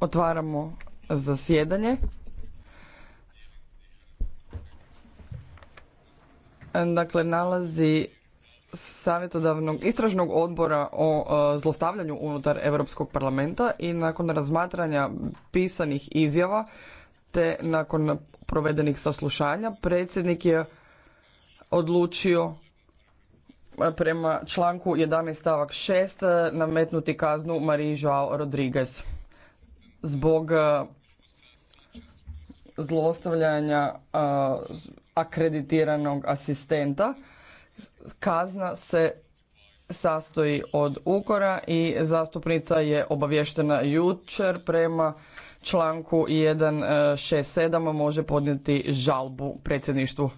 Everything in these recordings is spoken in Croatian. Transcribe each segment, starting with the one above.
Otvaramo zasjedanje. Dakle, nalazi savjetodavnog istražnog odbora o e, zlostavljanju unutar Europskog parlamenta i nakon razmatranja pisanih izjava te nakon provedenih saslušanja predsjednik je odlučio prema članku 11. stavak 6. E, nametnuti kaznu Mariji Joao Rodriguez zbog e, zlostavljanja e, akreditiranog asistenta. Kazna se sastoji od ukora i zastupnica je obavještena jučer prema članku 167 može podnijeti žalbu predsjedništvu.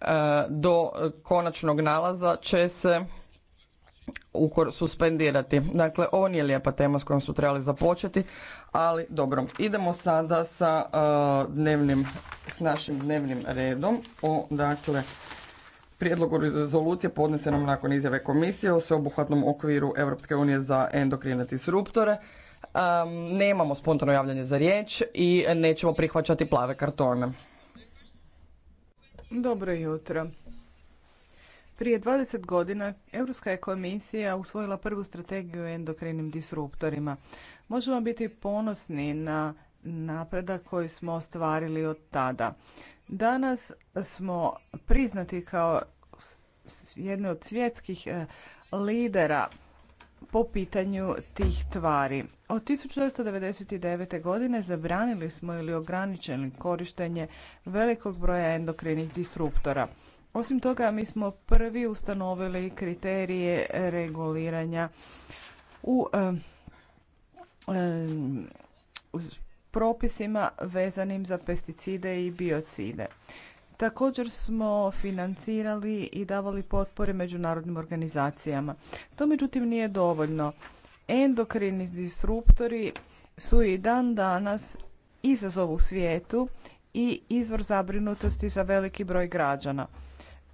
E, do konačnog nalaza će se ukor suspendirati. Dakle, ovo nije lijepa tema s kojom su trebali započeti, ali dobro. Idemo sada sa e, dnevnim, s našim dnevnim redom. O, dakle, prijedlogu rezolucije podnesenom nakon izjave komisije o sveobuhvatnom okviru Europske unije za endokrine disruptore. nemamo spontano javljanje za riječ i nećemo prihvaćati plave kartone. Dobro jutro. Prije 20 godina Europska je komisija usvojila prvu strategiju o endokrinim disruptorima. Možemo biti ponosni na napredak koji smo ostvarili od tada. Danas smo priznati kao jedne od svjetskih eh, lidera po pitanju tih tvari. Od 1999. godine zabranili smo ili ograničili korištenje velikog broja endokrinih disruptora. Osim toga, mi smo prvi ustanovili kriterije reguliranja u propisima vezanim za pesticide i biocide. Također smo financirali i davali potpore međunarodnim organizacijama. To međutim nije dovoljno. Endokrini disruptori su i dan danas izazov u svijetu i izvor zabrinutosti za veliki broj građana.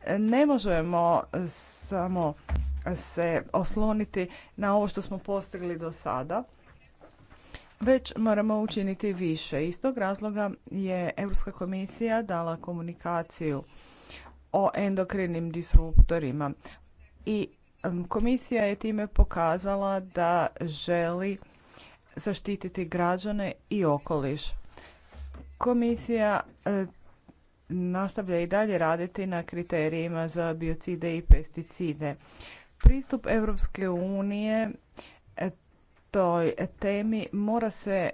Ne možemo samo se osloniti na ovo što smo postigli do sada već moramo učiniti više. Iz tog razloga je Europska komisija dala komunikaciju o endokrinim disruptorima i komisija je time pokazala da želi zaštititi građane i okoliš. Komisija e, nastavlja i dalje raditi na kriterijima za biocide i pesticide. Pristup Europske unije e, toj temi mora se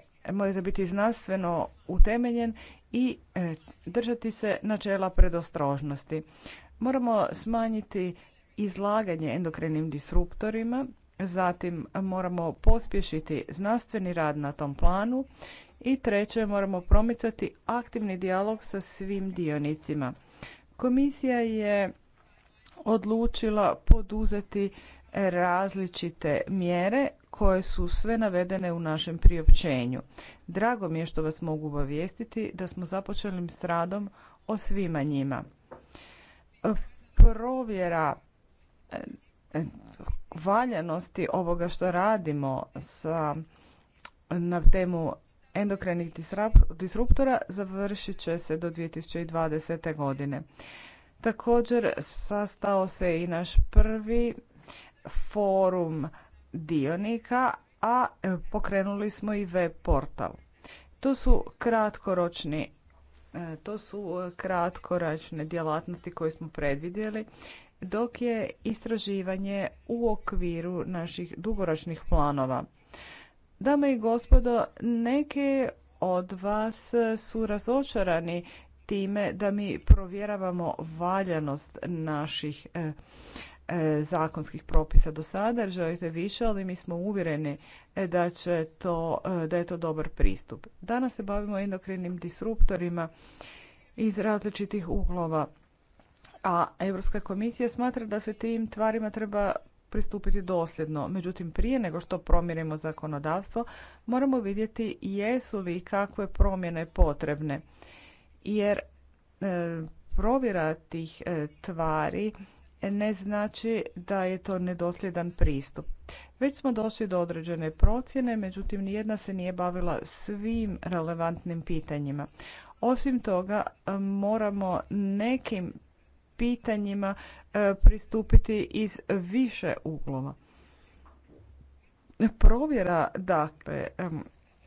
biti znanstveno utemeljen i e, držati se načela predostrožnosti. Moramo smanjiti izlaganje endokrinim disruptorima, zatim moramo pospješiti znanstveni rad na tom planu i treće moramo promicati aktivni dijalog sa svim dionicima. Komisija je odlučila poduzeti različite mjere koje su sve navedene u našem priopćenju. Drago mi je što vas mogu obavijestiti da smo započeli s radom o svima njima. Provjera eh, valjanosti ovoga što radimo sa, na temu endokrenih disruptora završit će se do 2020. godine. Također sastao se i naš prvi forum dionika, a e, pokrenuli smo i web portal. To su kratkoročni e, to su e, kratkoračne djelatnosti koje smo predvidjeli, dok je istraživanje u okviru naših dugoročnih planova. Dame i gospodo, neke od vas su razočarani time da mi provjeravamo valjanost naših E, zakonskih propisa do sada želite više, ali mi smo uvjereni e, da, će to, e, da je to dobar pristup. Danas se bavimo endokrinim disruptorima iz različitih uglova, a Europska komisija smatra da se tim tvarima treba pristupiti dosljedno. Međutim, prije nego što promjerimo zakonodavstvo, moramo vidjeti jesu li i kakve promjene potrebne. Jer provjera tih tvari ne znači da je to nedosljedan pristup. Već smo došli do određene procjene, međutim nijedna se nije bavila svim relevantnim pitanjima. Osim toga, moramo nekim pitanjima e, pristupiti iz više uglova. Provjera dakle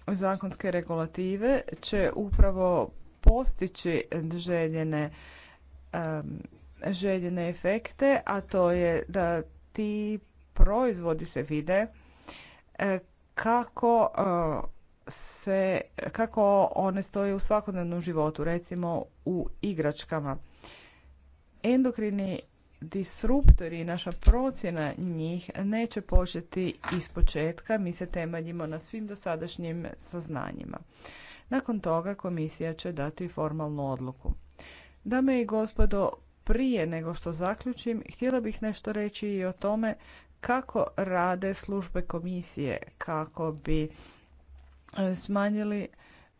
zakonske regulative će upravo postići željene željene efekte, a to je da ti proizvodi se vide e, kako e, se, kako one stoje u svakodnevnom životu, recimo u igračkama. Endokrini disruptori i naša procjena njih neće početi početka. mi se temeljimo na svim dosadašnjim saznanjima. Nakon toga komisija će dati formalnu odluku. Dame i gospodo, prije nego što zaključim, htjela bih nešto reći i o tome kako rade službe komisije kako bi e, smanjili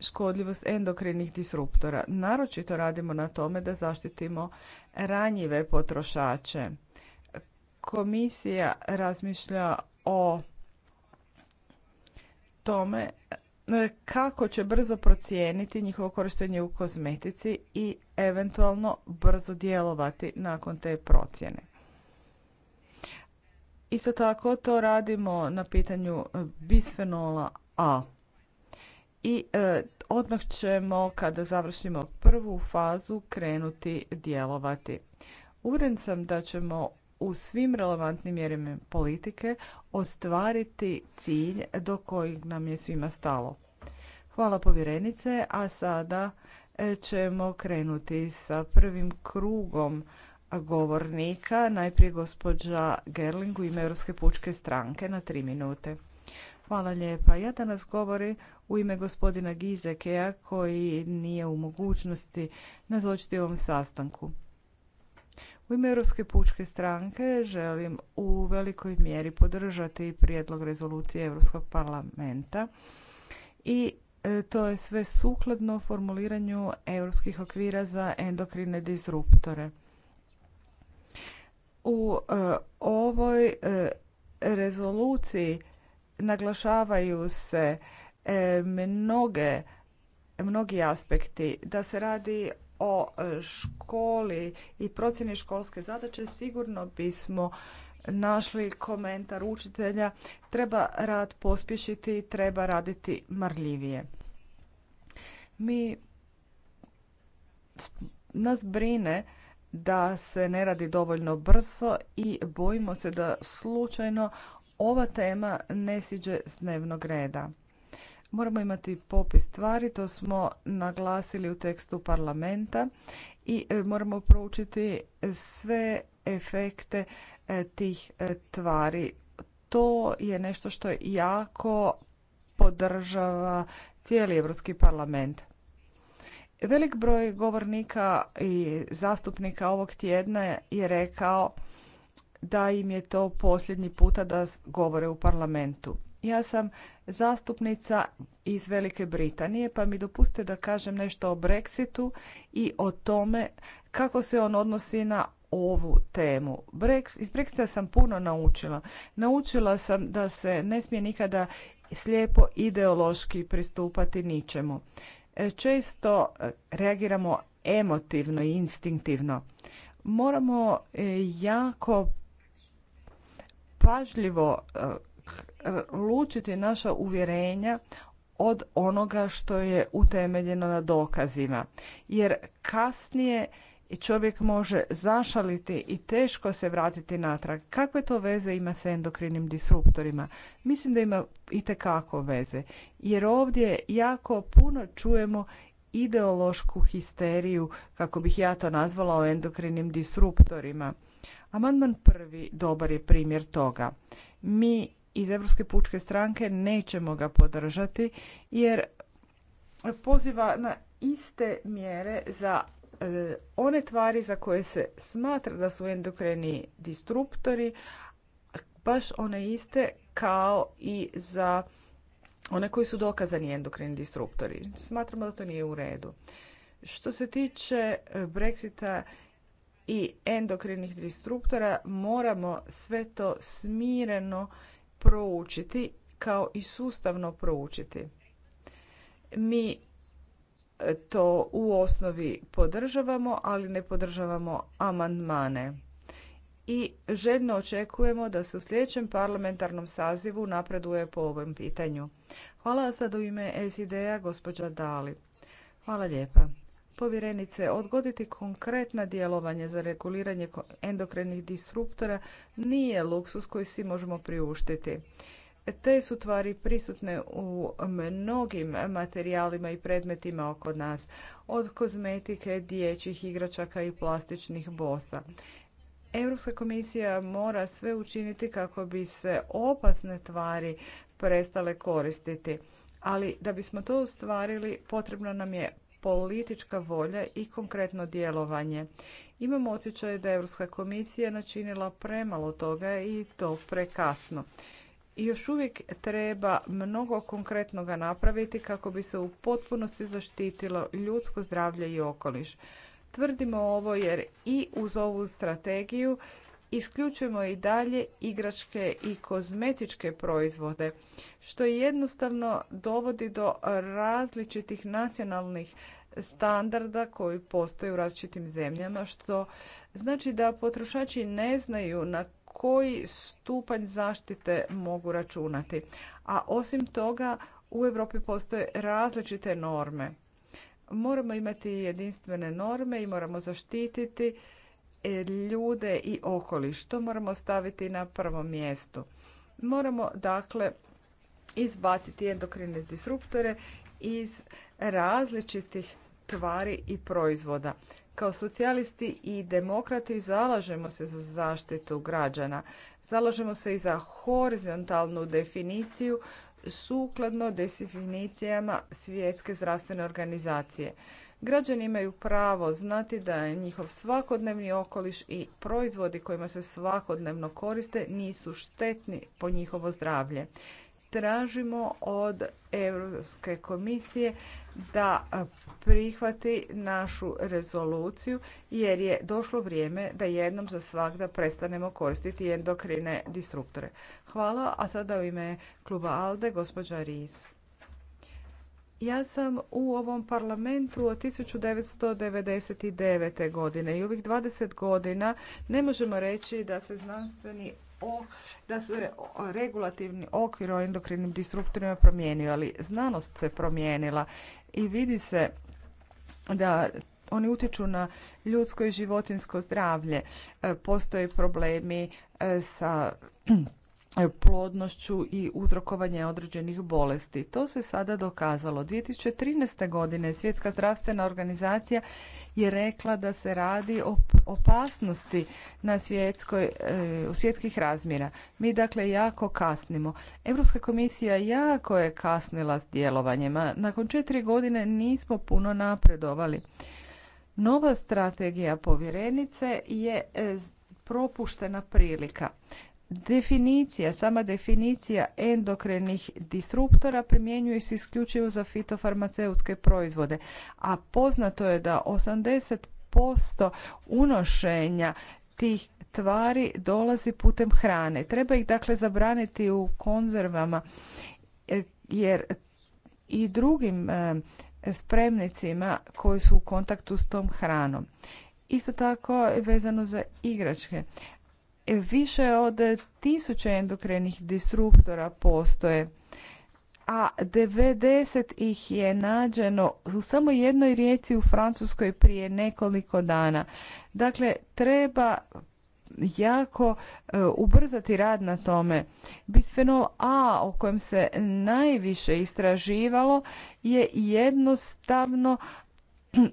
škodljivost endokrinih disruptora. Naročito radimo na tome da zaštitimo ranjive potrošače. Komisija razmišlja o tome e, kako će brzo procijeniti njihovo korištenje u kozmetici i eventualno brzo djelovati nakon te procjene. Isto tako to radimo na pitanju bisfenola A. I e, odmah ćemo kada završimo prvu fazu krenuti djelovati. Uvjeren sam da ćemo u svim relevantnim mjerima politike ostvariti cilj do kojeg nam je svima stalo. Hvala povjerenice, a sada ćemo krenuti sa prvim krugom govornika. Najprije gospođa Gerling u ime Europske pučke stranke na tri minute. Hvala lijepa. Ja danas govorim u ime gospodina Gizekeja koji nije u mogućnosti nazočiti ovom sastanku. U ime Europske pučke stranke želim u velikoj mjeri podržati prijedlog rezolucije Europskog parlamenta i E, to je sve sukladno formuliranju europskih okvira za endokrine disruptore. U e, ovoj e, rezoluciji naglašavaju se mnoge, mnogi aspekti da se radi o školi i procjeni školske zadaće sigurno bismo našli komentar učitelja treba rad pospješiti i treba raditi marljivije. Mi nas brine da se ne radi dovoljno brzo i bojimo se da slučajno ova tema ne siđe s dnevnog reda. Moramo imati popis stvari, to smo naglasili u tekstu parlamenta i e, moramo proučiti sve efekte E, tih e, tvari. To je nešto što jako podržava cijeli Europski parlament. Velik broj govornika i zastupnika ovog tjedna je rekao da im je to posljednji puta da govore u parlamentu. Ja sam zastupnica iz Velike Britanije, pa mi dopustite da kažem nešto o Brexitu i o tome kako se on odnosi na ovu temu. Iz Brexita sam puno naučila. Naučila sam da se ne smije nikada slijepo ideološki pristupati ničemu. E, često e, reagiramo emotivno i instinktivno. Moramo e, jako pažljivo lučiti naša uvjerenja od onoga što je utemeljeno na dokazima. Jer kasnije i čovjek može zašaliti i teško se vratiti natrag. Kakve to veze ima sa endokrinim disruptorima? Mislim da ima itekako veze, jer ovdje jako puno čujemo ideološku histeriju, kako bih ja to nazvala, o endokrinim disruptorima. Amandman prvi dobar je primjer toga. Mi iz Europske pučke stranke nećemo ga podržati jer poziva na iste mjere za E, one tvari za koje se smatra da su endokreni disruptori, baš one iste kao i za one koji su dokazani endokrini disruptori. Smatramo da to nije u redu. Što se tiče e, Brexita i endokrinih disruptora, moramo sve to smireno proučiti kao i sustavno proučiti. Mi to u osnovi podržavamo, ali ne podržavamo amandmane. I željno očekujemo da se u sljedećem parlamentarnom sazivu napreduje po ovom pitanju. Hvala sad u ime SID-a gospođa Dali. Hvala lijepa. Povjerenice, odgoditi konkretna djelovanja za reguliranje endokrenih disruptora nije luksus koji svi možemo priuštiti. Te su tvari prisutne u mnogim materijalima i predmetima oko nas, od kozmetike, dječjih igračaka i plastičnih bosa. Europska komisija mora sve učiniti kako bi se opasne tvari prestale koristiti, ali da bismo to ostvarili potrebna nam je politička volja i konkretno djelovanje. Imam osjećaj da je Europska komisija načinila premalo toga i to prekasno još uvijek treba mnogo konkretnoga napraviti kako bi se u potpunosti zaštitilo ljudsko zdravlje i okoliš. Tvrdimo ovo jer i uz ovu strategiju isključujemo i dalje igračke i kozmetičke proizvode, što jednostavno dovodi do različitih nacionalnih standarda koji postoje u različitim zemljama, što znači da potrošači ne znaju na koji stupanj zaštite mogu računati. A osim toga u Europi postoje različite norme. Moramo imati jedinstvene norme i moramo zaštititi e, ljude i okoliš. Što moramo staviti na prvo mjesto. Moramo dakle izbaciti endokrine disruptore iz različitih tvari i proizvoda. Kao socijalisti i demokrati zalažemo se za zaštitu građana. Zalažemo se i za horizontalnu definiciju sukladno definicijama Svjetske zdravstvene organizacije. Građani imaju pravo znati da je njihov svakodnevni okoliš i proizvodi kojima se svakodnevno koriste nisu štetni po njihovo zdravlje. Tražimo od Europske komisije da prihvati našu rezoluciju jer je došlo vrijeme da jednom za svakda prestanemo koristiti endokrine disruptore. Hvala, a sada u ime kluba ALDE gospođa Riz. Ja sam u ovom parlamentu od 1999. godine i ovih 20 godina ne možemo reći da se znanstveni o, da se regulativni okvir o endokrinim disruptorima promijenio, ali znanost se promijenila i vidi se da oni utječu na ljudsko i životinsko zdravlje. E, postoje problemi e, sa plodnošću i uzrokovanje određenih bolesti. To se sada dokazalo. 2013. godine Svjetska zdravstvena organizacija je rekla da se radi o opasnosti na svjetskoj, eh, svjetskih razmjera. Mi dakle jako kasnimo. Europska komisija jako je kasnila s djelovanjima. Nakon četiri godine nismo puno napredovali. Nova strategija povjerenice je eh, propuštena prilika. Definicija, sama definicija endokrenih disruptora primjenjuje se isključivo za fitofarmaceutske proizvode, a poznato je da 80% unošenja tih tvari dolazi putem hrane. Treba ih dakle zabraniti u konzervama e, jer i drugim e, spremnicima koji su u kontaktu s tom hranom. Isto tako vezano za igračke. Više od tisuće endokrenih disruptora postoje, a 90 ih je nađeno u samo jednoj rijeci u Francuskoj prije nekoliko dana. Dakle, treba jako e, ubrzati rad na tome. Bisfenol A o kojem se najviše istraživalo je jednostavno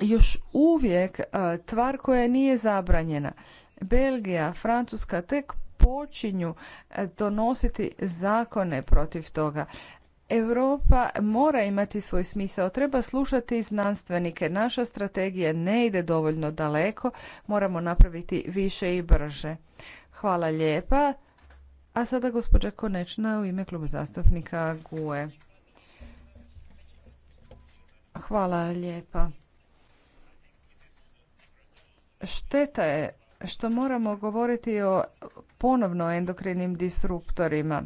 još uvijek e, tvar koja nije zabranjena. Belgija, Francuska tek počinju e, donositi zakone protiv toga. Europa mora imati svoj smisao, treba slušati znanstvenike. Naša strategija ne ide dovoljno daleko, moramo napraviti više i brže. Hvala lijepa. A sada gospođa Konečna u ime kluba zastupnika GUE. Hvala lijepa. Šteta je što moramo govoriti o ponovno endokrinim disruptorima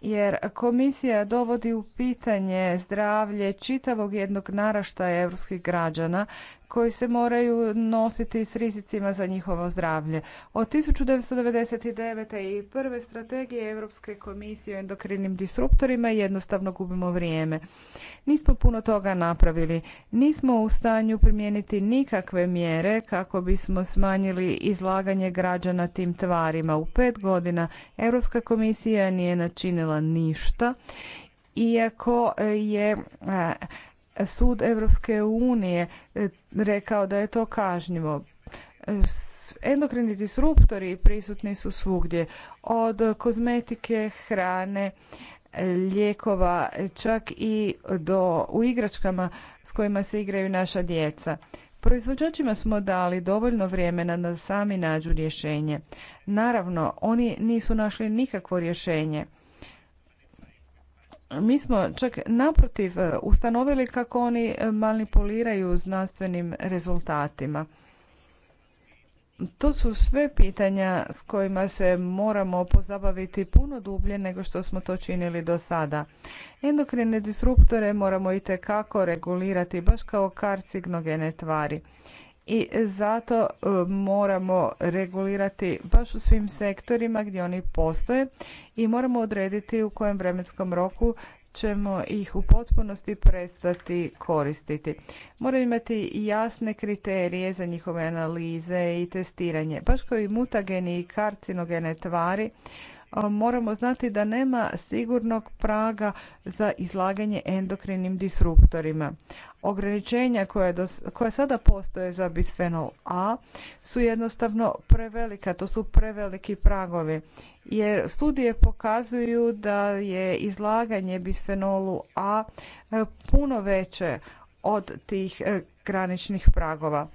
jer komisija dovodi u pitanje zdravlje čitavog jednog naraštaja europskih građana koji se moraju nositi s rizicima za njihovo zdravlje. Od 1999. i prve strategije Europske komisije o endokrinim disruptorima jednostavno gubimo vrijeme. Nismo puno toga napravili. Nismo u stanju primijeniti nikakve mjere kako bismo smanjili izlaganje građana tim tvarima. U pet godina Europska komisija nije načinila ništa iako je sud Europske unije e, rekao da je to kažnjivo. E, endokrini disruptori prisutni su svugdje, od kozmetike, hrane, e, lijekova, čak i do, u igračkama s kojima se igraju naša djeca. Proizvođačima smo dali dovoljno vremena da sami nađu rješenje. Naravno, oni nisu našli nikakvo rješenje. Mi smo čak naprotiv e, ustanovili kako oni e, manipuliraju znanstvenim rezultatima. To su sve pitanja s kojima se moramo pozabaviti puno dublje nego što smo to činili do sada. Endokrine disruptore moramo i regulirati baš kao karcinogene tvari i zato e, moramo regulirati baš u svim sektorima gdje oni postoje i moramo odrediti u kojem vremenskom roku ćemo ih u potpunosti prestati koristiti. Moraju imati jasne kriterije za njihove analize i testiranje. Baš kao i mutageni i karcinogene tvari, moramo znati da nema sigurnog praga za izlaganje endokrinim disruptorima. Ograničenja koja, sada postoje za bisfenol A su jednostavno prevelika, to su preveliki pragovi. Jer studije pokazuju da je izlaganje bisfenolu A e, puno veće od tih e, graničnih pragova.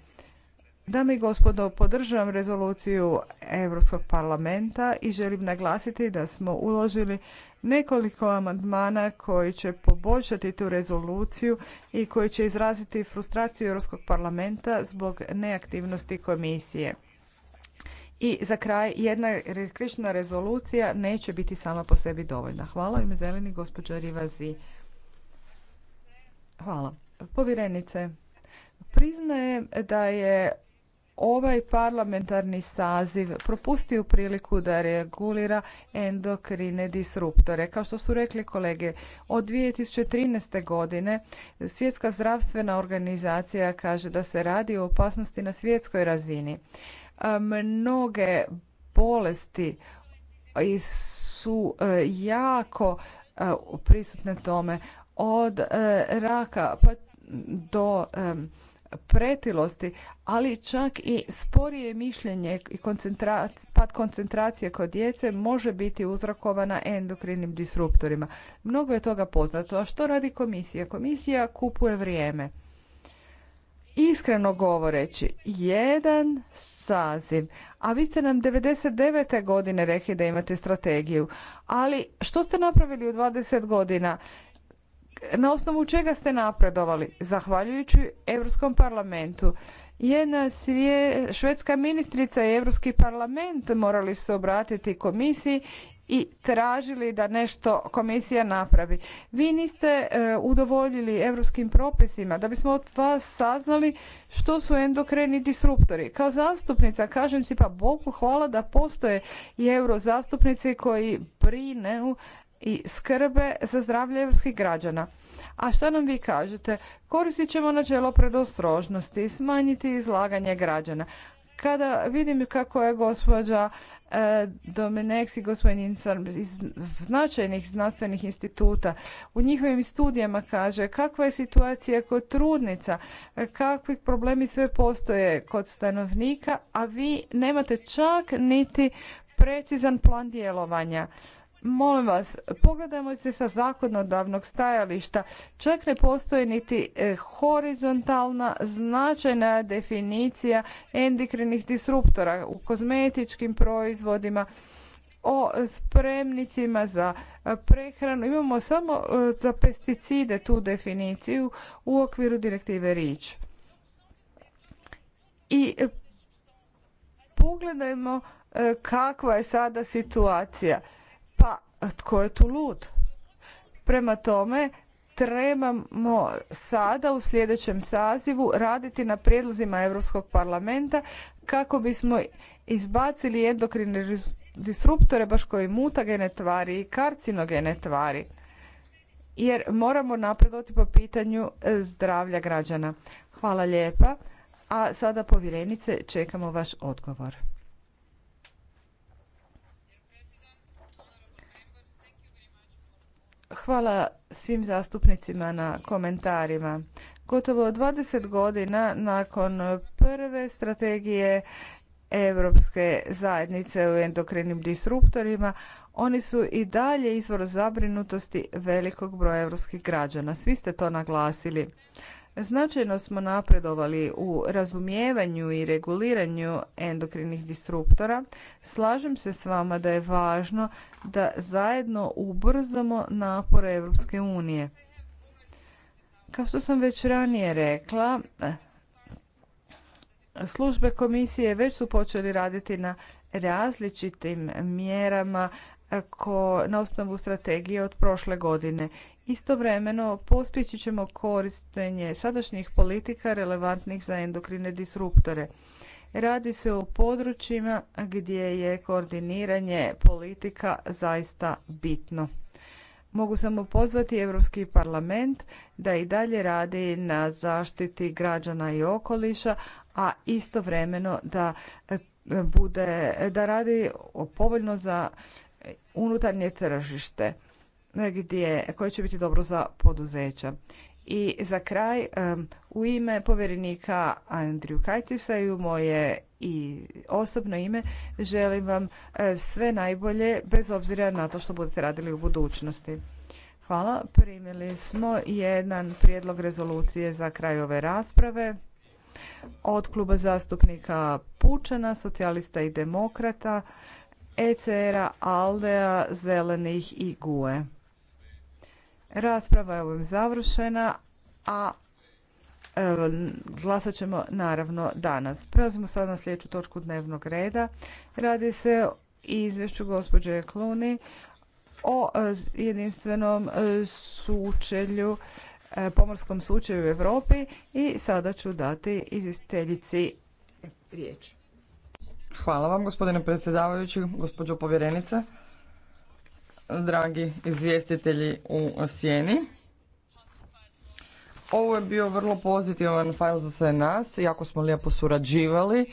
Dame i gospodo, podržavam rezoluciju Europskog parlamenta i želim naglasiti da smo uložili nekoliko amandmana koji će poboljšati tu rezoluciju i koji će izraziti frustraciju Europskog parlamenta zbog neaktivnosti komisije. I za kraj, jedna krišna rezolucija neće biti sama po sebi dovoljna. Hvala ime zeleni gospođa Rivazi. Hvala. Povjerenice, priznajem da je ovaj parlamentarni saziv propustio priliku da regulira endokrine disruptore. Kao što su rekli kolege, od 2013. godine Svjetska zdravstvena organizacija kaže da se radi o opasnosti na svjetskoj razini. Mnoge bolesti su e, jako e, prisutne tome od e, raka pa do pretilosti, ali čak i sporije mišljenje i koncentrac, pad koncentracije kod djece može biti uzrokovana endokrinim disruptorima. Mnogo je toga poznato. A što radi komisija? Komisija kupuje vrijeme. Iskreno govoreći, jedan saziv, a vi ste nam 99. godine rekli da imate strategiju, ali što ste napravili u 20 godina? na osnovu čega ste napredovali? Zahvaljujući Europskom parlamentu. Jedna svije, švedska ministrica i Europski parlament morali su obratiti komisiji i tražili da nešto komisija napravi. Vi niste e, udovoljili europskim propisima da bismo od vas saznali što su endokreni disruptori. Kao zastupnica kažem si pa Bogu hvala da postoje i zastupnici koji brinu i skrbe za zdravlje europskih građana. A što nam vi kažete? Koristit ćemo načelo predostrožnosti i smanjiti izlaganje građana. Kada vidim kako je gospođa e, Domeneks i gospodin iz značajnih znanstvenih instituta u njihovim studijama kaže kakva je situacija kod trudnica, kakvi problemi sve postoje kod stanovnika, a vi nemate čak niti precizan plan djelovanja. Molim vas, pogledajmo se sa zakonodavnog stajališta. Čak ne postoji niti e, horizontalna značajna definicija endokrinih disruptora u kozmetičkim proizvodima, o spremnicima za e, prehranu. Imamo samo e, za pesticide tu definiciju u okviru direktive Rič. I pogledajmo kakva je sada situacija tko je tu lud. Prema tome, trebamo sada u sljedećem sazivu raditi na prijedlozima Europskog parlamenta kako bismo izbacili endokrine disruptore baš koji mutagene tvari i karcinogene tvari jer moramo napredoti po pitanju e, zdravlja građana. Hvala lijepa. A sada povjerenice čekamo vaš odgovor. Hvala svim zastupnicima na komentarima. Gotovo 20 godina nakon prve strategije Europske zajednice u endokrinim disruptorima, oni su i dalje izvor zabrinutosti velikog broja europskih građana. Svi ste to naglasili. Značajno smo napredovali u razumijevanju i reguliranju endokrinih disruptora. Slažem se s vama da je važno da zajedno ubrzamo napore Europske unije. Kao što sam već ranije rekla, službe komisije već su počeli raditi na različitim mjerama na osnovu strategije od prošle godine Istovremeno pospjeći ćemo korištenje sadašnjih politika relevantnih za endokrine disruptore. Radi se o područjima gdje je koordiniranje politika zaista bitno. Mogu samo pozvati Europski parlament da i dalje radi na zaštiti građana i okoliša, a istovremeno da e, bude da radi povoljno za unutarnje tržište gdje, koje će biti dobro za poduzeća. I za kraj, u ime povjerenika Andriju Kajtisa i u moje i osobno ime želim vam e, sve najbolje bez obzira na to što budete radili u budućnosti. Hvala. Primili smo jedan prijedlog rezolucije za kraj ove rasprave od kluba zastupnika Pučana, socijalista i demokrata, ECR-a, Aldea, Zelenih i GUE. Rasprava je ovim završena, a glasat ćemo naravno danas. Prelazimo sad na sljedeću točku dnevnog reda. Radi se o izvješću gospođe Kluni o e, jedinstvenom e, sučelju, e, pomorskom sučelju u Europi i sada ću dati izvjestiteljici riječ. Hvala vam gospodine predsjedavajući, gospođo povjerenice dragi izvjestitelji u sjeni. Ovo je bio vrlo pozitivan fajl za sve nas, jako smo lijepo surađivali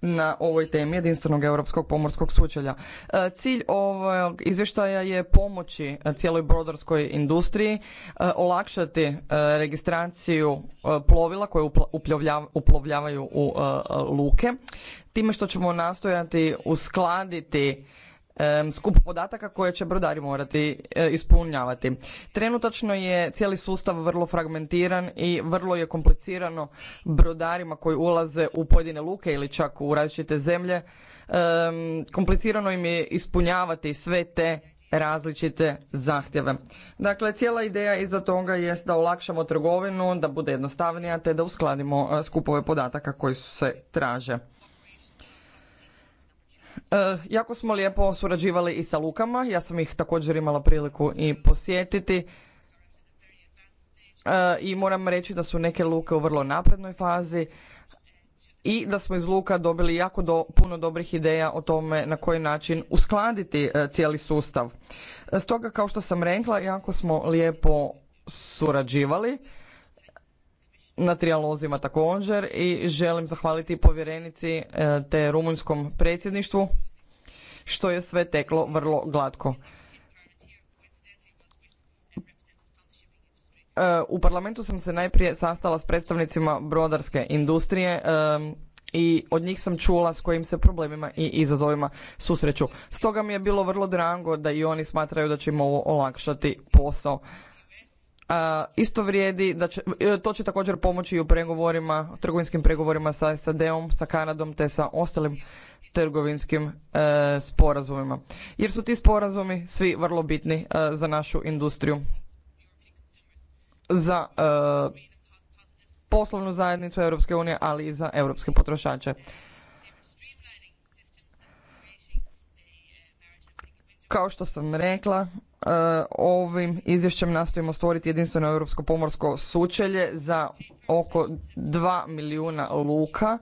na ovoj temi jedinstvenog europskog pomorskog sučelja. E, cilj ovog izvještaja je pomoći cijeloj brodarskoj industriji, e, olakšati e, registraciju plovila koje uplovljavaju u luke, time što ćemo nastojati uskladiti skup podataka koje će brodari morati e, ispunjavati. Trenutačno je cijeli sustav vrlo fragmentiran i vrlo je komplicirano brodarima koji ulaze u pojedine luke ili čak u različite zemlje. Komplicirano im je ispunjavati sve te različite zahtjeve. Dakle, cijela ideja iza toga jest da olakšamo trgovinu, da bude jednostavnija te da uskladimo e, skupove podataka koji se traže. E, jako smo lijepo surađivali i sa lukama, ja sam ih također imala priliku i posjetiti. E, I moram reći da su neke luke u vrlo naprednoj fazi i da smo iz luka dobili jako do, puno dobrih ideja o tome na koji način uskladiti e, cijeli sustav. Stoga kao što sam rekla, jako smo lijepo surađivali na trijalozima također i želim zahvaliti povjerenici e, te rumunjskom predsjedništvu što je sve teklo vrlo glatko. E, u parlamentu sam se najprije sastala s predstavnicima brodarske industrije e, i od njih sam čula s kojim se problemima i izazovima susreću. Stoga mi je bilo vrlo drago da i oni smatraju da će im ovo olakšati posao isto vrijedi da će, e, to će također pomoći i u pregovorima, trgovinskim pregovorima sa SAD-om, sa Kanadom te sa ostalim trgovinskim e, sporazumima. Jer su ti sporazumi svi vrlo bitni e, za našu industriju, za poslovnu zajednicu Europske unije, ali i za europske potrošače. Kao što sam rekla, e, ovim izvješćem nastojimo stvoriti jedinstveno europsko pomorsko sučelje za oko 2 milijuna luka.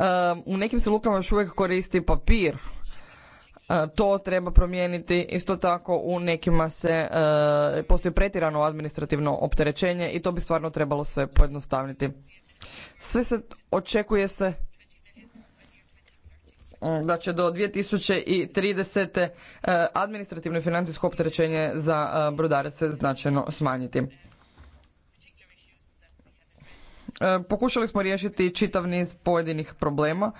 E, u nekim se lukama još uvijek koristi papir. E, to treba promijeniti. Isto tako u nekima se postoji pretirano administrativno opterećenje i to bi stvarno trebalo sve pojednostavniti. Sve se očekuje se Mm, da će do 2030. E, administrativno i financijsko opterećenje za e, brodare se značajno smanjiti. E, pokušali smo riješiti čitav niz pojedinih problema.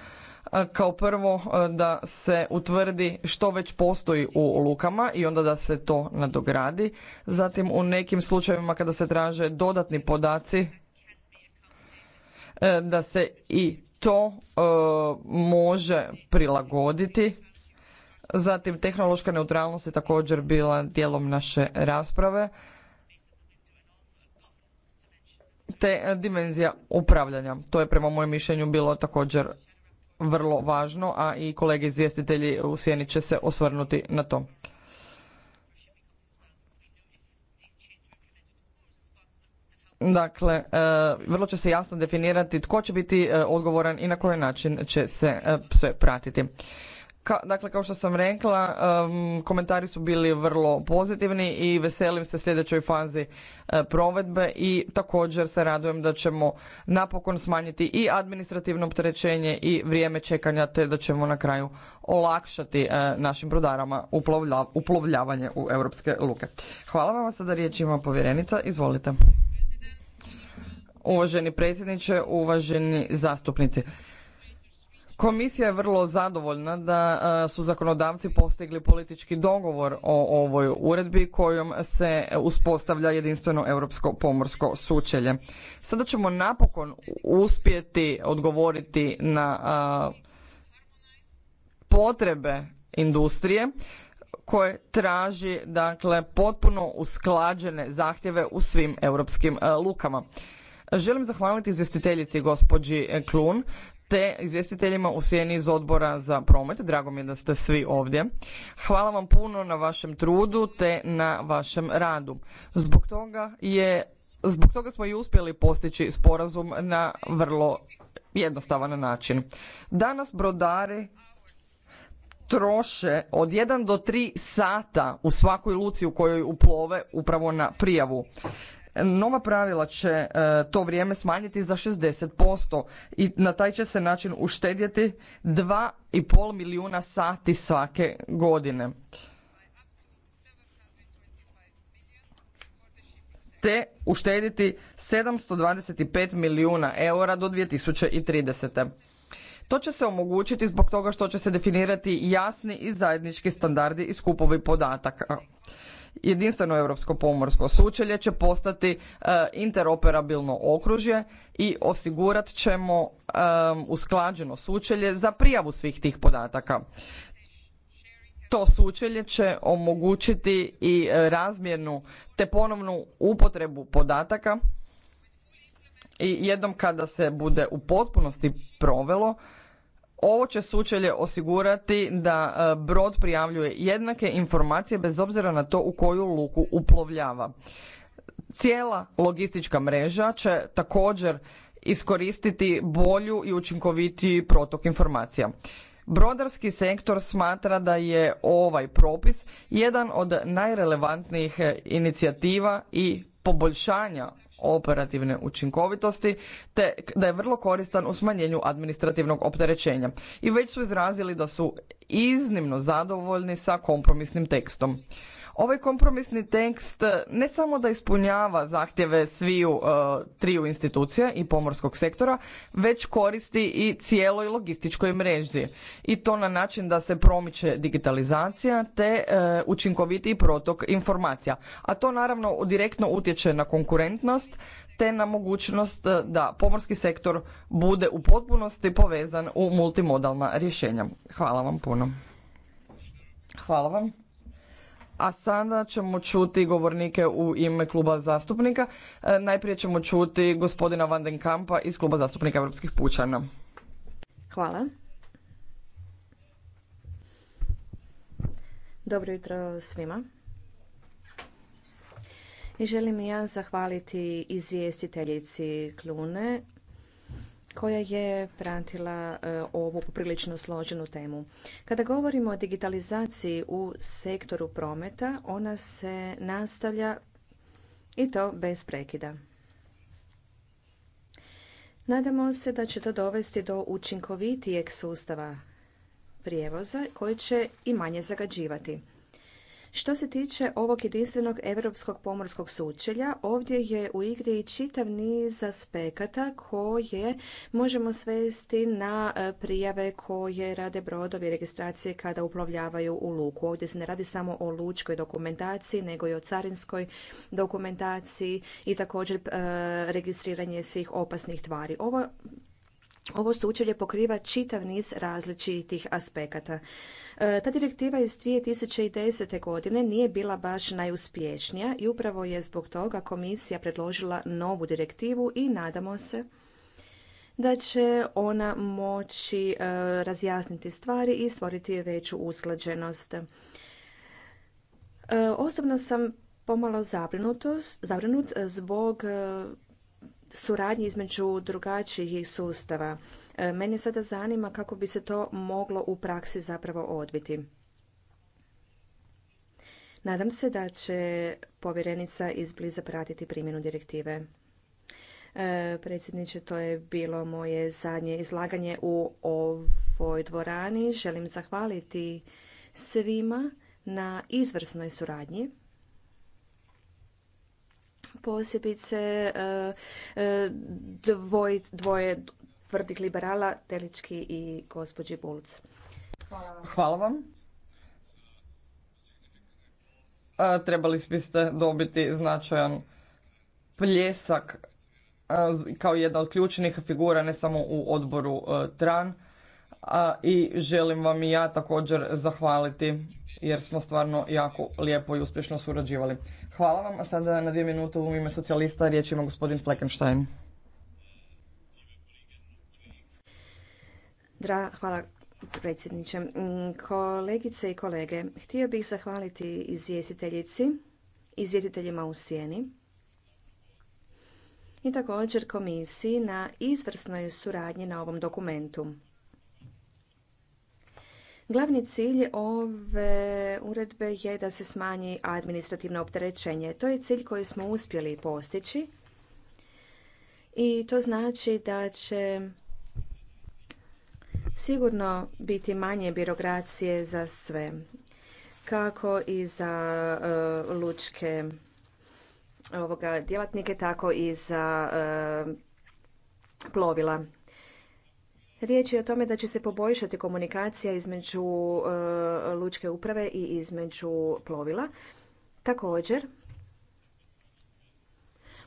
Kao prvo da se utvrdi što već postoji u lukama i onda da se to nadogradi. Zatim u nekim slučajevima kada se traže dodatni podaci da se i to e, može prilagoditi. Zatim tehnološka neutralnost je također bila dijelom naše rasprave. Te dimenzija upravljanja. To je prema mojem mišljenju bilo također vrlo važno, a i kolege izvjestitelji u Sjeni će se osvrnuti na to. Dakle, e, vrlo će se jasno definirati tko će biti e, odgovoran i na koji način će se e, sve pratiti. dakle, kao što sam rekla, komentari su bili vrlo pozitivni i veselim se sljedećoj fazi provedbe i također se radujem da ćemo napokon smanjiti i administrativno opterećenje i vrijeme čekanja te da ćemo na kraju olakšati našim brodarama uplovljavanje u europske luke. Hvala vam sada riječ ima povjerenica, izvolite. Uvaženi predsjedniče, uvaženi zastupnici. Komisija je vrlo zadovoljna da e, su zakonodavci postigli politički dogovor o ovoj uredbi kojom se uspostavlja jedinstveno europsko pomorsko sučelje. Sada ćemo napokon uspjeti odgovoriti na e, potrebe industrije koje traži dakle potpuno usklađene zahtjeve u svim europskim e, lukama. Želim zahvaliti izvjestiteljici gospođi Klun te izvjestiteljima u sjeni iz odbora za promet. Drago mi je da ste svi ovdje. Hvala vam puno na vašem trudu te na vašem radu. Zbog toga je Zbog toga smo i uspjeli postići sporazum na vrlo jednostavan način. Danas brodari troše od 1 do 3 sata u svakoj luci u kojoj uplove upravo na prijavu. Nova pravila će e, to vrijeme smanjiti za 60% i na taj će se način uštedjeti 2,5 milijuna sati svake godine. te uštediti 725 milijuna eura do 2030. To će se omogućiti zbog toga što će se definirati jasni i zajednički standardi i skupovi podataka jedinstveno europsko pomorsko sučelje će postati e, interoperabilno okružje i osigurat ćemo e, usklađeno sučelje za prijavu svih tih podataka. To sučelje će omogućiti i razmjenu te ponovnu upotrebu podataka i jednom kada se bude u potpunosti provelo ovo će sučelje osigurati da e, brod prijavljuje jednake informacije bez obzira na to u koju luku uplovljava. Cijela logistička mreža će također iskoristiti bolju i učinkovitiji protok informacija. Brodarski sektor smatra da je ovaj propis jedan od najrelevantnijih e, inicijativa i poboljšanja operativne učinkovitosti, te da je vrlo koristan u smanjenju administrativnog opterećenja. I već su izrazili da su iznimno zadovoljni sa kompromisnim tekstom. Ovaj kompromisni tekst ne samo da ispunjava zahtjeve sviju e, triju institucija i pomorskog sektora, već koristi i cijeloj logističkoj mreži. I to na način da se promiče digitalizacija te e, učinkovitiji protok informacija. A to naravno direktno utječe na konkurentnost te na mogućnost e, da pomorski sektor bude u potpunosti povezan u multimodalna rješenja. Hvala vam puno. Hvala vam. A sada ćemo čuti govornike u ime kluba zastupnika. E, najprije ćemo čuti gospodina Van den Kampa iz kluba zastupnika Europskih pučana. Hvala. Dobro jutro svima. I želim i ja zahvaliti izvjestiteljici Klune koja je pratila e, ovu prilično složenu temu. Kada govorimo o digitalizaciji u sektoru prometa, ona se nastavlja i to bez prekida. Nadamo se da će to dovesti do učinkovitijeg sustava prijevoza koji će i manje zagađivati. Što se tiče ovog jedinstvenog europskog pomorskog sučelja, ovdje je u igri i čitav niz aspekata koje možemo svesti na e, prijave koje rade brodovi registracije kada uplovljavaju u luku. Ovdje se ne radi samo o lučkoj dokumentaciji, nego i o carinskoj dokumentaciji i također e, registriranje svih opasnih tvari. Ovo ovo sučelje pokriva čitav niz različitih aspekata. E, ta direktiva iz 2010. godine nije bila baš najuspješnija i upravo je zbog toga komisija predložila novu direktivu i nadamo se da će ona moći e, razjasniti stvari i stvoriti veću usklađenost. E, osobno sam pomalo zabrinut zbog suradnji između drugačijih sustava. E, mene sada zanima kako bi se to moglo u praksi zapravo odviti. Nadam se da će povjerenica izbliza pratiti primjenu direktive. E, predsjedniče, to je bilo moje zadnje izlaganje u ovoj dvorani. Želim zahvaliti svima na izvrsnoj suradnji posebice eh, eh, dvoje tvrdih liberala, Telički i gospođi Bulc. Hvala vam. trebali biste dobiti značajan pljesak kao jedna od ključnih figura ne samo u odboru eh, a, TRAN i želim vam i ja također zahvaliti jer smo stvarno jako lijepo i uspješno surađivali. Hvala vam, a sada na dvije minute u ime socijalista riječ ima gospodin Fleckenstein. Dra, hvala predsjedniče. Mm, kolegice i kolege, htio bih zahvaliti izvjestiteljici, izvjestiteljima u sjeni i također komisiji na izvrsnoj suradnji na ovom dokumentu. Glavni cilj ove uredbe je da se smanji administrativno opterećenje. To je cilj koji smo uspjeli postići i to znači da će sigurno biti manje birokracije za sve, kako i za e, lučke ovoga djelatnike, tako i za e, plovila. Riječ je o tome da će se poboljšati komunikacija između e, lučke uprave i između plovila. Također,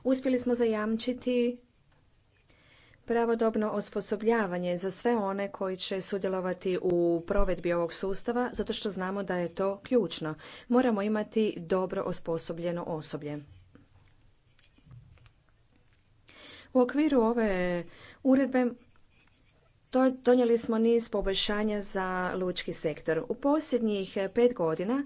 uspjeli smo zajamčiti pravodobno osposobljavanje za sve one koji će sudjelovati u provedbi ovog sustava, zato što znamo da je to ključno. Moramo imati dobro osposobljeno osoblje. U okviru ove uredbe donijeli smo niz poboljšanja za lučki sektor. U posljednjih pet godina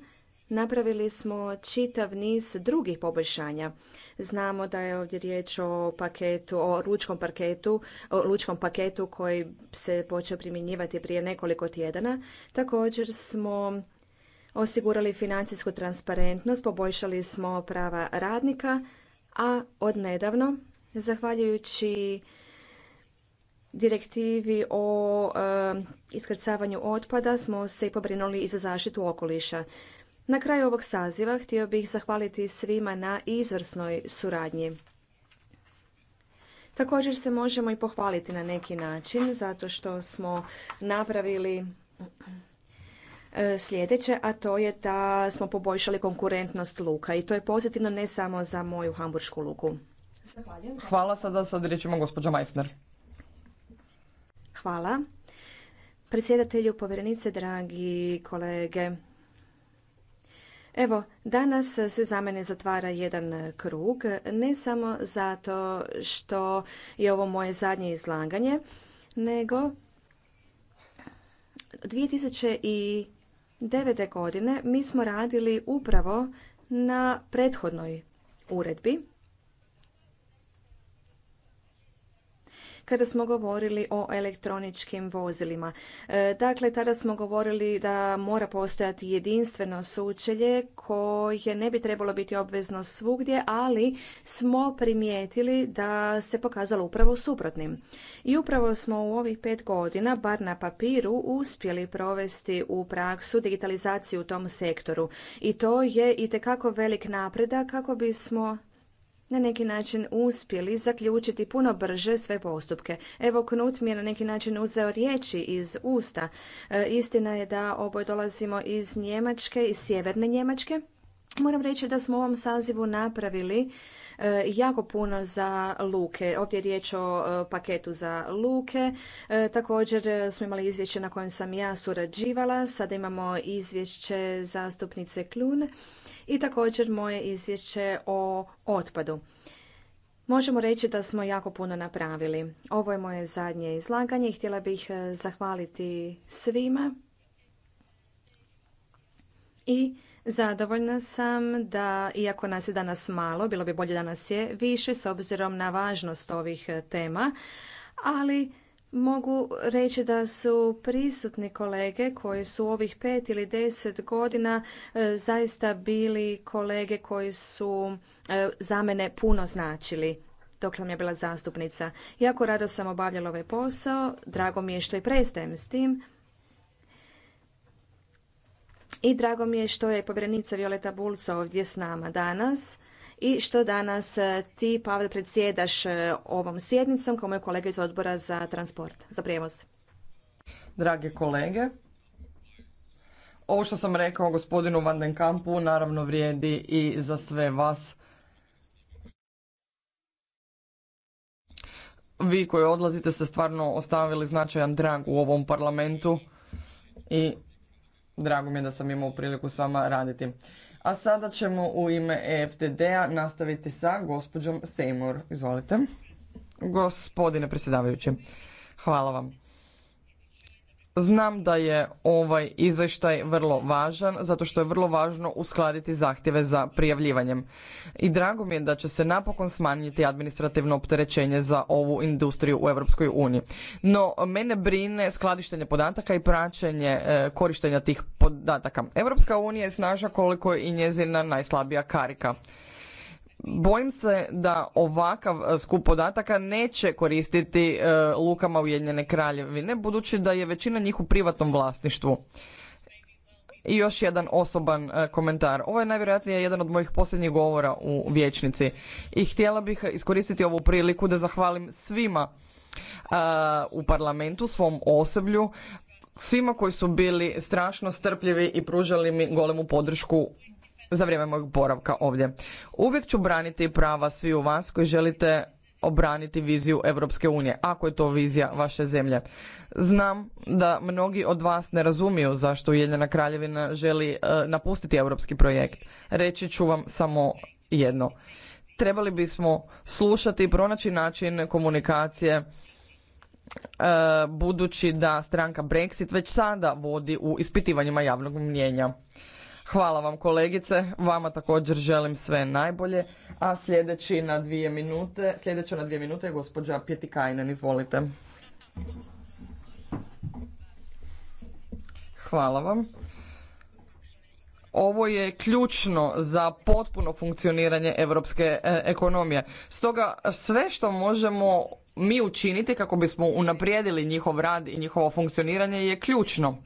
napravili smo čitav niz drugih poboljšanja. Znamo da je ovdje riječ o paketu, o lučkom paketu, o lučkom paketu koji se počeo primjenjivati prije nekoliko tjedana. Također smo osigurali financijsku transparentnost, poboljšali smo prava radnika, a odnedavno, zahvaljujući direktivi o iskrcavanju otpada smo se i pobrinuli i za zaštitu okoliša. Na kraju ovog saziva htio bih zahvaliti svima na izvrsnoj suradnji. Također se možemo i pohvaliti na neki način zato što smo napravili e, sljedeće, a to je da smo poboljšali konkurentnost luka i to je pozitivno ne samo za moju hamburšku luku. Hvala sada sad gospođa Majsner. Hvala. Predsjedatelju, povjerenice, dragi kolege. Evo, danas se za mene zatvara jedan krug, ne samo zato što je ovo moje zadnje izlaganje, nego 2009. godine mi smo radili upravo na prethodnoj uredbi kada smo govorili o elektroničkim vozilima. E, dakle, tada smo govorili da mora postojati jedinstveno sučelje koje ne bi trebalo biti obvezno svugdje, ali smo primijetili da se pokazalo upravo suprotnim. I upravo smo u ovih pet godina, bar na papiru, uspjeli provesti u praksu digitalizaciju u tom sektoru. I to je i velik napredak kako bismo na neki način uspjeli zaključiti puno brže sve postupke. Evo Knut mi je na neki način uzeo riječi iz usta. E, istina je da oboj dolazimo iz Njemačke, iz sjeverne Njemačke. Moram reći da smo u ovom sazivu napravili e, jako puno za luke. Ovdje je riječ o e, paketu za luke. Također smo imali izvješće na kojem sam ja surađivala. Sada imamo izvješće zastupnice Klun i također moje izvješće o otpadu. Možemo reći da smo jako puno napravili. Ovo je moje zadnje izlaganje i htjela bih e, zahvaliti svima i Zadovoljna sam da, iako nas je danas malo, bilo bi bolje da nas je više s obzirom na važnost ovih e, tema, ali Mogu reći da su prisutni kolege koji su ovih pet ili deset godina e, zaista bili kolege koji su e, za mene puno značili dok sam ja bila zastupnica. Jako rado sam obavljala ovaj posao, drago mi je što i prestajem s tim. I drago mi je što je povjerenica Violeta Bulca ovdje s nama danas i što danas e, ti, Pavel, predsjedaš e, ovom sjednicom kao moj kolega iz odbora za transport, za prijevoz. Drage kolege, ovo što sam rekao gospodinu Van den Kampu naravno vrijedi i za sve vas. Vi koji odlazite se stvarno ostavili značajan drag u ovom parlamentu i drago mi je da sam imao priliku s vama raditi. A sada ćemo u ime EFTD-a nastaviti sa gospođom Seymour. Izvolite. Gospodine predsjedavajući, hvala vam. Znam da je ovaj izvještaj vrlo važan zato što je vrlo važno uskladiti zahtjeve za prijavljivanjem. I drago mi je da će se napokon smanjiti administrativno opterećenje za ovu industriju u Europskoj uniji. No mene brine skladištenje podataka i praćenje e, korištenja tih podataka. Europska unija je snažna koliko je i njezina najslabija karika. Bojim se da ovakav e, skup podataka neće koristiti e, lukama Ujedinjene kraljevine, budući da je većina njih u privatnom vlasništvu. I još jedan osoban e, komentar. Ovo je najvjerojatnije jedan od mojih posljednjih govora u vječnici. I htjela bih iskoristiti ovu priliku da zahvalim svima u parlamentu, svom osoblju, svima koji su bili strašno strpljivi i pružali mi golemu podršku za vrijeme mojeg boravka ovdje. Uvijek ću braniti prava svi u vas koji želite obraniti viziju Europske unije, ako je to vizija vaše zemlje. Znam da mnogi od vas ne razumiju zašto Ujedinjena kraljevina želi e, napustiti europski projekt. Reći ću vam samo jedno. Trebali bismo slušati i pronaći način komunikacije e, budući da stranka Brexit već sada vodi u ispitivanjima javnog mnjenja. Hvala vam kolegice, vama također želim sve najbolje. A sljedeći na dvije minute, sljedeća na dvije minute je gospođa Pjetikajnen, izvolite. Hvala vam. Ovo je ključno za potpuno funkcioniranje europske e, ekonomije. Stoga sve što možemo mi učiniti kako bismo unaprijedili njihov rad i njihovo funkcioniranje je ključno.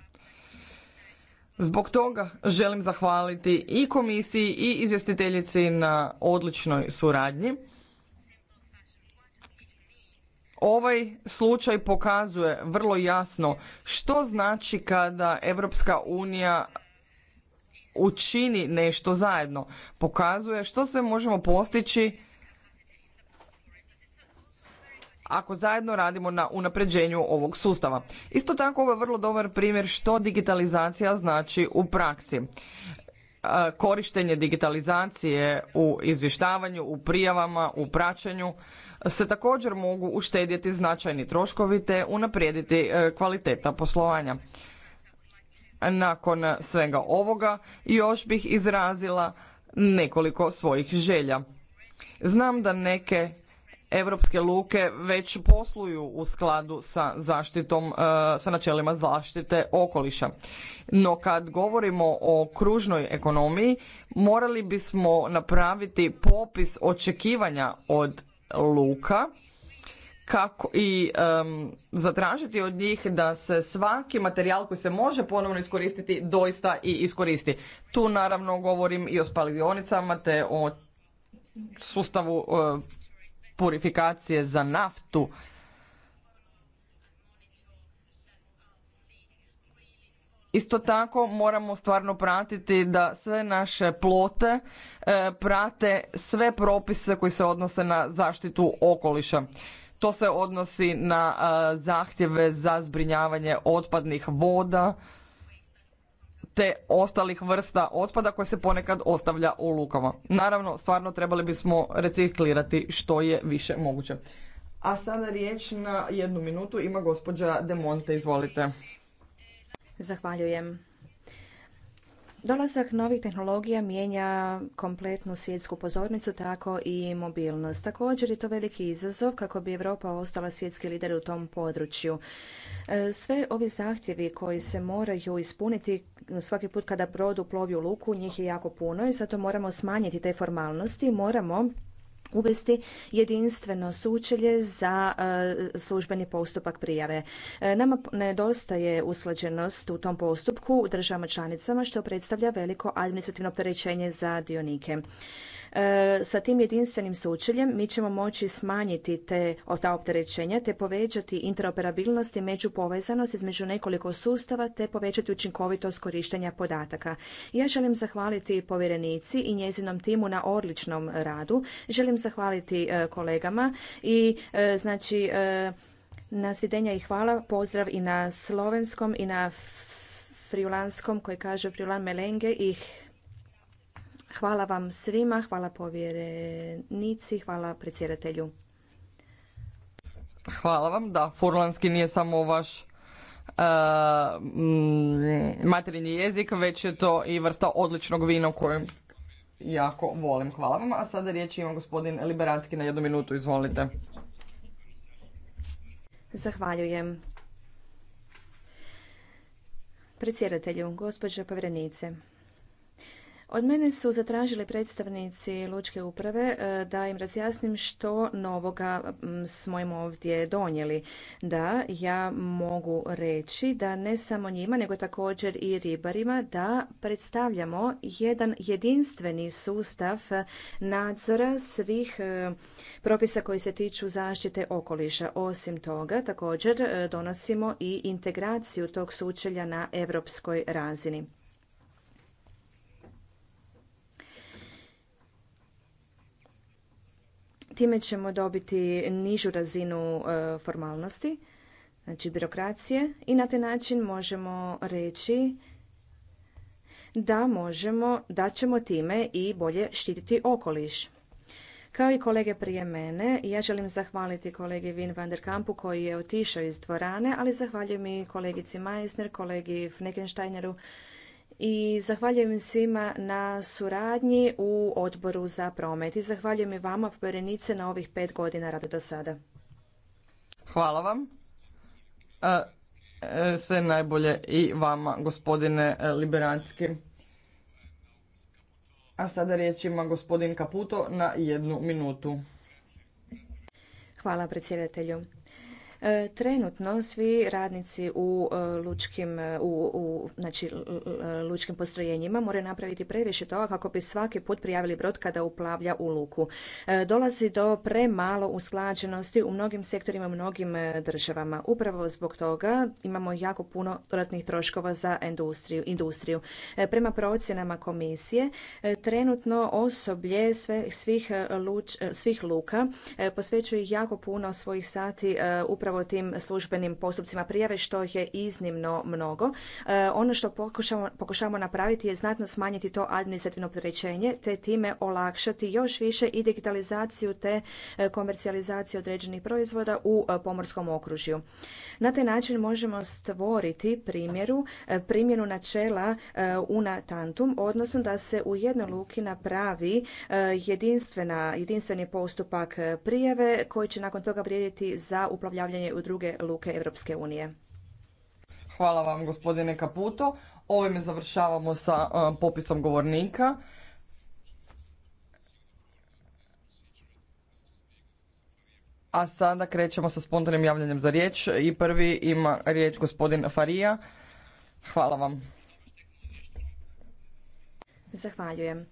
Zbog toga želim zahvaliti i komisiji i izvjestiteljici na odličnoj suradnji. Ovaj slučaj pokazuje vrlo jasno što znači kada Europska unija učini nešto zajedno. Pokazuje što sve možemo postići ako zajedno radimo na unapređenju ovog sustava. Isto tako ovo je vrlo dobar primjer što digitalizacija znači u praksi. E, korištenje digitalizacije u izvještavanju, u prijavama, u praćenju se također mogu uštedjeti značajni troškovi te unaprijediti e, kvaliteta poslovanja. Nakon svega ovoga još bih izrazila nekoliko svojih želja. Znam da neke europske luke već posluju u skladu sa zaštitom, e, sa načelima zaštite okoliša. No kad govorimo o kružnoj ekonomiji, morali bismo napraviti popis očekivanja od luka kako i zatražiti od njih da se svaki materijal koji se može ponovno iskoristiti doista i iskoristi. Tu naravno govorim i o spalionicama te o sustavu e, purifikacije za naftu Isto tako moramo stvarno pratiti da sve naše plote e, prate sve propise koji se odnose na zaštitu okoliša. To se odnosi na e, zahtjeve za zbrinjavanje otpadnih voda, te ostalih vrsta otpada koje se ponekad ostavlja u lukama. Naravno, stvarno trebali bismo reciklirati što je više moguće. A sada riječ na jednu minutu ima gospođa Demonte, izvolite. Zahvaljujem. Dolazak novih tehnologija mijenja kompletnu svjetsku pozornicu, tako i mobilnost. Također je to veliki izazov kako bi Europa ostala svjetski lider u tom području. E, sve ovi zahtjevi koji se moraju ispuniti svaki put kada brod uplovi u luku, njih je jako puno i zato moramo smanjiti te formalnosti, moramo uvesti jedinstveno sučelje za e, službeni postupak prijave. E, nama nedostaje usklađenost u tom postupku u državama članicama što predstavlja veliko administrativno opterećenje za dionike. E, sa tim jedinstvenim sučeljem mi ćemo moći smanjiti te, ta opterećenja te povećati interoperabilnost i povezanost između nekoliko sustava te povećati učinkovitost korištenja podataka. Ja želim zahvaliti povjerenici i njezinom timu na odličnom radu. Želim zahvaliti e, kolegama i e, znači na svidenja i hvala. Pozdrav i na slovenskom i na friulanskom koji kaže Friulan Melenge i Hvala vam svima, hvala povjerenici, hvala predsjedatelju. Hvala vam, da, furlanski nije samo vaš Uh, materinji jezik, već je to i vrsta odličnog vina kojem jako volim. Hvala vam. A sada riječ ima gospodin Liberanski na jednu minutu. Izvolite. Zahvaljujem. Predsjedatelju, gospođo povjerenice, od mene su zatražili predstavnici Lučke uprave e, da im razjasnim što novoga smo im ovdje donijeli. Da, ja mogu reći da ne samo njima, nego također i ribarima da predstavljamo jedan jedinstveni sustav nadzora svih e, propisa koji se tiču zaštite okoliša. Osim toga, također e, donosimo i integraciju tog sučelja na europskoj razini. Time ćemo dobiti nižu razinu e, formalnosti, znači birokracije i na taj način možemo reći da možemo, da ćemo time i bolje štititi okoliš. Kao i kolege prije mene, ja želim zahvaliti kolegi Vin van der Kampu koji je otišao iz dvorane, ali zahvaljujem i kolegici Meissner, kolegi Fneckensteineru i zahvaljujem svima na suradnji u odboru za promet i zahvaljujem i vama povjerenice na ovih pet godina rada do sada. Hvala vam. E, e, sve najbolje i vama, gospodine e, Liberanski. A sada riječ ima gospodin Kaputo na jednu minutu. Hvala predsjedatelju. E, trenutno svi radnici u e, lučkim, e, u, znači, lučkim postrojenjima moraju napraviti previše toga kako bi svaki put prijavili brod kada uplavlja u luku. Dolazi do premalo usklađenosti u mnogim sektorima, u mnogim državama. Upravo zbog toga imamo jako puno dodatnih troškova za industriju. industriju. Prema procjenama komisije, trenutno osoblje svih, svih luka posvećuje jako puno svojih sati upravo upravo tim službenim postupcima prijave što je iznimno mnogo. E, ono što pokušamo, pokušavamo napraviti je znatno smanjiti to administrativno opterećenje te time olakšati još više i digitalizaciju te e, komercijalizaciju određenih proizvoda u e, pomorskom okružju. Na taj način možemo stvoriti primjeru, primjenu načela una tantum, odnosno da se u jednoj luki napravi jedinstveni postupak prijave koji će nakon toga vrijediti za uplavljavljanje u druge luke Europske unije. Hvala vam gospodine Kaputo. Ovime završavamo sa popisom govornika. A sada krećemo sa spontanim javljanjem za riječ i prvi ima riječ gospodin Farija. Hvala vam. Zahvaljujem.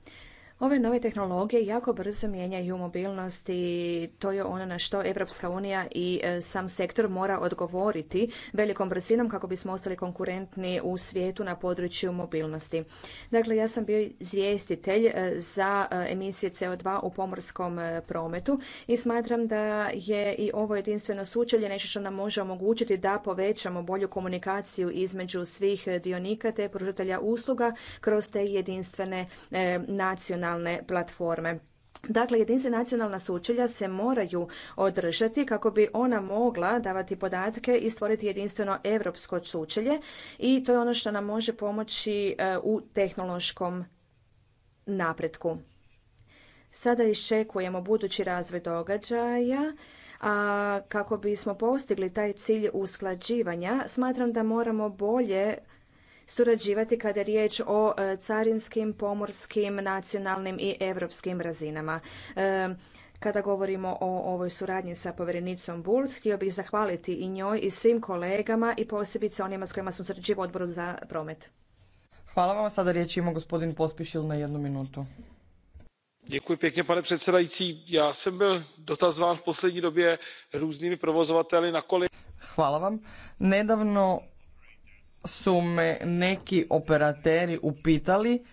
Ove nove tehnologije jako brzo mijenjaju mobilnost i to je ono na što Evropska unija i e, sam sektor mora odgovoriti velikom brzinom kako bismo ostali konkurentni u svijetu na području mobilnosti. Dakle, ja sam bio izvjestitelj e, za e, emisije CO2 u pomorskom prometu i smatram da je i ovo jedinstveno sučelje nešto što nam može omogućiti da povećamo bolju komunikaciju između svih dionika te pružatelja usluga kroz te jedinstvene nacionalne platforme. Dakle, jedinstvena nacionalna sučelja se moraju održati kako bi ona mogla davati podatke i stvoriti jedinstveno europsko sučelje i to je ono što nam može pomoći e, u tehnološkom napretku. Sada iščekujemo budući razvoj događaja a kako bismo postigli taj cilj usklađivanja smatram da moramo bolje surađivati kada je riječ o e, carinskim, pomorskim, nacionalnim i evropskim razinama. E, kada govorimo o ovoj suradnji sa povjerenicom Bulls, htio bih zahvaliti i njoj i svim kolegama i posebice onima s kojima sam surađivao odboru za promet. Hvala vam. Sada riječ ima gospodin Pospišil na jednu minutu. Děkuji pěkně, pane předsedající. Já jsem byl dotazován v poslední době různými provozovateli na kole. Hvala vam. Nedavno su me neki operateri upitali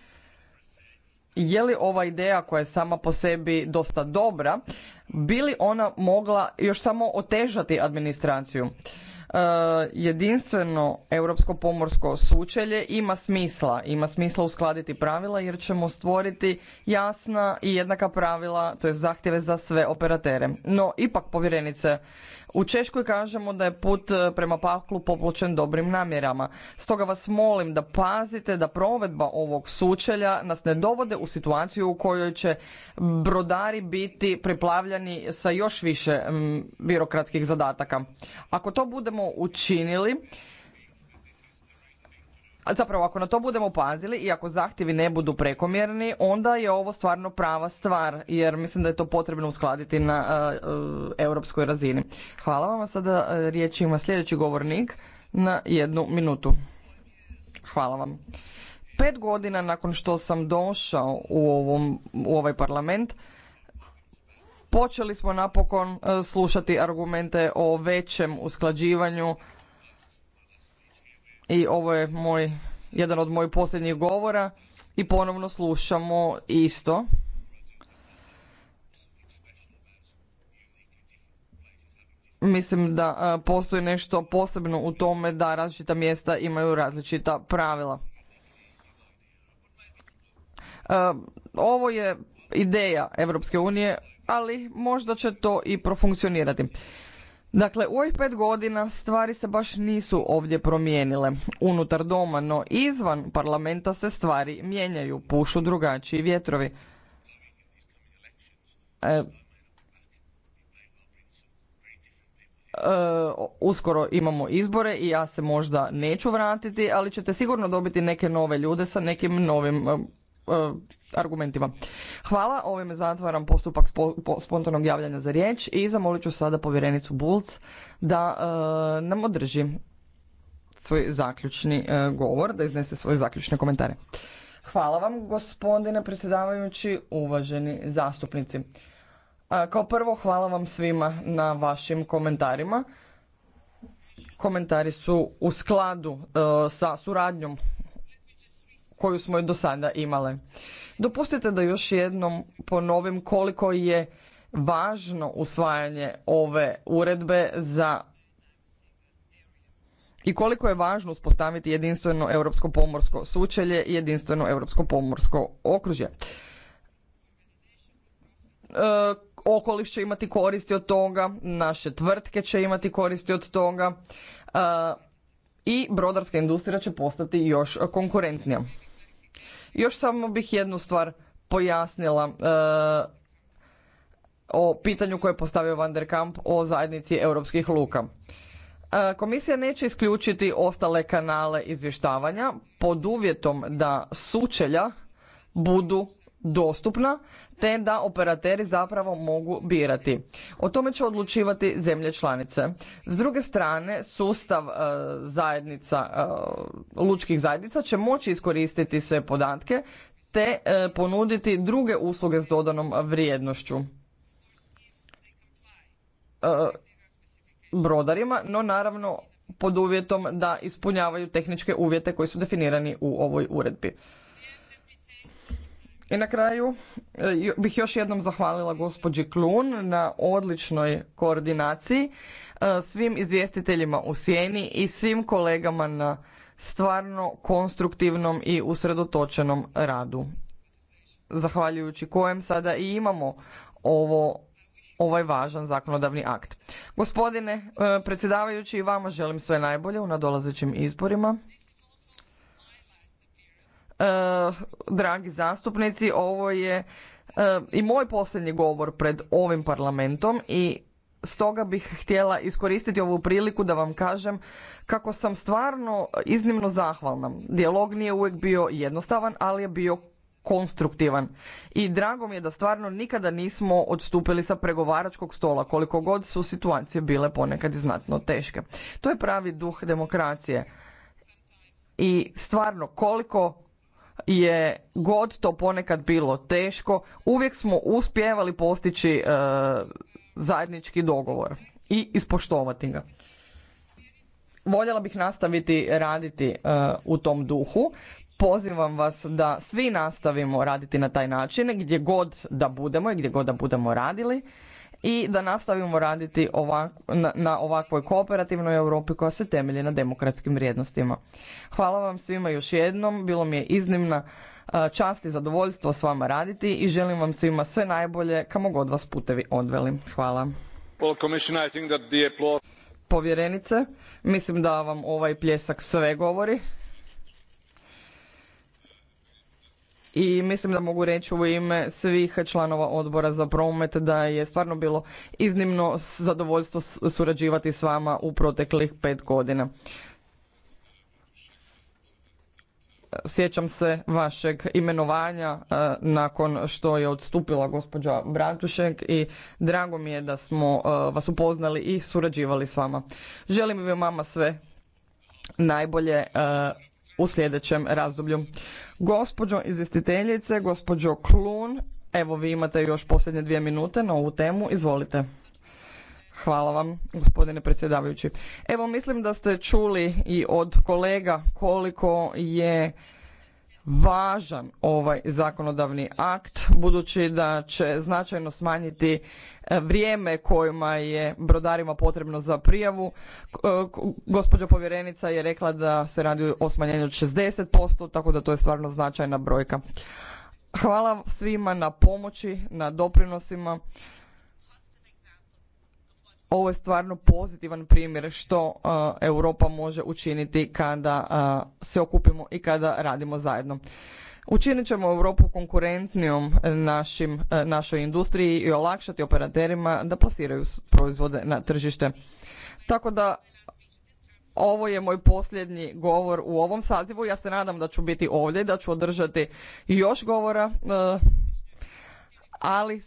je li ova ideja koja je sama po sebi dosta dobra, bi li ona mogla još samo otežati administraciju. E, jedinstveno europsko pomorsko sučelje ima smisla, ima smisla uskladiti pravila jer ćemo stvoriti jasna i jednaka pravila, to je zahtjeve za sve operatere. No, ipak povjerenice, u Češkoj kažemo da je put e, prema paklu popločen dobrim namjerama. Stoga vas molim da pazite da provedba ovog sučelja nas ne dovode u situaciju u kojoj će brodari biti preplavljani sa još više birokratskih zadataka. Ako to budemo učinili, zapravo ako na to budemo pazili i ako zahtjevi ne budu prekomjerni, onda je ovo stvarno prava stvar, jer mislim da je to potrebno uskladiti na e, e, europskoj razini. Hvala vam, sada e, riječ ima sljedeći govornik na jednu minutu. Hvala vam. Pet godina nakon što sam došao u, ovom, u ovaj parlament, počeli smo napokon slušati argumente o većem usklađivanju i ovo je moj, jedan od mojih posljednjih govora i ponovno slušamo isto. Mislim da e, postoji nešto posebno u tome da različita mjesta imaju različita pravila. E, ovo je ideja Europske unije, ali možda će to i profunkcionirati. Dakle, u ovih pet godina stvari se baš nisu ovdje promijenile. Unutar doma, no izvan parlamenta se stvari mijenjaju, pušu drugačiji vjetrovi. E, e, uskoro imamo izbore i ja se možda neću vratiti, ali ćete sigurno dobiti neke nove ljude sa nekim novim E, argumentima. Hvala, ovime zatvaram postupak spontanog javljanja za riječ i zamolit ću sada povjerenicu Bulc da e, nam održi svoj zaključni e, govor, da iznese svoje zaključne komentare. Hvala vam, gospodine predsjedavajući, uvaženi zastupnici. kao prvo, hvala vam svima na vašim komentarima. Komentari su u skladu sa suradnjom koju smo i do sada imale. Dopustite da još jednom ponovim koliko je važno usvajanje ove uredbe za i koliko je važno uspostaviti jedinstveno europsko pomorsko sučelje i jedinstveno europsko pomorsko okružje. E, okoliš će imati koristi od toga, naše tvrtke će imati koristi od toga e, i brodarska industrija će postati još konkurentnija. Još samo bih jednu stvar pojasnila eh, o pitanju koje je postavio Van der Kamp o zajednici europskih luka. Eh, komisija neće isključiti ostale kanale izvještavanja pod uvjetom da sučelja budu dostupna te da operateri zapravo mogu birati. O tome će odlučivati zemlje članice. S druge strane, sustav e, zajednica, e, lučkih zajednica će moći iskoristiti sve podatke te e, ponuditi druge usluge s dodanom vrijednošću brodarima, no naravno pod uvjetom da ispunjavaju tehničke uvjete koji su definirani u ovoj uredbi. I na kraju e, bih još jednom zahvalila gospođi Klun na odličnoj koordinaciji, e, svim izvjestiteljima u sjeni i svim kolegama na stvarno konstruktivnom i usredotočenom radu. Zahvaljujući kojem sada i imamo ovo ovaj važan zakonodavni akt. Gospodine e, predsjedavajući i vama želim sve najbolje u nadolazećim izborima. Eh, dragi zastupnici, ovo je eh, i moj posljednji govor pred ovim parlamentom i stoga bih htjela iskoristiti ovu priliku da vam kažem kako sam stvarno iznimno zahvalna. Dijalog nije uvijek bio jednostavan, ali je bio konstruktivan. I drago mi je da stvarno nikada nismo odstupili sa pregovaračkog stola, koliko god su situacije bile ponekad znatno teške. To je pravi duh demokracije. I stvarno, koliko je god to ponekad bilo teško, uvijek smo uspjevali postići e, zajednički dogovor i ispoštovati ga. Voljela bih nastaviti raditi e, u tom duhu. Pozivam vas da svi nastavimo raditi na taj način gdje god da budemo i gdje god da budemo radili i da nastavimo raditi ovak, na, na ovakvoj kooperativnoj Europi koja se temelji na demokratskim vrijednostima. Hvala vam svima još jednom, bilo mi je iznimna čast i zadovoljstvo s vama raditi i želim vam svima sve najbolje kamo god vas putevi odveli. Hvala. Povjerenice, mislim da vam ovaj pljesak sve govori. i mislim da mogu reći u ime svih članova odbora za promet da je stvarno bilo iznimno zadovoljstvo surađivati s vama u proteklih pet godina. Sjećam se vašeg imenovanja e, nakon što je odstupila gospođa Brantušek i drago mi je da smo e, vas upoznali i surađivali s vama. Želim vam vama sve najbolje e, u sljedećem razdoblju. Gospođo izvjestiteljice, gospođo Klun, evo vi imate još posljednje dvije minute na ovu temu, izvolite. Hvala vam, gospodine predsjedavajući. Evo, mislim da ste čuli i od kolega koliko je važan ovaj zakonodavni akt budući da će značajno smanjiti e, vrijeme kojima je brodarima potrebno za prijavu. E, gospođa povjerenica je rekla da se radi o smanjenju od 60%, tako da to je stvarno značajna brojka. Hvala svima na pomoći, na doprinosima ovo je stvarno pozitivan primjer što e, Europa može učiniti kada e, se okupimo i kada radimo zajedno. Učinit ćemo Europu konkurentnijom našim, e, našoj industriji i olakšati operaterima da plasiraju proizvode na tržište. Tako da ovo je moj posljednji govor u ovom sazivu. Ja se nadam da ću biti ovdje, da ću održati još govora, ali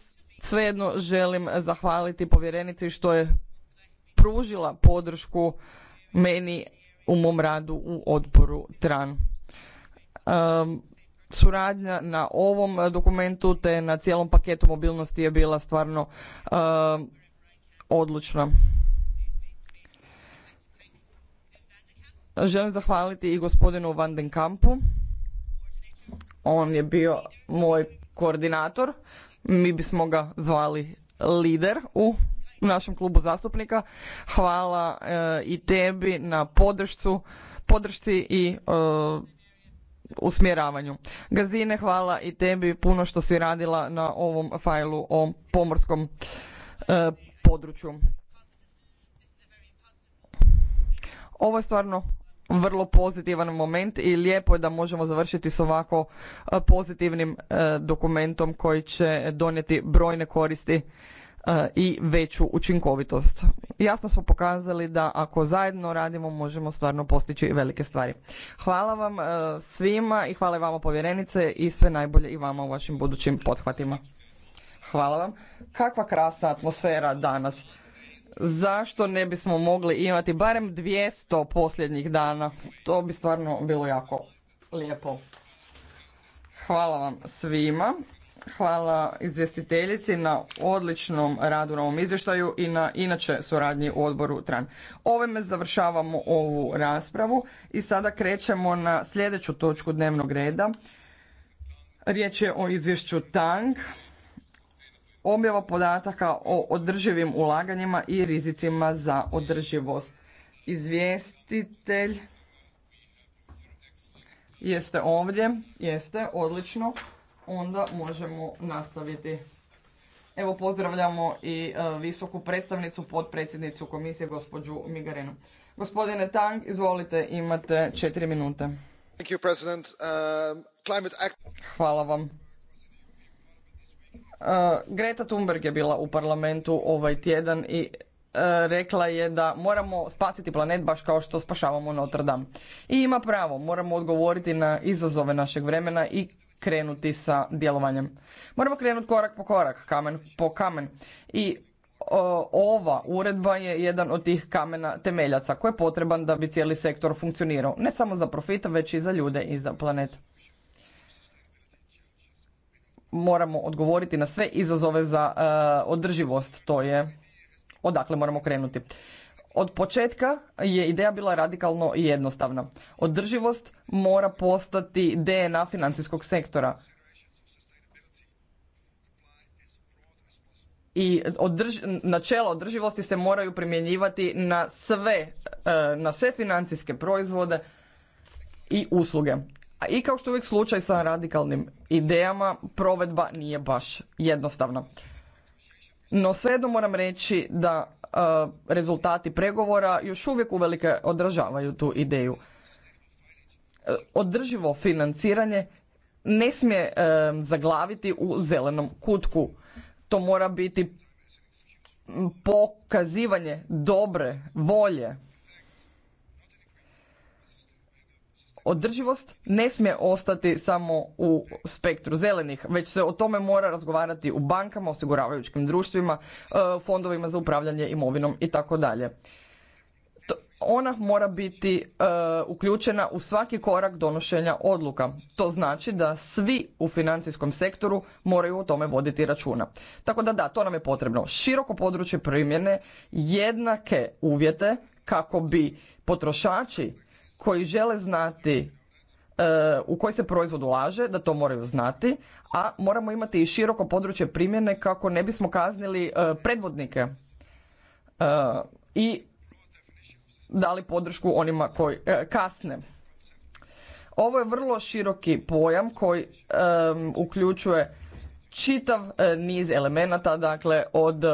Svejedno želim zahvaliti povjerenici što je pružila podršku meni u mom radu u odboru TRAN. suradnja na ovom dokumentu te na cijelom paketu mobilnosti je bila stvarno odlučna. Želim zahvaliti i gospodinu Van den Kampu. On je bio moj koordinator mi bismo ga zvali lider u našem klubu zastupnika. Hvala e, i tebi na podršcu, podršci i e, usmjeravanju. Gazine, hvala i tebi puno što si radila na ovom fajlu o pomorskom e, području. Ovo je stvarno vrlo pozitivan moment i lijepo je da možemo završiti s ovako e, pozitivnim e, dokumentom koji će donijeti brojne koristi e, i veću učinkovitost. Jasno smo pokazali da ako zajedno radimo možemo stvarno postići velike stvari. Hvala vam svima i hvala i vama povjerenice i sve najbolje i vama u vašim budućim pothvatima. Hvala vam. Kakva krasna atmosfera danas zašto ne bismo mogli imati barem 200 posljednjih dana. To bi stvarno bilo jako lijepo. Hvala vam svima. Hvala izvjestiteljici na odličnom radu na ovom izvještaju i na inače suradnji u odboru TRAN. Ovime završavamo ovu raspravu i sada krećemo na sljedeću točku dnevnog reda. Riječ je o izvješću TANG objava podataka o održivim ulaganjima i rizicima za održivost. Izvjestitelj jeste ovdje, jeste, odlično, onda možemo nastaviti. Evo pozdravljamo i e, visoku predstavnicu, potpredsjednicu komisije, gospođu Migarenu. Gospodine Tang, izvolite, imate četiri minute. Um, Hvala vam. E, Greta Thunberg je bila u parlamentu ovaj tjedan i e, rekla je da moramo spasiti planet baš kao što spašavamo Notre Dame. I ima pravo, moramo odgovoriti na izazove našeg vremena i krenuti sa djelovanjem. Moramo krenuti korak po korak, kamen po kamen. I e, ova uredba je jedan od tih kamena temeljaca koji je potreban da bi cijeli sektor funkcionirao. Ne samo za profit, već i za ljude i za planet moramo odgovoriti na sve izazove za e, održivost. To je odakle moramo krenuti. Od početka je ideja bila radikalno jednostavna. Održivost mora postati DNA financijskog sektora. i održ, načela održivosti se moraju primjenjivati na sve, e, na sve financijske proizvode i usluge. I kao što je uvijek slučaj sa radikalnim idejama, provedba nije baš jednostavna. No svejedno moram reći da e, rezultati pregovora još uvijek uvelike odražavaju tu ideju. E, održivo financiranje ne smije e, zaglaviti u zelenom kutku. To mora biti pokazivanje dobre volje održivost ne smije ostati samo u spektru zelenih, već se o tome mora razgovarati u bankama, osiguravajućim društvima, e, fondovima za upravljanje imovinom i tako dalje. Ona mora biti e, uključena u svaki korak donošenja odluka. To znači da svi u financijskom sektoru moraju o tome voditi računa. Tako da da, to nam je potrebno. Široko područje primjene, jednake uvjete kako bi potrošači koji žele znati e, u koji se proizvod ulaže, da to moraju znati, a moramo imati i široko područje primjene kako ne bismo kaznili e, predvodnike e, i dali podršku onima koji kasne. Ovo je vrlo široki pojam koji uključuje čitav niz elemenata, dakle od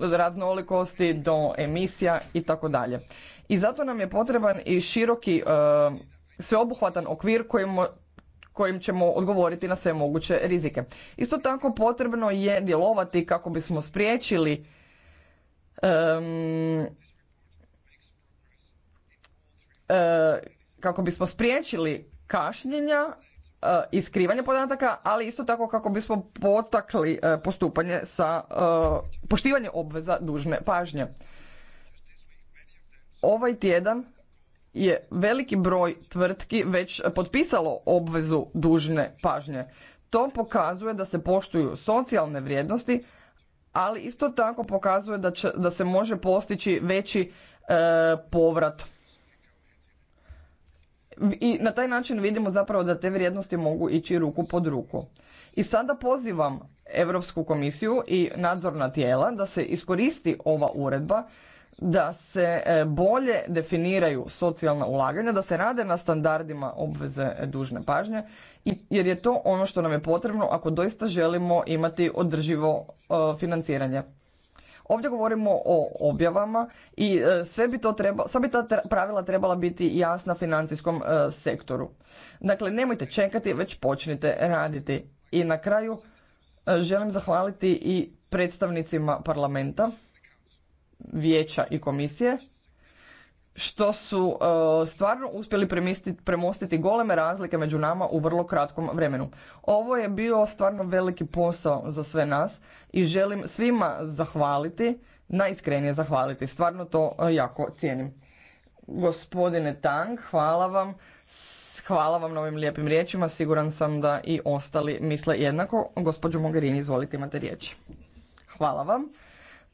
bioraznolikosti do emisija i tako dalje. I zato nam je potreban i široki e, sveobuhvatan okvir kojim kojim ćemo odgovoriti na sve moguće rizike. Isto tako potrebno je djelovati kako bismo spriječili e, kako bismo spriječili kašnjenja e, i skrivanje podataka, ali isto tako kako bismo potakli postupanje sa poštivanje obveza dužne pažnje. Ovaj tjedan je veliki broj tvrtki već potpisalo obvezu dužne pažnje. To pokazuje da se poštuju socijalne vrijednosti, ali isto tako pokazuje da, će, da se može postići veći e, povrat. I na taj način vidimo zapravo da te vrijednosti mogu ići ruku pod ruku. I sada pozivam Europsku komisiju i nadzorna tijela da se iskoristi ova uredba da se e, bolje definiraju socijalna ulaganja, da se rade na standardima obveze dužne pažnje, jer je to ono što nam je potrebno ako doista želimo imati održivo e, financiranje. Ovdje govorimo o objavama i e, sve bi to trebalo, sve bi ta pravila trebala biti jasna financijskom sektoru. Dakle, nemojte čekati, već počnite raditi. I na kraju želim zahvaliti i predstavnicima parlamenta vijeća i komisije što su e, stvarno uspjeli premostiti goleme razlike među nama u vrlo kratkom vremenu. Ovo je bio stvarno veliki posao za sve nas i želim svima zahvaliti, najiskrenije zahvaliti. Stvarno to e, jako cijenim. Gospodine Tang, hvala vam. Hvala vam na ovim lijepim riječima. Siguran sam da i ostali misle jednako. Gospođo Mogherini, izvolite, imate riječ. Hvala vam.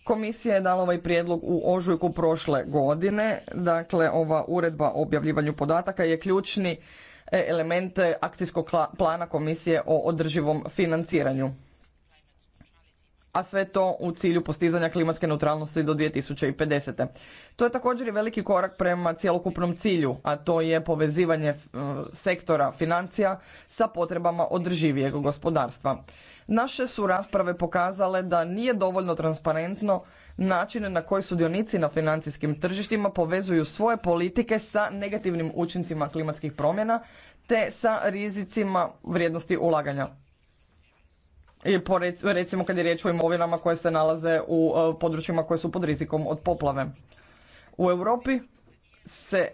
Komisija je dala ovaj prijedlog u ožujku prošle godine. Dakle, ova uredba o objavljivanju podataka je ključni e, element akcijskog plana komisije o održivom financiranju a sve to u cilju postizanja klimatske neutralnosti do 2050. To je također i veliki korak prema cjelokupnom cilju, a to je povezivanje eh, sektora financija sa potrebama održivijeg gospodarstva. Naše su rasprave pokazale da nije dovoljno transparentno način na koji sudionici na financijskim tržištima povezuju svoje politike sa negativnim učincima klimatskih promjena te sa rizicima vrijednosti ulaganja recimo kad je riječ o imovinama koje se nalaze u e, područjima koje su pod rizikom od poplave. U Europi se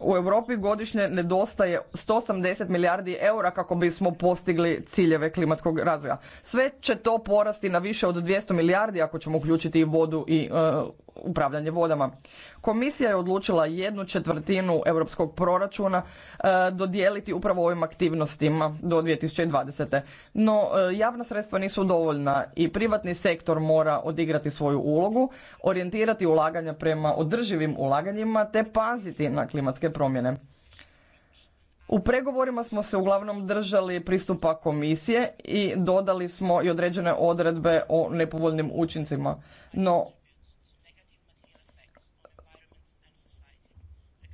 u Europi godišnje nedostaje 180 milijardi eura kako bismo postigli ciljeve klimatskog razvoja. Sve će to porasti na više od 200 milijardi ako ćemo uključiti i vodu i e, upravljanje vodama. Komisija je odlučila jednu četvrtinu europskog proračuna e, dodijeliti upravo ovim aktivnostima do 2020. No e, javna sredstva nisu dovoljna i privatni sektor mora odigrati svoju ulogu, orijentirati ulaganja prema održivim ulaganjima te paziti na klimatske promjene. U pregovorima smo se uglavnom držali pristupa komisije i dodali smo i određene odredbe o nepovoljnim učincima. No,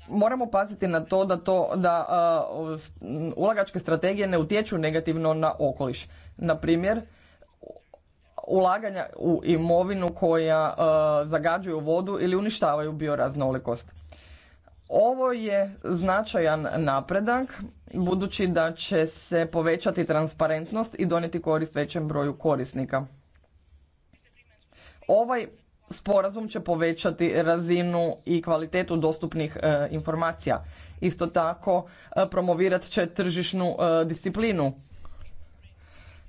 moramo paziti na to da, to, da ulagačke strategije ne utječu negativno na okoliš. Na primjer, ulaganja u imovinu koja zagađuju vodu ili uništavaju bioraznolikost. Ovo je značajan napredak budući da će se povećati transparentnost i donijeti korist većem broju korisnika. Ovaj sporazum će povećati razinu i kvalitetu dostupnih e, informacija. Isto tako e, promovirat će tržišnu e, disciplinu.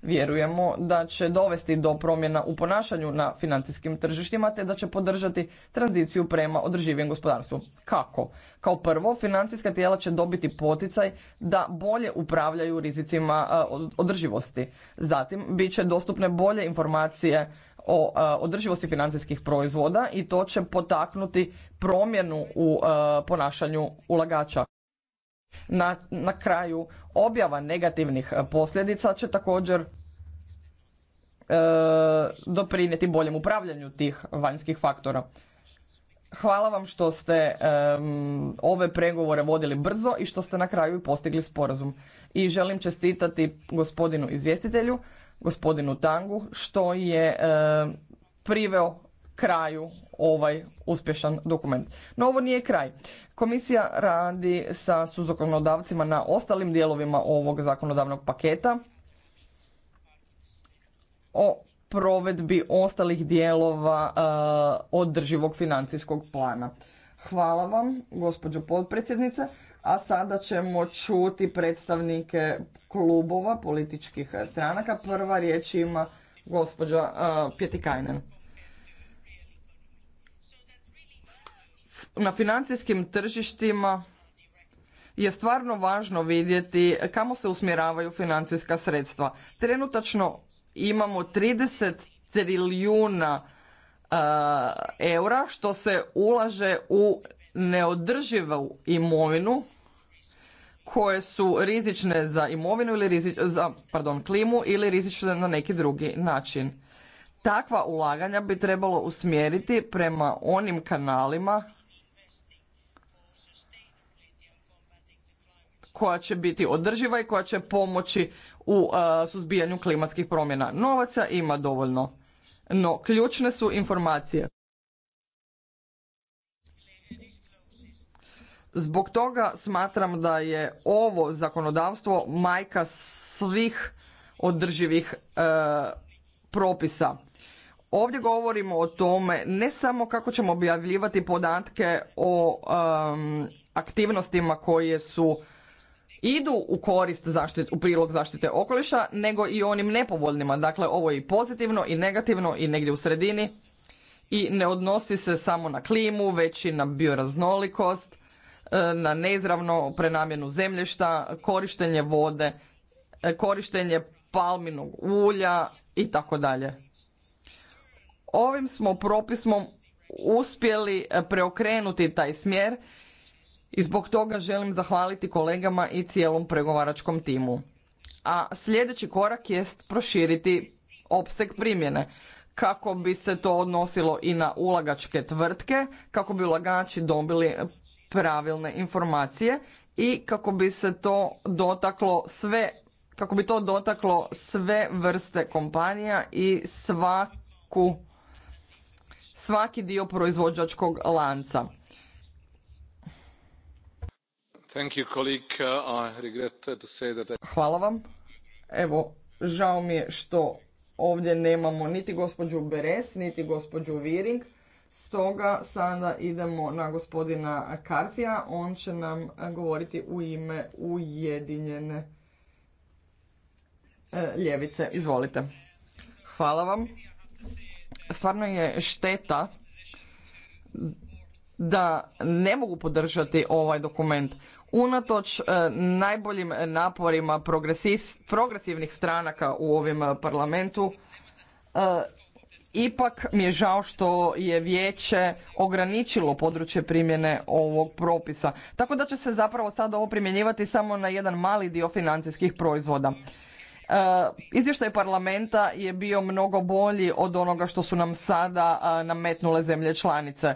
Vjerujemo da će dovesti do promjena u ponašanju na financijskim tržištima te da će podržati tranziciju prema održivijem gospodarstvu. Kako? Kao prvo, financijska tijela će dobiti poticaj da bolje upravljaju rizicima e, održivosti. Zatim, bit će dostupne bolje informacije o e, održivosti financijskih proizvoda i to će potaknuti promjenu u e, ponašanju ulagača. Na, na kraju objava negativnih e, posljedica će također e, doprinijeti boljem upravljanju tih vanjskih faktora. Hvala vam što ste ove pregovore vodili brzo i što ste na kraju postigli sporazum. I želim čestitati gospodinu izvjestitelju gospodinu Tangu što je e, priveo kraju ovaj uspješan dokument. No ovo nije kraj. Komisija radi sa suzakonodavcima na ostalim dijelovima ovog zakonodavnog paketa o provedbi ostalih dijelova e, održivog financijskog plana. Hvala vam, gospođo potpredsjednice. A sada ćemo čuti predstavnike klubova političkih stranaka. Prva riječ ima gospođa uh, Pjetikajnen. Na financijskim tržištima je stvarno važno vidjeti kamo se usmjeravaju financijska sredstva. Trenutačno imamo 30 trilijuna eura što se ulaže u neodrživu imovinu koje su rizične za imovinu ili rizič, za pardon, klimu ili rizične na neki drugi način. Takva ulaganja bi trebalo usmjeriti prema onim kanalima koja će biti održiva i koja će pomoći u uh, suzbijanju klimatskih promjena. Novaca ima dovoljno, no ključne su informacije. Zbog toga smatram da je ovo zakonodavstvo majka svih održivih e, propisa. Ovdje govorimo o tome ne samo kako ćemo objavljivati podatke o aktivnostima koje su idu u korist u prilog zaštite okoliša, nego i onim nepovoljnima. Dakle, ovo je i pozitivno i negativno i negdje u sredini i ne odnosi se samo na klimu, već i na bioraznolikost, E, na neizravno prenamjenu zemljišta, korištenje vode, e, korištenje palminog ulja i tako dalje. Ovim smo propismom uspjeli e, preokrenuti taj smjer i zbog toga želim zahvaliti kolegama i cijelom pregovaračkom timu. A sljedeći korak jest proširiti opseg primjene kako bi se to odnosilo i na ulagačke tvrtke, kako bi ulagači dobili pravilne informacije i kako bi se to dotaklo sve kako bi to dotaklo sve vrste kompanija i svaku svaki dio proizvođačkog lanca. Uh, Hvala vam. Evo, žao mi je što ovdje nemamo niti gospođu Beres, niti gospođu Viring. Stoga sada idemo na gospodina Karzija, on će nam e, govoriti u ime Ujedinjene e, ljevice. Izvolite. Hvala vam. Stvarno je šteta da ne mogu podržati ovaj dokument. Unatoč e, najboljim naporima progresivnih stranaka u ovim parlamentu, Ipak mi je žao što je vijeće ograničilo područje primjene ovog propisa. Tako da će se zapravo sad ovo primjenjivati samo na jedan mali dio financijskih proizvoda. E, izvještaj parlamenta je bio mnogo bolji od onoga što su nam sada nametnule zemlje članice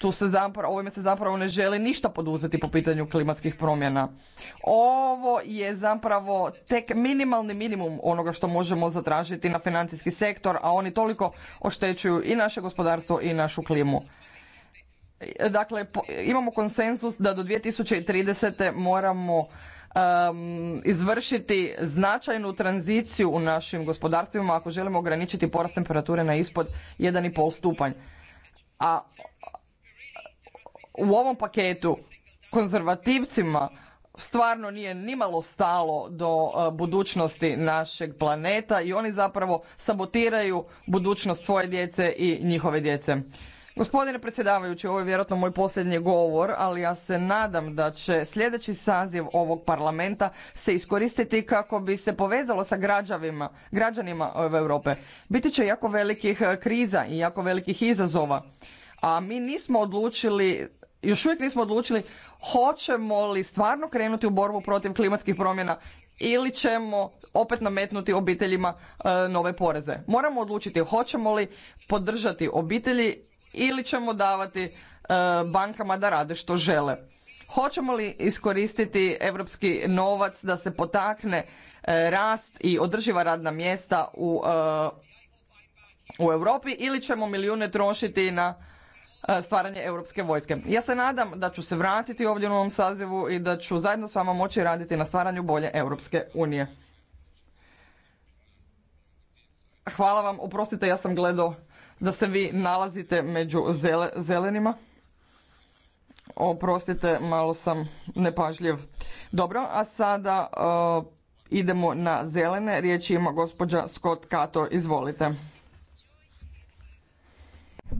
tu se zapravo, ovime se zapravo ne želi ništa poduzeti po pitanju klimatskih promjena. Ovo je zapravo tek minimalni minimum onoga što možemo zatražiti na financijski sektor, a oni toliko oštećuju i naše gospodarstvo i našu klimu. Dakle, imamo konsenzus da do 2030. moramo izvršiti značajnu tranziciju u našim gospodarstvima ako želimo ograničiti porast temperature na ispod 1,5 stupanj a u ovom paketu konzervativcima stvarno nije nimalo stalo do e, budućnosti našeg planeta i oni zapravo sabotiraju budućnost svoje djece i njihove djece. Gospodine predsjedavajući, ovo je vjerojatno moj posljednji govor, ali ja se nadam da će sljedeći saziv ovog parlamenta se iskoristiti kako bi se povezalo sa građanima građanima Europe. Biti će jako velikih e, kriza i jako velikih izazova. A mi nismo odlučili još uvijek nismo odlučili hoćemo li stvarno krenuti u borbu protiv klimatskih promjena ili ćemo opet nametnuti obiteljima e, nove poreze. Moramo odlučiti hoćemo li podržati obitelji ili ćemo davati e, bankama da rade što žele. Hoćemo li iskoristiti europski novac da se potakne e, rast i održiva radna mjesta u u Europi ili ćemo milijune trošiti na E, stvaranje europske vojske. Ja se nadam da ću se vratiti ovdje u ovom sazivu i da ću zajedno s vama moći raditi na stvaranju bolje Europske unije. Hvala vam, oprostite, ja sam gledao da se vi nalazite među zele, zelenima. Oprostite, malo sam nepažljiv. Dobro, a sada e, idemo na zelene. Riječ ima gospođa Scott Kato, izvolite.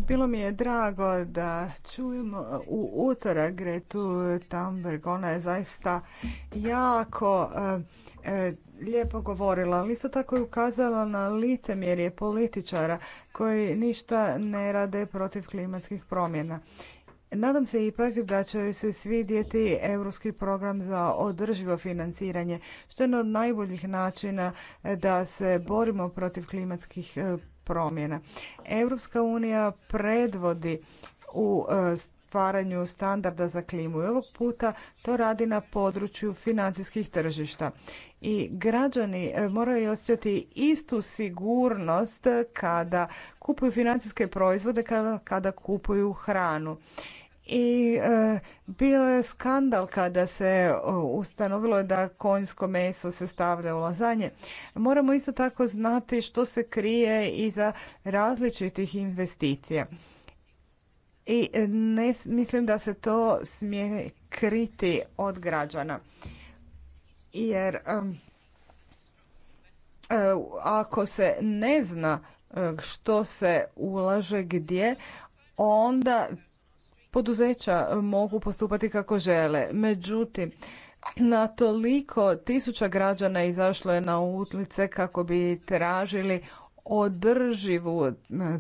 Bilo mi je drago da čujemo u utorak Gretu Tamberg. Ona je zaista jako e, e, lijepo govorila, ali isto tako je ukazala na licemjerje političara koji ništa ne rade protiv klimatskih promjena. Nadam se ipak da će se svidjeti Europski program za održivo financiranje, što je od najboljih načina da se borimo protiv klimatskih e, promjena. Europska unija predvodi u e, stvaranju standarda za klimu i ovog puta to radi na području financijskih tržišta. I građani e, moraju osjetiti istu sigurnost kada kupuju financijske proizvode, kada, kada kupuju hranu i e, bio je skandal kada se ustanovilo da konjsko meso se stavlja u lazanje. Moramo isto tako znati što se krije iza različitih investicija. I e, ne, mislim da se to smije kriti od građana. Jer e, ako se ne zna što se ulaže gdje, onda poduzeća mogu postupati kako žele. Međutim, na toliko tisuća građana izašlo je na ulice kako bi tražili održivu e,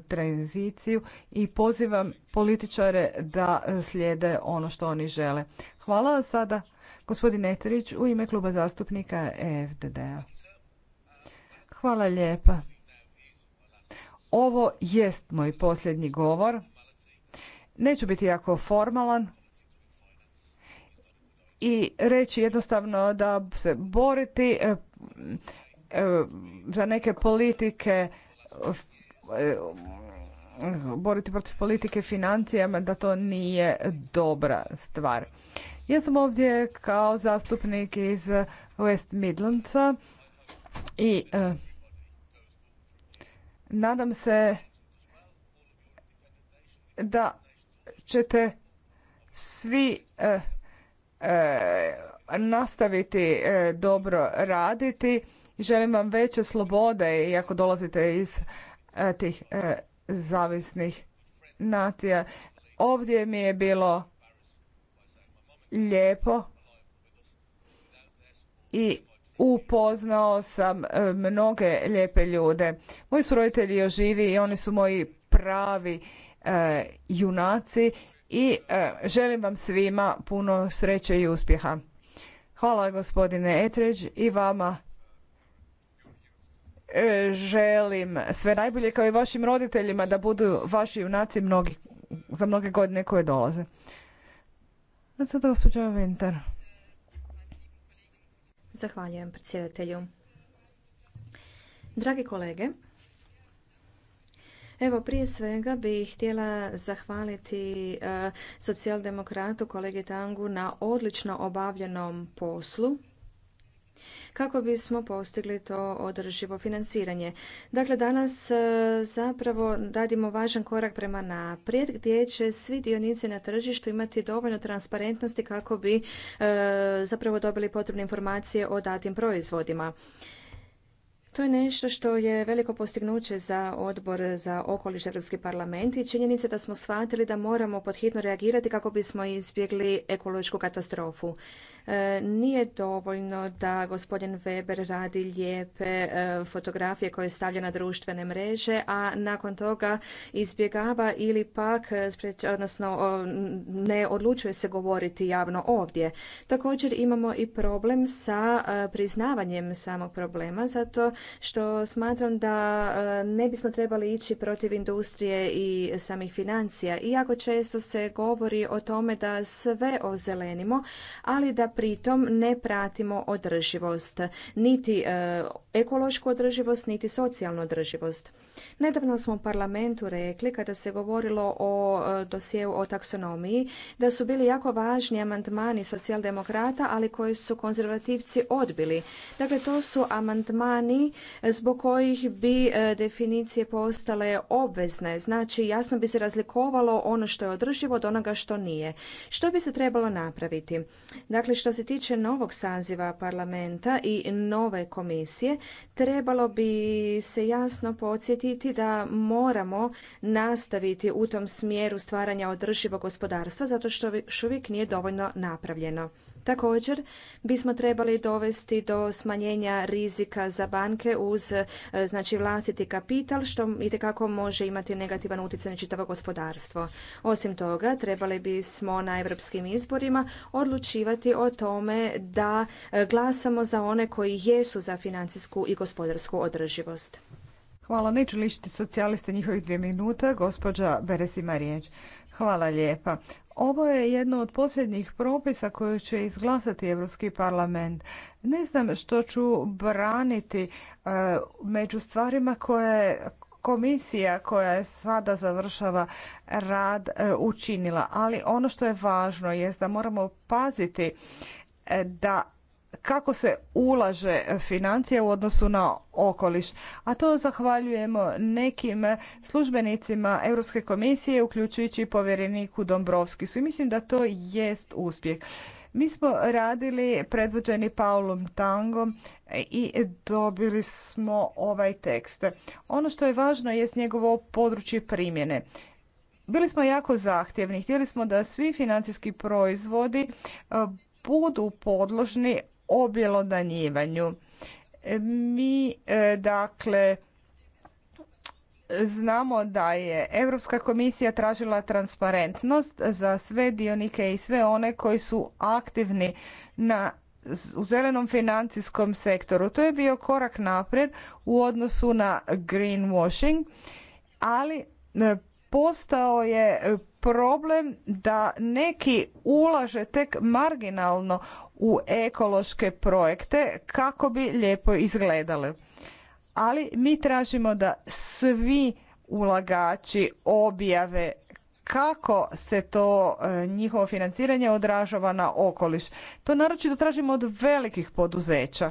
tranziciju i pozivam političare da slijede ono što oni žele. Hvala vam sada, gospodin Eterić, u ime kluba zastupnika EFDD-a. Hvala lijepa. Ovo jest moj posljednji govor Neću biti jako formalan i reći jednostavno da se boriti e, e, za neke politike e, boriti protiv politike financijama da to nije dobra stvar. Ja sam ovdje kao zastupnik iz West Midlandsa i nadam se da ćete svi eh, eh, nastaviti eh, dobro raditi. Želim vam veće slobode ako dolazite iz tih zavisnih nacija. Ovdje mi je bilo lijepo i upoznao sam mnoge lijepe ljude. Moji su roditelji još živi i oni su moji pravi E, junaci i e, želim vam svima puno sreće i uspjeha. Hvala gospodine Etređ i vama e, želim sve najbolje kao i vašim roditeljima da budu vaši junaci mnogi, za mnoge godine koje dolaze. A sada Zahvaljujem predsjedatelju. Dragi kolege, Evo, prije svega bih htjela zahvaliti e, socijaldemokratu kolegi Tangu na odlično obavljenom poslu kako bismo postigli to održivo financiranje. Dakle, danas e, zapravo radimo važan korak prema naprijed gdje će svi dionici na tržištu imati dovoljno transparentnosti kako bi e, zapravo dobili potrebne informacije o datim proizvodima. To je nešto što je veliko postignuće za odbor za okoliš Europski parlament i činjenica da smo shvatili da moramo hitno reagirati kako bismo izbjegli ekološku katastrofu. E, nije dovoljno da gospodin Weber radi lijepe e, fotografije koje stavlja na društvene mreže, a nakon toga izbjegava ili pak odnosno ne odlučuje se govoriti javno ovdje. Također imamo i problem sa e, priznavanjem samog problema zato što smatram da ne bismo trebali ići protiv industrije i samih financija. Iako često se govori o tome da sve ozelenimo, ali da pritom ne pratimo održivost, niti e, ekološku održivost, niti socijalnu održivost. Nedavno smo u parlamentu rekli, kada se govorilo o e, dosjeu o taksonomiji, da su bili jako važni amandmani socijaldemokrata, ali koji su konzervativci odbili. Dakle, to su amandmani zbog kojih bi e, definicije postale obvezne. Znači, jasno bi se razlikovalo ono što je održivo od onoga što nije. Što bi se trebalo napraviti? Dakle, što se tiče novog saziva parlamenta i nove komisije, trebalo bi se jasno podsjetiti da moramo nastaviti u tom smjeru stvaranja održivog gospodarstva, zato što još uvijek nije dovoljno napravljeno. Također bismo trebali dovesti do smanjenja rizika za banke uz e, znači vlastiti kapital što itekako može imati negativan utjecaj na čitavo gospodarstvo. Osim toga, trebali bismo na europskim izborima odlučivati o tome da e, glasamo za one koji jesu za financijsku i gospodarsku održivost. Hvala, neću lišiti socijaliste njihovih dvije minuta. Gospođa Beres riječ. Hvala lijepa. Ovo je jedno od posljednjih propisa koje će izglasati Europski parlament. Ne znam što ću braniti e, među stvarima koje komisija koja je sada završava rad e, učinila, ali ono što je važno je da moramo paziti e, da kako se ulaže financije u odnosu na okoliš. A to zahvaljujemo nekim službenicima Europske komisije, uključujući povjereniku Dombrovskisu. I mislim da to jest uspjeh. Mi smo radili predvođeni Paulom Tangom i dobili smo ovaj tekst. Ono što je važno jest njegovo područje primjene. Bili smo jako zahtjevni. Htjeli smo da svi financijski proizvodi eh, budu podložni objelodanjivanju. E, mi, e, dakle, znamo da je Europska komisija tražila transparentnost za sve dionike i sve one koji su aktivni na u zelenom financijskom sektoru. To je bio korak naprijed u odnosu na greenwashing, ali e, postao je e, problem da neki ulaže tek marginalno u ekološke projekte kako bi lijepo izgledale. Ali mi tražimo da svi ulagači objave kako se to e, njihovo financiranje odražava na okoliš. To naročito tražimo od velikih poduzeća.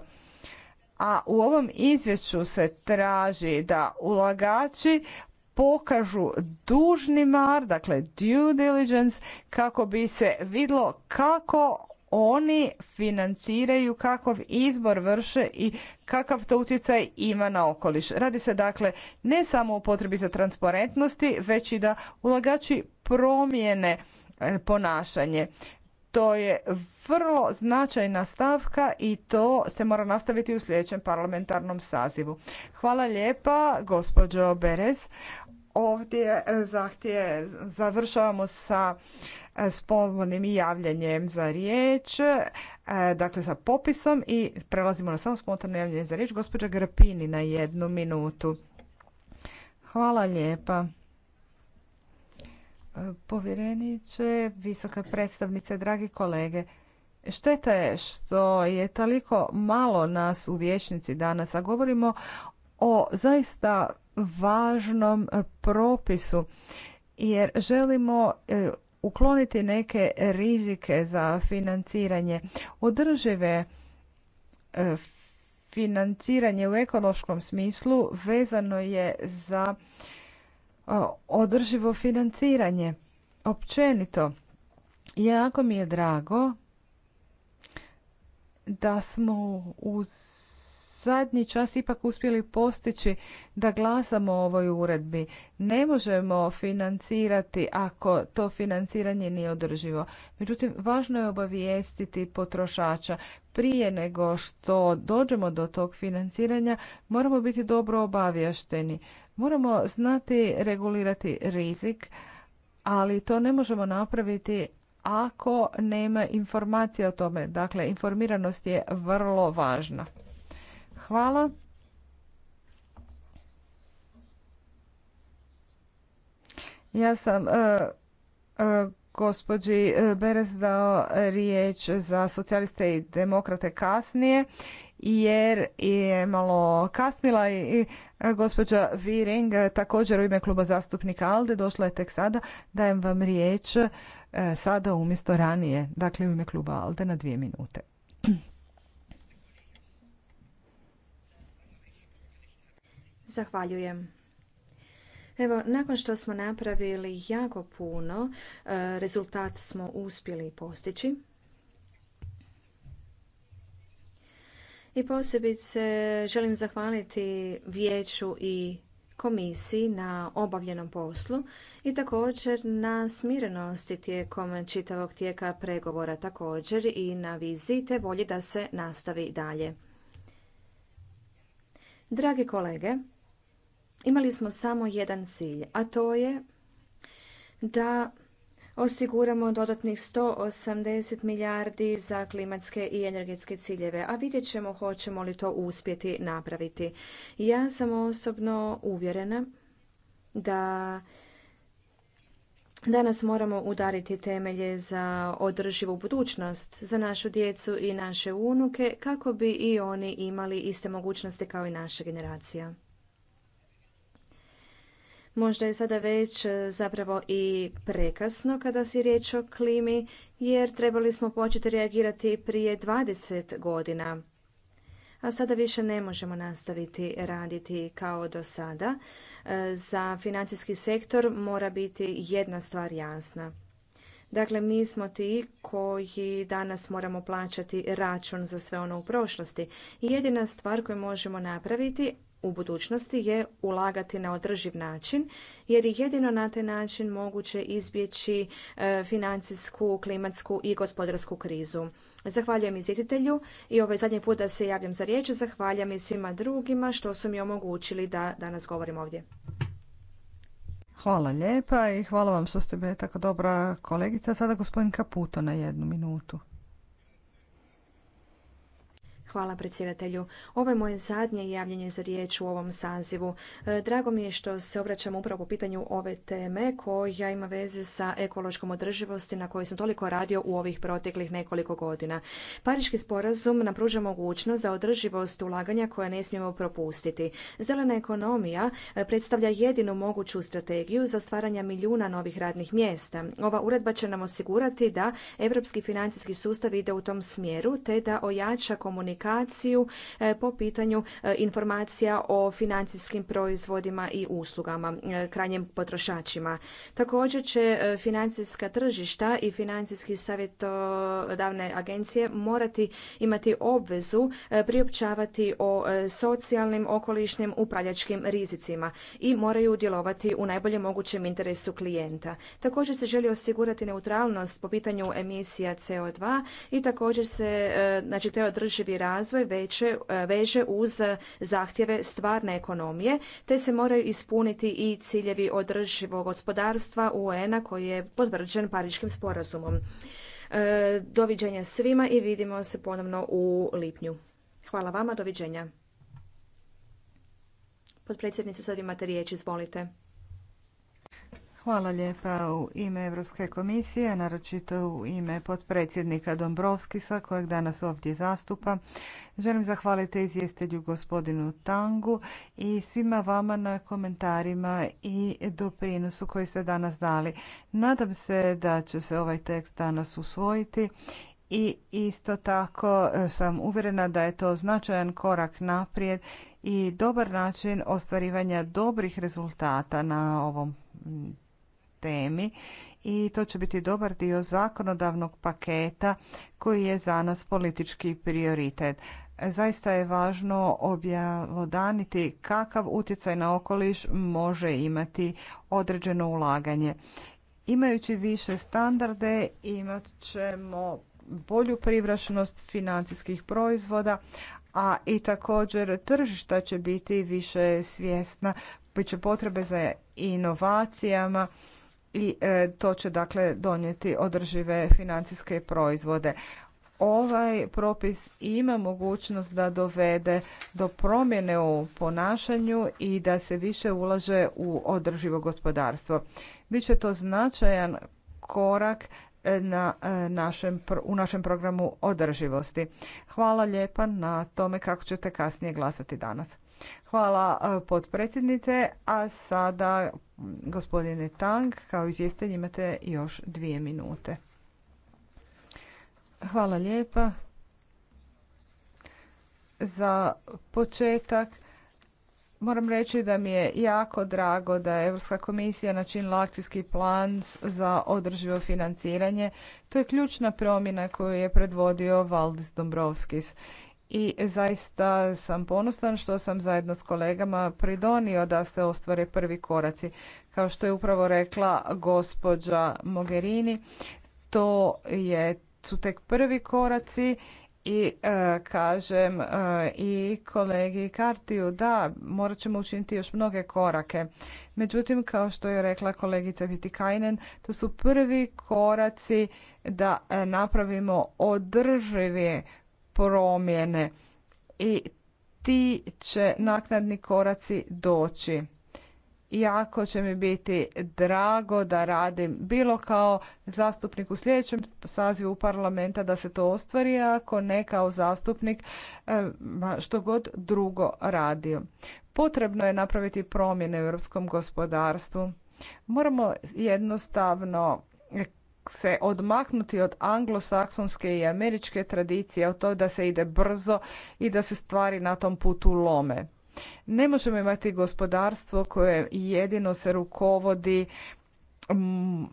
A u ovom izvješću se traži da ulagači pokažu mar, dakle due diligence, kako bi se vidlo kako oni financiraju kakav izbor vrše i kakav to utjecaj ima na okoliš. Radi se dakle ne samo o potrebi za transparentnosti, već i da ulagači promijene e, ponašanje. To je vrlo značajna stavka i to se mora nastaviti u sljedećem parlamentarnom sazivu. Hvala lijepa, gospođo Berez ovdje e, zahtje završavamo sa e, spolnim javljanjem za riječ, e, dakle sa popisom i prelazimo na samo spontano javljanje za riječ. Gospođa Grapini na jednu minutu. Hvala lijepa. Povjereniče, visoka predstavnice, dragi kolege, šteta je što je toliko malo nas u vječnici danas, a govorimo o zaista važnom e, propisu jer želimo e, ukloniti neke rizike za financiranje održive e, financiranje u ekološkom smislu vezano je za održivo financiranje općenito jako mi je drago da smo uz zadnji čas ipak uspjeli postići da glasamo o ovoj uredbi. Ne možemo financirati ako to financiranje nije održivo. Međutim, važno je obavijestiti potrošača. Prije nego što dođemo do tog financiranja, moramo biti dobro obavješteni. Moramo znati regulirati rizik, ali to ne možemo napraviti ako nema informacija o tome. Dakle, informiranost je vrlo važna. Hvala. Ja sam e, e, gospođi e, Beres dao riječ za socijaliste i demokrate kasnije jer je malo kasnila i gospođa Viring također u ime kluba zastupnika ALDE došla je tek sada. Dajem vam riječ sada umjesto ranije, dakle u ime kluba ALDE na dvije minute. Zahvaljujem. Evo, nakon što smo napravili jako puno, e, rezultat smo uspjeli postići. I posebice želim zahvaliti vijeću i komisiji na obavljenom poslu i također na smirenosti tijekom čitavog tijeka pregovora također i na vizi te volji da se nastavi dalje. Dragi kolege, imali smo samo jedan cilj, a to je da osiguramo dodatnih 180 milijardi za klimatske i energetske ciljeve, a vidjet ćemo hoćemo li to uspjeti napraviti. Ja sam osobno uvjerena da Danas moramo udariti temelje za održivu budućnost, za našu djecu i naše unuke, kako bi i oni imali iste mogućnosti kao i naša generacija. Možda je sada već e, zapravo i prekasno kada si riječ o klimi, jer trebali smo početi reagirati prije 20 godina. A sada više ne možemo nastaviti raditi kao do sada. E, za financijski sektor mora biti jedna stvar jasna. Dakle, mi smo ti koji danas moramo plaćati račun za sve ono u prošlosti. Jedina stvar koju možemo napraviti u budućnosti je ulagati na održiv način jer je jedino na taj način moguće izbjeći e, financijsku, klimatsku i gospodarsku krizu. Zahvaljujem izvjestitelju i ovaj zadnji put da se javljam za riječ. Zahvaljujem i svima drugima što su mi omogućili da danas govorim ovdje. Hvala lijepa i hvala vam što ste bili tako dobra kolegica. Sada gospodin Kaputo na jednu minutu. Hvala predsjedatelju. Ovo je moje zadnje javljanje za riječ u ovom sazivu. E, drago mi je što se obraćam upravo po pitanju ove teme koja ima veze sa ekološkom održivosti na kojoj sam toliko radio u ovih proteklih nekoliko godina. Pariški sporazum nam pruža mogućnost za održivost ulaganja koja ne smijemo propustiti. Zelena ekonomija e, predstavlja jedinu moguću strategiju za stvaranje milijuna novih radnih mjesta. Ova uredba će nam osigurati da europski financijski sustav ide u tom smjeru te da ojača komunikaciju komunikaciju e, po pitanju e, informacija o financijskim proizvodima i uslugama e, krajnjim potrošačima. Također će financijska tržišta i financijski savjetodavne agencije morati imati obvezu priopćavati o socijalnim, okolišnim, upravljačkim rizicima i moraju djelovati u najboljem mogućem interesu klijenta. Također se želi osigurati neutralnost po pitanju emisija CO2 i također se, znači to je održivi razvoj e, veže uz zahtjeve stvarne ekonomije, te se moraju ispuniti i ciljevi održivog gospodarstva UN-a koji je potvrđen Pariškim sporazumom. E, doviđenja svima i vidimo se ponovno u lipnju. Hvala vama, doviđenja. Potpredsjednice, sad imate riječ, izvolite. Hvala lijepa u ime Europske komisije, naročito u ime potpredsjednika Dombrovskisa kojeg danas ovdje zastupa. Želim zahvaliti izvjestelju gospodinu Tangu i svima vama na komentarima i doprinosu koji ste danas dali. Nadam se da će se ovaj tekst danas usvojiti i isto tako e, sam uvjerena da je to značajan korak naprijed i dobar način ostvarivanja dobrih rezultata na ovom temi i to će biti dobar dio zakonodavnog paketa koji je za nas politički prioritet. Zaista je važno objavodaniti kakav utjecaj na okoliš može imati određeno ulaganje. Imajući više standarde imat ćemo bolju privrašnost financijskih proizvoda, a i također tržišta će biti više svjesna, bit će potrebe za inovacijama i e, to će dakle donijeti održive financijske proizvode. Ovaj propis ima mogućnost da dovede do promjene u ponašanju i da se više ulaže u održivo gospodarstvo. Biće to značajan korak e, na e, našem, u našem programu održivosti. Hvala lijepa na tome kako ćete kasnije glasati danas. Hvala potpredsjednice, a sada Gospodine Tang, kao izvjestitelj imate još dvije minute. Hvala lijepa. Za početak moram reći da mi je jako drago da je Europska komisija načinila akcijski plan za održivo financiranje. To je ključna promjena koju je predvodio Valdis Dombrovskis i zaista sam ponosan što sam zajedno s kolegama pridonio da se ostvare prvi koraci. Kao što je upravo rekla gospođa Mogherini, to je, su tek prvi koraci i e, kažem e, i kolegi Kartiju da morat ćemo učiniti još mnoge korake. Međutim, kao što je rekla kolegica Kajnen, to su prvi koraci da e, napravimo održivi promjene i ti će naknadni koraci doći. Jako će mi biti drago da radim bilo kao zastupnik u sljedećem sazivu parlamenta da se to ostvari, ako ne kao zastupnik eh, što god drugo radio. Potrebno je napraviti promjene u europskom gospodarstvu. Moramo jednostavno se odmaknuti od anglosaksonske i američke tradicije, od to da se ide brzo i da se stvari na tom putu lome. Ne možemo imati gospodarstvo koje jedino se rukovodi mm,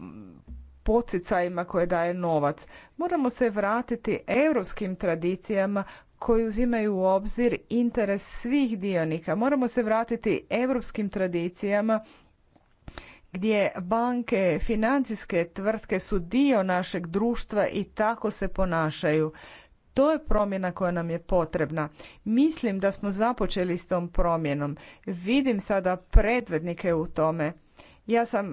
poticajima koje daje novac. Moramo se vratiti europskim tradicijama koji uzimaju u obzir interes svih dionika. Moramo se vratiti europskim tradicijama gdje banke, financijske tvrtke su dio našeg društva i tako se ponašaju. To je promjena koja nam je potrebna. Mislim da smo započeli s tom promjenom. Vidim sada predvednike u tome. Ja sam,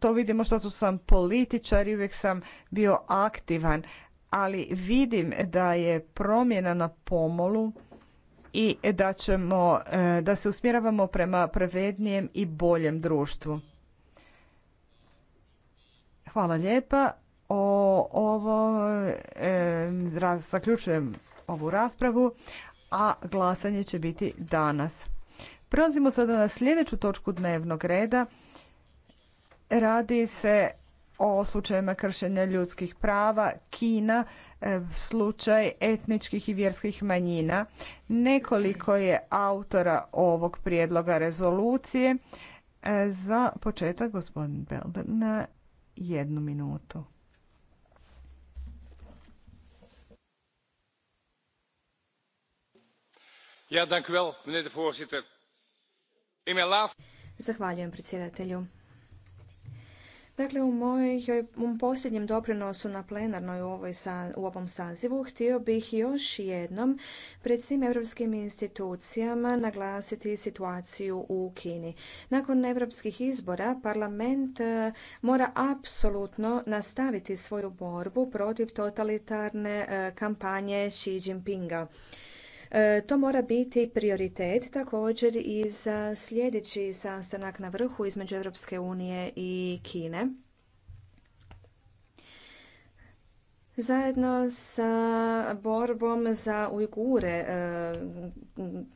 to vidimo što su sam političar i uvijek sam bio aktivan, ali vidim da je promjena na pomolu i da ćemo, e, da se usmjeravamo prema prevednijem i boljem društvu. Hvala lijepa. O ovo e, zaključujem ovu raspravu, a glasanje će biti danas. Prelazimo sada na sljedeću točku dnevnog reda. Radi se o slučajevima kršenja ljudskih prava, Kina, e, slučaj etničkih i vjerskih manjina. Nekoliko je autora ovog prijedloga rezolucije. E, za početak, gospodin Belden, jednu minutu. Ja, dank u wel, meneer de voorzitter. In mijn Zahvaljujem predsjedatelju. Dakle, u mom posljednjem doprinosu na plenarnoj u, ovoj, u ovom sazivu htio bih još jednom pred svim europskim institucijama naglasiti situaciju u Kini. Nakon europskih izbora parlament e, mora apsolutno nastaviti svoju borbu protiv totalitarne e, kampanje Xi Jinpinga. E, to mora biti prioritet također i za sljedeći sastanak na vrhu između Europske unije i Kine zajedno sa borbom za Ujgure e,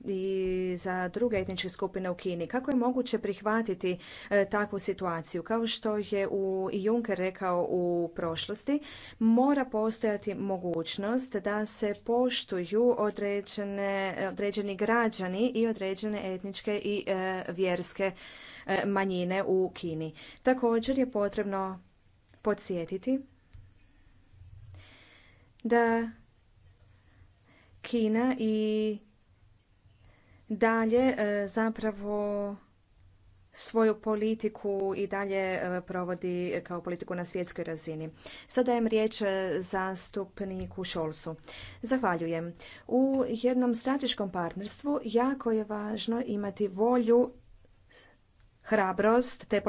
i za druge etničke skupine u Kini. Kako je moguće prihvatiti e, takvu situaciju? Kao što je u Juncker rekao u prošlosti, mora postojati mogućnost da se poštuju određene, određeni građani i određene etničke i e, vjerske manjine u Kini. Također je potrebno podsjetiti da Kina i dalje e, zapravo svoju politiku i dalje e, provodi kao politiku na svjetskoj razini. Sada dajem riječ zastupniku Šolcu. Zahvaljujem. U jednom strateškom partnerstvu jako je važno imati volju hrabrost, te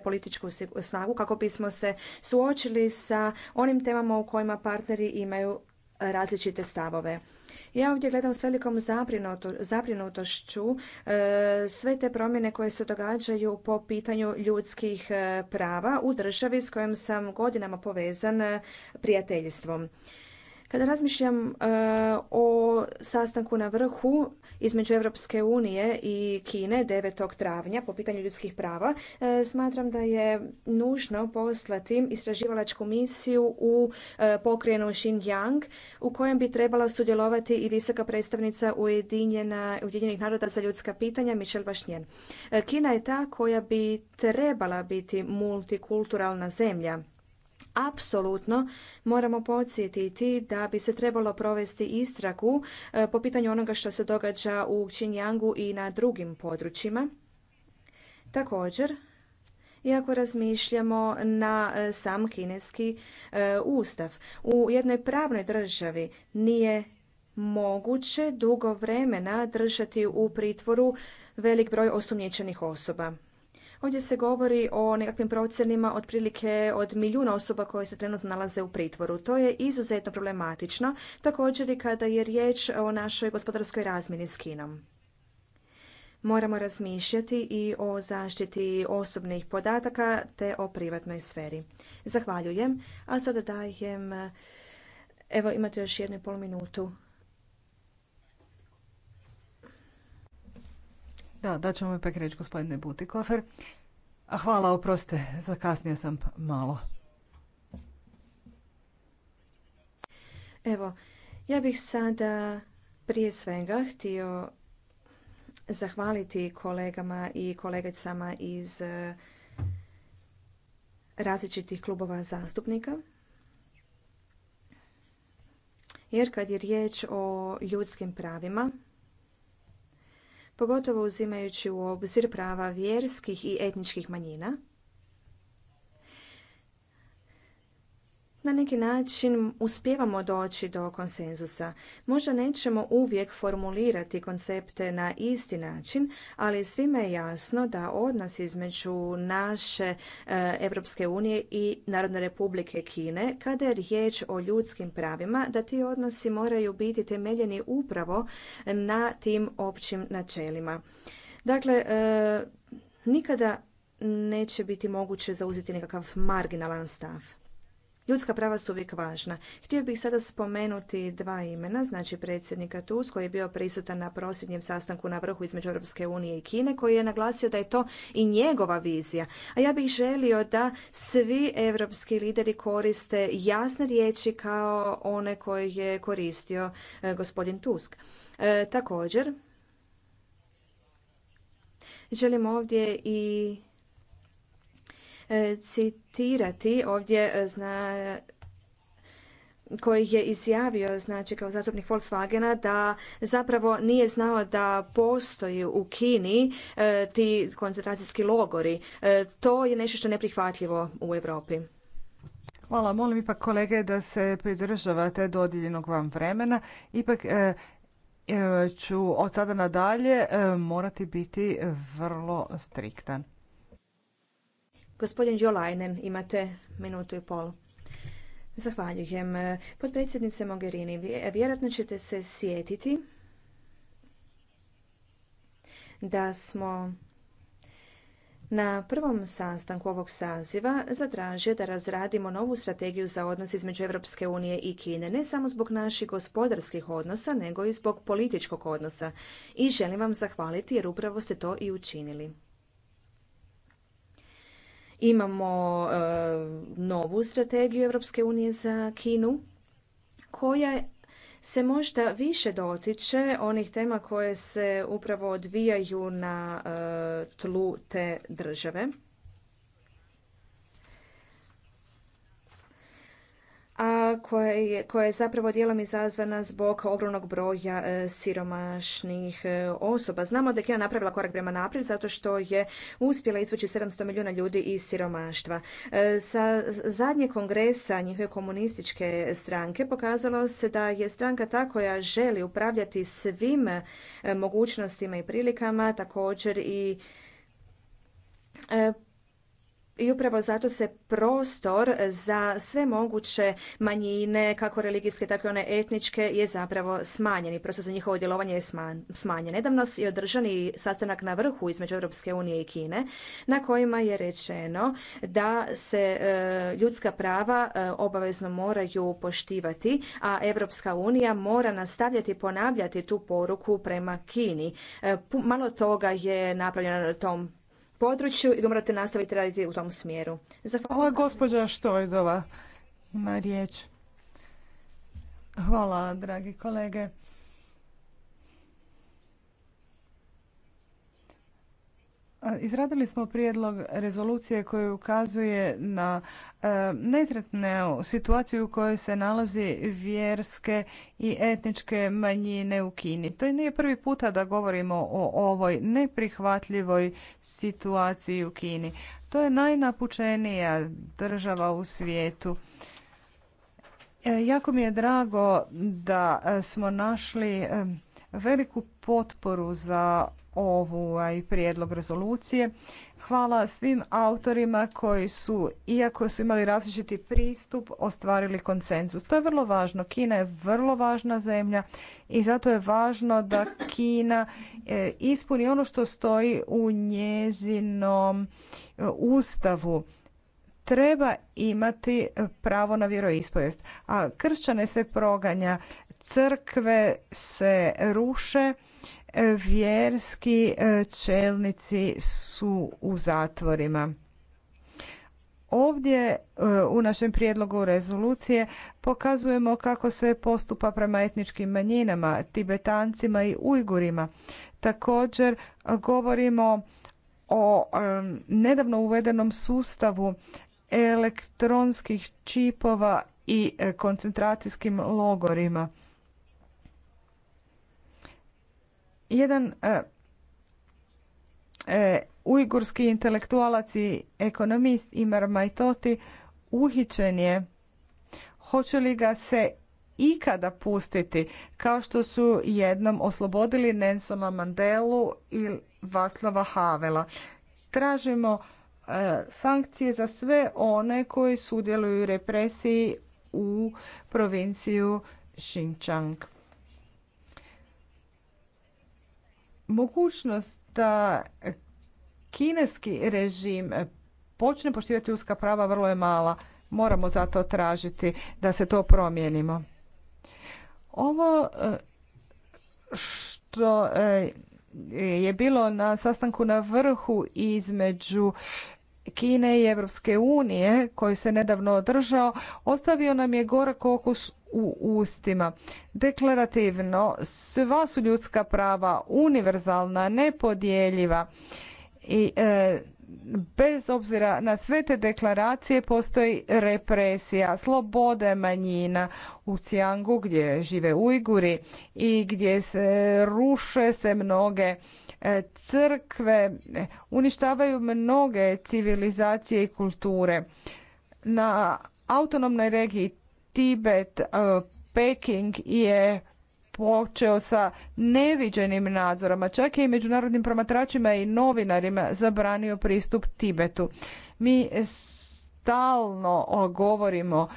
političku, e, snagu kako bismo se suočili sa onim temama u kojima partneri imaju različite stavove. Ja ovdje gledam s velikom zabrinutošću e, sve te promjene koje se događaju po pitanju ljudskih e, prava u državi s kojom sam godinama povezan prijateljstvom. Kada razmišljam e, o sastanku na vrhu između Europske unije i Kine 9. travnja po pitanju ljudskih prava, e, smatram da je nužno poslati istraživalačku misiju u e, pokrenu Xinjiang u kojem bi trebala sudjelovati i visoka predstavnica Ujedinjenih naroda za ljudska pitanja Michel Bašnjen. Kina je ta koja bi trebala biti multikulturalna zemlja apsolutno moramo podsjetiti da bi se trebalo provesti istragu e, po pitanju onoga što se događa u Xinjiangu i na drugim područjima. Također, iako razmišljamo na e, sam kineski e, ustav. U jednoj pravnoj državi nije moguće dugo vremena držati u pritvoru velik broj osumnjičenih osoba. Ovdje se govori o nekakvim procenima otprilike od milijuna osoba koje se trenutno nalaze u pritvoru. To je izuzetno problematično, također i kada je riječ o našoj gospodarskoj razmjeni s Kinom. Moramo razmišljati i o zaštiti osobnih podataka te o privatnoj sferi. Zahvaljujem, a sada dajem, evo imate još jednu i pol minutu Da, da ćemo ipak reći gospodine Butikofer. A hvala, oprostite, zakasnio sam malo. Evo, ja bih sada prije svega htio zahvaliti kolegama i kolegicama iz e, različitih klubova zastupnika. Jer kad je riječ o ljudskim pravima, pogotovo uzimajući u obzir prava vjerskih i etničkih manjina na neki način uspijevamo doći do konsenzusa. Možda nećemo uvijek formulirati koncepte na isti način, ali svima je jasno da odnos između naše Europske unije i Narodne republike Kine, kada je riječ o ljudskim pravima, da ti odnosi moraju biti temeljeni upravo na tim općim načelima. Dakle, e, nikada neće biti moguće zauzeti nekakav marginalan stav. Ljudska prava su uvijek važna. Htio bih sada spomenuti dva imena, znači predsjednika tus koji je bio prisutan na prosjednjem sastanku na vrhu između Europske unije i Kine koji je naglasio da je to i njegova vizija. A ja bih želio da svi europski lideri koriste jasne riječi kao one koje je koristio e, gospodin Tusk. E, također, želim ovdje i E, citirati ovdje e, zna koji je izjavio znači kao zastupnik Volkswagena da zapravo nije znao da postoji u Kini e, ti koncentracijski logori. to je nešto što je neprihvatljivo u Europi. Hvala, molim ipak kolege da se pridržavate dodijeljenog vam vremena. Ipak ću od sada nadalje morati biti vrlo striktan. Gospodin Jolajnen, imate minutu i pol. Zahvaljujem. Podpredsjednice Mogherini, vjerojatno ćete se sjetiti da smo na prvom sastanku ovog saziva zatražio da razradimo novu strategiju za odnos između Europske unije i Kine, ne samo zbog naših gospodarskih odnosa, nego i zbog političkog odnosa. I želim vam zahvaliti jer upravo ste to i učinili. Imamo e, novu strategiju Europske unije za Kinu koja se možda više dotiče onih tema koje se upravo odvijaju na e, tlu te države a koja je, zapravo dijelom izazvana zbog ogromnog broja e, siromašnih e, osoba. Znamo da je Kina napravila korak prema naprijed zato što je uspjela izvući 700 milijuna ljudi iz siromaštva. E, sa zadnje kongresa njihove komunističke stranke pokazalo se da je stranka ta koja želi upravljati svim mogućnostima i prilikama, također i i upravo zato se prostor za sve moguće manjine, kako religijske, tako i one etničke, je zapravo smanjen i prostor za njihovo djelovanje je smanjen. Nedavno je održani sastanak na vrhu između Europske unije i Kine, na kojima je rečeno da se e, ljudska prava e, obavezno moraju poštivati, a Europska unija mora nastavljati ponavljati tu poruku prema Kini. E, malo toga je napravljeno na tom području i da morate nastaviti raditi u tom smjeru. Zahvaljujem. Hvala gospođa Štojdova. Ima riječ. Hvala, dragi kolege. Izradili smo prijedlog rezolucije koji ukazuje na e, netretne situaciju u kojoj se nalazi vjerske i etničke manjine u Kini. To nije prvi puta da govorimo o ovoj neprihvatljivoj situaciji u Kini. To je najnapučenija država u svijetu. E, jako mi je drago da smo našli e, veliku potporu za ovaj prijedlog rezolucije. Hvala svim autorima koji su, iako su imali različiti pristup, ostvarili konsenzus. To je vrlo važno. Kina je vrlo važna zemlja i zato je važno da Kina e, ispuni ono što stoji u njezinom e, ustavu treba imati pravo na vjeroispovijest. A kršćane se proganja, crkve se ruše, vjerski e, čelnici su u zatvorima. Ovdje e, u našem prijedlogu rezolucije pokazujemo kako se postupa prema etničkim manjinama, tibetancima i ujgurima. Također govorimo o e, nedavno uvedenom sustavu elektronskih čipova i koncentracijskim logorima. Jedan e, e, ujgurski intelektualac i ekonomist Imar Majtoti uhićen je. Hoće li ga se ikada pustiti kao što su jednom oslobodili Nensona Mandelu i Vaslava Havela. Tražimo e, sankcije za sve one koji sudjeluju u represiji u provinciju Xinjiang. mogućnost da kineski režim počne poštivati ljudska prava vrlo je mala. Moramo zato tražiti da se to promijenimo. Ovo e, što e, je bilo na sastanku na vrhu između Kine i Europske unije koji se nedavno održao ostavio nam je gorak okus u ustima. Deklarativno, sva su ljudska prava univerzalna, nepodjeljiva i e, bez obzira na sve te deklaracije postoji represija, slobode manjina u Cijangu gdje žive Ujguri i gdje se ruše se mnoge e, crkve, uništavaju mnoge civilizacije i kulture. Na autonomnoj regiji Tibet, e, Peking je počeo sa neviđenim nadzorama, čak i međunarodnim promatračima i novinarima zabranio pristup Tibetu. Mi stalno govorimo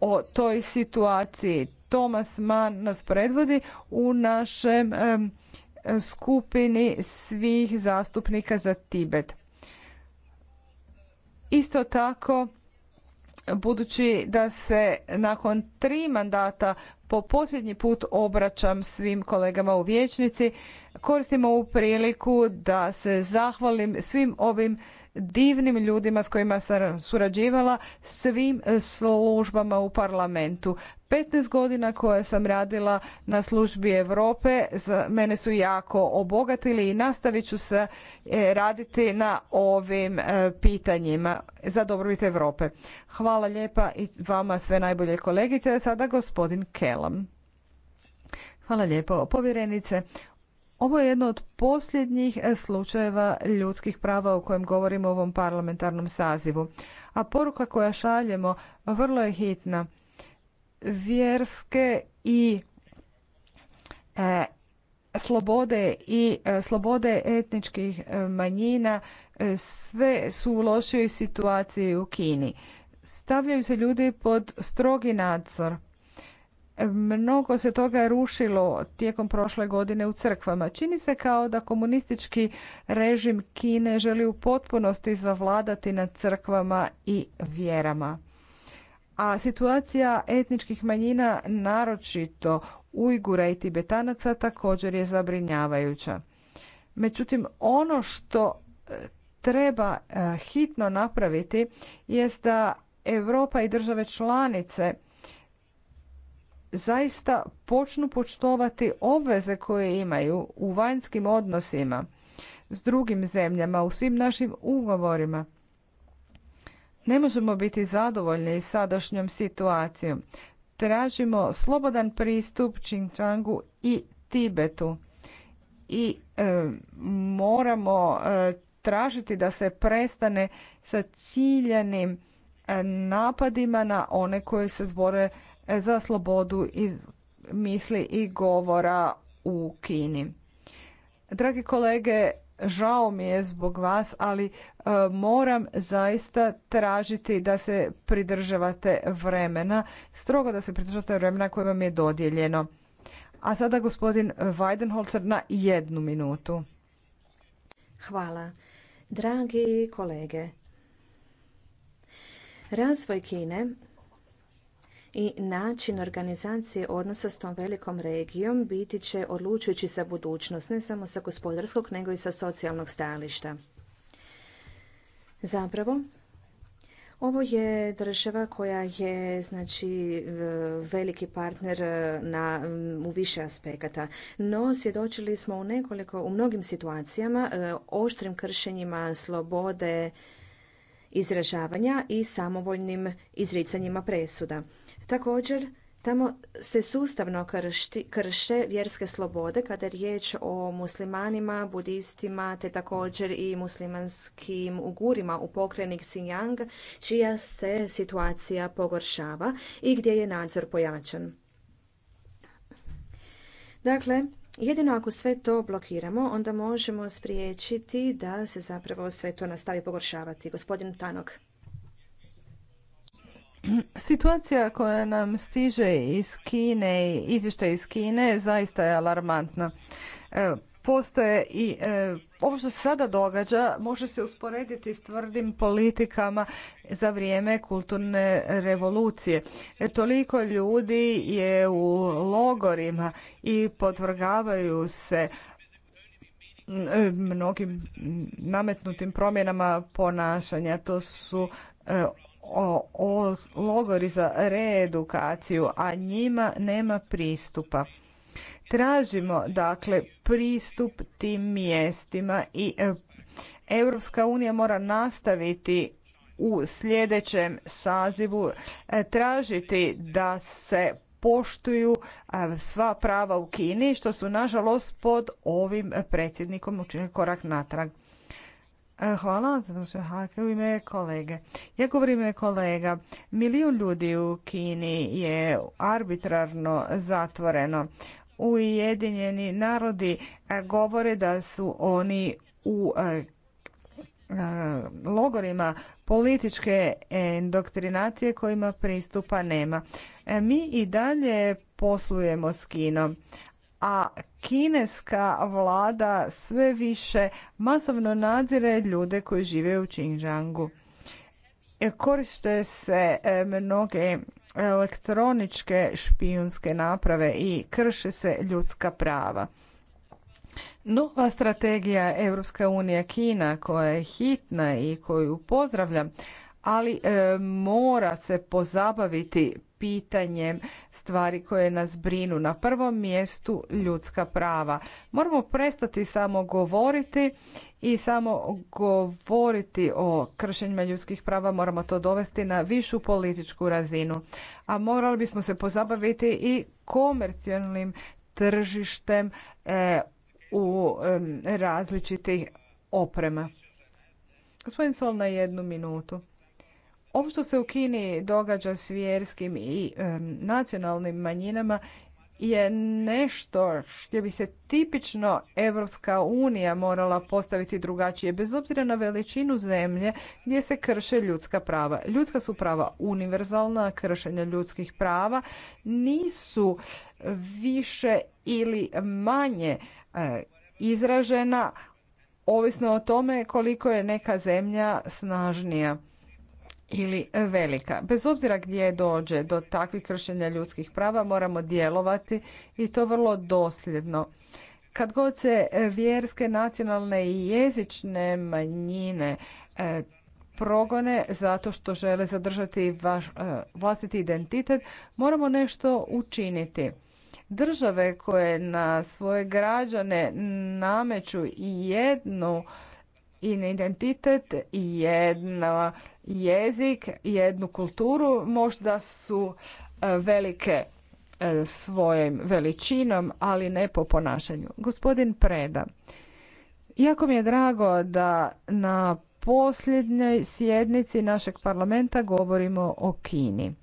o toj situaciji. Thomas Mann nas predvodi u našem skupini svih zastupnika za Tibet. Isto tako, budući da se nakon tri mandata po posljednji put obraćam svim kolegama u vijećnici. Koristim ovu priliku da se zahvalim svim ovim divnim ljudima s kojima sam surađivala, svim e, službama u parlamentu. 15 godina koje sam radila na službi Europe mene su jako obogatili i nastavit ću se e, raditi na ovim e, pitanjima za dobrobit Europe. Hvala lijepa i vama sve najbolje kolegice. Sada gospodin Kelam. Hvala lijepo. Povjerenice, ovo je jedno od posljednjih e, slučajeva ljudskih prava o kojem govorimo u ovom parlamentarnom sazivu. A poruka koja šaljemo vrlo je hitna. Vjerske i e, slobode i e, slobode etničkih manjina sve su u lošoj situaciji u Kini. Stavljaju se ljudi pod strogi nadzor Mnogo se toga rušilo tijekom prošle godine u crkvama. Čini se kao da komunistički režim Kine želi u potpunosti zavladati nad crkvama i vjerama. A situacija etničkih manjina, naročito Ujgura i Tibetanaca, također je zabrinjavajuća. Međutim, ono što e, treba e, hitno napraviti jest da Europa i države članice zaista počnu poštovati obveze koje imaju u vanjskim odnosima s drugim zemljama, u svim našim ugovorima. Ne možemo biti zadovoljni sadašnjom situacijom. Tražimo slobodan pristup Čingčangu i Tibetu i e, moramo e, tražiti da se prestane sa ciljanim e, napadima na one koje se bore za slobodu iz misli i govora u Kini. Dragi kolege, žao mi je zbog vas, ali e, moram zaista tražiti da se pridržavate vremena, strogo da se pridržavate vremena koje vam je dodijeljeno. A sada gospodin Weidenholzer na jednu minutu. Hvala. Dragi kolege, razvoj Kine i način organizacije odnosa s tom velikom regijom biti će odlučujući za budućnost, ne samo sa gospodarskog, nego i sa socijalnog stajališta. Zapravo, ovo je država koja je znači veliki partner e, na, u više aspekata, no svjedočili smo u nekoliko, u mnogim situacijama e, oštrim kršenjima slobode izražavanja i samovoljnim izricanjima presuda. Također, tamo se sustavno kršti, krše vjerske slobode kada je riječ o muslimanima, budistima te također i muslimanskim ugurima u pokrajini Xinjiang čija se situacija pogoršava i gdje je nadzor pojačan. Dakle, Jedino ako sve to blokiramo, onda možemo spriječiti da se zapravo sve to nastavi pogoršavati. Gospodin Tanok. Situacija koja nam stiže iz Kine i iz Kine zaista je alarmantna. E, postoje i e, ovo što se sada događa može se usporediti s tvrdim politikama za vrijeme kulturne revolucije. E, toliko ljudi je u logorima i potvrgavaju se mnogim nametnutim promjenama ponašanja. To su o, o, logori za reedukaciju, a njima nema pristupa. Tražimo dakle pristup tim mjestima i e, Europska unija mora nastaviti u sljedećem sazivu e, tražiti da se poštuju e, sva prava u Kini što su nažalost pod ovim predsjednikom učinili korak natrag. E, hvala, u ime kolege. Ja govorim kolega. Milijun ljudi u Kini je arbitrarno zatvoreno. Ujedinjeni narodi e, govore da su oni u e, logorima političke indoktrinacije kojima pristupa nema. Mi i dalje poslujemo s Kinom, a kineska vlada sve više masovno nadzire ljude koji žive u Xinjiangu. E, koriste se e, mnoge elektroničke špijunske naprave i krše se ljudska prava. Nova strategija Europska unija Kina koja je hitna i koju pozdravljam, ali e, mora se pozabaviti pitanjem stvari koje nas brinu. Na prvom mjestu ljudska prava. Moramo prestati samo govoriti i samo govoriti o kršenjima ljudskih prava, moramo to dovesti na višu političku razinu. A morali bismo se pozabaviti i komercijalnim tržištem e, u e, različitih oprema. Gospodin Sol na jednu minutu. Ovo što se u Kini događa s vjerskim i nacionalnim manjinama je nešto što bi se tipično Evropska unija morala postaviti drugačije, bez obzira na veličinu zemlje gdje se krše ljudska prava. Ljudska su prava univerzalna, kršenja ljudskih prava nisu više ili manje e, izražena ovisno o tome koliko je neka zemlja snažnija ili velika. Bez obzira gdje dođe do takvih kršenja ljudskih prava moramo djelovati i to vrlo dosljedno. Kad god se vjerske, nacionalne i jezične manjine e, progone zato što žele zadržati e, vlastiti identitet, moramo nešto učiniti. Države koje na svoje građane nameću i jednu i identitet i jezik, jednu kulturu, možda su e, velike e, svojim veličinom, ali ne po ponašanju. Gospodin Preda, jako mi je drago da na posljednjoj sjednici našeg parlamenta govorimo o Kini.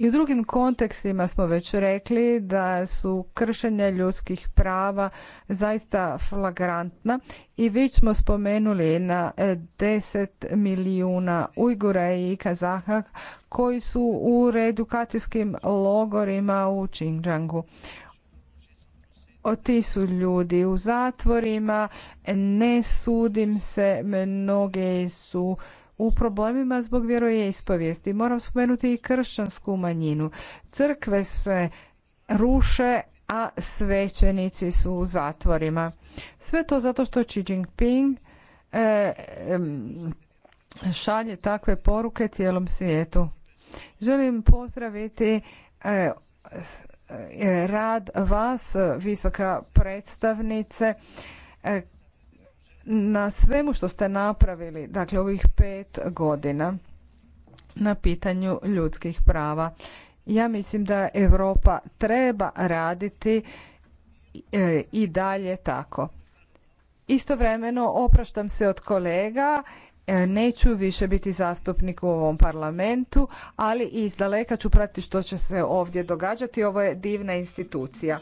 I u drugim kontekstima smo već rekli da su kršenja ljudskih prava zaista flagrantna i već smo spomenuli na 10 milijuna Ujgura i Kazaha koji su u reedukacijskim logorima u Činđangu. Ti su ljudi u zatvorima, ne sudim se, mnoge su u problemima zbog ispovijesti Moram spomenuti i kršćansku manjinu. Crkve se ruše, a svećenici su u zatvorima. Sve to zato što Xi Jinping e, šalje takve poruke cijelom svijetu. Želim pozdraviti e, e, rad vas, visoka predstavnice, na svemu što ste napravili, dakle ovih pet godina na pitanju ljudskih prava. Ja mislim da Europa treba raditi e, i dalje tako. Istovremeno opraštam se od kolega, e, neću više biti zastupnik u ovom parlamentu, ali iz daleka ću pratiti što će se ovdje događati. Ovo je divna institucija.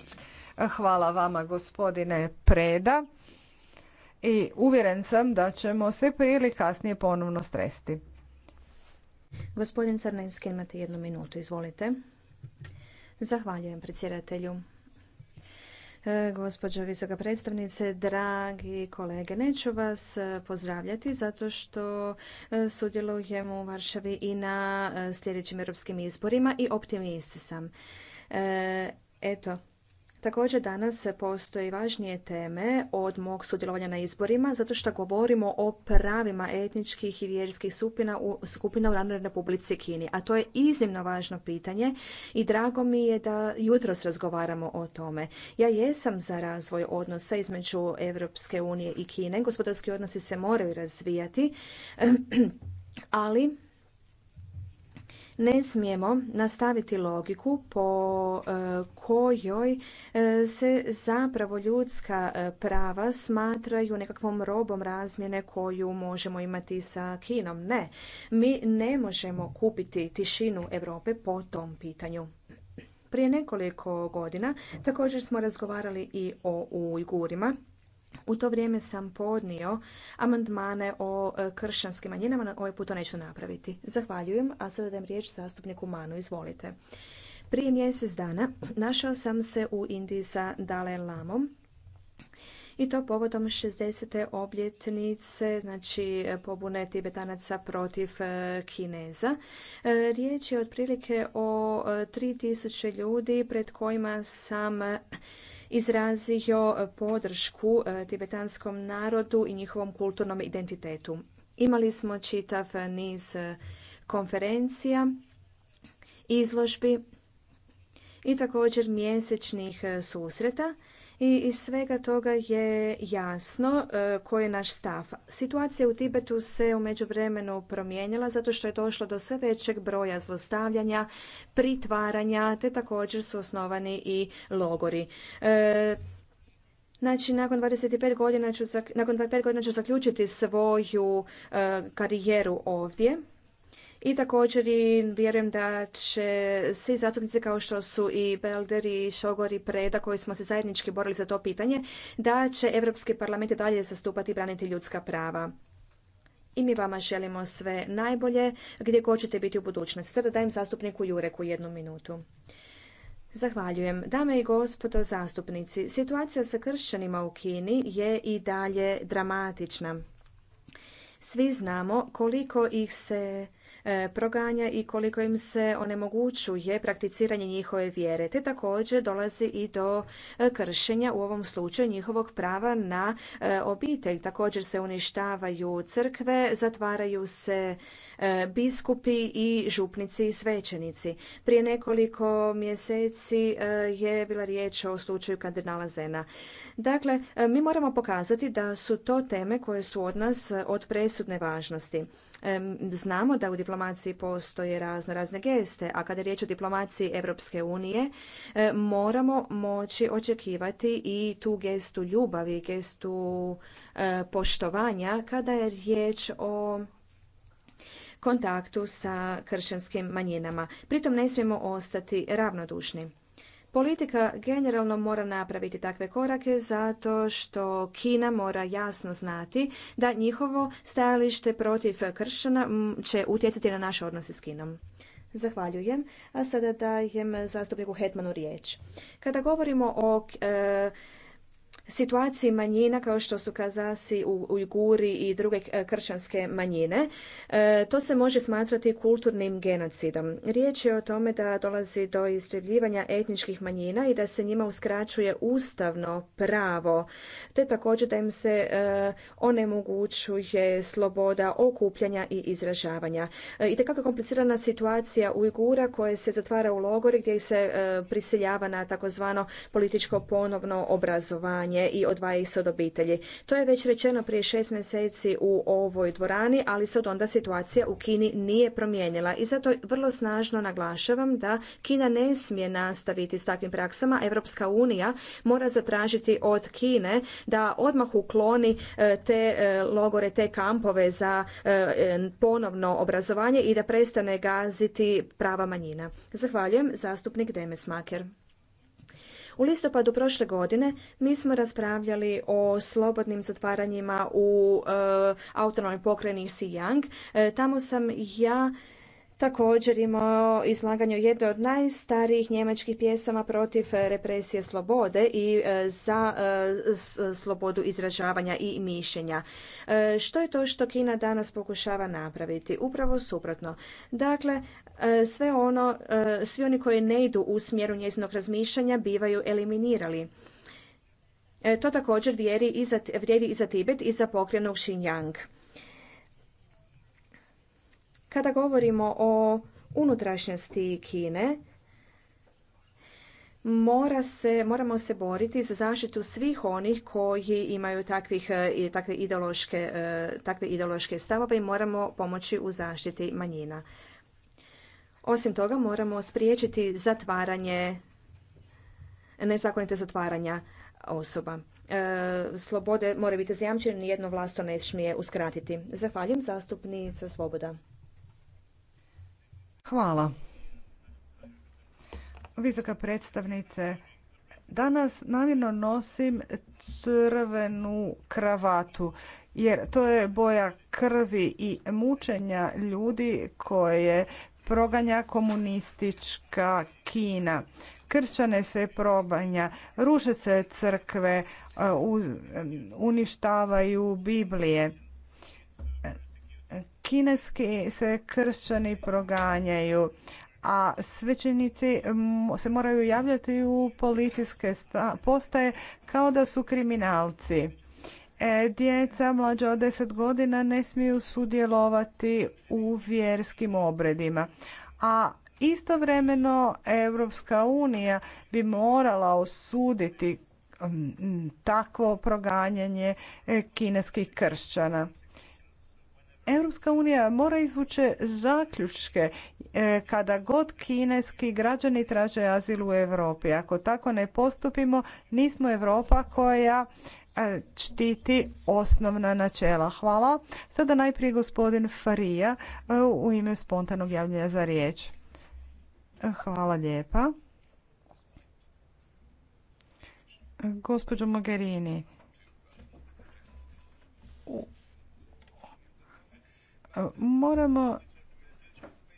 Hvala vama gospodine Preda i uvjeren sam da ćemo se prije ili kasnije ponovno stresiti. Gospodin Crnenski, imate jednu minutu, izvolite. Zahvaljujem predsjedatelju. E, gospođo visoka predstavnice, dragi kolege, neću vas e, pozdravljati zato što e, sudjelujem u Varšavi i na sljedećim europskim izborima i optimist sam. Eto, Također danas postoje važnije teme od mog sudjelovanja na izborima zato što govorimo o pravima etničkih i vjerskih skupina u, skupina u Narodnoj Republici Kini. A to je iznimno važno pitanje i drago mi je da jutros razgovaramo o tome. Ja jesam za razvoj odnosa između Europske unije i Kine. Gospodarski odnosi se moraju razvijati, ali ne smijemo nastaviti logiku po e, kojoj e, se zapravo ljudska e, prava smatraju nekakvom robom razmjene koju možemo imati sa Kinom. Ne, mi ne možemo kupiti tišinu Europe po tom pitanju. Prije nekoliko godina također smo razgovarali i o Ujgurima u to vrijeme sam podnio amandmane o e, kršćanskim manjinama, ovaj put to neću napraviti. Zahvaljujem, a sada dajem riječ zastupniku Manu, izvolite. Prije mjesec dana našao sam se u Indiji sa Dalai Lamom i to povodom 60. obljetnice znači e, pobune Tibetanaca protiv e, Kineza. Riječ je otprilike o 3000 ljudi pred kojima sam izrazio podršku e, tibetanskom narodu i njihovom kulturnom identitetu. Imali smo čitav niz e, konferencija, izložbi i također mjesečnih e, susreta i iz svega toga je jasno e, koji je naš stav. Situacija u Tibetu se u međuvremenu promijenila zato što je došlo do sve većeg broja zlostavljanja, pritvaranja te također su osnovani i logori. E, znači, nakon 25 godina ću, nakon 25 godina ću zaključiti svoju e, karijeru ovdje i također i vjerujem da će svi zastupnici kao što su i Belder i Šogor Preda koji smo se zajednički borili za to pitanje, da će Europski parlament i dalje zastupati i braniti ljudska prava. I mi vama želimo sve najbolje gdje hoćete biti u budućnosti. Sada dajem zastupniku Jureku jednu minutu. Zahvaljujem. Dame i gospodo zastupnici, situacija sa kršćanima u Kini je i dalje dramatična. Svi znamo koliko ih se E, proganja i koliko im se onemogućuje prakticiranje njihove vjere, te također dolazi i do e, kršenja u ovom slučaju njihovog prava na e, obitelj. Također se uništavaju crkve, zatvaraju se E, biskupi i župnici i svećenici. Prije nekoliko mjeseci e, je bila riječ o slučaju kardinala Zena. Dakle, e, mi moramo pokazati da su to teme koje su od nas od presudne važnosti. Znamo da u diplomaciji postoje razno razne geste, a kada je riječ o diplomaciji Europske unije, moramo moći očekivati i tu gestu ljubavi, gestu poštovanja kada je riječ o kontaktu sa kršćanskim manjinama. Pritom ne smijemo ostati ravnodušni. Politika generalno mora napraviti takve korake zato što Kina mora jasno znati da njihovo stajalište protiv kršćana će utjecati na naše odnose s Kinom. Zahvaljujem. A sada dajem zastupniku Hetmanu riječ. Kada govorimo o e, situaciji manjina kao što su Kazasi, u Ujguri i druge e, kršćanske manjine. E, to se može smatrati kulturnim genocidom. Riječ je o tome da dolazi do istrebljivanja etničkih manjina i da se njima uskraćuje ustavno pravo, te također da im se e, onemogućuje sloboda okupljanja i izražavanja. I takako komplicirana situacija Ujgura koje se zatvara u logori gdje ih se prisiljava na takozvano političko ponovno obrazovanje i odvajaju se od obitelji. To je već rečeno prije šest mjeseci u ovoj dvorani, ali se od onda situacija u Kini nije promijenila i zato vrlo snažno naglašavam da Kina ne smije nastaviti s takvim praksama. Europska unija mora zatražiti od Kine da odmah ukloni e, te e, logore, te kampove za e, ponovno obrazovanje i da prestane gaziti prava manjina. Zahvaljujem, zastupnik Demes Maker. U listopadu prošle godine mi smo raspravljali o slobodnim zatvaranjima u eh, autonomnoj pokrajini Xinjiang. Eh, tamo sam ja Također imao izlaganje jedne od najstarijih njemačkih pjesama protiv represije slobode i eh, za slobodu izražavanja i mišljenja. Što je to što Kina danas pokušava napraviti? Upravo suprotno. Dakle, E, sve ono, e, svi oni koji ne idu u smjeru njezinog razmišljanja bivaju eliminirali. E, to također vrijedi i za, vrijedi i za Tibet i za Xinjiang. Kada govorimo o unutrašnjosti Kine, mora se, moramo se boriti za zaštitu svih onih koji imaju takvih, takve, ideološke, takve ideološke stavove i moramo pomoći u zaštiti manjina. Osim toga moramo spriječiti zatvaranje, nezakonite zatvaranja osoba. E, slobode moraju biti zajamčene, nijedno vlasto ne smije uskratiti. Zahvaljujem zastupnica Svoboda. Hvala. Visoka predstavnice, danas namjerno nosim crvenu kravatu jer to je boja krvi i mučenja ljudi koje proganja komunistička Kina. Kršćane se probanja, ruše se crkve, e, uništavaju Biblije. Kineski se kršćani proganjaju, a svećenici se moraju javljati u policijske postaje kao da su kriminalci E, djeca mlađa od 10 godina ne smiju sudjelovati u vjerskim obredima. A istovremeno Europska unija bi morala osuditi takvo proganjanje e, kineskih kršćana. Europska unija mora izvući zaključke e, kada god kineski građani traže azil u Europi. Ako tako ne postupimo, nismo Europa koja E, štiti osnovna načela. Hvala. Sada najprije gospodin Farija e, u ime spontanog javljanja za riječ. Hvala lijepa. Gospođo Mogherini, e, moramo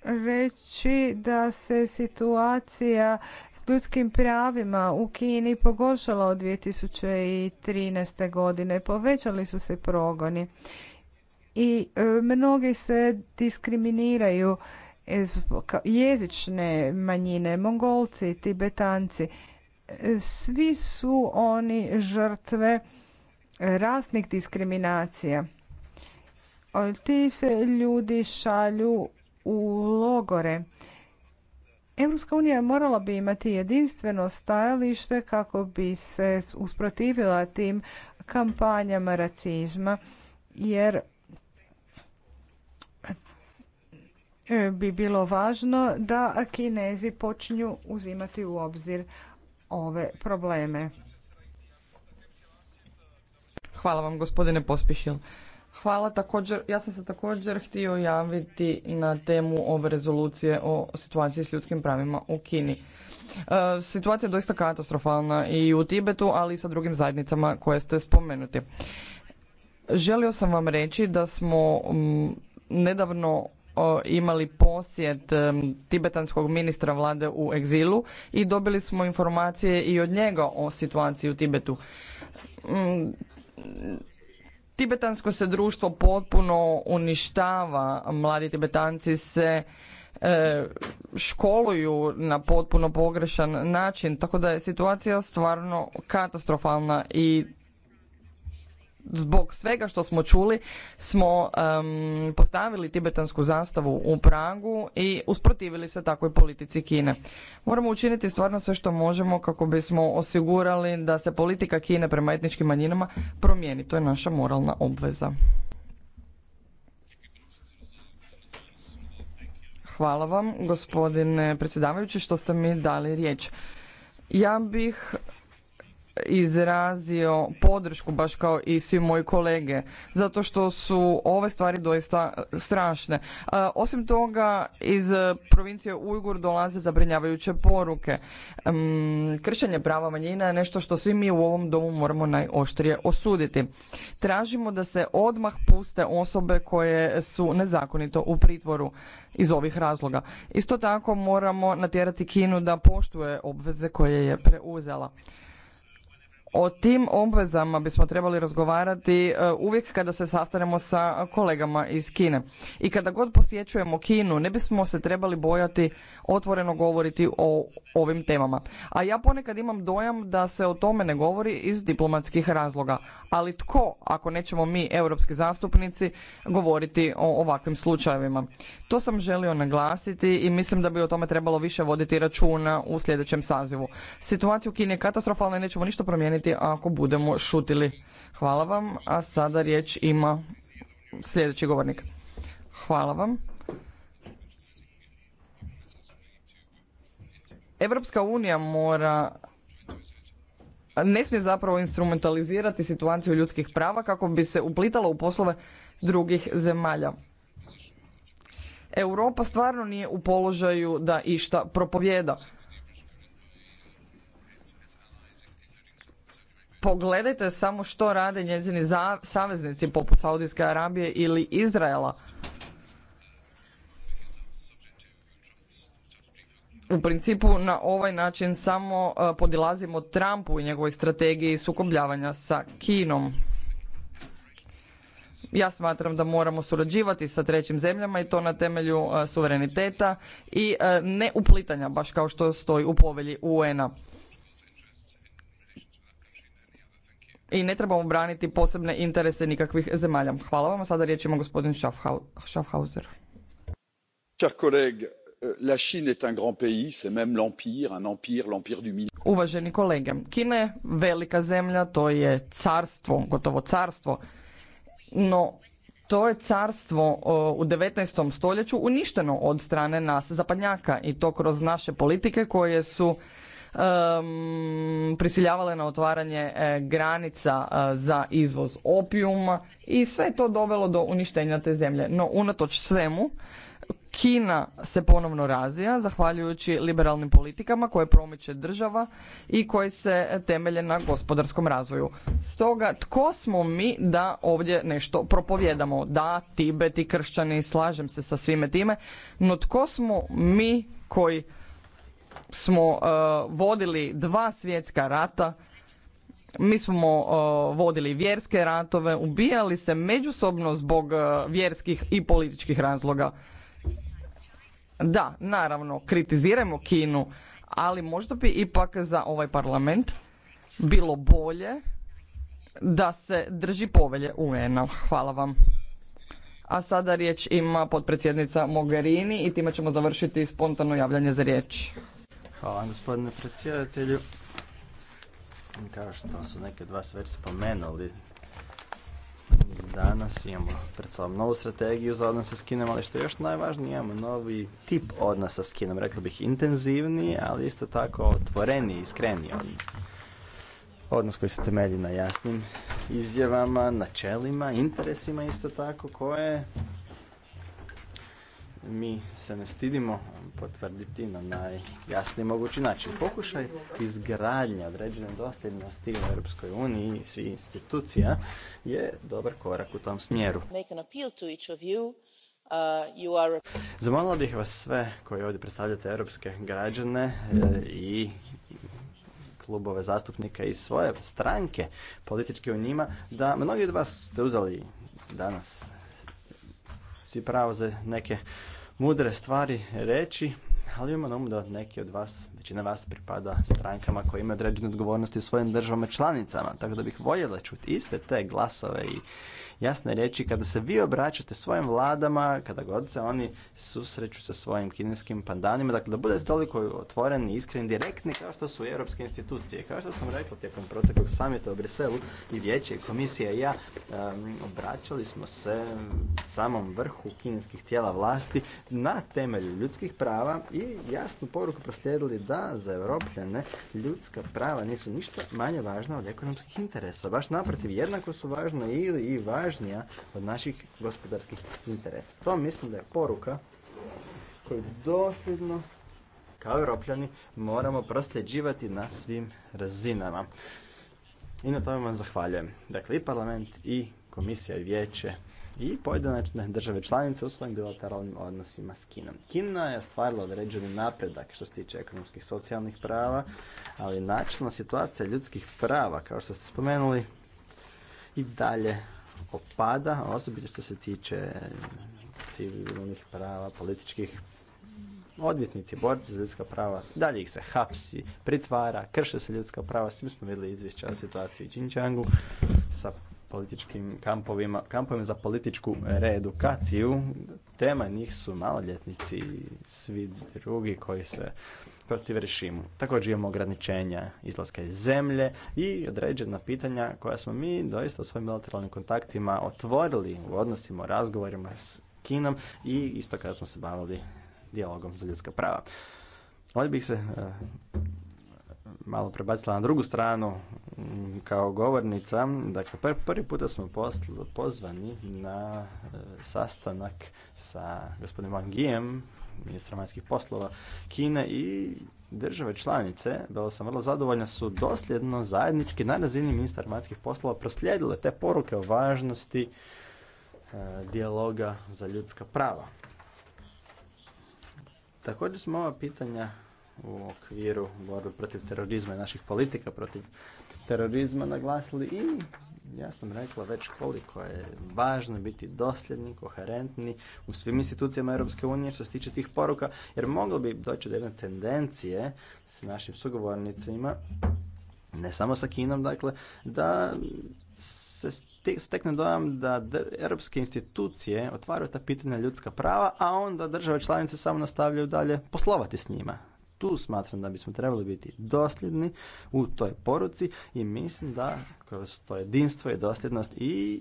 reći da se situacija s ljudskim pravima u Kini pogoršala od 2013. godine. Povećali su se progoni i e, mnogi se diskriminiraju e, jezične manjine, mongolci, tibetanci. E, svi su oni žrtve rasnih diskriminacija. Ti se ljudi šalju u logore. Europska unija morala bi imati jedinstveno stajalište kako bi se usprotivila tim kampanjama racizma jer e, bi bilo važno da Kinezi počinju uzimati u obzir ove probleme. Hvala vam gospodine Pospišil. Hvala također, ja sam se također htio javiti na temu ove rezolucije o situaciji s ljudskim pravima u Kini. E, situacija je doista katastrofalna i u Tibetu, ali i sa drugim zajednicama koje ste spomenuti. Želio sam vam reći da smo nedavno e, imali posjet tibetanskog ministra vlade u egzilu i dobili smo informacije i od njega o situaciji u Tibetu Tibetansko se društvo potpuno uništava, mladi tibetanci se e, školuju na potpuno pogrešan način, tako da je situacija stvarno katastrofalna i zbog svega što smo čuli smo postavili tibetansku zastavu u Pragu i usprotivili se takvoj politici Kine. Moramo učiniti stvarno sve što možemo kako bismo osigurali da se politika Kine prema etničkim manjinama promijeni. To je naša moralna obveza. Hvala vam, gospodine predsjedavajući, što ste mi dali riječ. Ja bih izrazio podršku baš kao i svi moji kolege zato što su ove stvari doista strašne. E, osim toga iz provincije Ujgur dolaze zabrinjavajuće poruke. Mm, kršenje prava manjina je nešto što svi mi u ovom domu moramo najoštrije osuditi. Tražimo da se odmah puste osobe koje su nezakonito u pritvoru iz ovih razloga. Isto tako moramo natjerati Kinu da poštuje obveze koje je preuzela. O tim obvezama bismo trebali razgovarati e, uvijek kada se sastanemo sa kolegama iz Kine. I kada god posjećujemo Kinu, ne bismo se trebali bojati otvoreno govoriti o ovim temama. A ja ponekad imam dojam da se o tome ne govori iz diplomatskih razloga. Ali tko, ako nećemo mi, europski zastupnici, govoriti o ovakvim slučajevima? To sam želio naglasiti i mislim da bi o tome trebalo više voditi računa u sljedećem sazivu. Situacija u Kini je katastrofalna i nećemo ništa promijeniti ako budemo šutili. Hvala vam, a sada riječ ima sljedeći govornik. Hvala vam. Evropska unija mora ne smije zapravo instrumentalizirati situaciju ljudskih prava kako bi se uplitala u poslove drugih zemalja. Europa stvarno nije u položaju da išta propovjeda. Pogledajte samo što rade njezini saveznici poput Saudijske Arabije ili Izraela. U principu na ovaj način samo e, podilazimo Trumpu i njegovoj strategiji sukobljavanja sa Kinom. Ja smatram da moramo surađivati sa trećim zemljama i to na temelju e, suvereniteta i e, ne uplitanja baš kao što stoji u povelji UN-a. i ne trebamo braniti posebne interese nikakvih zemalja. Hvala vam. Sada riječ ima gospodin Schaffhauser. Euh, la Chine est un Uvaženi kolege, Kina je velika zemlja, to je carstvo, gotovo carstvo. No, to je carstvo u 19. stoljeću uništeno od strane nas zapadnjaka i to kroz naše politike koje su prisiljavale na otvaranje e, granica e, za izvoz opijuma i sve je to dovelo do uništenja te zemlje. No, unatoč svemu, Kina se ponovno razvija zahvaljujući liberalnim politikama koje promiče država i koje se temelje na gospodarskom razvoju. Stoga, tko smo mi da ovdje nešto propovjedamo? Da, Tibet i kršćani, slažem se sa svime time, no tko smo mi koji smo e, vodili dva svjetska rata, mi smo e, vodili vjerske ratove, ubijali se međusobno zbog e, vjerskih i političkih razloga. Da, naravno, kritiziramo Kinu, ali možda bi ipak za ovaj parlament bilo bolje da se drži povelje UN-a. Hvala vam. A sada riječ ima potpredsjednica Mogherini i time ćemo završiti spontano javljanje za riječ. Hvala gospodine predsjedatelju. Kao što su neke od vas već spomenuli, danas imamo pred sobom novu strategiju za odnose s Kinom, ali što je još najvažnije, imamo novi tip odnosa s Kinom, rekli bih intenzivniji, ali isto tako otvoreniji, iskreni odnos. Odnos koji se temelji na jasnim izjavama, načelima, interesima isto tako koje mi se ne stidimo potvrditi na najjasniji mogući način. Pokušaj izgradnje određene dosljednosti u Europskoj uniji i svih institucija je dobar korak u tom smjeru. Uh, Zamolila bih vas sve koji ovdje predstavljate europske građane eh, i klubove zastupnika i svoje stranke, politički u njima, da mnogi od vas ste uzeli danas si pravo za neke mudre stvari reći, ali imamo na umu da neki od vas većina vas pripada strankama koje imaju određene odgovornosti u svojim državama članicama. Tako da bih voljela čuti iste te glasove i jasne reći, kada se vi obraćate svojim vladama, kada god se oni susreću sa svojim kineskim pandanima, dakle da budete toliko otvoreni, iskreni, direktni kao što su europske institucije. Kao što sam rekla tijekom proteklog samita u Briselu i vijeće i komisija i ja um, obraćali smo se samom vrhu kineskih tijela vlasti na temelju ljudskih prava i jasnu poruku proslijedili da za Europljane ljudska prava nisu ništa manje važna od ekonomskih interesa. Baš naprotiv, jednako su važna ili i važnija od naših gospodarskih interesa. To mislim da je poruka koju dosljedno kao Europljani moramo prosljeđivati na svim razinama. I na tome vam zahvaljujem. Dakle, i parlament, i komisija, i vijeće, i pojedinačne države članice u svojim bilateralnim odnosima s Kinom. Kina je ostvarila određeni napredak što se tiče ekonomskih socijalnih prava, ali načelna situacija ljudskih prava, kao što ste spomenuli, i dalje opada, osobito što se tiče eh, civilnih prava, političkih odvjetnici, borci za ljudska prava, dalje ih se hapsi, pritvara, krše se ljudska prava. Svi smo vidjeli izvješća o situaciji u Xinjiangu sa političkim kampovima, kampovima za političku reedukaciju. Tema njih su maloljetnici i svi drugi koji se protiv rešimu. Također imamo ograničenja izlaska iz zemlje i određena pitanja koja smo mi doista u svojim bilateralnim kontaktima otvorili u odnosima, razgovorima s Kinom i isto kada smo se bavili dijalogom za ljudska prava. Ovdje bih se e, malo prebacila na drugu stranu mm, kao govornica. Dakle, prvi puta smo pozvani na e, sastanak sa gospodinom Wang Gijem, ministrom vanjskih poslova Kine i države članice, bila sam vrlo zadovoljna, su dosljedno zajednički na razini ministar vanjskih poslova proslijedile te poruke o važnosti e, dijaloga za ljudska prava. Također smo ova pitanja u okviru borbe protiv terorizma i naših politika protiv terorizma naglasili i ja sam rekla već koliko je važno biti dosljedni, koherentni u svim institucijama Europske unije što se tiče tih poruka, jer moglo bi doći do jedne tendencije s našim sugovornicima, ne samo sa Kinom, dakle, da se stekne dojam da europske institucije otvaraju ta pitanja ljudska prava, a onda države članice samo nastavljaju dalje poslovati s njima tu smatram da bismo trebali biti dosljedni u toj poruci i mislim da kroz to jedinstvo i dosljednost i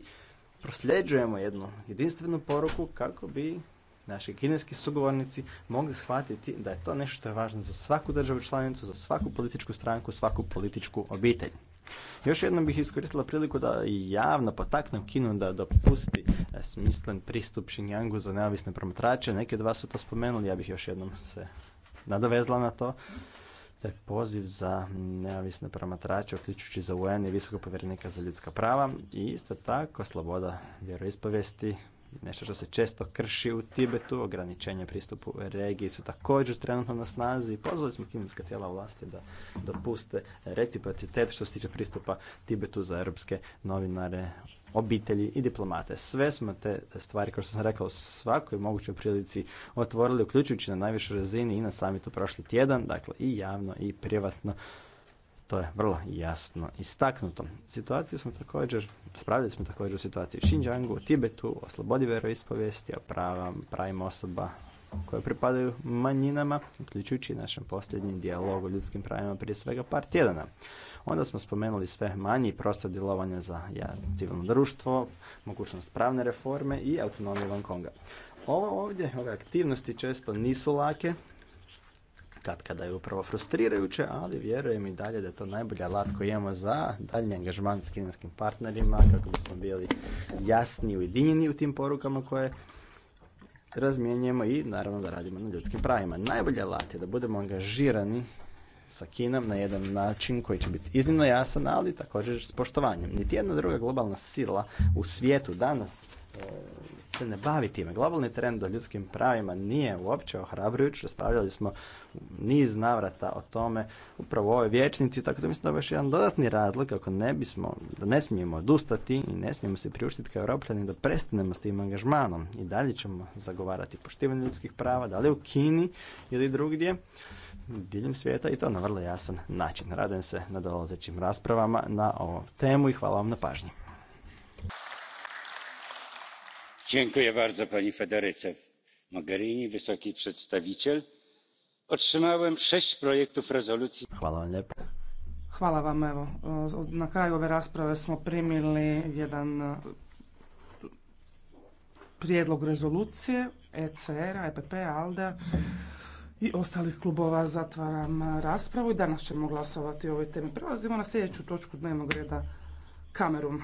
prosljeđujemo jednu jedinstvenu poruku kako bi naši kineski sugovornici mogli shvatiti da je to nešto što je važno za svaku državu članicu, za svaku političku stranku, svaku političku obitelj. Još jednom bih iskoristila priliku da javno potaknem Kinu da dopusti e, smislen pristup Xinjiangu za neovisne promatrače. Neki od vas su to spomenuli, ja bih još jednom se nadovezla na to. To je poziv za neovisne promatrače, uključujući za UN i visokog povjerenika za ljudska prava. I isto tako, sloboda vjeroispovijesti, nešto što se često krši u Tibetu, ograničenje pristupu regiji su također trenutno na snazi pozvali smo kineska tijela vlasti da dopuste reciprocitet što se tiče pristupa Tibetu za europske novinare, obitelji i diplomate. Sve smo te stvari, kao što sam rekao, u svakoj mogućoj prilici otvorili, uključujući na najvišoj razini i na samitu prošli tjedan, dakle i javno i privatno. To je vrlo jasno istaknuto. Situaciju smo također, spravili smo također u situaciji u Xinjiangu, u Tibetu, o slobodi veroispovijesti, o pravam, pravima osoba koje pripadaju manjinama, uključujući našem posljednjem dijalogu o ljudskim pravima prije svega par tjedana. Onda smo spomenuli sve manji prostor djelovanja za civilno društvo, mogućnost pravne reforme i autonomiju Hong Konga. Ovo ovdje, ove aktivnosti često nisu lake, kad kada je upravo frustrirajuće, ali vjerujem i dalje da je to najbolja alat koji imamo za daljnji angažman s kineskim partnerima, kako bismo bili jasni i ujedinjeni u tim porukama koje razmjenjujemo i naravno da radimo na ljudskim pravima. Najbolji alat je da budemo angažirani sa Kinom na jedan način koji će biti iznimno jasan, ali također s poštovanjem. Niti jedna druga globalna sila u svijetu danas e, se ne bavi time. Globalni trend o ljudskim pravima nije uopće ohrabrujuć. Raspravljali smo niz navrata o tome upravo u ovoj vječnici, tako da mislim da je još jedan dodatni razlog kako ne bismo, da ne smijemo odustati i ne smijemo se priuštiti kao europljani da prestanemo s tim angažmanom. I dalje ćemo zagovarati poštivanje ljudskih prava, da li u Kini ili drugdje diljem svijeta i to na vrlo jasan način. Radujem se na dolazećim raspravama na ovu temu i hvala vam na pažnji. Dziękuję bardzo pani Federice Mogherini, wysoki przedstawiciel. Otrzymałem sześć projektów rezolucji. Hvala vam lijepo. Hvala vam, evo. Na kraju ove rasprave smo primili jedan e, prijedlog rezolucije ecr EPP, ALDE, i ostalih klubova. Zatvaram raspravu i danas ćemo glasovati o ovoj temi. Prelazimo na sljedeću točku dnevnog reda Kamerun.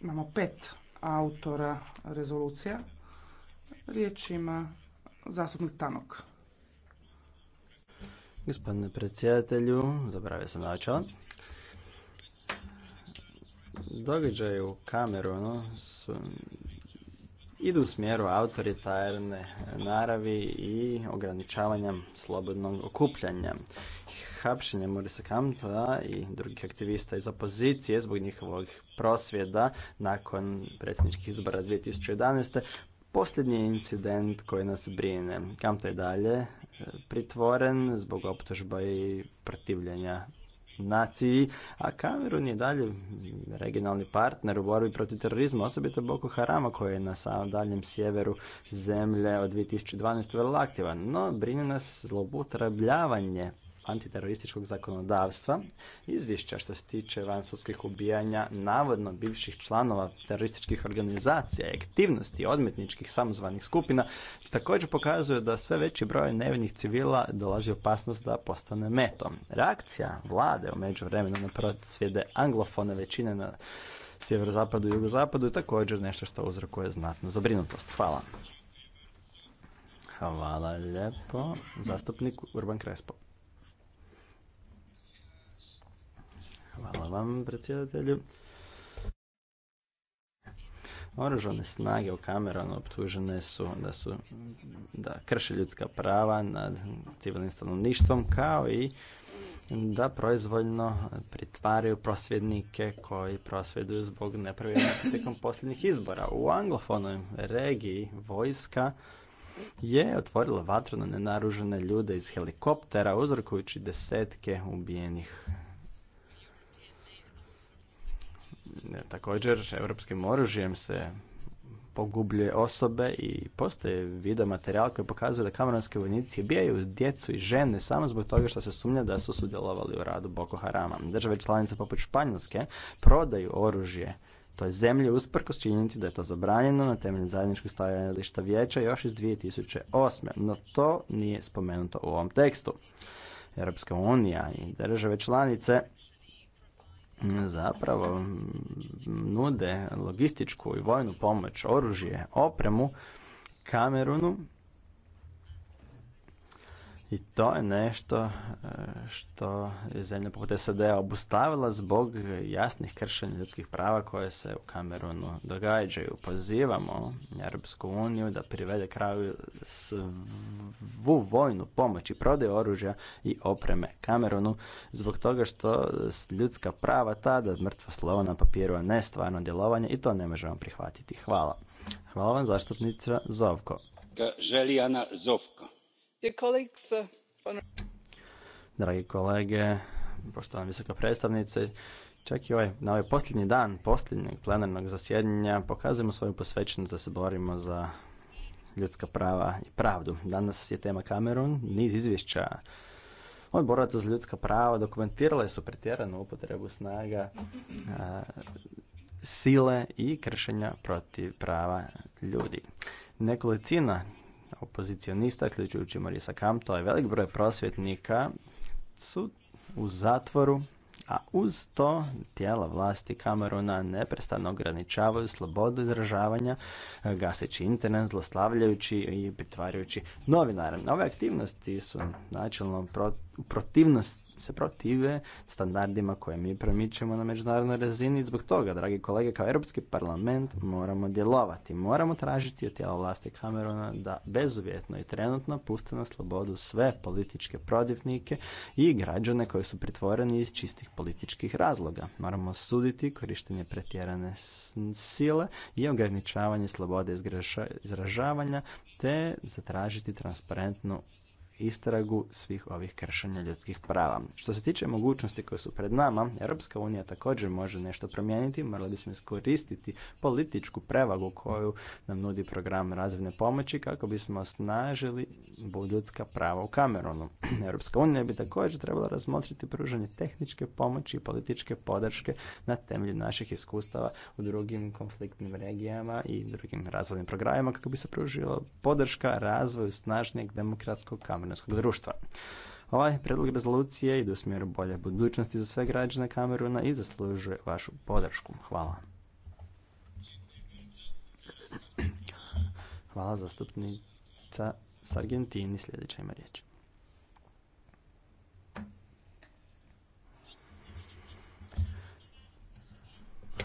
Imamo pet autora rezolucija. Riječ ima zastupnik Tanok. Gospodine predsjedatelju, zabravio sam načela. Događaju u Kamerunu idu u smjeru autoritarne naravi i ograničavanja slobodnog okupljanja. Hapšenje Morisa Kamtova i drugih aktivista iz opozicije zbog njihovog prosvjeda nakon predsjedničkih izbora 2011. Posljednji incident koji nas brine. Kamto je dalje e, pritvoren zbog optužba i protivljenja naciji, a Kamerun je dalje regionalni partner u borbi protiv terorizma, osobito Boko Harama koji je na samom daljem sjeveru zemlje od 2012. vrlo aktivan. No, brine nas zloupotrebljavanje antiterorističkog zakonodavstva, izvješća što se tiče vansudskih ubijanja navodno bivših članova terorističkih organizacija i aktivnosti odmetničkih samozvanih skupina također pokazuje da sve veći broj nevinih civila dolazi opasnost da postane metom. Reakcija vlade u međuvremenu na prosvjede anglofone većine na sjeverozapadu i jugozapadu je također nešto što uzrokuje znatnu zabrinutost. Hvala. Hvala lijepo. Zastupnik Urban Krespo. Hvala vam, predsjedatelju. Oružane snage u Kamerunu optužene su da su da krše ljudska prava nad civilnim stanovništvom kao i da proizvoljno pritvaraju prosvjednike koji prosvjeduju zbog nepravilnosti tijekom posljednjih izbora. U anglofonoj regiji vojska je otvorila vatru na nenaružene ljude iz helikoptera uzrokujući desetke ubijenih također europskim oružjem se pogubljuje osobe i postoje video materijal koji pokazuje da kameranske vojnici bijaju djecu i žene samo zbog toga što se sumnja da su sudjelovali u radu Boko Harama. Države članice poput Španjolske prodaju oružje to je zemlje usprkos činjenici da je to zabranjeno na temelju zajedničkog stajališta vijeća još iz 2008. No to nije spomenuto u ovom tekstu. Europska unija i države članice zapravo nude logističku i vojnu pomoć, oružje, opremu Kamerunu i to je nešto e, što je zemlja poput sad obustavila zbog jasnih kršenja ljudskih prava koje se u Kamerunu događaju. Pozivamo Europsku uniju da privede kraju svu vojnu pomoć i prodaju oružja i opreme Kamerunu zbog toga što ljudska prava tada mrtvo slovo na papiru, a ne stvarno djelovanje i to ne možemo prihvatiti. Hvala. Hvala vam zastupnica Zovko. Željana Zovko Uh, Dragi kolege, poštovana visoka predstavnice, čak i ovaj, na ovaj posljednji dan posljednjeg plenarnog zasjedanja pokazujemo svoju posvećenost da se borimo za ljudska prava i pravdu. Danas je tema Kamerun, niz izvješća od ovaj za ljudska prava dokumentirale su pretjeranu upotrebu snaga, sile i kršenja protiv prava ljudi. Nekolicina opozicionista, ključujući Marisa Kamto, je velik broj prosvjetnika su u zatvoru, a uz to tijela vlasti Kameruna neprestano ograničavaju slobodu izražavanja, gaseći internet, zloslavljajući i pritvarajući novinare. Ove aktivnosti su načelno protivnosti se protive standardima koje mi promičemo na međunarodnoj razini. Zbog toga, dragi kolege, kao Europski parlament moramo djelovati. Moramo tražiti od tijela vlasti Kameruna da bezuvjetno i trenutno puste na slobodu sve političke protivnike i građane koji su pritvoreni iz čistih političkih razloga. Moramo suditi korištenje pretjerane sile i ograničavanje slobode izražavanja te zatražiti transparentnu istragu svih ovih kršenja ljudskih prava. Što se tiče mogućnosti koje su pred nama, Europska unija također može nešto promijeniti, morali bismo iskoristiti političku prevagu koju nam nudi program razvojne pomoći kako bismo osnažili ljudska prava u Kamerunu. Europska unija bi također trebala razmotriti pružanje tehničke pomoći i političke podrške na temelju naših iskustava u drugim konfliktnim regijama i drugim razvojnim programima kako bi se pružila podrška razvoju snažnijeg demokratskog kamerunskog Ovaj predlog rezolucije ide u smjeru bolje budućnosti za sve građane Kameruna i zaslužuje vašu podršku. Hvala. Hvala zastupnica s Argentini. Sljedeća ima riječ.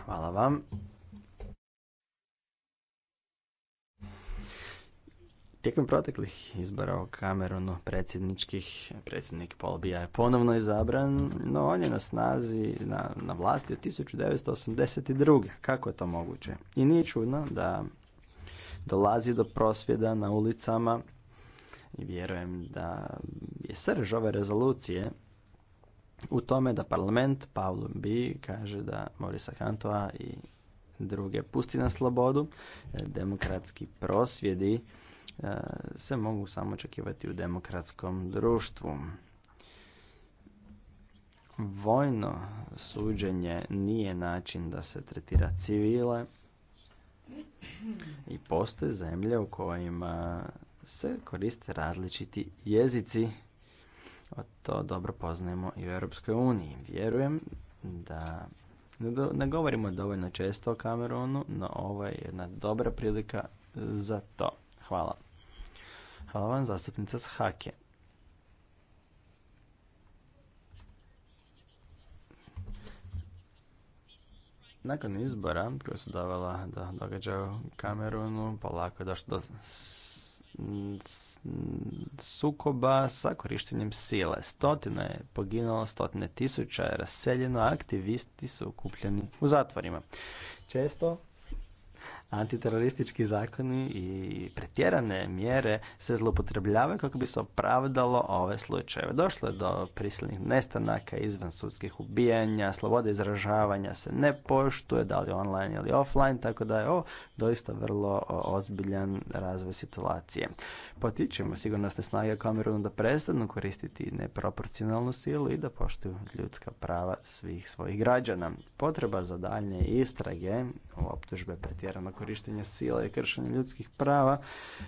Hvala vam. Tijekom proteklih izbora u Kamerunu predsjedničkih, predsjednik Polbija je ponovno izabran, no on je na snazi, na, vlasti od 1982. Kako je to moguće? I nije čudno da dolazi do prosvjeda na ulicama i vjerujem da je srž ove rezolucije u tome da parlament Pavlo B kaže da Morisa Kantoa i druge pusti na slobodu, demokratski prosvjedi E, se mogu samo očekivati u demokratskom društvu. Vojno suđenje nije način da se tretira civile i postoje zemlje u kojima se koriste različiti jezici. O to dobro poznajemo i u Europskoj uniji. Vjerujem da ne govorimo dovoljno često o Kamerunu, no ovo je jedna dobra prilika za to. Hvala. Hvala vam, zastupnica hake. Nakon izbora koje su davala da događa u Kamerunu, polako je došlo do sukoba sa korištenjem sile. Stotine je poginulo, stotine tisuća je raseljeno, aktivisti su okupljeni u zatvorima. Često antiteroristički zakoni i pretjerane mjere se zloupotrebljavaju kako bi se opravdalo ove slučajeve. Došlo je do prisilnih nestanaka, izvan sudskih ubijanja, slobode izražavanja se ne poštuje, da li online ili offline, tako da je ovo doista vrlo ozbiljan razvoj situacije. Potičemo sigurnosne snage Kamerunu da prestanu koristiti neproporcionalnu silu i da poštuju ljudska prava svih svojih građana. Potreba za daljnje istrage u optužbe pretjeranog korištenja sile i kršenja ljudskih prava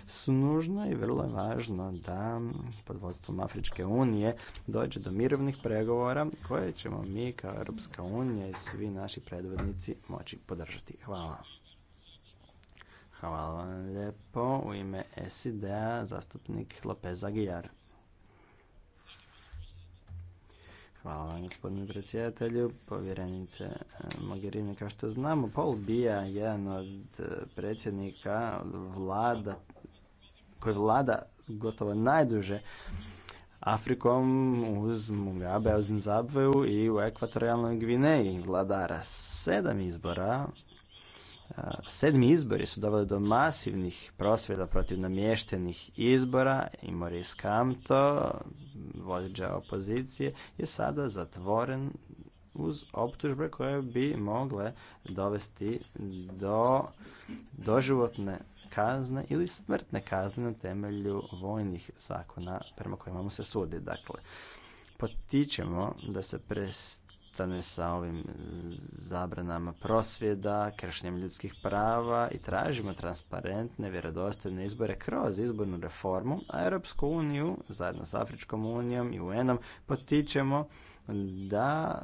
su nužna i vrlo je važno da pod vodstvom Afričke unije dođe do mirovnih pregovora koje ćemo mi kao Europska unija i svi naši predvodnici moći podržati. Hvala. Hvala vam lijepo. U ime SID-a zastupnik Lopez Hvala vam gospodine predsjedatelju, povjerenice eh, Mogherini. Kao što znamo, Paul Bija, jedan od eh, predsjednika vlada, koji vlada gotovo najduže Afrikom uz Mugabe, uz i u ekvatorijalnoj Gvineji vladara sedam izbora Sedmi izbori su doveli do masivnih prosvjeda protiv namještenih izbora i Maurice Kamto, vođa opozicije, je sada zatvoren uz optužbe koje bi mogle dovesti do doživotne kazne ili smrtne kazne na temelju vojnih zakona prema kojima mu se sudi. Dakle, potičemo da se pres ustane sa ovim zabranama prosvjeda, kršenjem ljudskih prava i tražimo transparentne, vjerodostojne izbore kroz izbornu reformu, a Europsku uniju zajedno s Afričkom unijom i UN-om potičemo da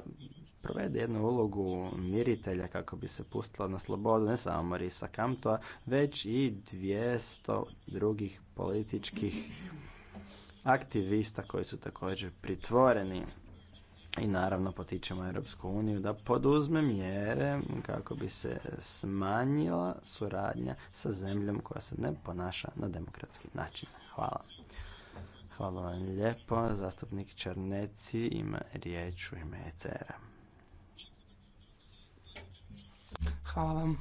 provede jednu ulogu miritelja kako bi se pustila na slobodu ne samo Marisa Kamtoa, već i 200 drugih političkih aktivista koji su također pritvoreni i naravno potičemo Europsku uniju da poduzme mjere kako bi se smanjila suradnja sa zemljom koja se ne ponaša na demokratski način. Hvala. Hvala vam lijepo. Zastupnik Černeci ima riječ u ime ECR-a. Hvala vam.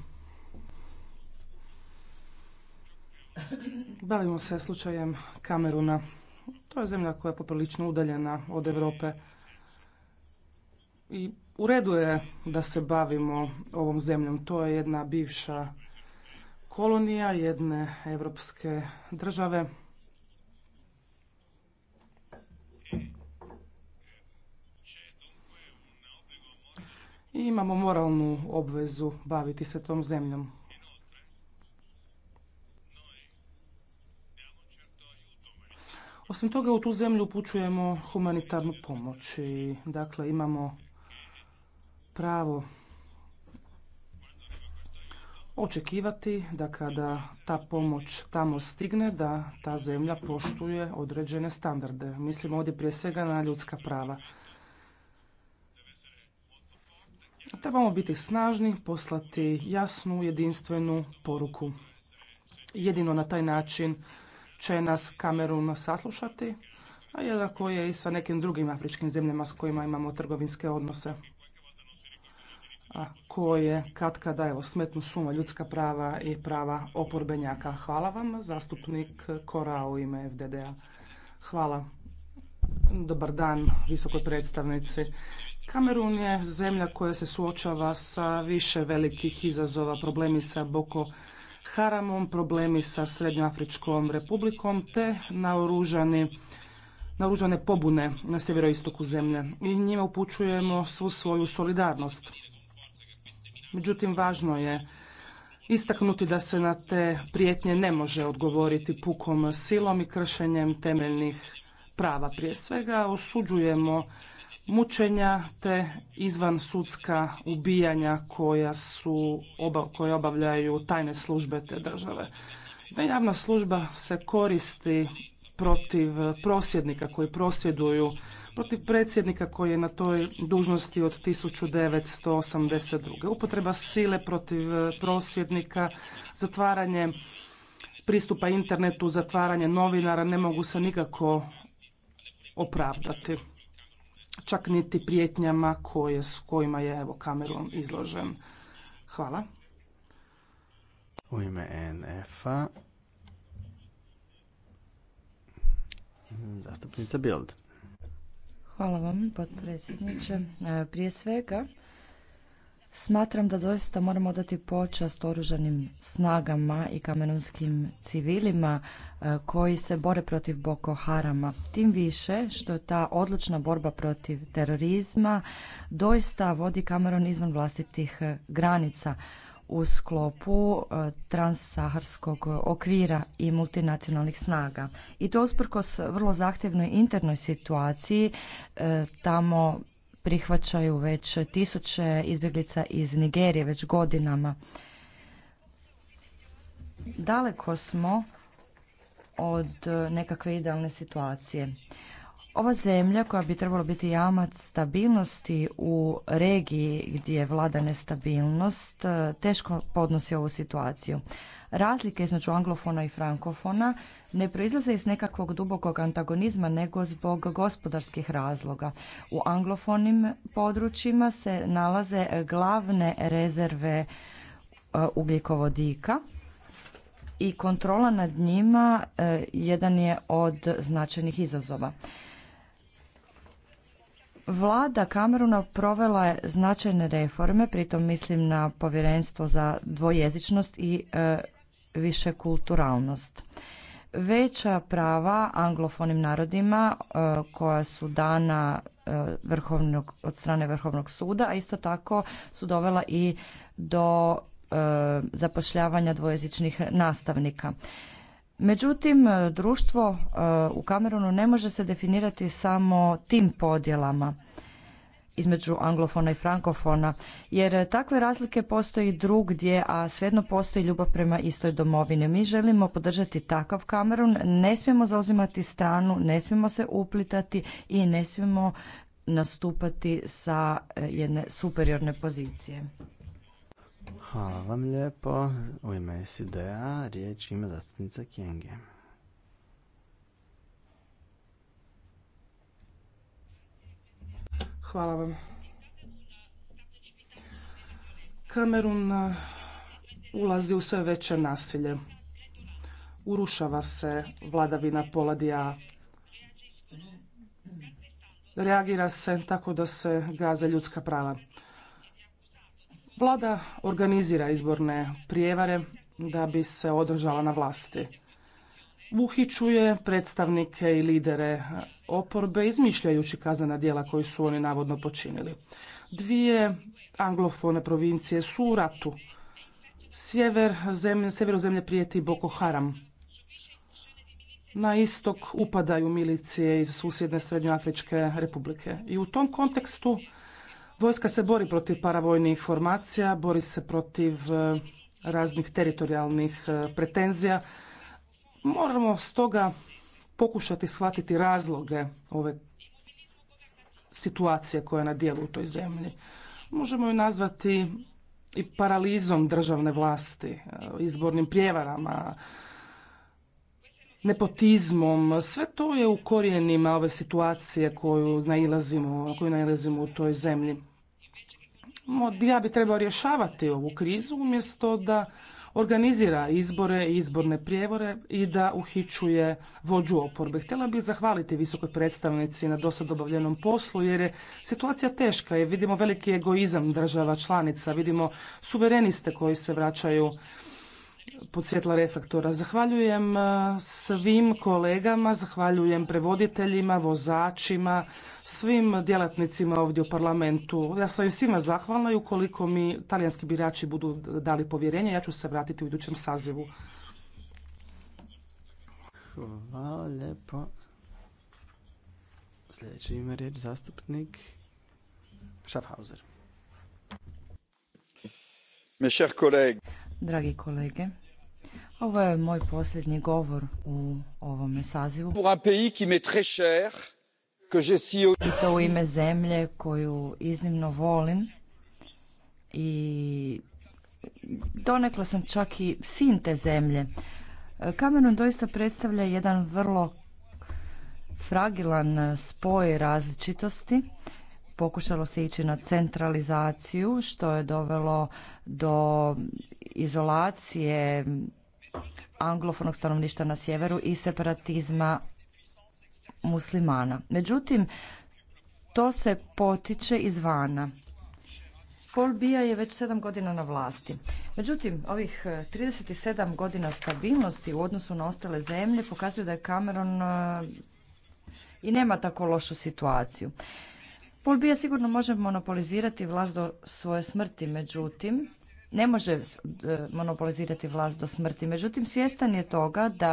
Bavimo se slučajem Kameruna. To je zemlja koja je poprilično udaljena od Europe i u redu je da se bavimo ovom zemljom. To je jedna bivša kolonija jedne evropske države. I imamo moralnu obvezu baviti se tom zemljom. Osim toga u tu zemlju upućujemo humanitarnu pomoć i dakle imamo pravo očekivati da kada ta pomoć tamo stigne, da ta zemlja poštuje određene standarde. Mislim ovdje prije svega na ljudska prava. Trebamo biti snažni, poslati jasnu, jedinstvenu poruku. Jedino na taj način će nas Kamerun saslušati, a jednako je i sa nekim drugim afričkim zemljama s kojima imamo trgovinske odnose koje katka evo smetnu suma ljudska prava i prava oporbenjaka. Hvala vam, zastupnik Kora u ime fdd Hvala. Dobar dan, visokoj predstavnici. Kamerun je zemlja koja se suočava sa više velikih izazova, problemi sa Boko Haramom, problemi sa Srednjoafričkom republikom te naoružani naoružane pobune na sjeveroistoku zemlje i njima upućujemo svu svoju solidarnost. Međutim, važno je istaknuti da se na te prijetnje ne može odgovoriti pukom silom i kršenjem temeljnih prava. Prije svega osuđujemo mučenja te sudska ubijanja koja su, koje obavljaju tajne službe te države. Da javna služba se koristi protiv eh, prosvjednika koji prosvjeduju, protiv predsjednika koji je na toj dužnosti od 1982. Upotreba sile protiv eh, prosvjednika, zatvaranje pristupa internetu, zatvaranje novinara ne mogu se nikako opravdati. Čak niti prijetnjama koje, s kojima je evo kamerom izložen. Hvala. U ime Zastupnica Bild. Hvala vam, potpredsjedniče. E, prije svega, smatram da doista moramo dati počast oružanim snagama i kamerunskim civilima e, koji se bore protiv Boko Harama. Tim više što ta odlučna borba protiv terorizma doista vodi Kamerun izvan vlastitih e, granica u sklopu e, transsaharskog okvira i multinacionalnih snaga. I to usprkos vrlo zahtjevnoj internoj situaciji, e, tamo prihvaćaju već tisuće izbjeglica iz Nigerije već godinama. Daleko smo od nekakve idealne situacije. Ova zemlja koja bi trebala biti jamac stabilnosti u regiji gdje vlada nestabilnost e, teško podnosi ovu situaciju. Razlike između anglofona i frankofona ne proizlaze iz nekakvog dubokog antagonizma nego zbog gospodarskih razloga. U anglofonim područjima se nalaze glavne rezerve e, ugljikovodika i kontrola nad njima e, jedan je od značajnih izazova. Vlada Kameruna provela je značajne reforme, pritom mislim na povjerenstvo za dvojezičnost i e, višekulturalnost. Veća prava anglofonim narodima e, koja su dana e, vrhovnog, od strane Vrhovnog suda, a isto tako su dovela i do E, zapošljavanja dvojezičnih nastavnika. Međutim, e, društvo e, u Kamerunu ne može se definirati samo tim podjelama između anglofona i frankofona, jer takve razlike postoji drugdje, a svejedno postoji ljubav prema istoj domovini. Mi želimo podržati takav Kamerun, ne smijemo zauzimati stranu, ne smijemo se uplitati i ne smijemo nastupati sa jedne superiorne pozicije. Hvala vam lijepo. U ime sid riječ ima zastupnica Kjenge. Hvala vam. Kamerun ulazi u sve veće nasilje. Urušava se vladavina Poladija. Reagira se tako da se gaze ljudska prava. Vlada organizira izborne prijevare da bi se održala na vlasti. Uhićuje predstavnike i lidere oporbe izmišljajući kaznena djela koji su oni navodno počinili. Dvije anglofone provincije su u ratu. Sjever zemlje prijeti Boko Haram. Na istok upadaju milicije iz susjedne Srednjoafričke republike. I u tom kontekstu Vojska se bori protiv paravojnih formacija, bori se protiv e, raznih teritorijalnih e, pretenzija. Moramo stoga pokušati shvatiti razloge ove situacije koja je na dijelu u toj zemlji. Možemo ju nazvati i paralizom državne vlasti, e, izbornim prijevarama, nepotizmom. Sve to je u korijenima ove situacije koju nailazimo, koju nailazimo u toj zemlji. Ja bi trebao rješavati ovu krizu umjesto da organizira izbore i izborne prijevore i da uhićuje vođu oporbe. Htjela bih zahvaliti visokoj predstavnici na dosad obavljenom poslu jer je situacija teška jer vidimo veliki egoizam država članica, vidimo suvereniste koji se vraćaju pod svjetla Zahvaljujem e, svim kolegama, zahvaljujem prevoditeljima, vozačima, svim djelatnicima ovdje u parlamentu. Ja sam im svima zahvalna i ukoliko mi talijanski birači budu dali povjerenje, ja ću se vratiti u idućem sazivu. Hvala lijepo. Sljedeći ima riječ zastupnik Schaffhauser. Mes chers Dragi kolege, ovo je moj posljednji govor u ovome sazivu. I to u ime zemlje koju iznimno volim i donekla sam čak i sin te zemlje. Kamerun doista predstavlja jedan vrlo fragilan spoj različitosti pokušalo se ići na centralizaciju što je dovelo do izolacije anglofonog stanovništva na sjeveru i separatizma muslimana. Međutim, to se potiče izvana. Paul Bija je već sedam godina na vlasti. Međutim, ovih 37 e, godina stabilnosti u odnosu na ostale zemlje pokazuju da je Cameron e, i nema tako lošu situaciju. Polbija sigurno može monopolizirati vlast do svoje smrti, međutim, ne može e, monopolizirati vlast do smrti. Međutim, svjestan je toga da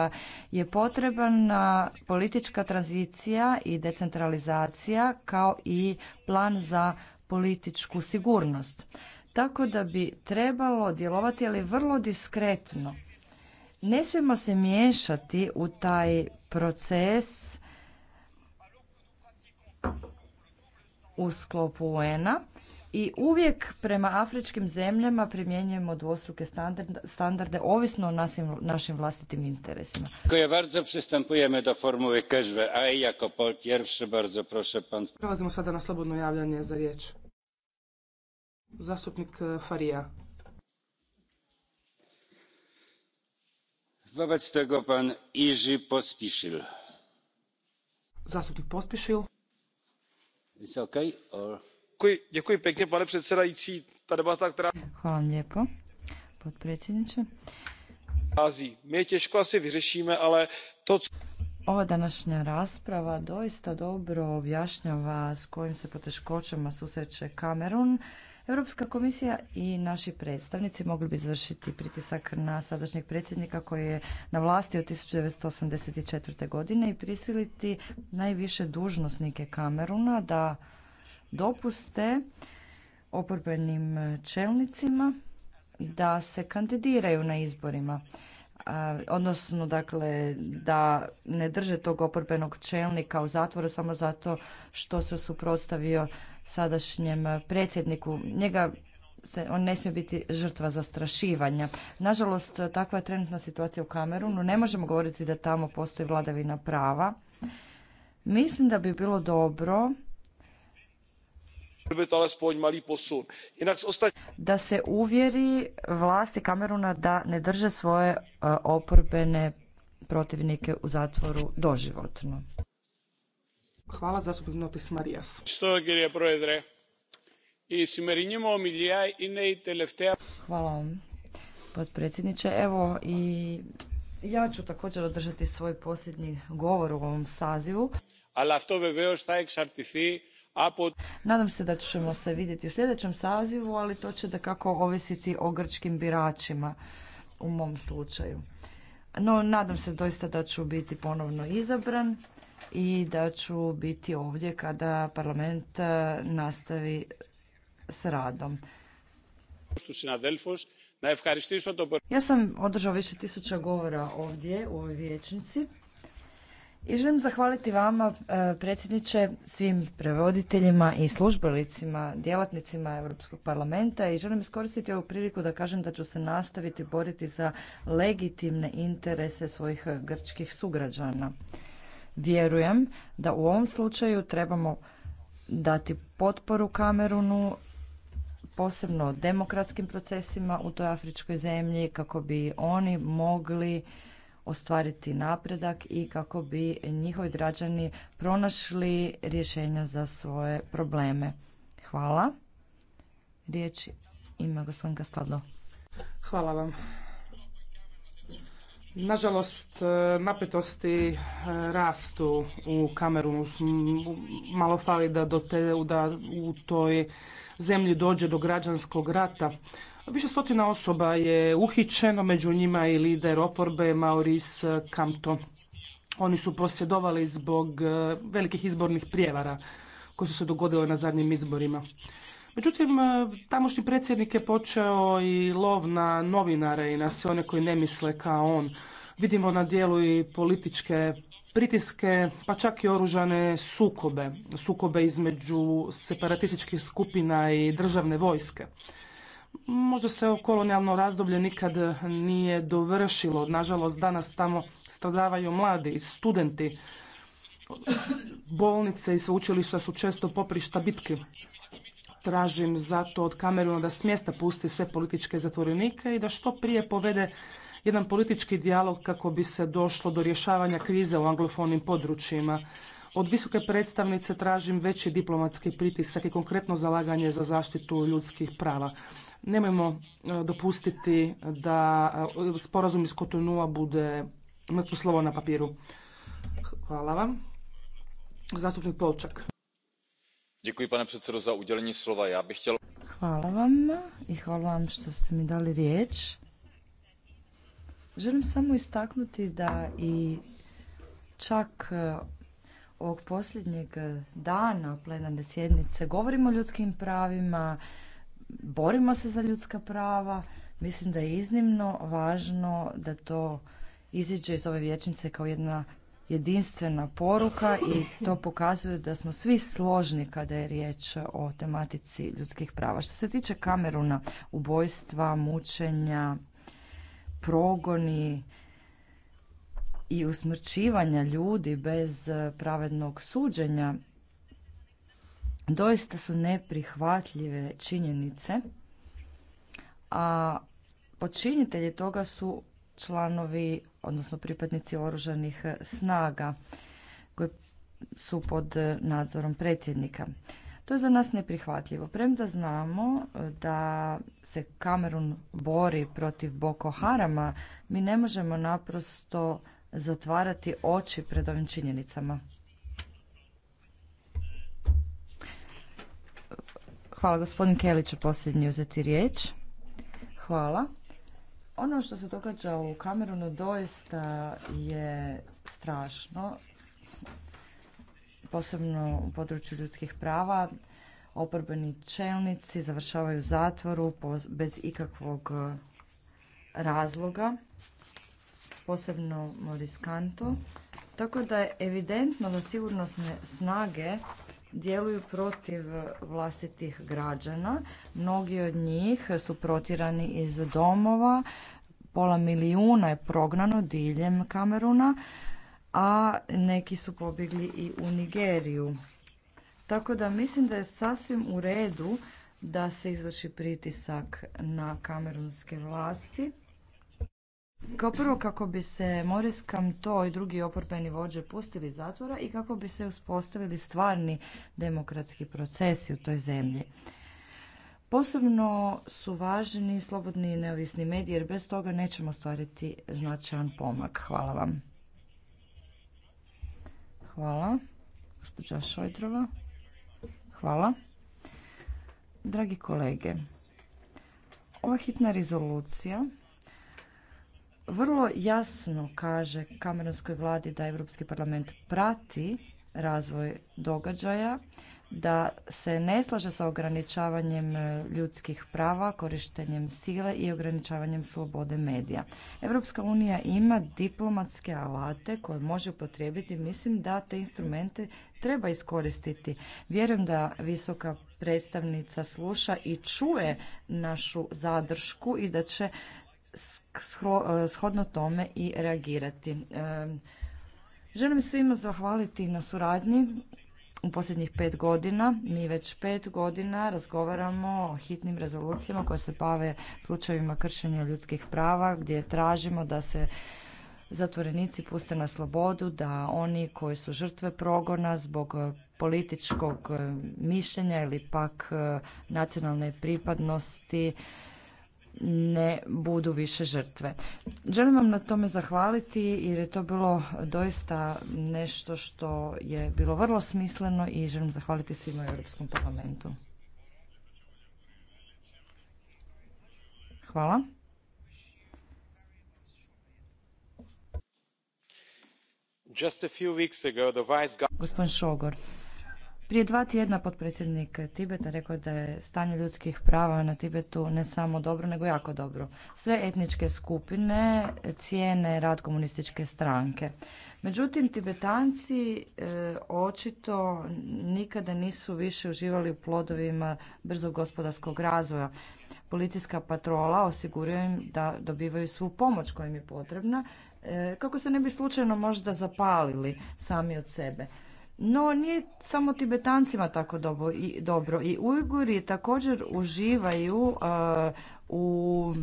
je potrebna politička tranzicija i decentralizacija kao i plan za političku sigurnost. Tako da bi trebalo djelovati, ali vrlo diskretno. Ne smijemo se miješati u taj proces u sklopu UN-a i uvijek prema afričkim zemljama primjenjujemo dvostruke standarde, standarde ovisno o nasim, našim vlastitim interesima. Dziękuję bardzo. Przystępujemy do formuły a Jako pierwszy bardzo proszę pan... Prelazimo sada na slobodno javljanje za riječ. Zastupnik e, Farija. Wobec tego pan Iży Pospišil. Zastupnik Pospišil. Okay, or... pane předsedající ta debata která... hvala vam lijepo potpredsjedniče. mi je asi vyřešíme ale to ova današnja rasprava doista dobro objašnjava s kojim se poteškoćama susreće kamerun Europska komisija i naši predstavnici mogli bi izvršiti pritisak na sadašnjeg predsjednika koji je na vlasti od 1984. godine i prisiliti najviše dužnosnike Kameruna da dopuste oporbenim čelnicima da se kandidiraju na izborima odnosno dakle da ne drže tog oporbenog čelnika u zatvoru samo zato što se suprotstavio sadašnjem predsjedniku. Njega se, on ne smije biti žrtva zastrašivanja. Nažalost, takva je trenutna situacija u Kamerunu. Ne možemo govoriti da tamo postoji vladavina prava. Mislim da bi bilo dobro da se uvjeri vlasti Kameruna da ne drže svoje e, oporbene protivnike u zatvoru doživotno. Hvala, zastupnik Notis Marijas. Hvala vam, potpredsjedniče. Evo i ja ću također održati svoj posljednji govor u ovom sazivu. Nadam se da ćemo se vidjeti u sljedećem sazivu, ali to će da kako ovisiti o grčkim biračima u mom slučaju. No, nadam se doista da ću biti ponovno izabran i da ću biti ovdje kada parlament e, nastavi s radom. Ja sam održao više tisuća govora ovdje u ovoj vijećnici i želim zahvaliti vama e, predsjedniče, svim prevoditeljima i službenicima, djelatnicima Europskog parlamenta i želim iskoristiti ovu priliku da kažem da ću se nastaviti boriti za legitimne interese svojih grčkih sugrađana. Vjerujem da u ovom slučaju trebamo dati potporu Kamerunu, posebno demokratskim procesima u toj afričkoj zemlji kako bi oni mogli ostvariti napredak i kako bi njihovi građani pronašli rješenja za svoje probleme. Hvala. Riječ ima gospodin Kastaldo. Hvala vam. Nažalost, e, napetosti e, rastu u Kamerunu. Malo fali da, do da u toj zemlji dođe do građanskog rata. Više stotina osoba je uhićeno, među njima i lider oporbe Mauris Kamto. Oni su prosvjedovali zbog e, velikih izbornih prijevara koje su se dogodile na zadnjim izborima. Međutim, e, tamošnji predsjednik je počeo i lov na novinare i na sve one koji ne misle kao on. Vidimo na dijelu i političke pritiske, pa čak i oružane sukobe, sukobe između separatističkih skupina i državne vojske. Možda se ovo kolonijalno razdoblje nikad nije dovršilo. Nažalost, danas tamo stradavaju mladi i studenti. Bolnice i sveučilišta su često poprišta bitki tražim zato od Kameruna da smjesta pusti sve političke zatvorenike i da što prije povede jedan politički dijalog kako bi se došlo do rješavanja krize u anglofonim područjima. Od visoke predstavnice tražim veći diplomatski pritisak i konkretno zalaganje za zaštitu ljudskih prava. Nemojmo e, dopustiti da e, sporazum iz Kotonua bude mrtvo slovo na papiru. Hvala vam. Zastupnik Polčak pane Hvala vam i hvala vam što ste mi dali riječ. Želim samo istaknuti da i čak e, ovog posljednjeg dana plenarne sjednice govorimo o ljudskim pravima, borimo se za ljudska prava. Mislim da je iznimno važno da to iziđe iz ove vječnice kao jedna jedinstvena poruka i to pokazuje da smo svi složni kada je riječ o tematici ljudskih prava. Što se tiče Kameruna, ubojstva, mučenja, progoni i usmrćivanja ljudi bez pravednog suđenja, doista su neprihvatljive činjenice, a počinitelji toga su članovi odnosno pripadnici oružanih snaga koji su pod nadzorom predsjednika. To je za nas neprihvatljivo. Premda znamo e, da se Kamerun bori protiv Boko Harama, mi ne možemo naprosto zatvarati oči pred ovim činjenicama. Hvala, gospodin Kelić će posljednji uzeti riječ. Hvala. Ono što se događa u Kamerunu doista je strašno, posebno u području ljudskih prava. Oporbeni čelnici završavaju zatvoru bez ikakvog e, razloga, posebno Moriskanto. Tako da je evidentno da sigurnosne snage djeluju protiv vlastitih građana. Mnogi od njih su protirani iz domova, pola milijuna je prognano diljem Kameruna, a neki su pobjegli i u Nigeriju. Tako da mislim da je sasvim u redu da se izvrši pritisak na kamerunske vlasti kao prvo kako bi se Moris to i drugi oporbeni vođe pustili zatvora i kako bi se uspostavili stvarni demokratski procesi u toj zemlji. Posebno su važni slobodni i neovisni mediji jer bez toga nećemo ostvariti značajan pomak. Hvala vam. Hvala. Gospođa Šojdrova. Hvala. Dragi kolege, ova hitna rezolucija vrlo jasno kaže kamerunskoj vladi da Europski parlament prati razvoj događaja, da se ne slaže sa ograničavanjem e, ljudskih prava, korištenjem sile i ograničavanjem slobode medija. Europska unija ima diplomatske alate koje može upotrijebiti. Mislim da te instrumente treba iskoristiti. Vjerujem da visoka predstavnica sluša i čuje našu zadršku i da će E, shodno tome i reagirati. E, želim svima zahvaliti na suradnji u posljednjih pet godina. Mi već pet godina razgovaramo o hitnim rezolucijama koje se bave slučajevima kršenja ljudskih prava gdje tražimo da se zatvorenici puste na slobodu, da oni koji su žrtve progona zbog političkog e, mišljenja ili pak nacionalne pripadnosti ne budu više žrtve. Želim vam na tome zahvaliti jer je to bilo doista nešto što je bilo vrlo smisleno i želim zahvaliti svima u Europskom parlamentu. Hvala. Gospodin Šogor, prije dva tjedna potpredsjednik Tibeta rekao da je stanje ljudskih prava na Tibetu ne samo dobro, nego jako dobro. Sve etničke skupine cijene rad komunističke stranke. Međutim, Tibetanci e, očito nikada nisu više uživali u plodovima brzog gospodarskog razvoja. Policijska patrola osiguruje im da dobivaju svu pomoć koja im je potrebna, e, kako se ne bi slučajno možda zapalili sami od sebe. No, nije samo Tibetancima tako dobro. I Ujguri također uživaju u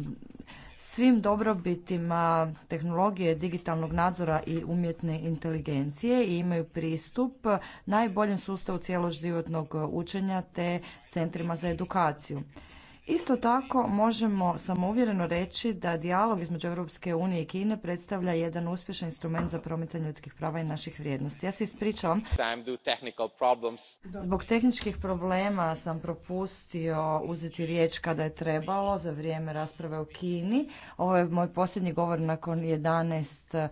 svim dobrobitima tehnologije digitalnog nadzora i umjetne inteligencije i imaju pristup najboljem sustavu cijeloživotnog učenja te centrima za edukaciju. Isto tako možemo samouvjereno reći da dijalog između Europske unije i Kine predstavlja jedan uspješan instrument za promicanje ljudskih prava i naših vrijednosti. Ja se ispričavam. Zbog tehničkih problema sam propustio uzeti riječ kada je trebalo za vrijeme rasprave o Kini. Ovo je moj posljednji govor nakon 11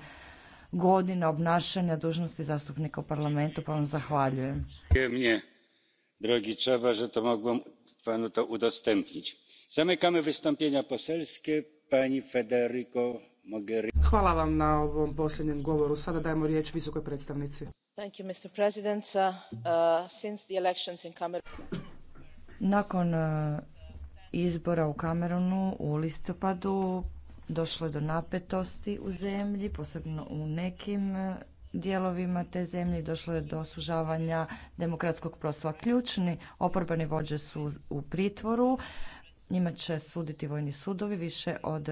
godina obnašanja dužnosti zastupnika u parlamentu, pa vam zahvaljujem. to panu to udostępnić. zamykamy wystąpienia poselskie. pani federico mogherini. hvala vam na ovom posljednjem govoru. sada dajemo riječ visokoj predstavnici. Thank you, uh, uh, Nakon uh, izbora u Kamerunu u listopadu došlo je do napetosti u zemlji, posebno u nekim dijelovima te zemlje došlo je do sužavanja demokratskog prostora. Ključni oporbeni vođe su u pritvoru, njima će suditi vojni sudovi, više od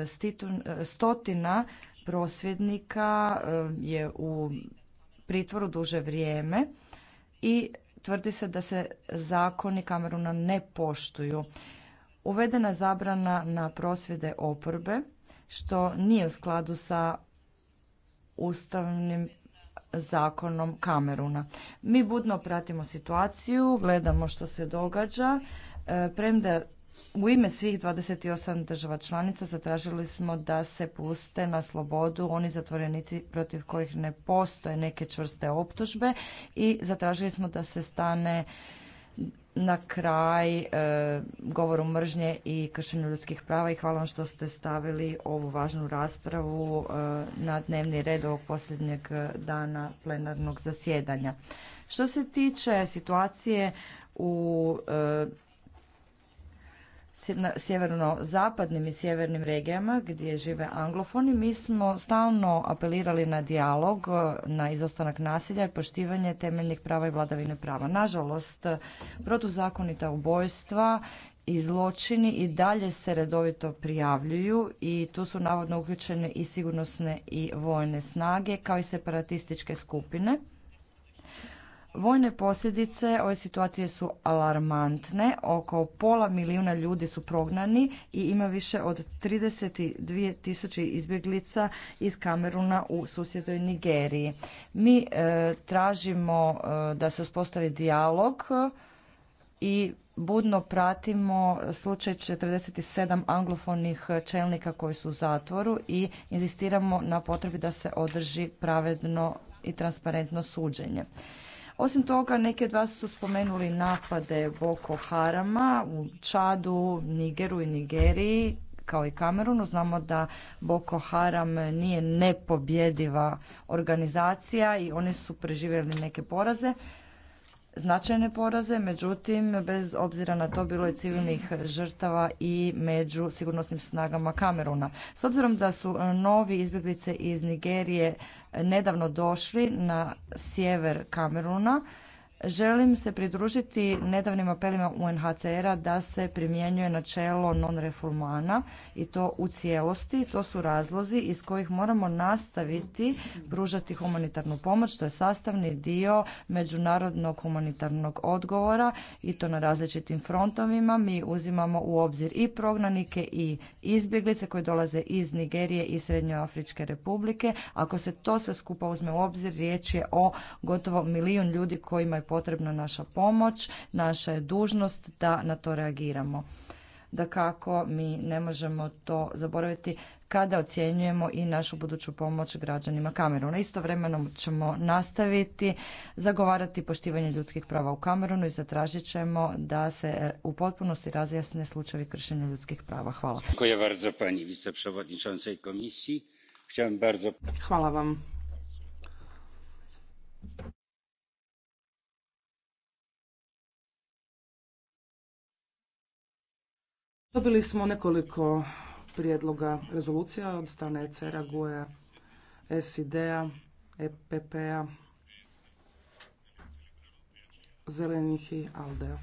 stotina prosvjednika eh, je u pritvoru duže vrijeme i tvrdi se da se zakoni Kameruna ne poštuju. Uvedena je zabrana na prosvjede oporbe, što nije u skladu sa ustavnim zakonom Kameruna. Mi budno pratimo situaciju, gledamo što se događa, e, premda u ime svih 28 država članica zatražili smo da se puste na slobodu oni zatvorenici protiv kojih ne postoje neke čvrste optužbe i zatražili smo da se stane na kraj e, govoru mržnje i kršenju ljudskih prava i hvala vam što ste stavili ovu važnu raspravu e, na dnevni red ovog posljednjeg dana plenarnog zasjedanja. Što se tiče situacije u e, sjeverno-zapadnim i sjevernim regijama gdje žive anglofoni, mi smo stalno apelirali na dijalog, e, na izostanak nasilja i poštivanje temeljnih prava i vladavine prava. Nažalost, protuzakonita ubojstva i zločini i dalje se redovito prijavljuju i tu su navodno uključene i sigurnosne i vojne snage kao i separatističke skupine. Vojne posljedice ove situacije su alarmantne. Oko pola milijuna ljudi su prognani i ima više od 32 tisuće izbjeglica iz Kameruna u susjednoj Nigeriji. Mi e, tražimo e, da se uspostavi dijalog i budno pratimo slučaj 47 anglofonih čelnika koji su u zatvoru i inzistiramo na potrebi da se održi pravedno i transparentno suđenje. Osim toga, neki od vas su spomenuli napade Boko Harama u Čadu, Nigeru i Nigeriji, kao i Kamerunu. Znamo da Boko Haram nije nepobjediva organizacija i oni su preživjeli neke poraze značajne poraze, međutim, bez obzira na to bilo je civilnih žrtava i među sigurnosnim snagama Kameruna. S obzirom da su e, novi izbjeglice iz Nigerije e, nedavno došli na sjever Kameruna, Želim se pridružiti nedavnim apelima UNHCR-a da se primjenjuje načelo non-reformana i to u cijelosti. To su razlozi iz kojih moramo nastaviti pružati humanitarnu pomoć. To je sastavni dio međunarodnog humanitarnog odgovora i to na različitim frontovima. Mi uzimamo u obzir i prognanike i izbjeglice koji dolaze iz Nigerije i Srednjoafričke republike. Ako se to sve skupa uzme u obzir, riječ je o gotovo milijun ljudi kojima je potrebna naša pomoć, naša je dužnost da na to reagiramo. Da kako mi ne možemo to zaboraviti kada ocjenjujemo i našu buduću pomoć građanima Kameruna. Istovremeno ćemo nastaviti zagovarati poštivanje ljudskih prava u Kamerunu i zatražit ćemo da se u potpunosti razjasne slučajevi kršenja ljudskih prava. Hvala. Hvala vam. Dobili smo nekoliko prijedloga rezolucija od strane ECR-a, GUE-a, SID-a, EPP-a, Zelenih i ALDE-a.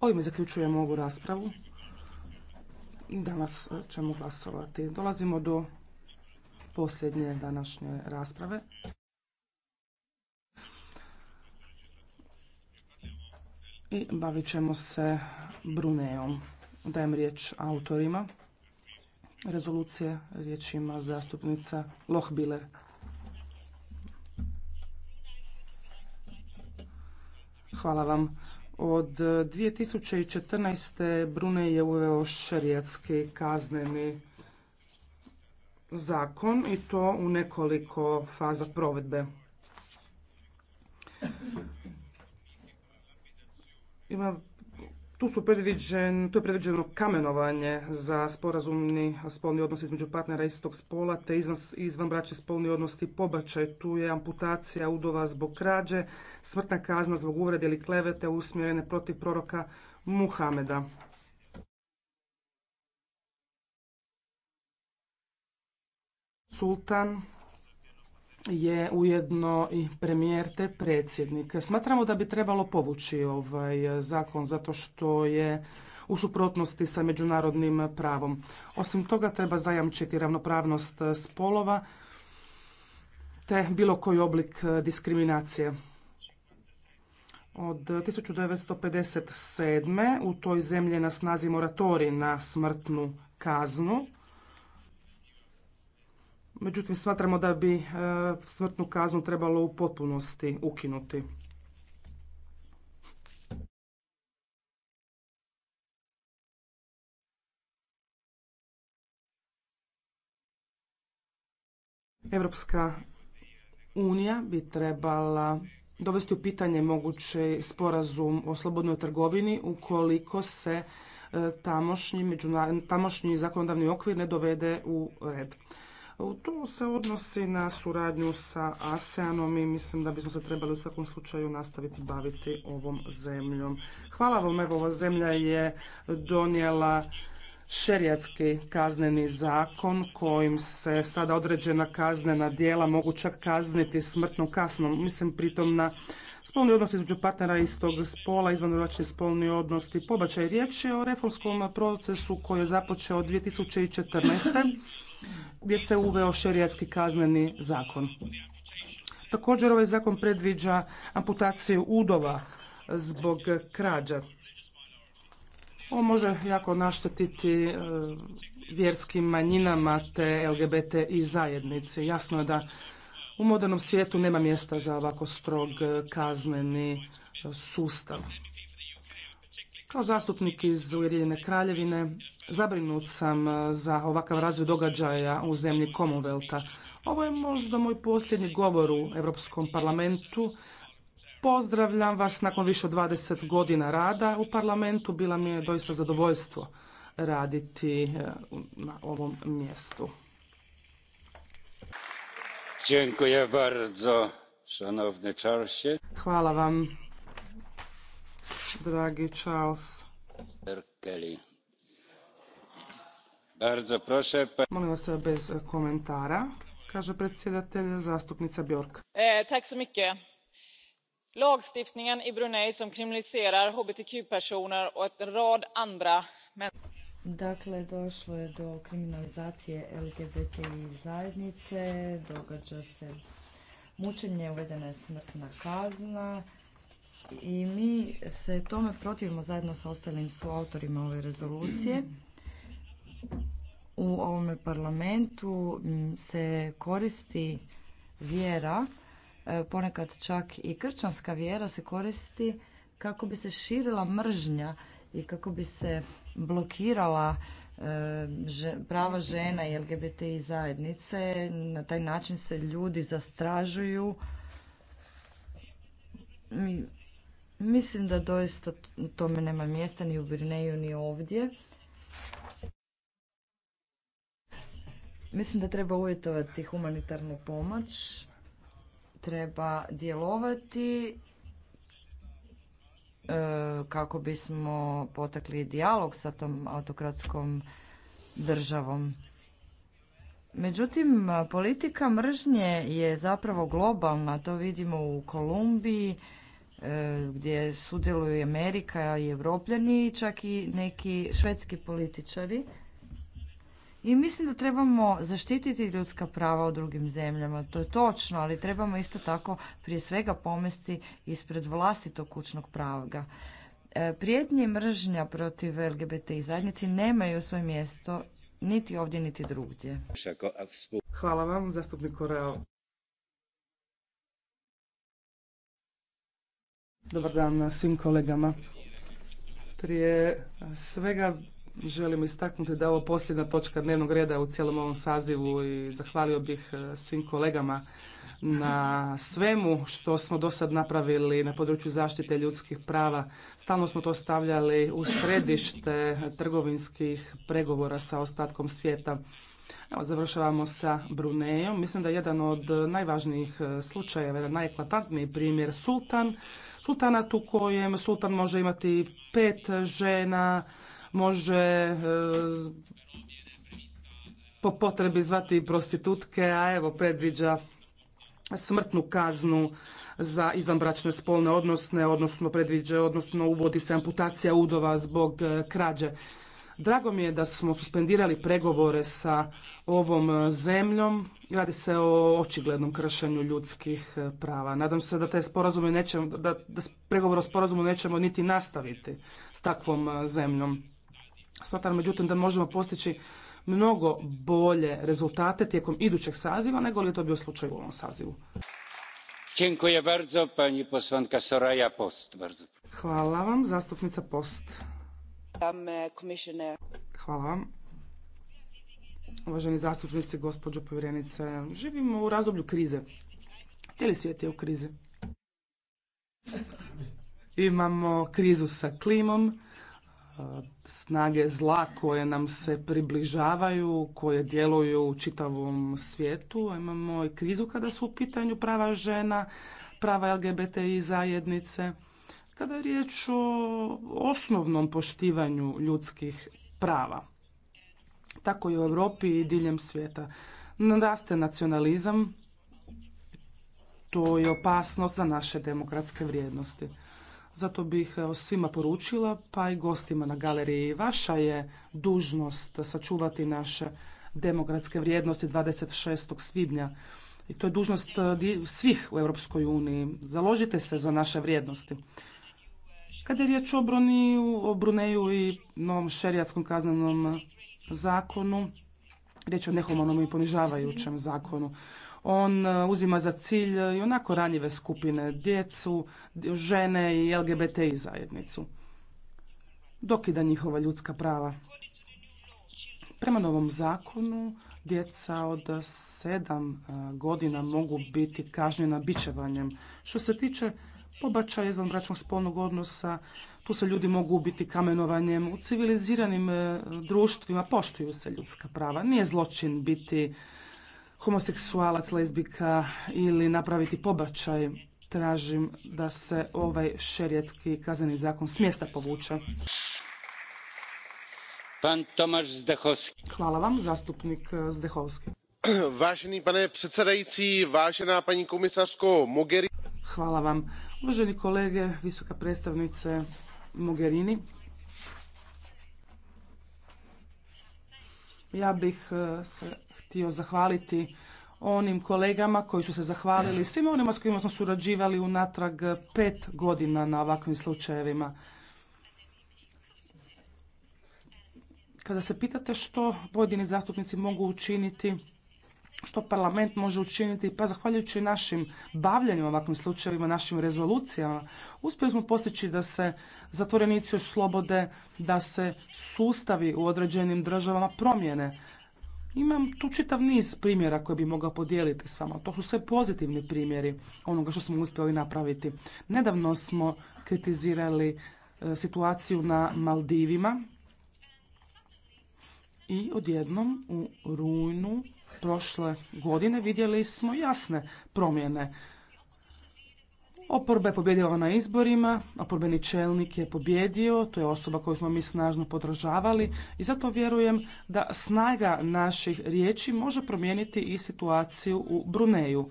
Ovime zaključujemo ovu raspravu. Danas e, ćemo glasovati. Dolazimo do posljednje današnje rasprave. i bavit ćemo se Bruneom. Dajem riječ autorima rezolucije. Riječ ima zastupnica Lohbiler. Hvala vam. Od 2014. Brune je uveo šarijatski kazneni zakon i to u nekoliko faza provedbe. Ima, tu su predviđen, tu je predviđeno kamenovanje za sporazumni spolni odnos između partnera istog spola te izvan, braće spolni odnosi pobačaj. Tu je amputacija udova zbog krađe, smrtna kazna zbog uvrede ili klevete usmjerene protiv proroka Muhameda. Sultan je ujedno i premijer te predsjednik. Smatramo da bi trebalo povući ovaj zakon zato što je u suprotnosti sa međunarodnim pravom. Osim toga treba zajamčiti ravnopravnost spolova te bilo koji oblik diskriminacije. Od 1957. u toj zemlji je na snazi moratorij na smrtnu kaznu Međutim, smatramo da bi e, smrtnu kaznu trebalo u potpunosti ukinuti. Evropska unija bi trebala dovesti u pitanje mogući sporazum o slobodnoj trgovini ukoliko se e, tamošnji, tamošnji zakonodavni okvir ne dovede u red. To se odnosi na suradnju sa ASEANom i mislim da bismo se trebali u svakom slučaju nastaviti baviti ovom zemljom. Hvala vam, evo ova zemlja je donijela šerijatski kazneni zakon kojim se sada određena kaznena djela mogu čak kazniti smrtnom kasnom. Mislim pritom na spolni odnos između partnera istog spola, izvanbračni spolni odnosti. pobačaj. Riječ je o reformskom procesu koji je započeo 2014 gdje se uveo šerijatski kazneni zakon. Također ovaj zakon predviđa amputaciju udova zbog krađa. Ovo može jako naštetiti e, vjerskim manjinama te LGBT i zajednici. Jasno je da u modernom svijetu nema mjesta za ovako strog e, kazneni e, sustav. Kao zastupnik iz Ujedinjene kraljevine Zabrinut sam e, za ovakav razvoj događaja u zemlji Commonwealtha. Ovo je možda moj posljednji govor u Europskom parlamentu. Pozdravljam vas nakon više od 20 godina rada u parlamentu. Bila mi je doista zadovoljstvo raditi e, na ovom mjestu. Hvala vam, dragi Charles. Pa- Molim vas e, bez e, komentara, kaže predsjedatelj zastupnica Bjork. E, Lagstiftningen i Brunei som kriminaliserar hbtq-personer och rad andra Dakle, došlo je do kriminalizacije LGBTI zajednice, događa se mučenje, uvedena je smrtna kazna i mi se tome protivimo zajedno sa ostalim suautorima ove rezolucije u ovom parlamentu se koristi vjera, e, ponekad čak i kršćanska vjera se koristi kako bi se širila mržnja i kako bi se blokirala e, prava žena i LGBTI zajednice. Na taj način se ljudi zastražuju. Mislim da doista tome nema mjesta ni u Birneju ni ovdje. Mislim da treba uvjetovati humanitarnu pomoć, treba djelovati e, kako bismo potakli dijalog sa tom autokratskom državom. Međutim, politika mržnje je zapravo globalna. To vidimo u Kolumbiji, e, gdje sudjeluju Amerika i Evropljani, čak i neki švedski političari i mislim da trebamo zaštititi ljudska prava u drugim zemljama, to je točno, ali trebamo isto tako prije svega pomesti ispred vlastitog kućnog prava. E, prijetnje i mržnja protiv LGBT i zajednici nemaju svoje mjesto niti ovdje, niti drugdje. Hvala vam, zastupnik Koreo. Dobar dan svim kolegama. Prije svega želim istaknuti da je ovo posljedna točka dnevnog reda u cijelom ovom sazivu i zahvalio bih e, svim kolegama na svemu što smo do sad napravili na području zaštite ljudskih prava. Stalno smo to stavljali u središte trgovinskih pregovora sa ostatkom svijeta. Evo, završavamo sa Brunejom. Mislim da je jedan od najvažnijih e, slučajeva, jedan najeklatantniji primjer sultan, sultanat u kojem sultan može imati pet žena, može e, po potrebi zvati prostitutke, a evo predviđa smrtnu kaznu za izvanbračne spolne odnosne, odnosno predviđa, odnosno uvodi se amputacija udova zbog e, krađe. Drago mi je da smo suspendirali pregovore sa ovom e, zemljom. Radi se o očiglednom kršenju ljudskih prava. Nadam se da te sporazume nećemo, da, da pregovor o sporazumu nećemo niti nastaviti s takvom zemljom. Svatam međutim da možemo postići mnogo bolje rezultate tijekom idućeg saziva nego li je to bio slučaj u ovom sazivu. Hvala vam, zastupnica Post. Um, uh, Hvala vam. Uvaženi zastupnici, gospođo povjerenice, živimo u razdoblju krize. Cijeli svijet je u krizi. Imamo krizu sa klimom, snage zla koje nam se približavaju, koje djeluju u čitavom svijetu. Imamo i krizu kada su u pitanju prava žena, prava LGBTI zajednice. Kada je riječ o osnovnom poštivanju ljudskih prava, tako i u Europi i diljem svijeta. Naraste nacionalizam, to je opasnost za naše demokratske vrijednosti. Zato bih svima poručila, pa i gostima na galeriji. Vaša je dužnost sačuvati naše demokratske vrijednosti 26. svibnja. I to je dužnost e, svih u Europskoj uniji. Založite se za naše vrijednosti. Kada je riječ o, Bruniju, o Bruneju i novom šerijatskom kaznenom zakonu, riječ je o nehumanom i ponižavajućem zakonu. On e, uzima za cilj e, i onako ranjive skupine, djecu, žene i LGBTI zajednicu. Dokida njihova ljudska prava. Prema novom zakonu, djeca od sedam e, godina mogu biti kažnjena bičevanjem. Što se tiče pobačaja izvanbračnog spolnog odnosa, tu se ljudi mogu biti kamenovanjem. U civiliziranim društvima poštuju se ljudska prava. Nije zločin biti homoseksualac, lezbika ili napraviti pobačaj. Tražim da se ovaj šerijetski kazneni zakon smjesta mjesta povuče. Pan Tomaš Zdehovski. Hvala vam, zastupnik Zdehovski. Vážený pane předsedající, vážená pani komisarsko Mogherini. Hvala vam. Uvaženi kolege, visoka predstavnice Mogherini. Ja bih eh, se htio zahvaliti onim kolegama koji su se zahvalili, svim onima s kojima smo surađivali unatrag pet godina na ovakvim slučajevima. Kada se pitate što pojedini zastupnici mogu učiniti, što parlament može učiniti, pa zahvaljujući našim bavljanjima ovakvim slučajevima, našim rezolucijama, uspjeli smo postići da se zatvorenici oslobode, da se sustavi u određenim državama promjene. Imam tu čitav niz primjera koje bi mogao podijeliti s vama. To su sve pozitivni primjeri onoga što smo uspjeli napraviti. Nedavno smo kritizirali e, situaciju na Maldivima i odjednom u rujnu prošle godine vidjeli smo jasne promjene Oporba je pobjedila na izborima, oporbeni čelnik je pobjedio, to je osoba koju smo mi snažno podržavali i zato vjerujem da snaga naših riječi može promijeniti i situaciju u Bruneju.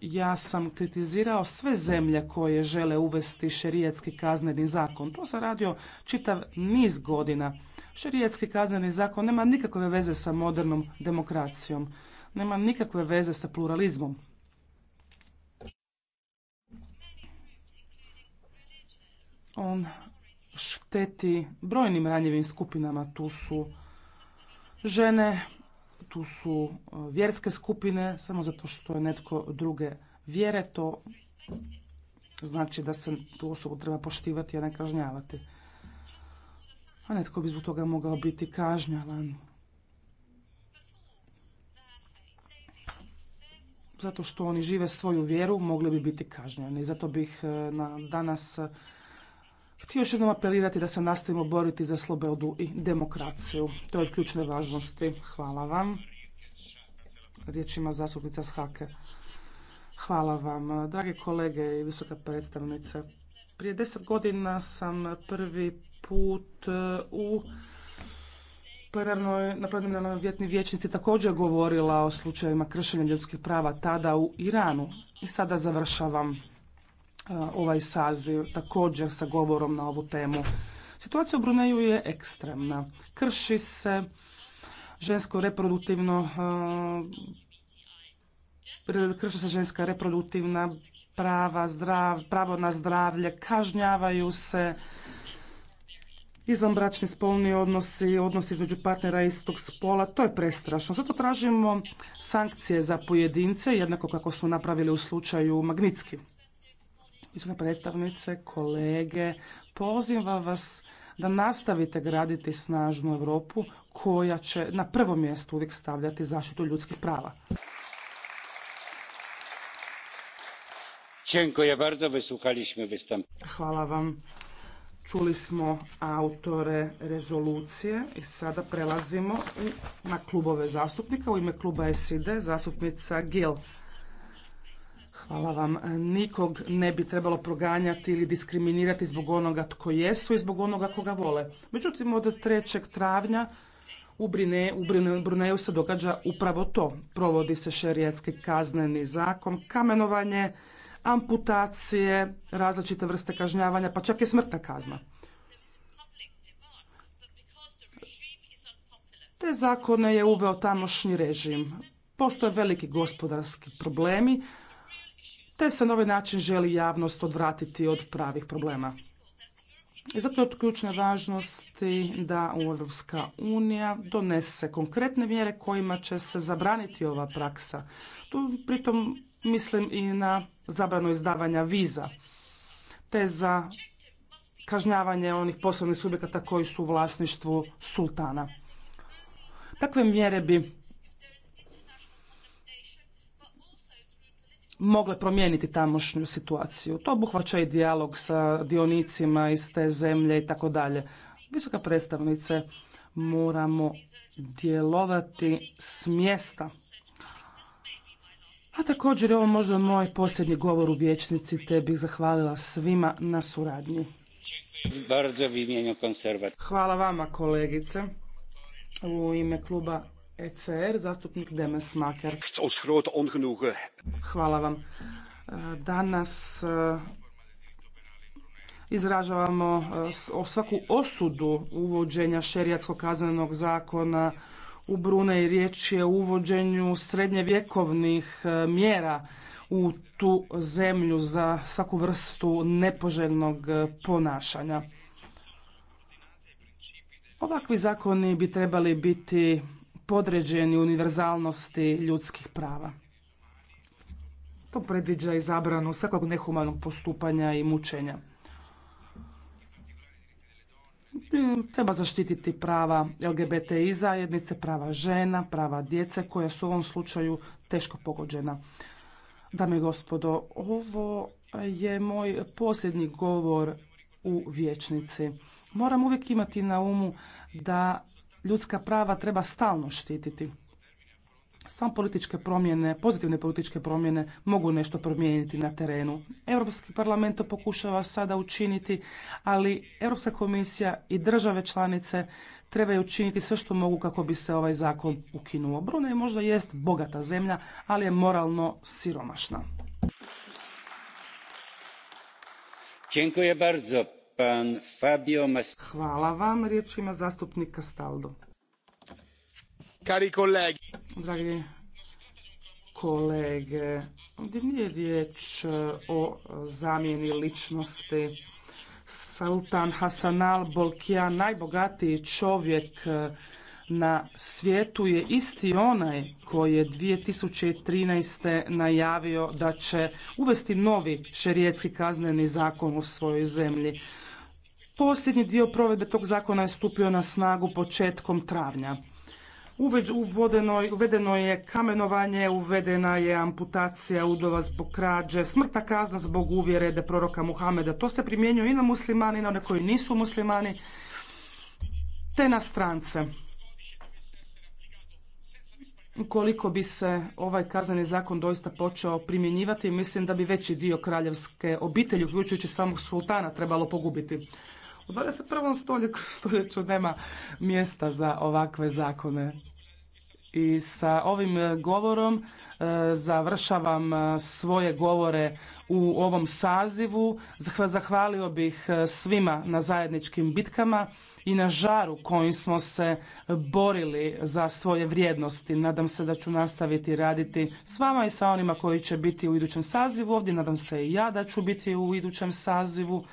Ja sam kritizirao sve zemlje koje žele uvesti šerijetski kazneni zakon. To sam radio čitav niz godina. Šerijetski kazneni zakon nema nikakve veze sa modernom demokracijom, nema nikakve veze sa pluralizmom. on šteti brojnim ranjivim skupinama. Tu su žene, tu su e, vjerske skupine, samo zato što je netko druge vjere, to znači da se tu osobu treba poštivati, a ne kažnjavati. A netko bi zbog toga mogao biti kažnjavan. Zato što oni žive svoju vjeru, mogli bi biti kažnjeni. Zato bih e, na danas Htio još jednom apelirati da se nastavimo boriti za slobodu i demokraciju. To je od ključne važnosti. Hvala vam. Riječ ima zastupnica Shake. Hvala vam, dragi kolege i visoka predstavnice. Prije deset godina sam prvi put uh, u plenarnoj, na plenarnoj vjetni vječnici također govorila o slučajevima kršenja ljudskih prava tada u Iranu. I sada završavam ovaj saziv također sa govorom na ovu temu. Situacija u Bruneju je ekstremna. Krši se žensko reproduktivno krši se ženska reproduktivna prava, zdrav, pravo na zdravlje, kažnjavaju se izvanbračni spolni odnosi, odnosi između partnera istog spola, to je prestrašno. Zato tražimo sankcije za pojedince, jednako kako smo napravili u slučaju Magnitski visoke predstavnice, kolege, pozivam vas da nastavite graditi snažnu Europu koja će na prvo mjesto uvijek stavljati zaštitu ljudskih prava. Hvala vam. Čuli smo autore rezolucije i sada prelazimo na klubove zastupnika. U ime kluba SID zastupnica Gil. Hvala vam. E, nikog ne bi trebalo proganjati ili diskriminirati zbog onoga tko jesu i zbog onoga koga vole. Međutim, od 3. travnja u, Brine, Bruneju se događa upravo to. Provodi se šerijetski kazneni zakon, kamenovanje, amputacije, različite vrste kažnjavanja, pa čak i smrtna kazna. Te zakone je uveo tamošnji režim. Postoje veliki gospodarski problemi, te se na ovaj način želi javnost odvratiti od pravih problema. I zato je od ključne važnosti da Europska unija donese konkretne mjere kojima će se zabraniti ova praksa. Tu pritom mislim i na zabranu izdavanja viza, te za kažnjavanje onih poslovnih subjekata koji su u vlasništvu sultana. Takve mjere bi mogle promijeniti tamošnju situaciju. To obuhvaća i dijalog sa dionicima iz te zemlje i tako dalje. Visoka predstavnice, moramo djelovati s mjesta. A također je ovo možda moj posljednji govor u vječnici, te bih zahvalila svima na suradnji. Hvala vama kolegice. U ime kluba ECR, zastupnik Demes Maker. Hvala vam. E, danas e, izražavamo e, svaku osudu uvođenja šerijatskog kaznenog zakona u Brune riječ je o uvođenju srednjevjekovnih mjera u tu zemlju za svaku vrstu nepoželjnog ponašanja. Ovakvi zakoni bi trebali biti podređeni univerzalnosti ljudskih prava. To predviđa i zabranu svakog nehumanog postupanja i mučenja. Treba zaštititi prava LGBT i zajednice, prava žena, prava djece koja su u ovom slučaju teško pogođena. Dame i gospodo, ovo je moj posljednji govor u vječnici. Moram uvijek imati na umu da ljudska prava treba stalno štititi. Samo političke promjene, pozitivne političke promjene mogu nešto promijeniti na terenu. Europski parlament to pokušava sada učiniti, ali Europska komisija i države članice trebaju učiniti sve što mogu kako bi se ovaj zakon ukinuo. je možda jest bogata zemlja, ali je moralno siromašna. Hvala vam. Riječ ima zastupnik Dragi kolege, ovdje nije riječ eh, o zamjeni ličnosti. Sultan Hasan al bolkija najbogatiji čovjek eh, na svijetu je isti onaj koji je 2013. najavio da će uvesti novi šerijetski kazneni zakon u svojoj zemlji. Posljednji dio provedbe tog zakona je stupio na snagu početkom travnja. Uvedeno, uvedeno je kamenovanje, uvedena je amputacija udova zbog krađe, smrtna kazna zbog uvjerede proroka Muhameda. To se primjenjuje i na muslimani, i na one koji nisu muslimani, te na strance. Ukoliko bi se ovaj kazneni zakon doista počeo primjenjivati, mislim da bi veći dio kraljevske obitelji, uključujući samog sultana, trebalo pogubiti. U 21. stoljeću, stoljeću nema mjesta za ovakve zakone. I sa ovim govorom e, završavam e, svoje govore u ovom sazivu. Zahvalio bih e, svima na zajedničkim bitkama i na žaru kojim smo se borili za svoje vrijednosti. Nadam se da ću nastaviti raditi s vama i sa onima koji će biti u idućem sazivu ovdje. Nadam se i ja da ću biti u idućem sazivu.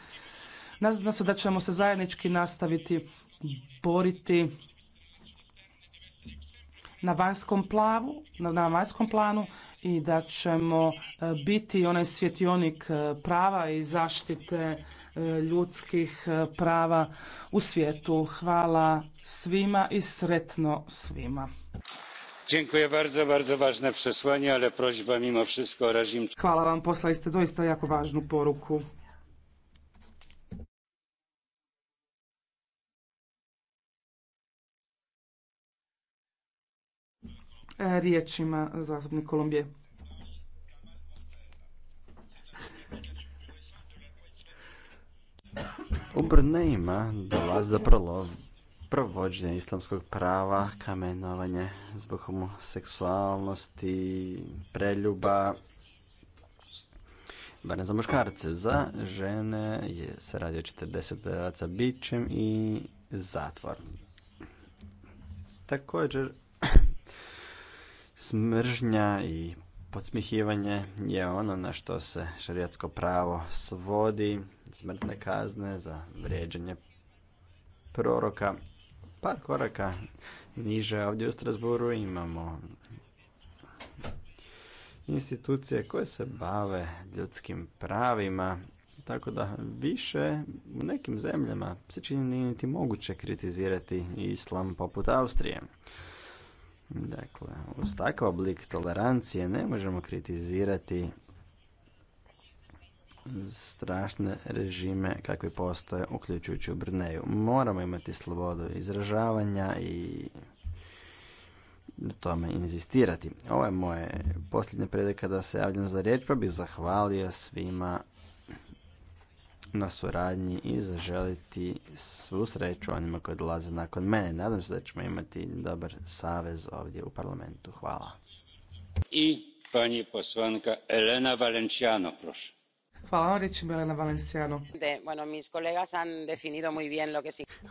Nadam se da ćemo se zajednički nastaviti boriti na vanjskom plavu, na vanjskom planu i da ćemo e, biti onaj svjetionik e, prava i zaštite e, ljudskih prava u svijetu. Hvala svima i sretno svima. Dziękuję bardzo, bardzo ważne przesłanie, ale prośba mimo wszystko reżim. Hvala vam, poslali ste doista jako važnu poruku. E, riječima zastupnik Kolumbije. U Brneima dolazi do prolov islamskog prava, kamenovanje zbog homoseksualnosti, preljuba, ne za muškarce. Za žene je, se radi o 40 raca bićem i zatvor. Također Smržnja i podsmihivanje je ono na što se šarijatsko pravo svodi, smrtne kazne za vrijeđanje proroka. Pa koraka niže ovdje u Strasburu imamo institucije koje se bave ljudskim pravima, tako da više u nekim zemljama se čini niti moguće kritizirati islam poput Austrije. Dakle, uz takav oblik tolerancije ne možemo kritizirati strašne režime kakvi postoje, uključujući u Brneju. Moramo imati slobodu izražavanja i na tome inzistirati. Ovo je moje posljednje prilike da se javljam za riječ, pa bih zahvalio svima na suradnji i zaželiti svu sreću onima koji dolaze nakon mene. Nadam se da ćemo imati dobar savez ovdje u parlamentu. Hvala. I pani poslanka Elena Valenciano, prošu. Hvala vam, reći Elena Valenciano.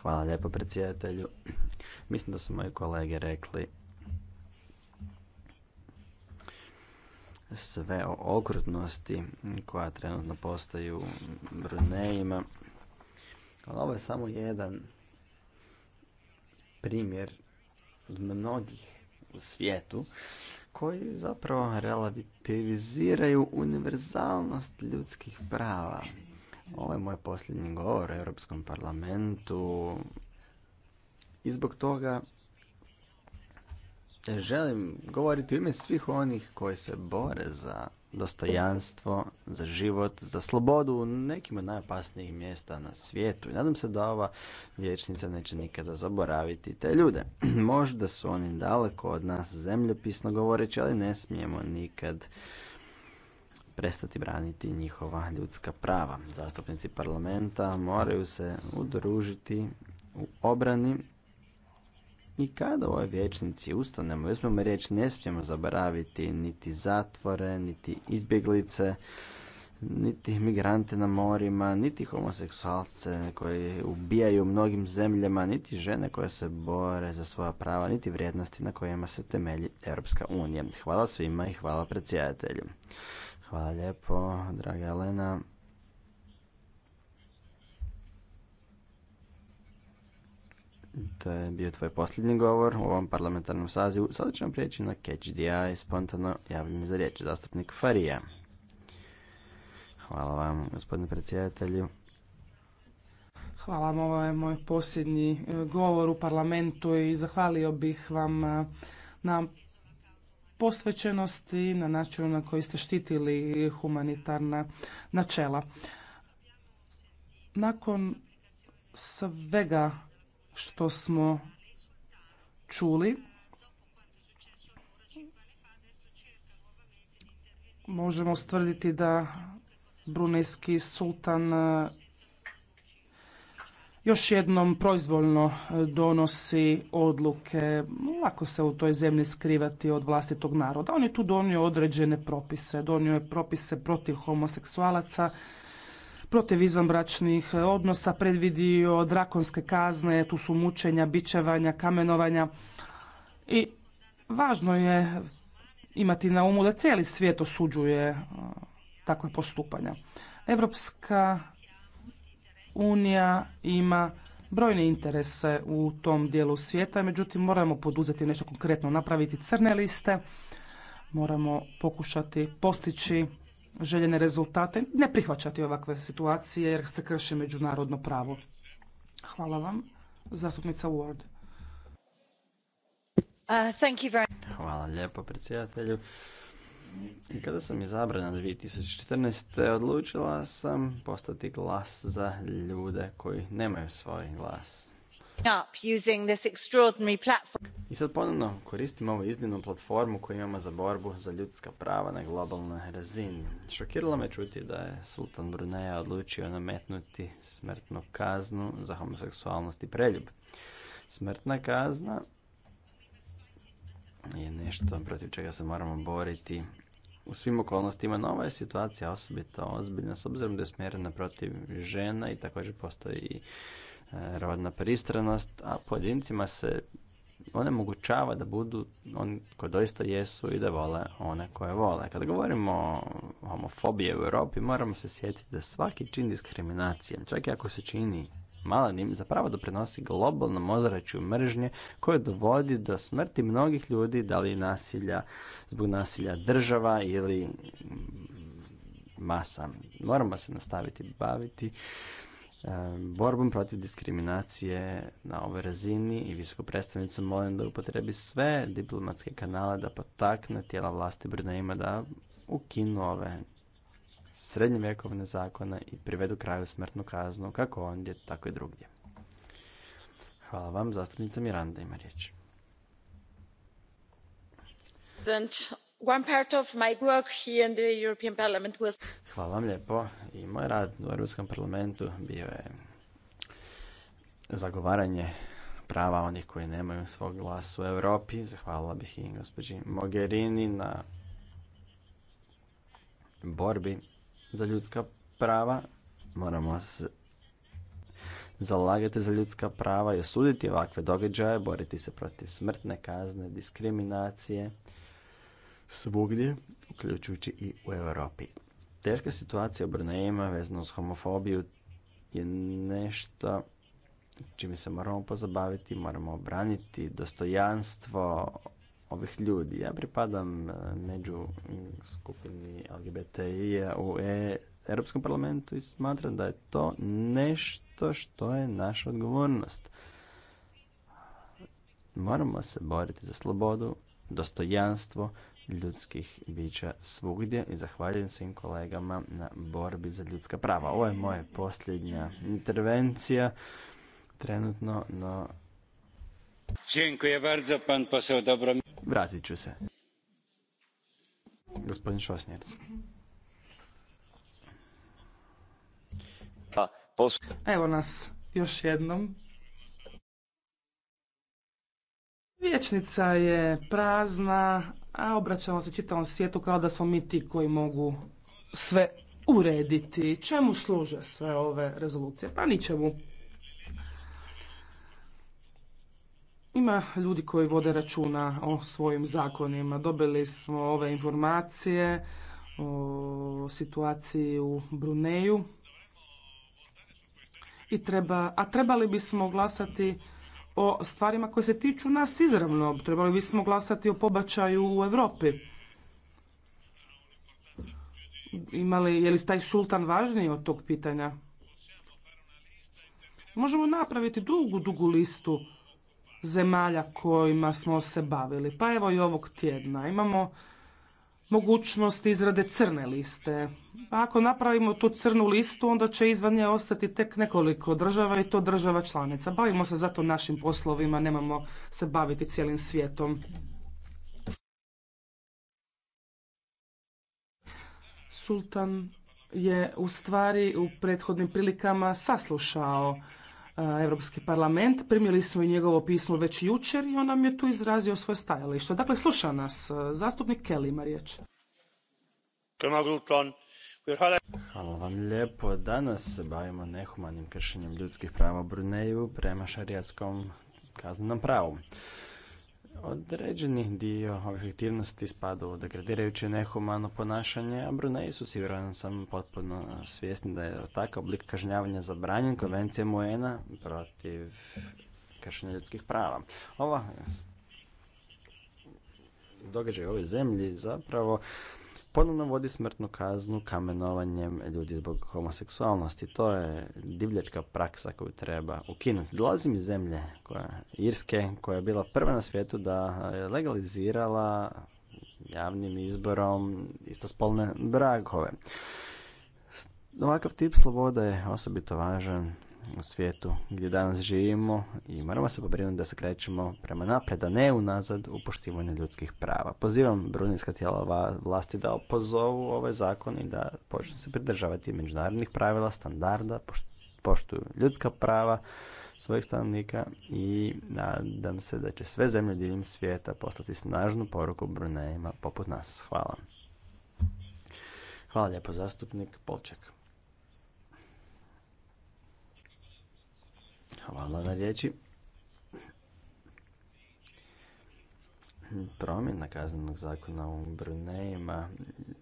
Hvala lijepo predsjedatelju. Mislim da su moji kolege rekli sve o okrutnosti koja trenutno postaju u Brunejima. Ali ovo je samo jedan primjer od mnogih u svijetu koji zapravo relativiziraju univerzalnost ljudskih prava. Ovo je moj posljednji govor u Europskom parlamentu i zbog toga želim govoriti u ime svih onih koji se bore za dostojanstvo, za život, za slobodu u nekim od najopasnijih mjesta na svijetu. I nadam se da ova vječnica neće nikada zaboraviti te ljude. Možda su oni daleko od nas zemljopisno govoreći, ali ne smijemo nikad prestati braniti njihova ljudska prava. Zastupnici parlamenta moraju se udružiti u obrani i kada u ovoj vječnici ustanemo i uzmemo reći ne smijemo zaboraviti niti zatvore, niti izbjeglice, niti migrante na morima, niti homoseksualce koji ubijaju u mnogim zemljama, niti žene koje se bore za svoja prava, niti vrijednosti na kojima se temelji Europska unija. Hvala svima i hvala predsjedatelju. Hvala lijepo, draga Elena. To je bio tvoj posljednji govor u ovom parlamentarnom sazivu. Sada ćemo prijeći na Catch the Eye, spontano javljeni za riječ. Zastupnik Farija. Hvala vam, gospodine predsjedatelju. Hvala vam, ovo je moj posljednji e, govor u parlamentu i zahvalio bih vam e, na posvećenosti, na načinu na koji ste štitili humanitarna načela. Nakon svega što smo čuli možemo ustvrditi da brunejski sultan e, još jednom proizvoljno e, donosi odluke. Lako se u toj zemlji skrivati od vlastitog naroda. On je tu donio određene propise. Donio je propise protiv homoseksualaca, protiv izvanbračnih odnosa predvidio drakonske kazne, tu su mučenja, bičevanja, kamenovanja. I važno je imati na umu da cijeli svijet osuđuje e, takve postupanja. Evropska unija ima brojne interese u tom dijelu svijeta, međutim moramo poduzeti nešto konkretno, napraviti crne liste, moramo pokušati postići željene rezultate, ne prihvaćati ovakve situacije jer se krši međunarodno pravo. Hvala vam. Zastupnica Ward. Uh, Hvala lijepo predsjedatelju. Kada sam izabrana 2014. odlučila sam postati glas za ljude koji nemaju svoj glas. I sad ponovno koristim ovu iznimnu platformu koju imamo za borbu za ljudska prava na globalnoj razini. Šokiralo me čuti da je Sultan Bruneja odlučio nametnuti smrtnu kaznu za homoseksualnost i preljub. Smrtna kazna je nešto protiv čega se moramo boriti u svim okolnostima nova je situacija osobito ozbiljna s obzirom da je smjerena protiv žena i također postoji E, rodna pristranost, a pojedincima se onemogućava da budu oni koji doista jesu i da vole one koje vole. Kada govorimo o homofobiji u Europi, moramo se sjetiti da svaki čin diskriminacije, čak i ako se čini malenim, zapravo doprinosi globalnom ozračju mržnje koje dovodi do smrti mnogih ljudi, da li nasilja, zbog nasilja država ili masa. Moramo se nastaviti baviti borbom protiv diskriminacije na ovoj razini i visoku predstavnicu molim da upotrebi sve diplomatske kanale da potakne tijela vlasti Brunejima da ukinu ove srednjevjekovne zakone i privedu kraju smrtnu kaznu kako ondje, tako i drugdje. Hvala vam, zastupnica Miranda ima riječ. Hvala vam lijepo. I moj rad u Europskom parlamentu bio je zagovaranje prava onih koji nemaju svog glasa u Europi. Zahvalila bih i gospođi Mogherini na borbi za ljudska prava. Moramo se zalagati za ljudska prava i osuditi ovakve događaje, boriti se protiv smrtne kazne, diskriminacije svugdje, uključujući i u Europi. Teška situacija u Brnejima vezano s homofobiju je nešto čime se moramo pozabaviti, moramo obraniti dostojanstvo ovih ljudi. Ja pripadam eh, među skupini LGBTI u e Europskom parlamentu i smatram da je to nešto što je naša odgovornost. Moramo se boriti za slobodu, dostojanstvo, ljudskih bića svugdje i zahvaljujem svim kolegama na borbi za ljudska prava. Ovo je moja posljednja intervencija trenutno, no... Dziękuję bardzo, pan poseł Dobro. Vratit ću se. Gospodin Šosnjerc. Pa, Evo nas još jednom. Vječnica je prazna, a obraćamo se čitavom svijetu kao da smo mi ti koji mogu sve urediti. Čemu služe sve ove rezolucije? Pa ničemu. Ima ljudi koji vode računa o svojim zakonima. Dobili smo ove informacije o situaciji u Bruneju. I treba, a trebali bismo glasati o stvarima koje se tiču nas izravno. Trebali bismo glasati o pobačaju u Europi. Imali, je li taj sultan važniji od tog pitanja? Možemo napraviti dugu, dugu listu zemalja kojima smo se bavili. Pa evo i ovog tjedna imamo mogućnost izrade crne liste. Pa ako napravimo tu crnu listu, onda će izvan nje ostati tek nekoliko država i to država članica. Bavimo se zato našim poslovima, nemamo se baviti cijelim svijetom. Sultan je u stvari u prethodnim prilikama saslušao E, Europski parlament. Primili smo i njegovo pismo već jučer i on nam je tu izrazio svoje stajalište. Dakle, sluša nas. E, zastupnik Kelly ima riječ. Hvala vam lijepo. Danas se bavimo nehumanim kršenjem ljudskih prava u Bruneju prema šarijatskom kaznenom pravu. Određeni dio ovih aktivnosti spada u degradirajuće nehumano ponašanje, a Brunei su siguran sam potpuno svjesni da je takav oblik kažnjavanja zabranjen konvencijom Moena protiv kršenja ljudskih prava. Ova događaj u ovoj zemlji zapravo ponovno vodi smrtnu kaznu kamenovanjem ljudi zbog homoseksualnosti. To je divljačka praksa koju treba ukinuti. Dolazim iz zemlje koja, Irske koja je bila prva na svijetu da je legalizirala javnim izborom istospolne brakove. Ovakav tip sloboda je osobito važan u svijetu gdje danas živimo i moramo se pobrinuti da se krećemo prema naprijed, a ne unazad u poštivanju ljudskih prava. Pozivam brunijska tijela vlasti da opozovu ovaj zakon i da počnu se pridržavati međunarodnih pravila, standarda, poštuju ljudska prava svojih stanovnika i nadam se da će sve zemlje diljem svijeta poslati snažnu poruku bruneima poput nas. Hvala. Hvala lijepo zastupnik Polček. Hvala na riječi. Promjena kaznenog zakona u Brunejima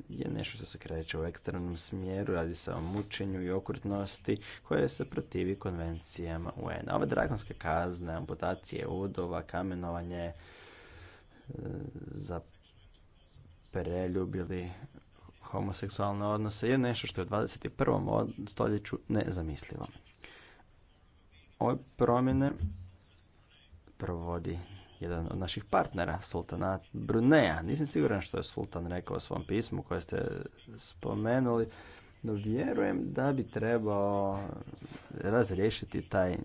je nešto što se kreće u ekstremnom smjeru, radi se o mučenju i okrutnosti koje se protivi konvencijama UN. Ove dragonske kazne, amputacije udova, kamenovanje e, za preljubili homoseksualne odnose je nešto što je u 21. stoljeću nezamislivo. Ove promjene provodi jedan od naših partnera, sultanat Bruneja. Nisam siguran što je sultan rekao u svom pismu koje ste spomenuli, no vjerujem da bi trebao razriješiti taj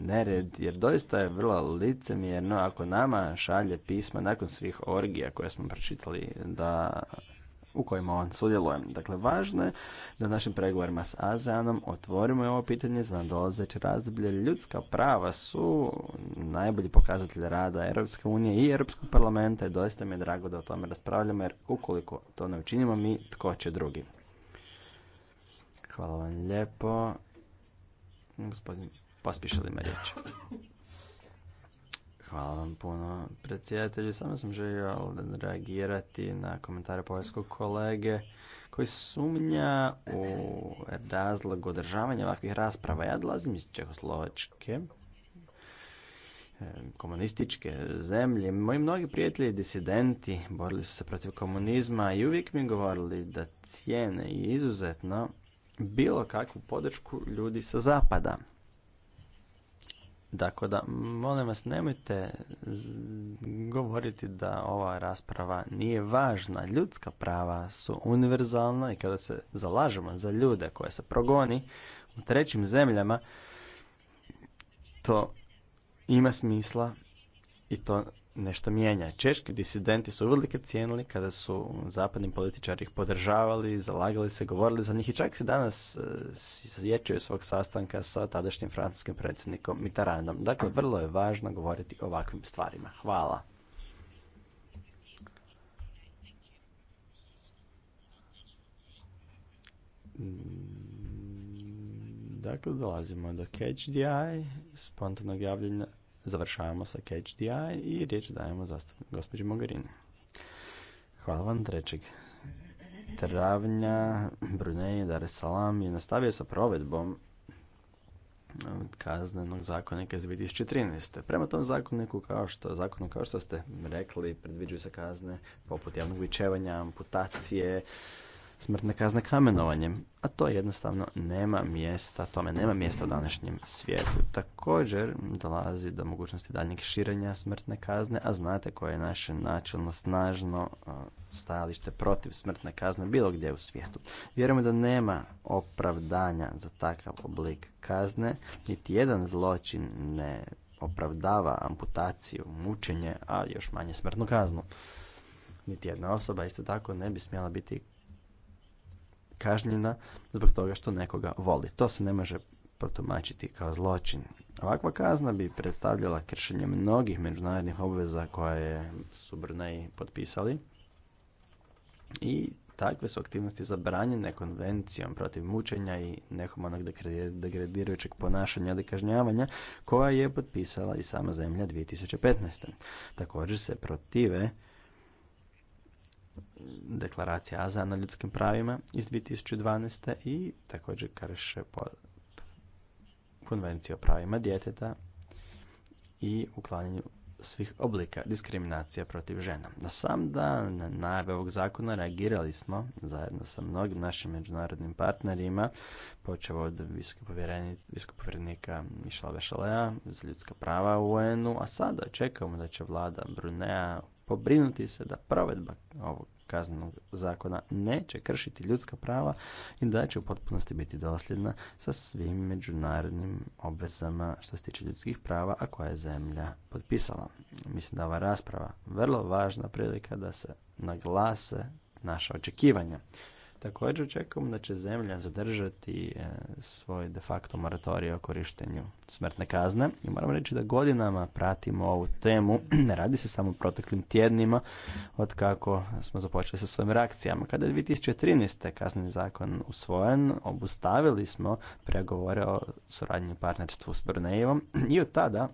nered, jer doista je vrlo licemjerno ako nama šalje pisma nakon svih orgija koje smo pročitali da u kojima on sudjeluje. Dakle, važno je da našim pregovorima s Azeanom otvorimo ovo pitanje za nadolazeće razdoblje. Ljudska prava su najbolji pokazatelj rada Europske unije i Europskog parlamenta i doista mi je drago da o tome raspravljamo jer ukoliko to ne učinimo mi, tko će drugi. Hvala vam lijepo. Gospodin, pospišali me riječ. Hvala vam puno, predsjedatelju. Samo sam želio reagirati na komentare poljskog kolege koji sumnja u razlog održavanja ovakvih rasprava. Ja dolazim iz Čehoslovačke, e, komunističke zemlje. Moji mnogi prijatelji disidenti borili su se protiv komunizma i uvijek mi govorili da cijene i izuzetno bilo kakvu podršku ljudi sa zapada. Tako da, molim vas, nemojte govoriti da ova rasprava nije važna. Ljudska prava su univerzalna i kada se zalažemo za ljude koje se progoni u trećim zemljama, to ima smisla i to nešto mijenja. Češki disidenti su uvelike cijenili kada su zapadni političari ih podržavali, zalagali se, govorili za njih i čak se danas e, sjećaju svog sastanka sa tadašnjim francuskim predsjednikom Mitterrandom. Dakle, vrlo je važno govoriti o ovakvim stvarima. Hvala. Mm, dakle, dolazimo do KDi, spontanog javljanja završavamo sa Catch i riječ dajemo zastupnik gospođi Mogherini. Hvala vam, trećeg travnja Brunei Dar es Salaam je nastavio sa provedbom kaznenog zakonika iz 2013. Prema tom zakoniku, kao što, zakonu, kao što ste rekli, predviđuju se kazne poput javnog vičevanja, amputacije, smrtne kazne kamenovanjem, a to jednostavno nema mjesta, tome nema mjesta u današnjem svijetu. Također dolazi do mogućnosti daljnjeg širenja smrtne kazne, a znate koje je naše načelno snažno stajalište protiv smrtne kazne bilo gdje u svijetu. Vjerujemo da nema opravdanja za takav oblik kazne, niti jedan zločin ne opravdava amputaciju, mučenje, a još manje smrtnu kaznu. Niti jedna osoba isto tako ne bi smjela biti kažnjena zbog toga što nekoga voli. To se ne može protumačiti kao zločin. Ovakva kazna bi predstavljala kršenje mnogih međunarodnih obveza koje su Brunei potpisali i takve su aktivnosti zabranjene konvencijom protiv mučenja i onog degradirajućeg ponašanja ili kažnjavanja koja je potpisala i sama zemlja 2015. Također se protive deklaracija AZA na ljudskim pravima iz 2012. i također krše konvenciju o pravima djeteta i uklanjanju svih oblika diskriminacija protiv žena. Na sam dan najave ovog zakona reagirali smo zajedno sa mnogim našim međunarodnim partnerima, počeo od viskopovjerenika Mišla Vešalea za ljudska prava u UN-u, a sada čekamo da će vlada Brunea pobrinuti se da provedba ovog kaznenog zakona neće kršiti ljudska prava i da će u potpunosti biti dosljedna sa svim međunarodnim obvezama što se tiče ljudskih prava, a koja je zemlja potpisala. Mislim da ova rasprava vrlo važna prilika da se naglase naša očekivanja. Također očekujemo da će zemlja zadržati e, svoj de facto moratorij o korištenju smrtne kazne. I moram reći da godinama pratimo ovu temu, ne radi se samo o proteklim tjednima, od kako smo započeli sa svojim reakcijama. Kada je 2013. kazneni zakon usvojen, obustavili smo pregovore o suradnju partnerstvu s Brnejevom i od tada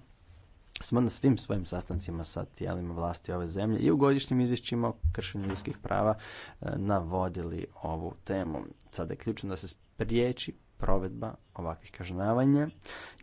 smo na svim svojim sastancima sa tijelima vlasti ove zemlje i u godišnjim izvješćima o kršenju ljudskih prava e, navodili ovu temu. Sada je ključno da se spriječi provedba ovakvih kažnjavanja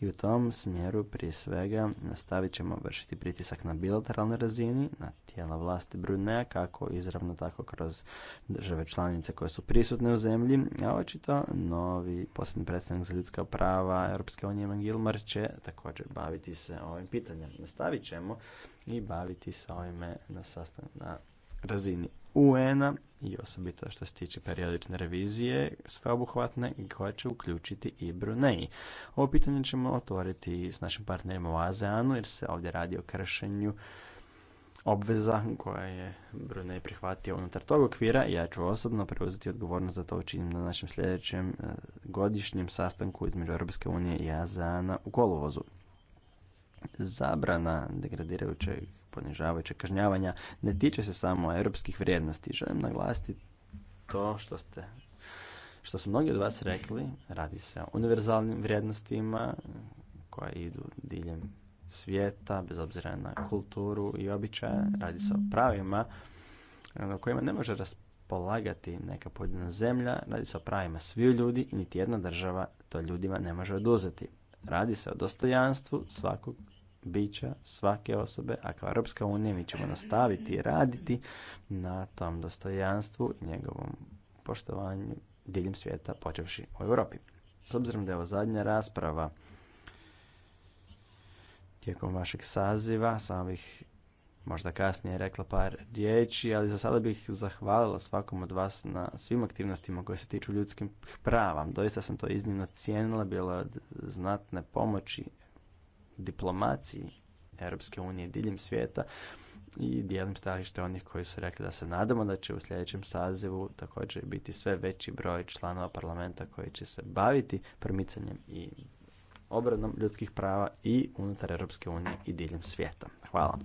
i u tom smjeru prije svega nastavit ćemo vršiti pritisak na bilateralnoj razini, na tijela vlasti Brunea, kako izravno tako kroz države članice koje su prisutne u zemlji, a očito novi posebni predstavnik za ljudska prava Europske unije Ivan Gilmar će također baviti se ovim pitanjem. Nastavit ćemo i baviti se ovime na, sastav, na razini un i osobito što se tiče periodične revizije sveobuhvatne i koja će uključiti i Brunei. Ovo pitanje ćemo otvoriti s našim partnerima u Azeanu, jer se ovdje radi o kršenju obveza koja je Brunei prihvatio unutar tog okvira. Ja ću osobno preuzeti odgovornost za to učinim na našem sljedećem e, godišnjem sastanku između Europske unije i Azeana u kolovozu. Zabrana degradirajućeg ponižavajućeg kažnjavanja ne tiče se samo europskih vrijednosti. Želim naglasiti to što ste što su mnogi od vas rekli, radi se o univerzalnim vrijednostima koje idu diljem svijeta, bez obzira na kulturu i običaje, radi se o pravima na kojima ne može raspolagati neka pojedina zemlja, radi se o pravima sviju ljudi i niti jedna država to ljudima ne može oduzeti. Radi se o dostojanstvu svakog bića svake osobe, a kao Europska unija mi ćemo nastaviti raditi na tom dostojanstvu i njegovom poštovanju diljem svijeta, počevši u Europi. S obzirom da je ovo zadnja rasprava tijekom vašeg saziva, samo bih možda kasnije rekla par riječi, ali za sada bih zahvalila svakom od vas na svim aktivnostima koje se tiču ljudskim prava. Doista sam to iznimno cijenila, bilo je od znatne pomoći diplomaciji Europske unije diljem svijeta i dijelim stajalište onih koji su rekli da se nadamo da će u sljedećem sazivu također biti sve veći broj članova parlamenta koji će se baviti promicanjem i obranom ljudskih prava i unutar Europske unije i diljem svijeta. Hvala.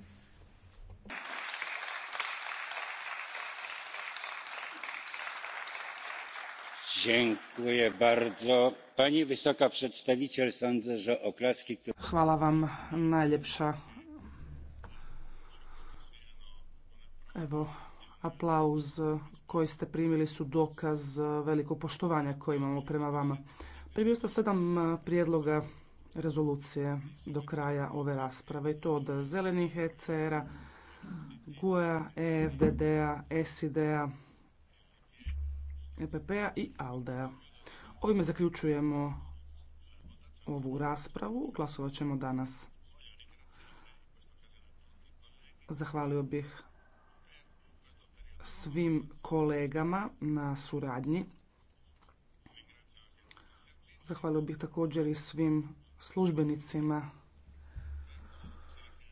Hvala vam najljepša. Evo, aplauz koji ste primili su dokaz veliko poštovanja koje imamo prema vama. Primio sam sedam prijedloga rezolucije do kraja ove rasprave i to od zelenih ECR-a, GUA, EFDD-a, SID-a, EPP-a i ALDE-a. Ovime zaključujemo ovu raspravu. Glasovat ćemo danas. Zahvalio bih svim kolegama na suradnji. Zahvalio bih također i svim službenicima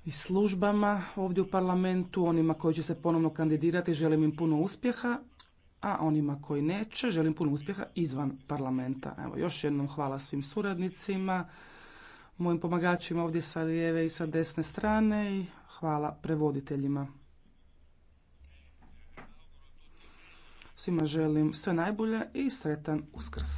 i službama ovdje u parlamentu, onima koji će se ponovno kandidirati. Želim im puno uspjeha a onima koji neće želim puno uspjeha izvan parlamenta. Evo, još jednom hvala svim suradnicima, mojim pomagačima ovdje sa lijeve i sa desne strane i hvala prevoditeljima. Svima želim sve najbolje i sretan uskrs.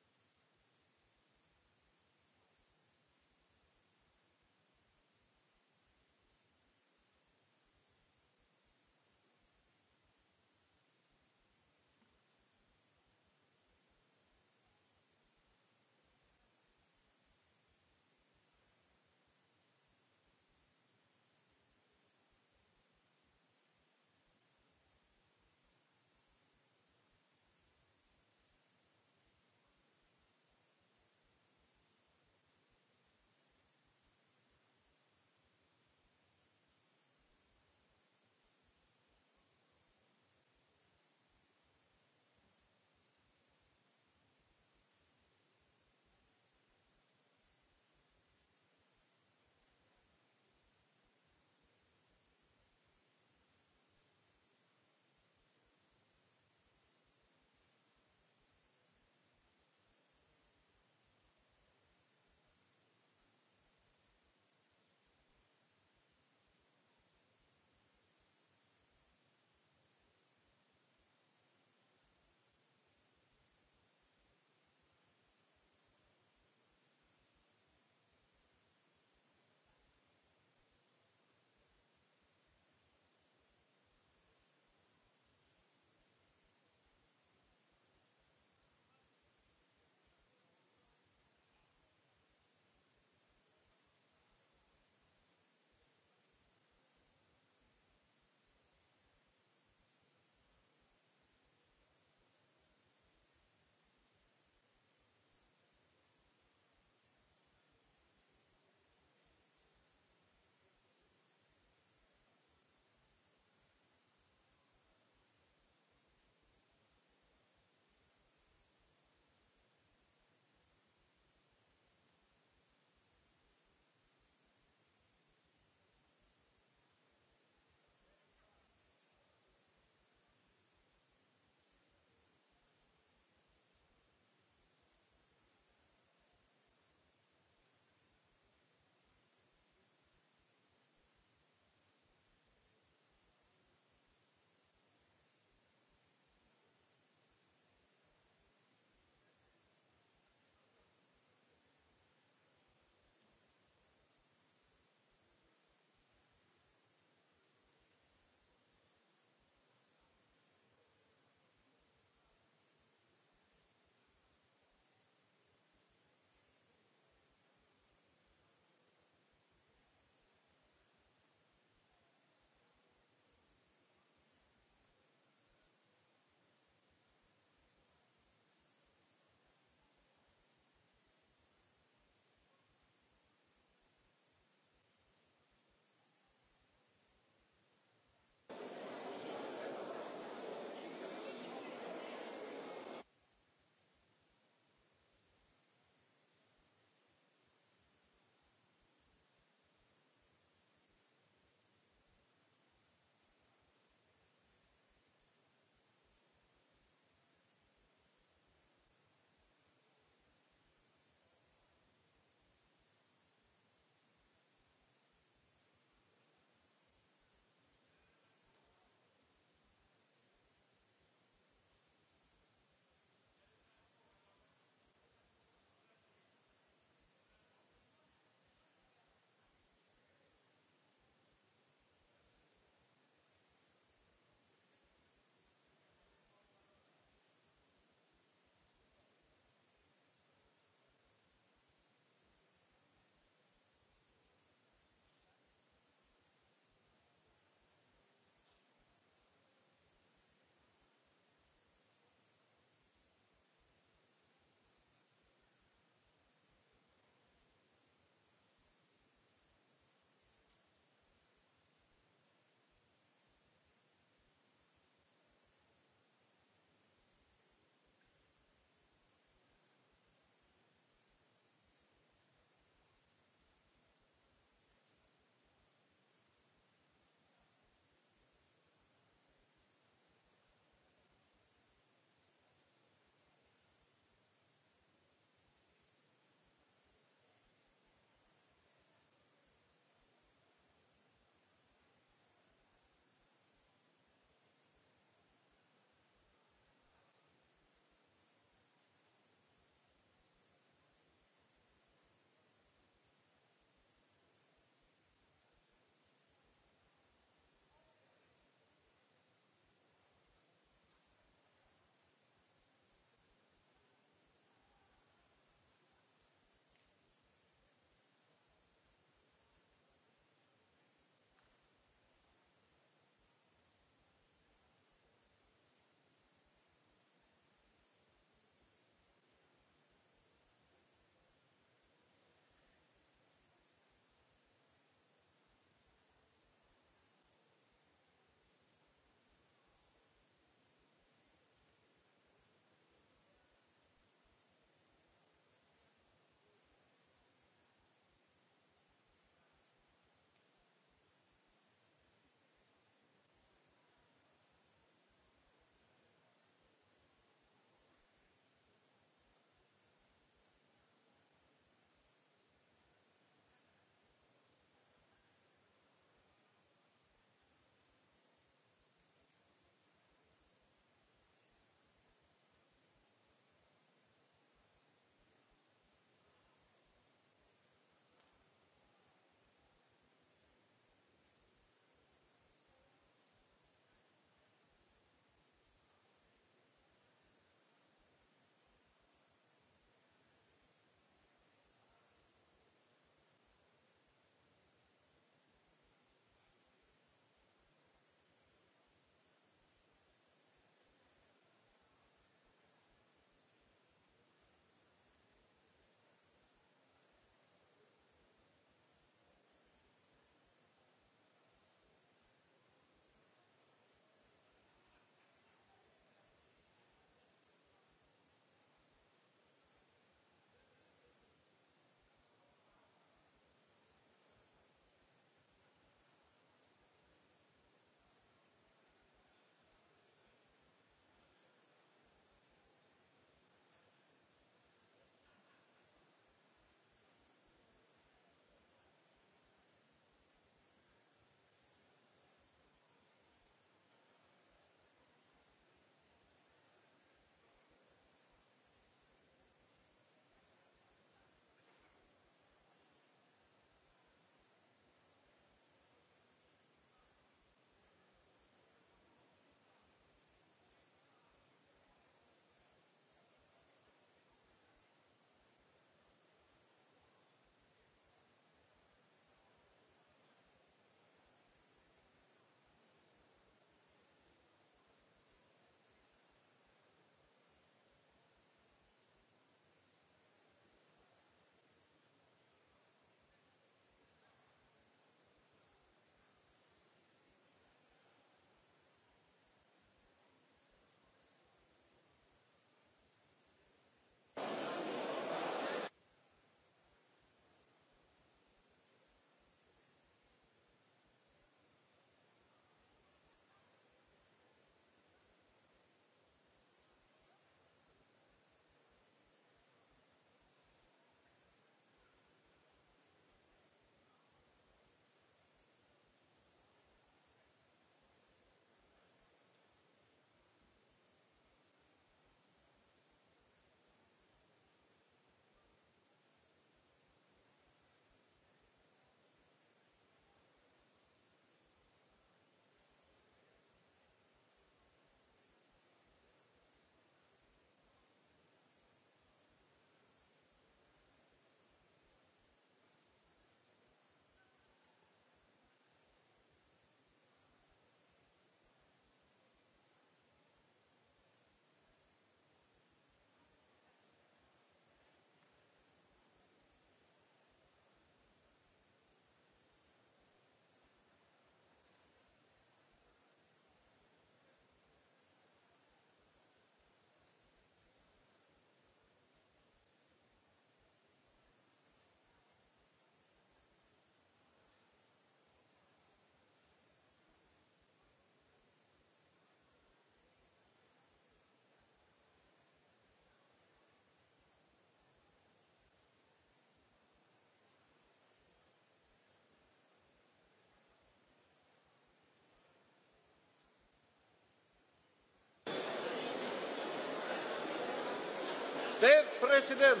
Der Präsident!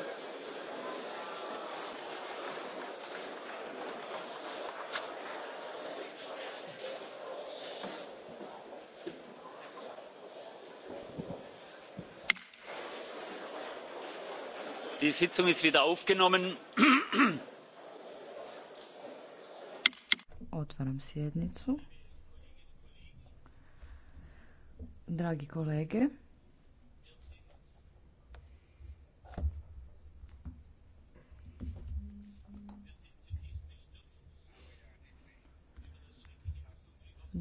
Die Sitzung ist wieder aufgenommen. Otvaram sjednicu. Dragi kolege,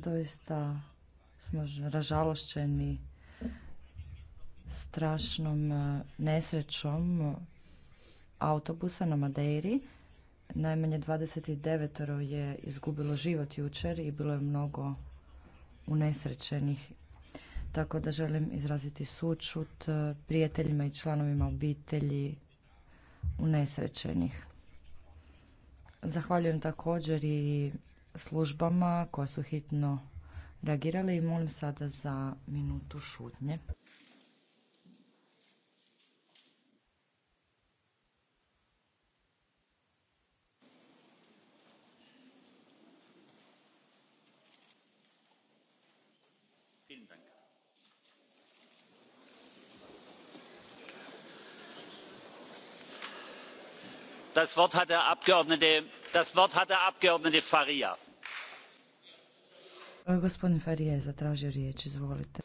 Doista smo ražalošćeni strašnom e, nesrećom autobusa na Madeiri. Najmanje 29 je izgubilo život jučer i bilo je mnogo unesrećenih. Tako da želim izraziti sučut e, prijateljima i članovima obitelji unesrećenih. Zahvaljujem također i službama koje su hitno reagirale i molim sada za minutu šutnje. Das Wort hat der Abgeordnete, das Wort hat der Abgeordnete Faria. E, gospodin Farije zatražio riječ, izvolite.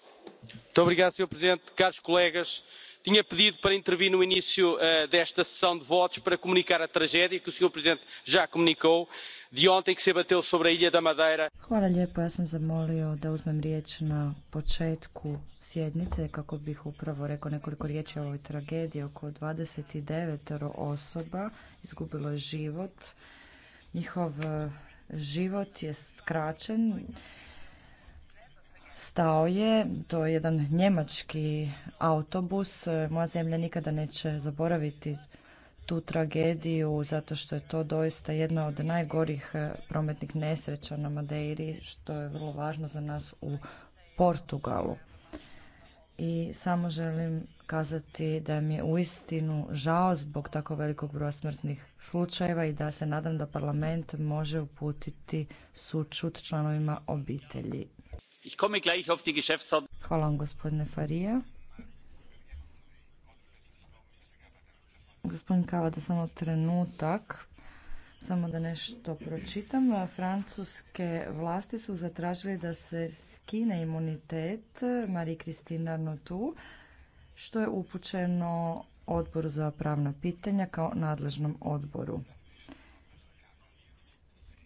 Obrigado, Sr. Presidente. Caros colegas, tinha pedido para intervir no início eh, desta sessão de votos para comunicar a tragédia que o Sr. Presidente já comunicou de ontem que se abateu sobre a Ilha da Madeira. Hvala lijepo, ja sam zamolio da uzmem riječ na početku sjednice kako bih upravo rekao nekoliko riječi o ovoj tragediji. Oko 29 osoba izgubilo je život. Njihov eh, život je skraćen stao je, to je jedan njemački autobus. Moja zemlja nikada neće zaboraviti tu tragediju zato što je to doista jedna od najgorih e, prometnih nesreća na Madeiri što je vrlo važno za nas u Portugalu. I samo želim kazati da mi je uistinu žao zbog tako velikog broja smrtnih slučajeva i da se nadam da parlament može uputiti sučut članovima obitelji Hvala vam gospodine Farija. Gospodin Kavada, samo trenutak. Samo da nešto pročitam. Francuske vlasti su zatražili da se skine imunitet Marije Kristinarno tu, što je upućeno odboru za pravna pitanja kao nadležnom odboru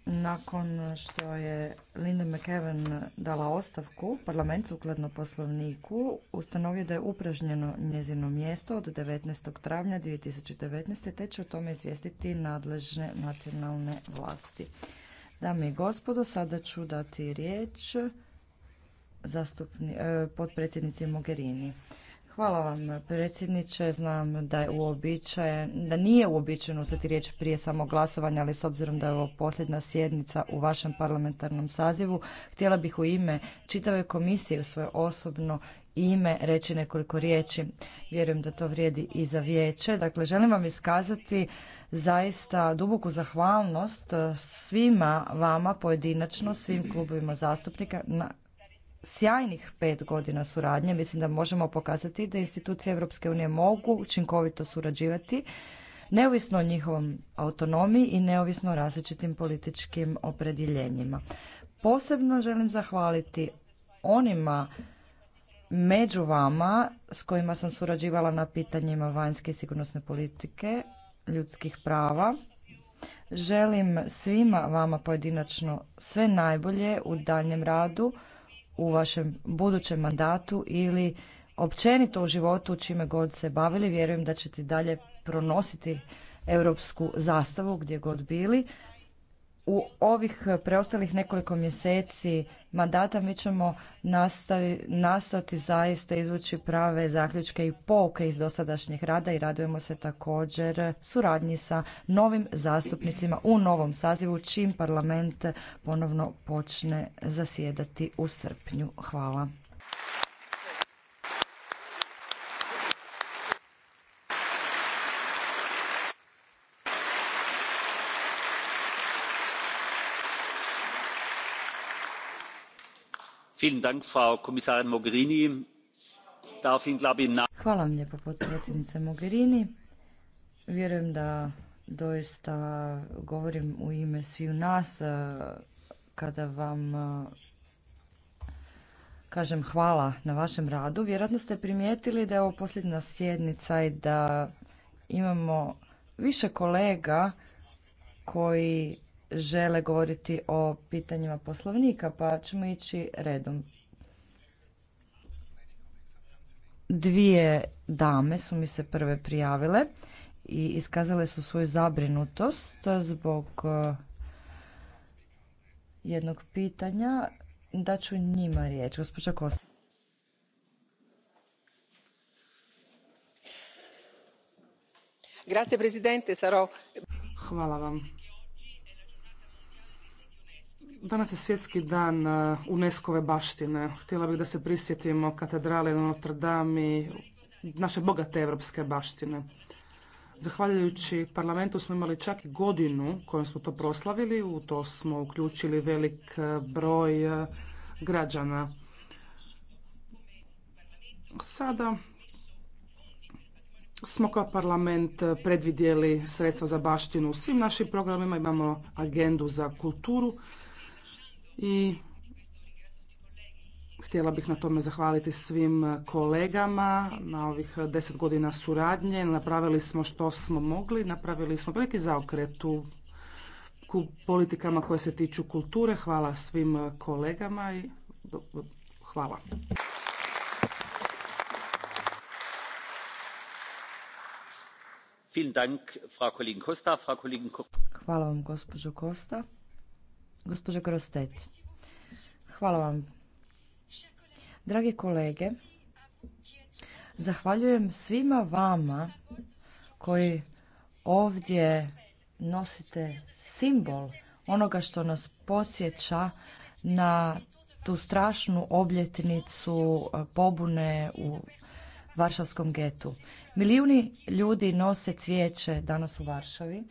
nakon što je Linda McEwen dala ostavku, parlament sukladno poslovniku ustanovio da je upražnjeno njezino mjesto od 19. travnja 2019. te će o tome izvijestiti nadležne nacionalne vlasti. Dame i gospodo, sada ću dati riječ zastupni, eh, potpredsjednici Mogherini. Hvala vam predsjedniče. Znam da je uobičajeno, da nije uobičajeno uzeti riječ prije samog glasovanja, ali s obzirom da je ovo posljedna sjednica u vašem parlamentarnom sazivu, htjela bih u ime čitave komisije u svoje osobno ime reći nekoliko riječi. Vjerujem da to vrijedi i za vijeće. Dakle, želim vam iskazati zaista duboku zahvalnost svima vama pojedinačno, svim klubovima zastupnika na sjajnih pet godina suradnje. Mislim da možemo pokazati da institucije Europske unije mogu učinkovito surađivati neovisno o njihovom autonomiji i neovisno o različitim političkim opredjeljenjima. Posebno želim zahvaliti onima među vama s kojima sam surađivala na pitanjima vanjske i sigurnosne politike, ljudskih prava. Želim svima vama pojedinačno sve najbolje u daljem radu u vašem budućem mandatu ili općenito u životu čime god se bavili. Vjerujem da ćete dalje pronositi europsku zastavu gdje god bili u ovih eh, preostalih nekoliko mjeseci mandata mi ćemo nastavi, nastojati zaista izvući prave zaključke i pouke iz dosadašnjih rada i radujemo se također suradnji sa novim zastupnicima u novom sazivu čim parlament ponovno počne zasjedati u srpnju. Hvala. Hvala vam lijepo potpredsjednice Mogherini. Vjerujem da doista govorim u ime sviju nas eh, kada vam eh, kažem hvala na vašem radu. Vjerojatno ste primijetili da je ovo posljednja sjednica i da imamo više kolega koji žele govoriti o pitanjima poslovnika, pa ćemo ići redom. Dvije dame su mi se prve prijavile i iskazale su svoju zabrinutost zbog e, jednog pitanja. Da ću njima riječ, gospođa Kosta. Grazie, Presidente, sarò... Hvala vam Danas je svjetski dan uh, UNESCO-ve baštine. Htjela bih da se prisjetimo katedrale Notre Dame i naše bogate evropske baštine. Zahvaljujući parlamentu smo imali čak i godinu kojom smo to proslavili. U to smo uključili velik uh, broj uh, građana. Sada smo kao parlament predvidjeli sredstva za baštinu u svim našim programima. Imamo agendu za kulturu i Htjela bih na tome zahvaliti svim kolegama na ovih deset godina suradnje. Napravili smo što smo mogli, napravili smo veliki zaokret u politikama koje se tiču kulture. Hvala svim kolegama i hvala. Hvala vam, gospođo Kosta. Gospođo Grostet, hvala vam. Drage kolege, zahvaljujem svima vama koji ovdje nosite simbol onoga što nas podsjeća na tu strašnu obljetnicu pobune u Varšavskom getu. Milijuni ljudi nose cvijeće danas u Varšavi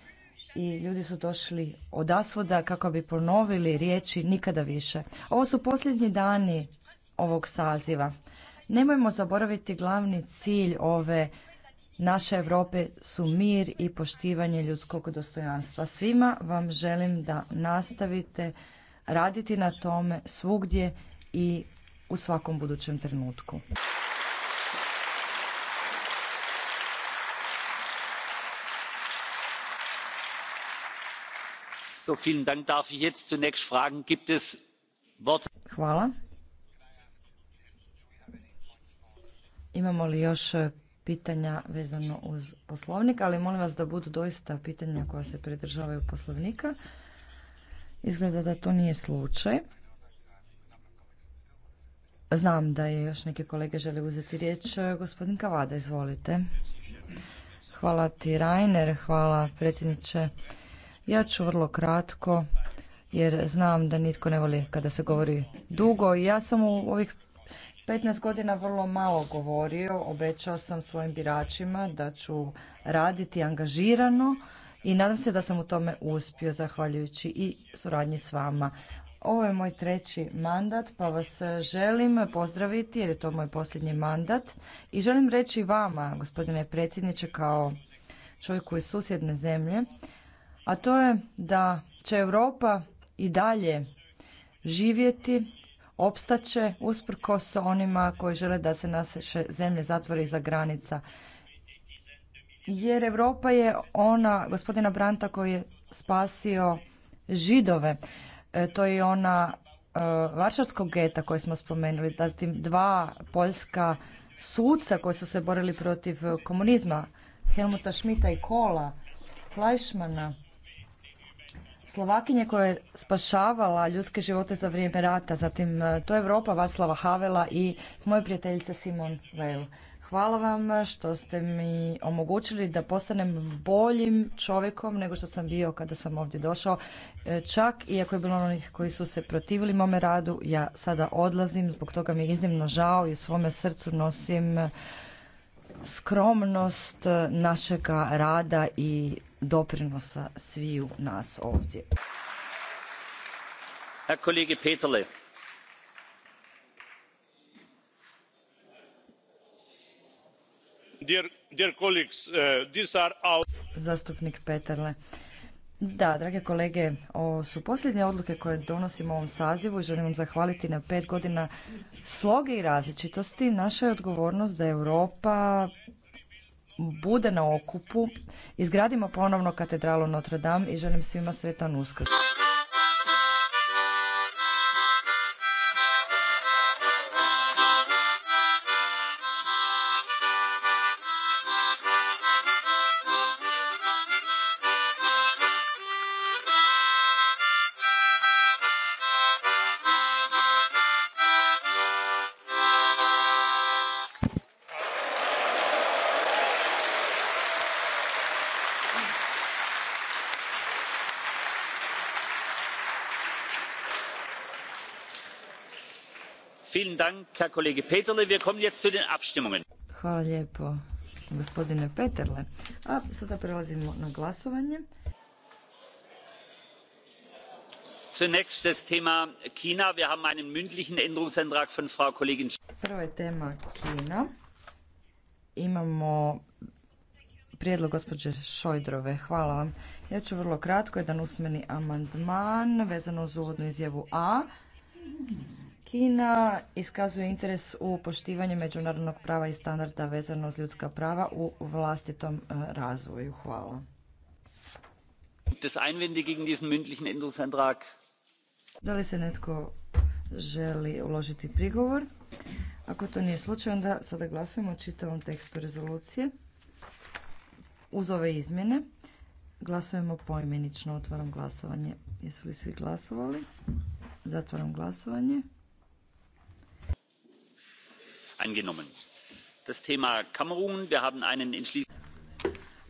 i ljudi su došli od asvoda kako bi ponovili riječi nikada više. Ovo su posljednji dani ovog saziva. Nemojmo zaboraviti glavni cilj ove naše Europe su mir i poštivanje ljudskog dostojanstva. Svima vam želim da nastavite raditi na tome svugdje i u svakom budućem trenutku. Hvala. Imamo li još e, pitanja vezano uz poslovnik, ali molim vas da budu doista pitanja koja se pridržavaju poslovnika. Izgleda da to nije slučaj. Znam da je još neke kolege žele uzeti riječ. E, gospodin Kavada, izvolite. Hvala ti, Rainer. Hvala, predsjedniče. Ja ću vrlo kratko, jer znam da nitko ne voli kada se govori dugo. ja sam u ovih 15 godina vrlo malo govorio. Obećao sam svojim biračima da ću raditi angažirano i nadam se da sam u tome uspio zahvaljujući i suradnji s vama. Ovo je moj treći mandat, pa vas želim pozdraviti jer je to moj posljednji mandat i želim reći vama, gospodine predsjedniče, kao čovjeku iz susjedne zemlje, a to je da će Europa i dalje živjeti, opstaće usprkos onima koji žele da se naše zemlje zatvore iza granica. Jer Europa je ona gospodina Branta koji je spasio židove. E, to je ona e, geta koji smo spomenuli, zatim dva poljska suca koji su se borili protiv komunizma, Helmuta Šmita i Kola, Fleischmana. Slovakinje koja je spašavala ljudske živote za vrijeme rata, zatim e, to je Europa Vaclava Havela i moja prijateljica Simon Weil. Hvala vam što ste mi omogućili da postanem boljim čovjekom nego što sam bio kada sam ovdje došao. E, čak iako je bilo onih koji su se protivili mome radu, ja sada odlazim, zbog toga mi je iznimno žao i u svome srcu nosim skromnost e, našega rada i doprinosa sviju nas ovdje. Uh, Zastupnik Peterle. Da, drage kolege, ovo su posljednje odluke koje donosimo u ovom sazivu i želim vam zahvaliti na pet godina sloge i različitosti. Naša je odgovornost da Europa bude na okupu, izgradimo ponovno katedralu Notre Dame i želim svima sretan uskrs. Hvala lijepo, gospodine Peterle. A sada prelazimo na glasovanje. Zunächst das Thema China. Wir haben einen mündlichen Änderungsantrag von Frau Kollegin. Prva je tema Kina. Imamo prijedlog gospođe Šojdrove. Hvala vam. Ja ću vrlo kratko, jedan usmeni amandman vezano uz uvodnu izjavu A. Kina iskazuje interes u poštivanju međunarodnog prava i standarda vezano uz ljudska prava u vlastitom e, razvoju. Hvala. Da li se netko želi uložiti prigovor? Ako to nije slučaj, onda sada glasujemo o čitavom tekstu rezolucije. Uz ove izmjene glasujemo poimenično. Otvaram glasovanje. Jesu li svi glasovali? Zatvaram glasovanje angenommen.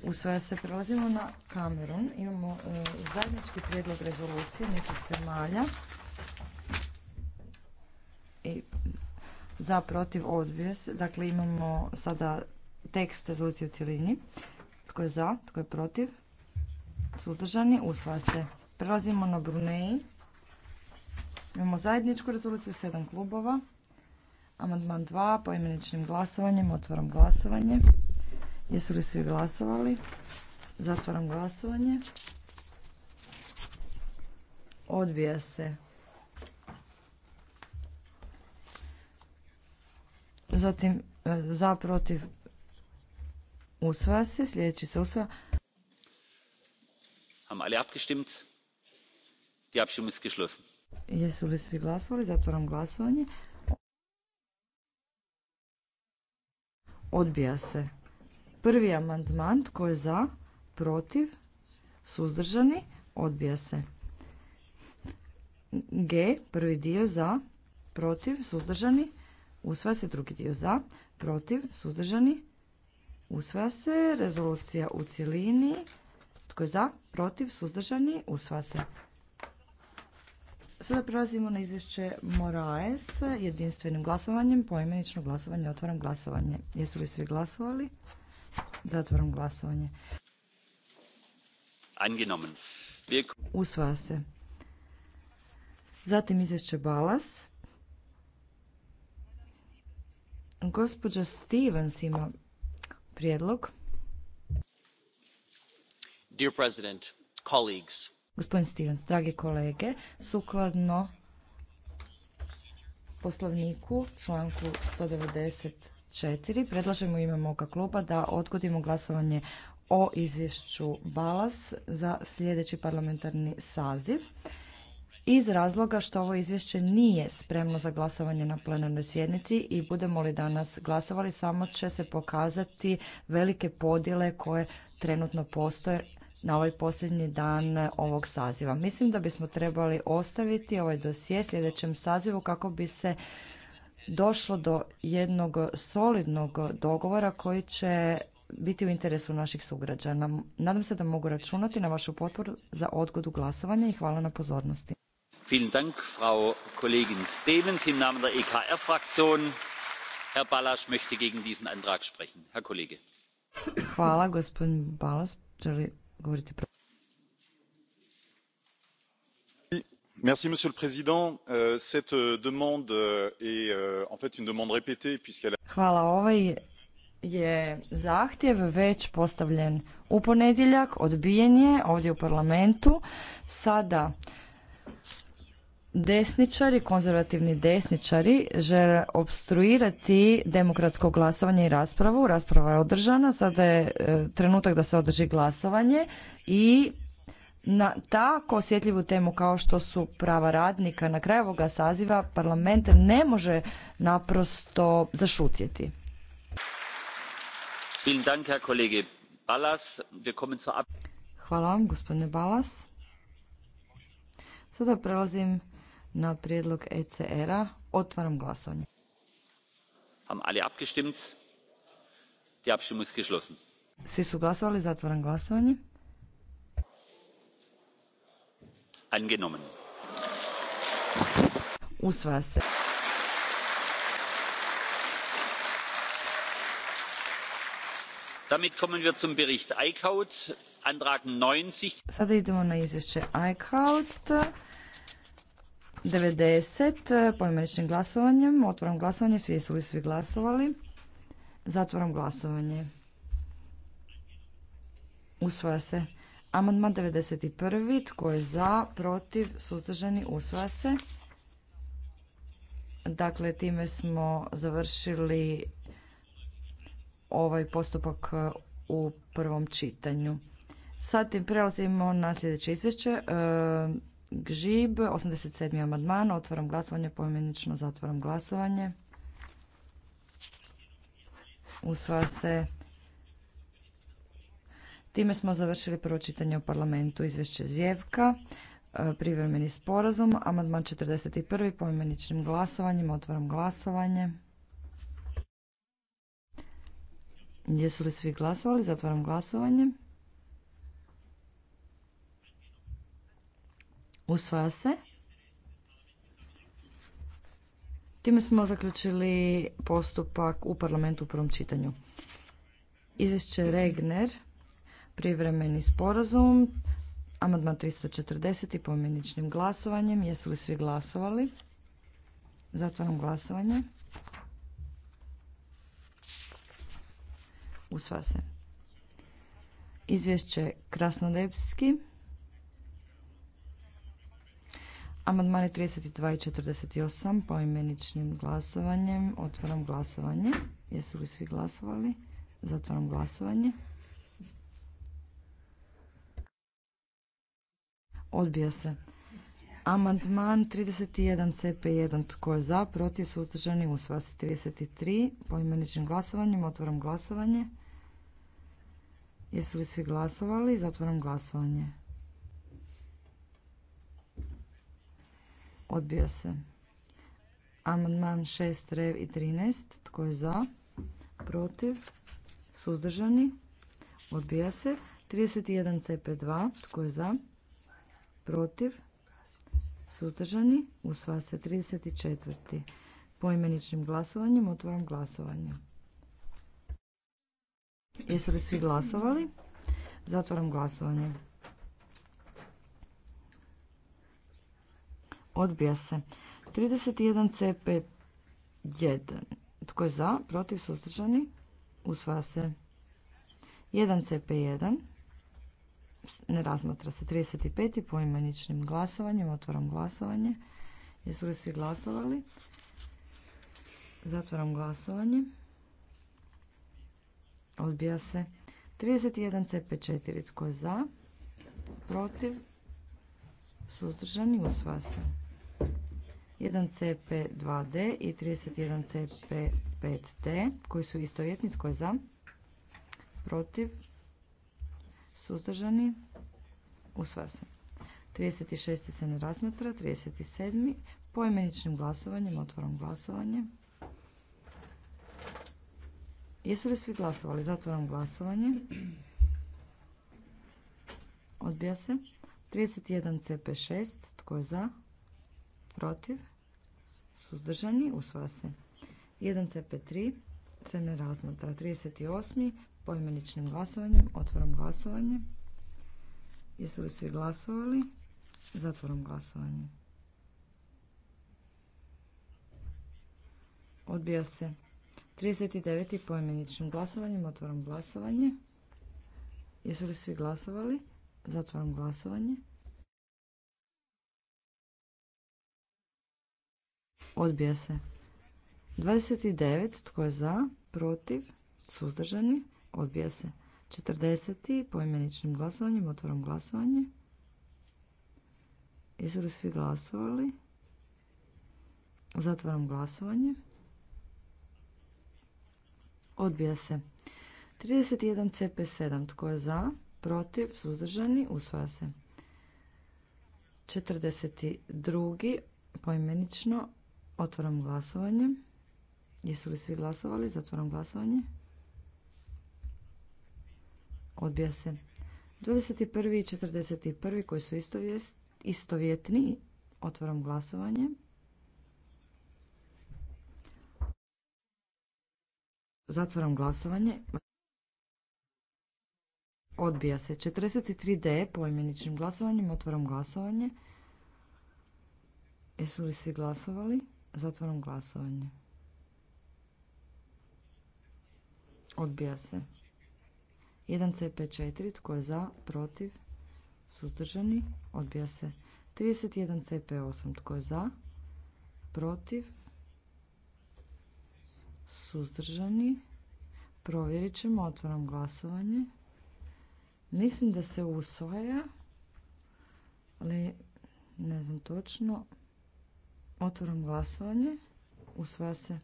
Usvaja se, prelazimo na Kamerun. Imamo e, zajednički prijedlog rezolucije nekih zemalja. I za, protiv, odbije se. Dakle, imamo sada tekst rezolucije u cjelini. Tko je za, tko je protiv? Suzdržani, usvaja se. Prelazimo na Brunei. Imamo zajedničku rezoluciju sedam klubova. Amandman 2 poimeničnim glasovanjem. Otvaram glasovanje. Jesu li svi glasovali? Zatvaram glasovanje. Odbija se. Zatim e, za protiv usvaja se. Sljedeći se usvaja. Haben alle abgestimmt? Die Abstimmung ist geschlossen. Jesu li svi glasovali? Zatvaram glasovanje. Odbija se. Prvi amandman, tko je za, protiv, suzdržani, odbija se. G, prvi dio za, protiv, suzdržani, usvaja se drugi dio za, protiv, suzdržani, usvaja se rezolucija u cjelini. Tko je za, protiv, suzdržani, usvaja se. Sada prelazimo na izvješće Moraes jedinstvenim glasovanjem, poimenično glasovanje, otvaram glasovanje. Jesu li svi glasovali? Zatvaram glasovanje. Angenomen. Usvaja se. Zatim izvješće Balas. Gospođa Stevens ima prijedlog. Dear President, colleagues, Gospodin Stevens, dragi kolege, sukladno poslovniku članku 194 predlažemo ime moga kluba da odgodimo glasovanje o izvješću Balas za sljedeći parlamentarni saziv iz razloga što ovo izvješće nije spremno za glasovanje na plenarnoj sjednici i budemo li danas glasovali samo će se pokazati velike podjele koje trenutno postoje na ovaj posljednji dan ovog saziva. Mislim da bismo trebali ostaviti ovaj dosje sljedećem sazivu kako bi se došlo do jednog solidnog dogovora koji će biti u interesu naših sugrađana. Nadam se da mogu računati na vašu potporu za odgodu glasovanja i hvala na pozornosti. Hvala, gospodin Balas. Želi govoriti pro... Monsieur le Président. Euh, cette euh, demande euh, est en fait une demande répétée puisqu'elle... Hvala. Ovaj je zahtjev već postavljen u ponedjeljak, odbijen je ovdje u parlamentu. Sada desničari, konzervativni desničari žele obstruirati demokratsko glasovanje i raspravu. Rasprava je održana, sada je e, trenutak da se održi glasovanje i na tako osjetljivu temu kao što su prava radnika na kraju ovoga saziva parlament ne može naprosto zašutjeti. Hvala vam, gospodine Balas. Sada prelazim na prijedlog ECR-a. Otvaram glasovanje. Haben alle abgestimmt? Die Abstimmung ist geschlossen. Svi su glasovali, zatvaram glasovanje. Angenommen. Usvaja se. Damit kommen wir zum Bericht Eickhout, Antrag 90. Sada idemo na izvješće Eickhout. 90 eh, pojmeničnim glasovanjem. Otvaram glasovanje. Svi su li svi glasovali? Zatvaram glasovanje. Usvaja se. Amandman 91. Tko je za, protiv, suzdržani, usvaja se. Dakle, time smo završili ovaj postupak eh, u prvom čitanju. Sad prelazimo na sljedeće izvješće. Eh, Gžib, 87. amandman, otvaram glasovanje, pojmenično zatvaram glasovanje. Usvaja se. Time smo završili prvo čitanje u parlamentu izvješće Zjevka, e, privremeni sporazum, amandman 41. pojmeničnim glasovanjem, otvaram glasovanje. Jesu li svi glasovali? Zatvaram glasovanje. Usvaja se. Time smo zaključili postupak u parlamentu u prvom čitanju. Izvješće Regner, privremeni sporazum, amandman 340 i pomjeničnim glasovanjem. Jesu li svi glasovali? Zatvaram glasovanje. Usva se. Izvješće Krasnodepski. Amandmani 32 i 48 poimeničnim glasovanjem. Otvaram glasovanje. Jesu li svi glasovali? Zatvaram glasovanje. Odbija se. Amandman 31 CP1. Tko je za? Protiv? Suzdržani? u svasti 33. Poimeničnim glasovanjem. Otvaram glasovanje. Jesu li svi glasovali? Zatvaram glasovanje. Odbija se. Amandman 6, rev i 13. Tko je za? Protiv? Suzdržani? Odbija se. 31 CP2. Tko je za? Protiv? Suzdržani? Usva se. 34. Poimeničnim glasovanjem otvaram glasovanje. Jesu li svi glasovali? Zatvaram glasovanje. Odbija se. 31 CP1. Tko je za? Protiv? Suzdržani? Usvaja se. 1 CP1. Ne razmatra se. 35. I poimeničnim glasovanjem. Otvoram glasovanje. Jesu li svi glasovali? Zatvaram glasovanje. Odbija se. 31 CP4. Tko je za? Protiv? Suzdržani? Usvaja se. 1CP2D i 31CP5T koji su istovjetni. Tko je za? Protiv? Suzdržani? usvar se. 36. se ne razmatra. 37. Poimeničnim glasovanjem otvorom glasovanje. Jesu li svi glasovali? Zatvaram glasovanje. Odbija se. 31 CP6. Tko je za? Protiv? suzdržani, usvaja se. 1 CP3 se ne razmatra. 38. poimeničnim glasovanjem, otvorom glasovanje. Jesu li svi glasovali? Zatvorom glasovanje. Odbija se. 39. poimeničnim glasovanjem, otvorom glasovanje. Jesu li svi glasovali? Zatvorom glasovanje. Odbija se. 29. Tko je za? Protiv? Suzdržani? Odbija se. 40. Poimeničnim glasovanjem. Otvorom glasovanje. Jesu li svi glasovali? Zatvaram glasovanje. Odbija se. 31 CP7. Tko je za? Protiv? Suzdržani? Usvaja se. 42. Poimenično Otvaram glasovanje. Jesu li svi glasovali? Zatvaram glasovanje. Odbija se. 21. i 41. koji su istovjetni. Otvaram glasovanje. Zatvaram glasovanje. Odbija se. 43D poimeničnim glasovanjem. Otvaram glasovanje. Jesu li svi glasovali? Zatvaram glasovanje. Odbija se. 1CP4, tko je za, protiv, suzdržani, odbija se. 31CP8, tko je za, protiv, suzdržani, provjerit ćemo, otvorom glasovanje. Mislim da se usvaja, ali ne znam točno. Otvaram glasovanje. Usvaja se.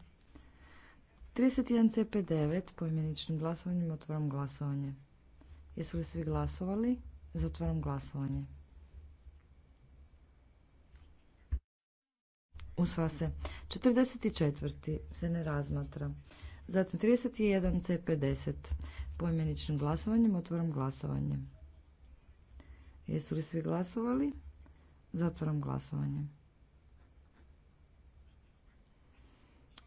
31 CP9 poimeničnim glasovanjem Otvaram glasovanje. Jesu li svi glasovali? Zatvaram glasovanje. Usva se. 44. se ne razmatra. Zatim 31 C50. Poimeničnim glasovanjem otvaram glasovanje. Jesu li svi glasovali? Zatvaram glasovanje.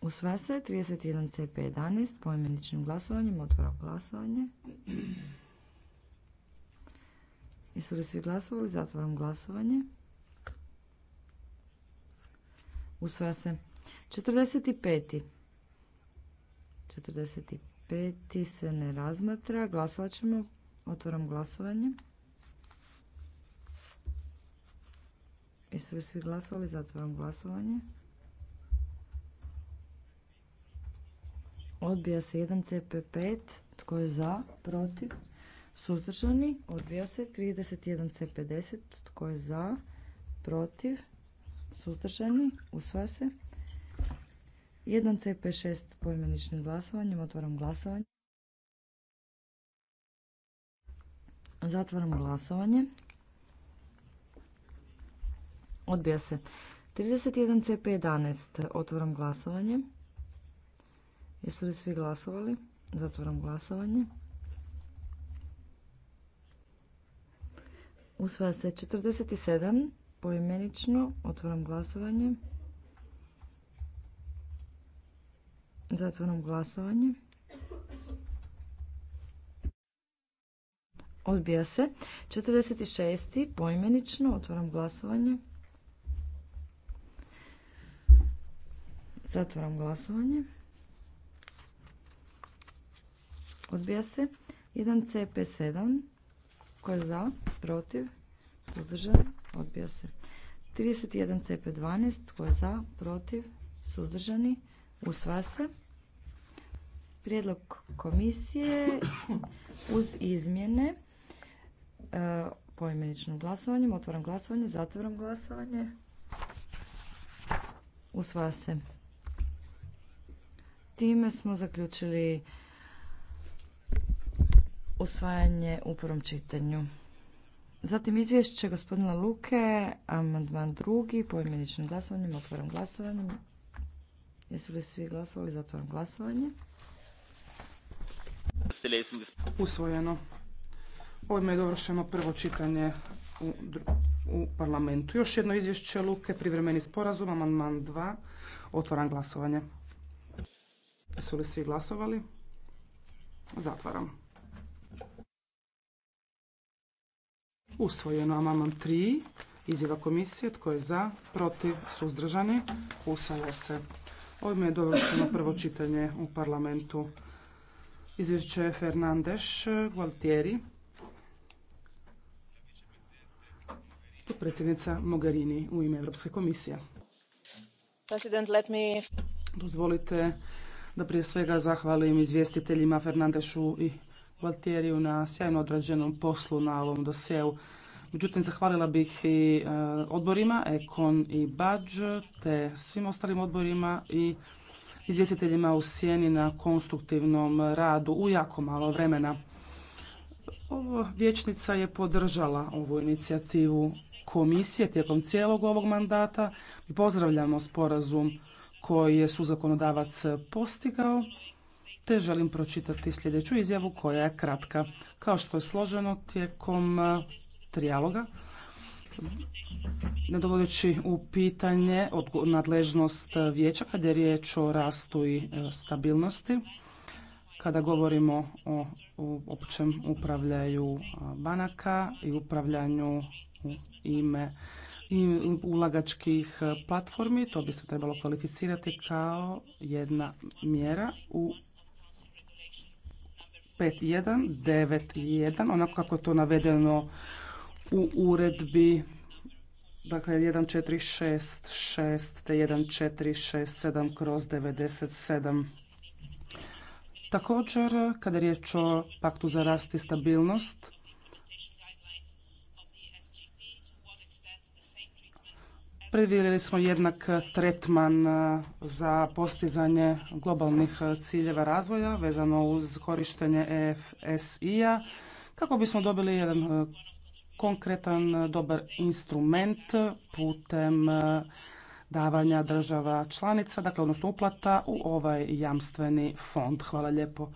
Usvaja se 31 CP11 poimeničnim glasovanjem. Otvaram glasovanje. Jesu li svi glasovali? Zatvaram glasovanje. Usvaja se 45. 45. se ne razmatra. Glasovat ćemo. Otvaram glasovanje. Jesu li svi glasovali? Zatvaram glasovanje. Odbija se 1 CP5. Tko je za? Protiv? Suzdržani? Odbija se 31 cp 50 Tko je za? Protiv? Suzdržani? Usvaja se. 1 CP6 pojmeničnim glasovanjem. Otvaram glasovanje. Zatvaram glasovanje. Odbija se. 31 CP11. Otvaram glasovanje. Jesu li svi glasovali? Zatvoram glasovanje. Usvaja se 47 poimenično. Otvoram glasovanje. Zatvoram glasovanje. Odbija se. 46. poimenično. Otvoram glasovanje. Zatvoram glasovanje. Odbija se. 1 CP7. koja je za? Protiv? Suzdržan? Odbija se. 31 CP12. Tko je za? Protiv? Suzdržani? Usva se. Prijedlog komisije uz izmjene e, poimeničnom glasovanjem. Otvaram glasovanje, zatvaram glasovanje. Usva se. Time smo zaključili usvajanje u prvom čitanju. Zatim izvješće gospodina Luke, amandman drugi, pojmeničnim glasovanjem, otvaram glasovanje. Jesu li svi glasovali? Zatvaram glasovanje. Usvojeno. Ovime je dovršeno prvo čitanje u, u parlamentu. Još jedno izvješće Luke, privremeni sporazum, amandman dva. otvaram glasovanje. Jesu li svi glasovali? Zatvaram. Usvojeno amandman tri Izjava komisije. Tko je za? Protiv? Suzdržani? Usvaja se. Ovime je dovršeno prvo čitanje u parlamentu. Izvješće Fernandeš Gualtieri. Predsjednica Mogherini u ime Europske komisije. President, let Dozvolite da prije svega zahvalim izvjestiteljima Fernandešu i valteriju na sjajno odrađenom poslu na ovom dosjeu. Međutim, zahvalila bih i e, odborima, Ekon i Bađ, te svim ostalim odborima i izvjestiteljima u sjeni na konstruktivnom radu u jako malo vremena. Ovo vječnica je podržala ovu inicijativu komisije tijekom cijelog ovog mandata. Pozdravljamo sporazum koji je suzakonodavac postigao te želim pročitati sljedeću izjavu koja je kratka. Kao što je složeno tijekom e, trijaloga, ne dovodeći u pitanje nadležnost e, vijeća kad je riječ o rastu i e, stabilnosti, kada govorimo o općem upravljaju banaka i upravljanju u ime i ulagačkih platformi. To bi se trebalo kvalificirati kao jedna mjera u 5.1.9.1, onako kako je to navedeno u uredbi Dakle, 1466 te 1467 kroz 97. Također, kada je riječ o paktu za rast i stabilnost, Predvidjeli smo jednak tretman e, za postizanje globalnih e, ciljeva razvoja vezano uz korištenje EFSI-a kako bismo dobili jedan e, konkretan dobar instrument putem davanja država članica, dakle odnosno uplata u ovaj jamstveni fond. Hvala lijepo.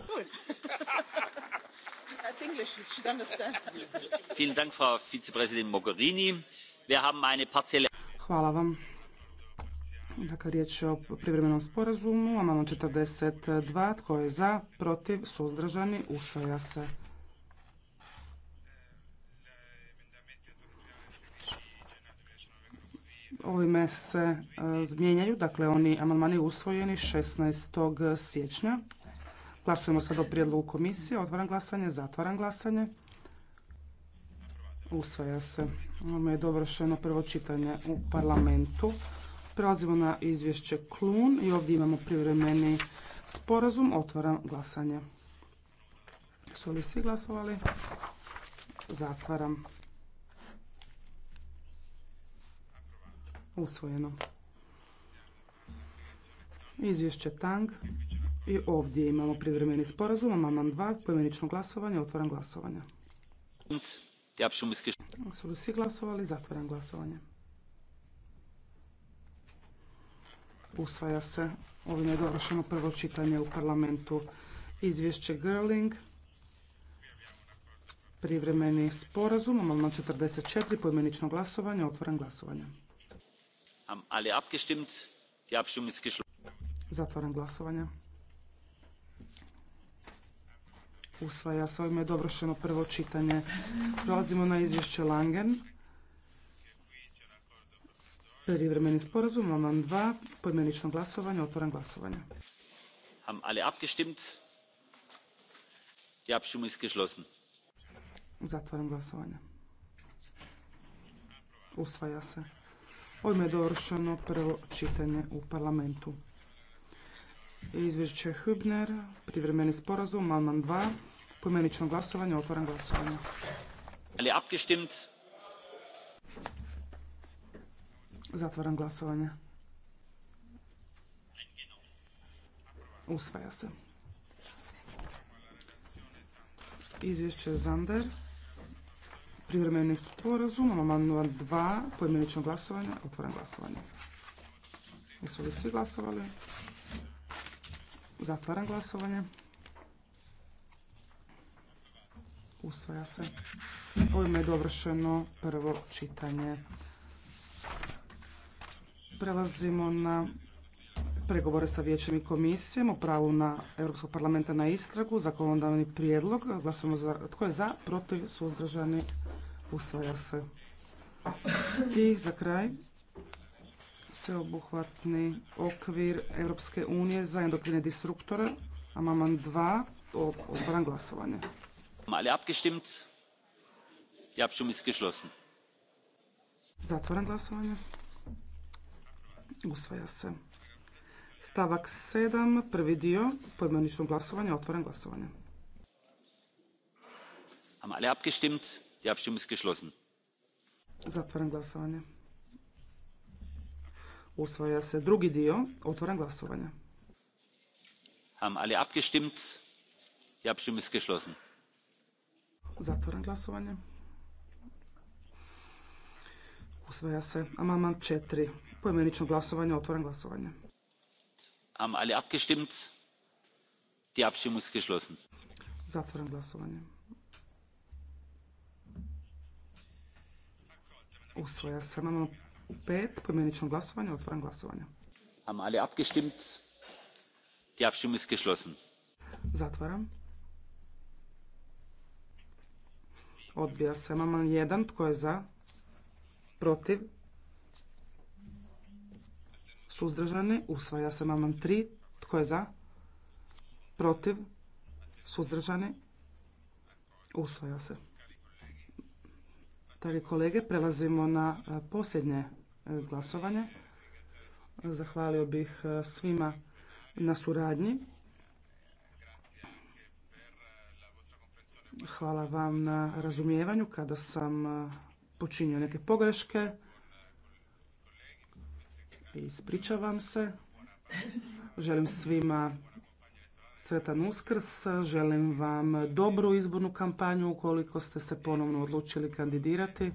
Vielen Dank, Frau Wir haben eine partielle Hvala vam. Dakle, riječ je o privremenom sporazumu, amandman 42, tko je za, protiv, suzdržani, usvaja se. Ovime se e, zmijenjaju, dakle oni amandmani usvojeni 16. siječnja. Glasujemo sad o prijedlogu komisije. Otvaram glasanje, zatvaram glasanje. Usvaja se. Ovo je dovršeno prvo čitanje u parlamentu. Prelazimo na izvješće Klun i ovdje imamo privremeni sporazum. Otvaram glasanje. Su li svi glasovali? Zatvaram. Usvojeno. Izvješće Tang. I ovdje imamo privremeni sporazum. Amandman 2. Pojmenično glasovanje. Otvaram glasovanje. Su li svi glasovali? Zatvaram glasovanje. Usvaja se. ovim je dovršeno prvo čitanje u parlamentu. Izvješće Girling. Privremeni sporazum. Amandman 44. Pojmenično glasovanje. Otvaram glasovanje. Zatvaram glasovanje. usvaja. se, ovime je dovršeno prvo čitanje. Prelazimo na izvješće Langen. Privremeni sporazum, amandman 2, podmenično glasovanje, otvoran glasovanje. Ham alle abgestimmt? Die Abstimmung ist geschlossen. Zatvaram glasovanje. Usvaja se. Ovime je dovršeno prvo čitanje u parlamentu. Izvješće Hübner, privremeni sporazum, man 2, pojmenično glasovanje, Otvaram glasovanje. Ali abgestimmt? Zatvaram glasovanje. Usvaja se. Izvješće Zander. Privremeni sporazum, amandman 2, pojmenično glasovanje, Otvaram glasovanje. Jesu li svi glasovali? Zatvaram glasovanje. Usvaja se. Ovime je dovršeno prvo čitanje. Prelazimo na pregovore sa vijećem i komisijom o pravu na Europskog parlamenta na istragu, zakonodavni prijedlog. Glasujemo za, tko je za, protiv, suzdržani, usvaja se. I za kraj, sveobuhvatni okvir Europske unije za endokrine disruptore. Amaman 2, otvoren glasovanje. Mali abgestimmt. Die Abstimmung ist geschlossen. Zatvoran glasovanje. Usvaja se. Stavak 7, prvi dio, pojedinačno glasovanje, otvoren glasovanje. Haben alle abgestimmt? Die Abstimmung ist geschlossen. Zatvoren glasovanje. Usvaja se drugi dio. Otvoren glasovanje. Haben alle abgestimmt? Die Abstimmung ist geschlossen. Zatvoren glasovanje. Usvaja se amandman 4. Poimenično glasovanje. otvoren glasovanje. Haben alle abgestimmt? Die Abstimmung ist geschlossen. Zatvoren glasovanje. Usvaja se amandman pet poimeničnom glasovanju, otvaram glasovanje. Haben alle abgestimmt? Die Abstimmung ist geschlossen. Zatvaram. Odbija se amandman jedan tko je za? Protiv? Suzdržani? Usvaja se amandman tri tko je za? Protiv? Suzdržani? Usvaja se. Dragi kolege, prelazimo na e, posljednje e, glasovanje. Zahvalio bih e, svima na suradnji. Hvala vam na razumijevanju kada sam počinio neke pogreške. Ispričavam se. Želim svima sretan uskrs, želim vam dobru izbornu kampanju ukoliko ste se ponovno odlučili kandidirati.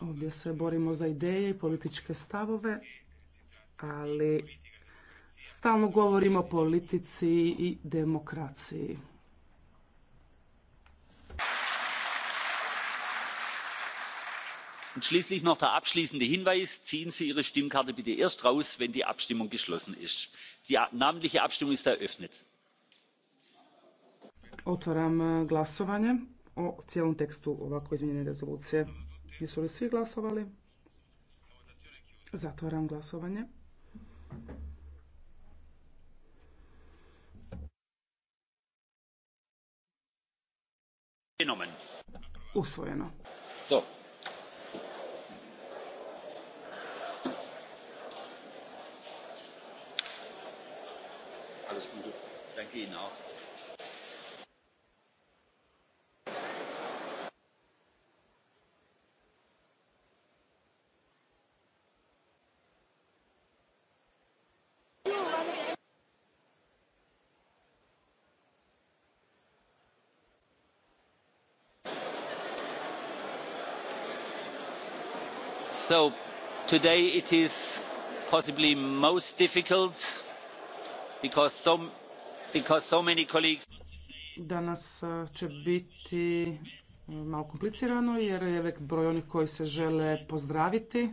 Ovdje se borimo za ideje i političke stavove, ali stalno govorimo o politici i demokraciji. und schließlich noch der abschließende hinweis ziehen sie ihre stimmkarte bitte erst raus wenn die abstimmung geschlossen ist. die namentliche abstimmung ist eröffnet. otvaram e, glasovanje o cijelom tekstu ovako izmijenjene rezolucije. jesu li svi glasovali? zatvaram glasovanje. Usvojeno. So. alles gute. danke ihnen auch. so today it is possibly most difficult Danas e, će biti e, malo komplicirano jer je velik broj onih koji se žele pozdraviti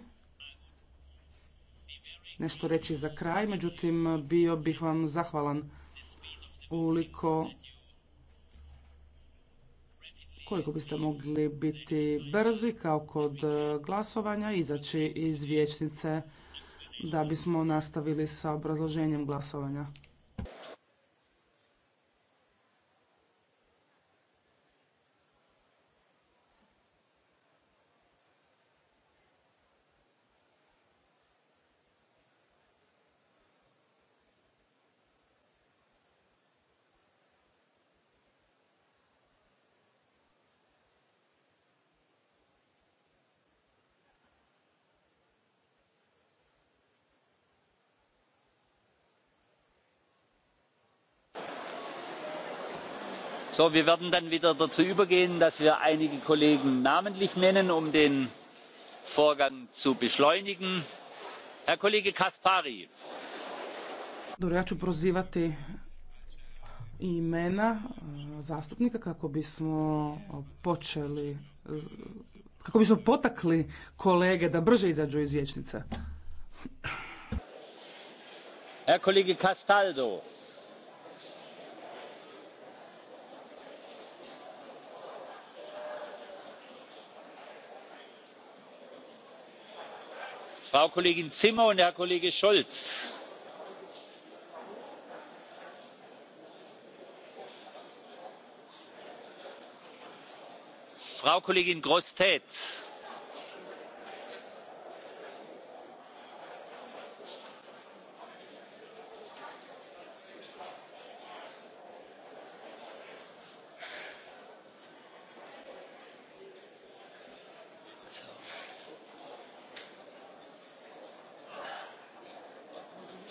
nešto reći za kraj, međutim bio bih vam zahvalan uliko koliko biste mogli biti brzi kao kod e, glasovanja, izaći iz vijećnice da bismo nastavili sa obrazloženjem glasovanja. wir werden dann wieder dazu übergehen, dass wir einige Kollegen namentlich nennen, um den Vorgang zu beschleunigen. Herr Kollege Kaspari. Dobro, ja ću prozivati imena e, zastupnika kako bismo počeli, e, kako bismo potakli kolege da brže izađu iz vijećnice. Herr Kollege Castaldo. frau kollegin zimmer und herr kollege scholz! frau kollegin grossette!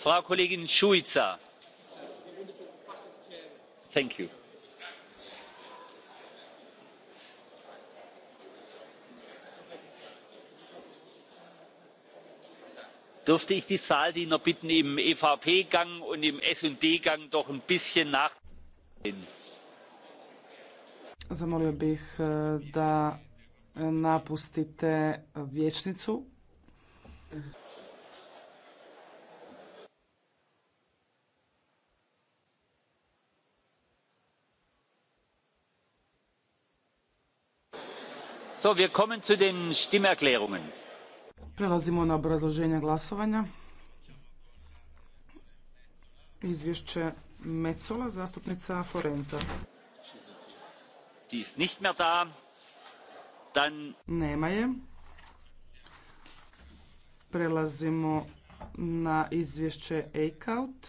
frau kollegin uica dürfte ich die saaldiener bitten im evp gang und im sd gang doch ein bisschen nachzusehen. zamolio bih e, da napustite vijećnicu. Prelazimo na obrazloženje glasovanja. Izvješće Mecola, zastupnica Forenza. Nema je. Prelazimo na izvješće Eichhout.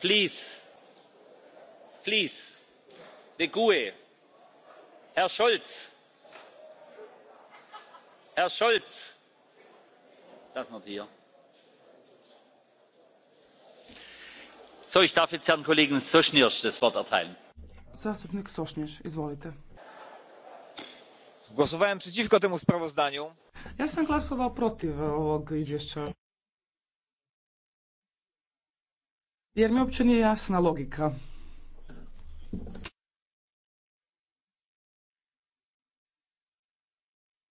Please. Please herr scholz herr scholz das not hier. So, ich darf jetzt herrn kollegen sonierz das wort erteilen. zastupnik sonierz izvolite. głosowałem przeciwko temu sprawozdaniu. ja sam glasovao protiv e, ovog izvješća jer mi uopće nije jasna logika.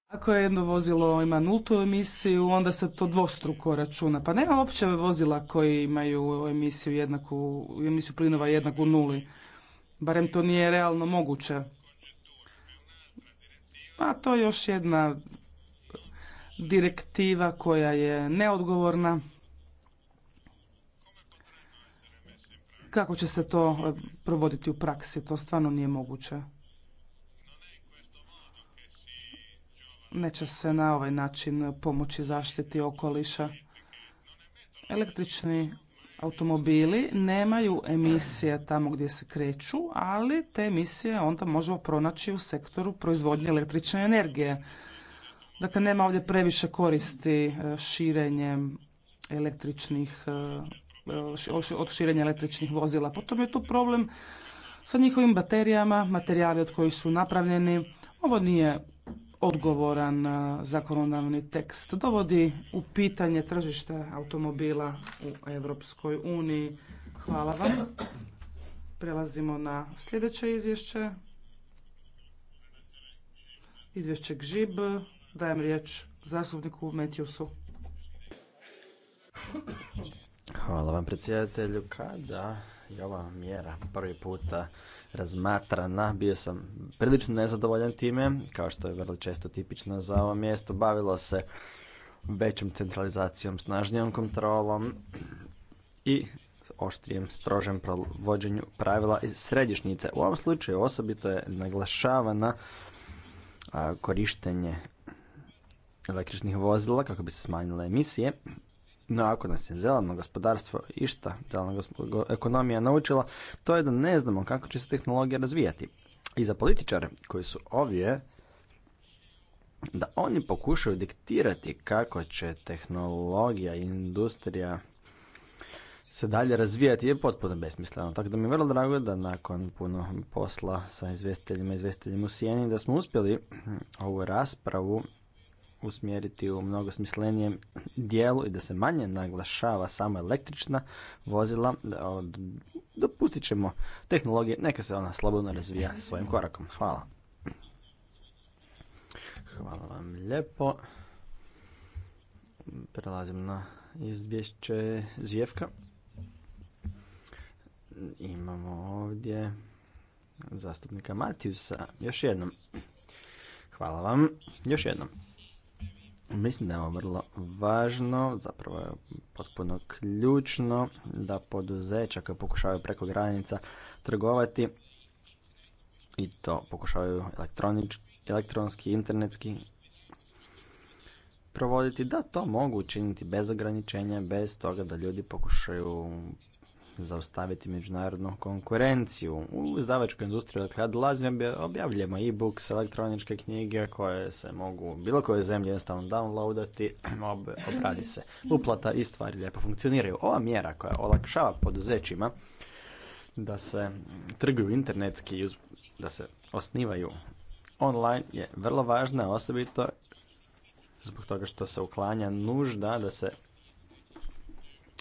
Ako je jedno vozilo ima nultu emisiju, onda se to dvostruko računa. Pa nema uopće vozila koji imaju emisiju, jednaku, emisiju plinova jednaku nuli. Barem to nije realno moguće. Pa to je još jedna direktiva koja je neodgovorna. Kako će se to eh, provoditi u praksi? To stvarno nije moguće. neće se na ovaj način pomoći zaštiti okoliša. Električni automobili nemaju emisije tamo gdje se kreću, ali te emisije onda možemo pronaći u sektoru proizvodnje električne energije. Dakle, nema ovdje previše koristi e, širenjem električnih, e, e, od širenja električnih vozila. Potom je tu problem sa njihovim baterijama, materijali od kojih su napravljeni. Ovo nije odgovoran e, zakonodavni tekst. Dovodi u pitanje tržište automobila u Europskoj uniji. Hvala vam. Prelazimo na sljedeće izvješće. Izvješće GŽIB. Dajem riječ zastupniku Metjusu. Hvala vam predsjedatelju. Kada je ova mjera prvi puta razmatrana. Bio sam prilično nezadovoljan time, kao što je vrlo često tipično za ovo mjesto. Bavilo se većom centralizacijom, snažnijom kontrolom i oštrijem, strožem provođenju pravila iz središnjice. U ovom slučaju osobito je naglašavana korištenje električnih vozila kako bi se smanjile emisije no ako nas je zeleno gospodarstvo išta, zelena ekonomija naučila, to je da ne znamo kako će se tehnologija razvijati. I za političare koji su ovdje, da oni pokušaju diktirati kako će tehnologija i industrija se dalje razvijati je potpuno besmisleno. Tako da mi je vrlo drago da nakon puno posla sa izvjestiteljima i izvjestiteljima u Sijeni da smo uspjeli ovu raspravu usmjeriti u mnogo smislenijem dijelu i da se manje naglašava samo električna vozila, dopustit ćemo tehnologije, neka se ona slobodno razvija svojim korakom. Hvala. Hvala vam lijepo. Prelazim na izvješće Zvijevka. Imamo ovdje zastupnika Matijusa. Još jednom. Hvala vam. Još jednom. Mislim da je ovo vrlo važno, zapravo je potpuno ključno da poduzeća koje pokušavaju preko granica trgovati i to pokušavaju elektronski, internetski provoditi, da to mogu učiniti bez ograničenja, bez toga da ljudi pokušaju zaustaviti međunarodnu konkurenciju. U izdavačkoj industriji dakle ja dolazim objavljujemo e-books, elektroničke knjige koje se mogu bilo koje zemlje jednostavno downloadati, obradi se uplata i stvari lijepo funkcioniraju. Ova mjera koja olakšava poduzećima da se trguju internetski i da se osnivaju online je vrlo važna, osobito zbog toga što se uklanja nužda da se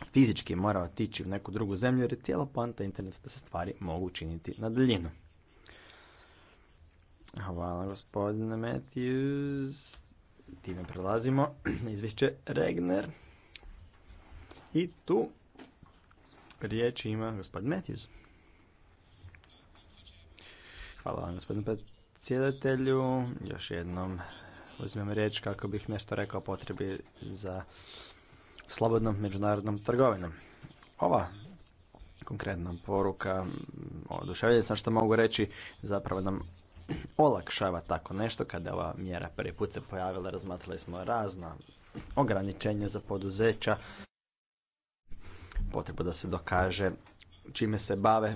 fizički mora otići u neku drugu zemlju jer je cijela poanta interneta da se stvari mogu učiniti na daljinu. Hvala gospodine Matthews. Time prelazimo na izvješće Regner. I tu riječ ima gospodin Matthews. Hvala vam gospodine predsjedatelju. Još jednom uzmem riječ kako bih nešto rekao potrebi za slobodnom međunarodnom trgovinom. Ova konkretna poruka, oduševljen sam što mogu reći, zapravo nam olakšava tako nešto. Kada ova mjera prvi put se pojavila, razmatrali smo razna ograničenja za poduzeća, potrebu da se dokaže čime se bave,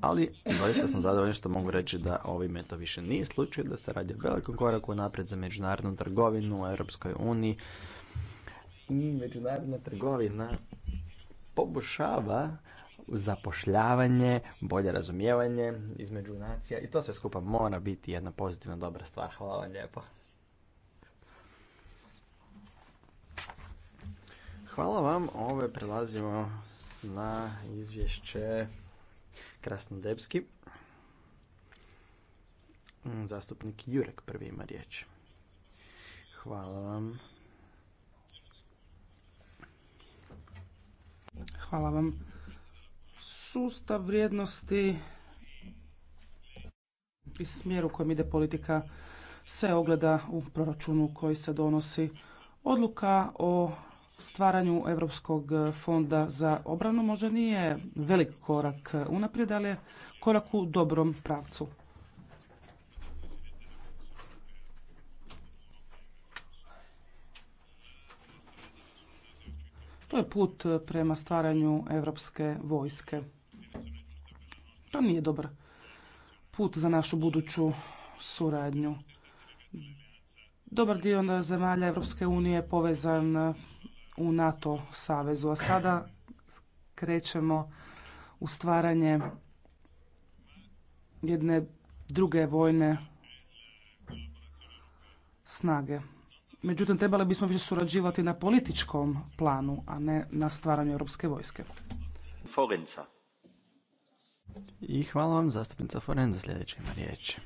ali doista sam zadovoljan što mogu reći da ovime to više nije slučaj, da se radi o velikom koraku naprijed za međunarodnu trgovinu u Europskoj uniji, međunarodna trgovina poboljšava zapošljavanje, bolje razumijevanje između nacija i to sve skupa mora biti jedna pozitivna dobra stvar. Hvala vam lijepo. Hvala vam. Ove prelazimo na izvješće Krasnodebski. Zastupnik Jurek prvi ima riječ. Hvala vam. Hvala vam. Sustav vrijednosti i smjer u kojem ide politika se ogleda u proračunu koji se donosi. Odluka o stvaranju Europskog fonda za obranu možda nije velik korak unaprijed, ali je korak u dobrom pravcu. To je put prema stvaranju europske vojske. To nije dobar put za našu buduću suradnju. Dobar dio zemalja Evropske unije je povezan u NATO savezu, a sada krećemo u stvaranje jedne druge vojne snage. Međutim, trebali bismo više surađivati na političkom planu, a ne na stvaranju europske vojske. Forenza. I hvala vam, zastupnica Forenza, sljedeća ima riječ.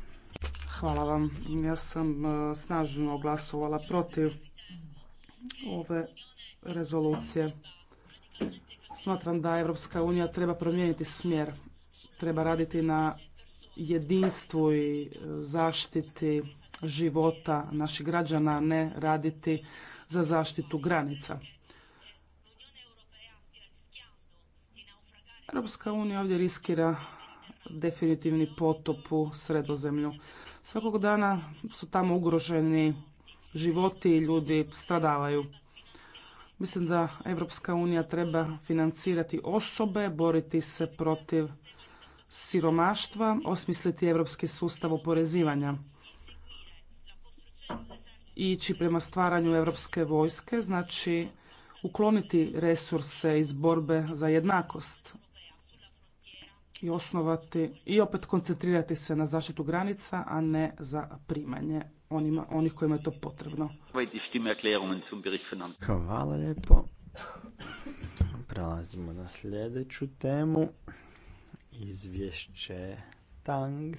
Hvala vam. Ja sam e, snažno glasovala protiv ove rezolucije. Smatram da Europska unija treba promijeniti smjer. Treba raditi na jedinstvu i e, zaštiti života naših građana, ne raditi za zaštitu granica. Europska unija ovdje riskira definitivni potop u sredozemlju. Svakog dana su tamo ugroženi životi i ljudi stradavaju. Mislim da Europska unija treba financirati osobe, boriti se protiv siromaštva, osmisliti europski sustav oporezivanja ići prema stvaranju europske vojske, znači ukloniti resurse iz borbe za jednakost i osnovati i opet koncentrirati se na zaštitu granica, a ne za primanje onima, onih kojima je to potrebno. Hvala lijepo. Prelazimo na sljedeću temu. Izvješće Tang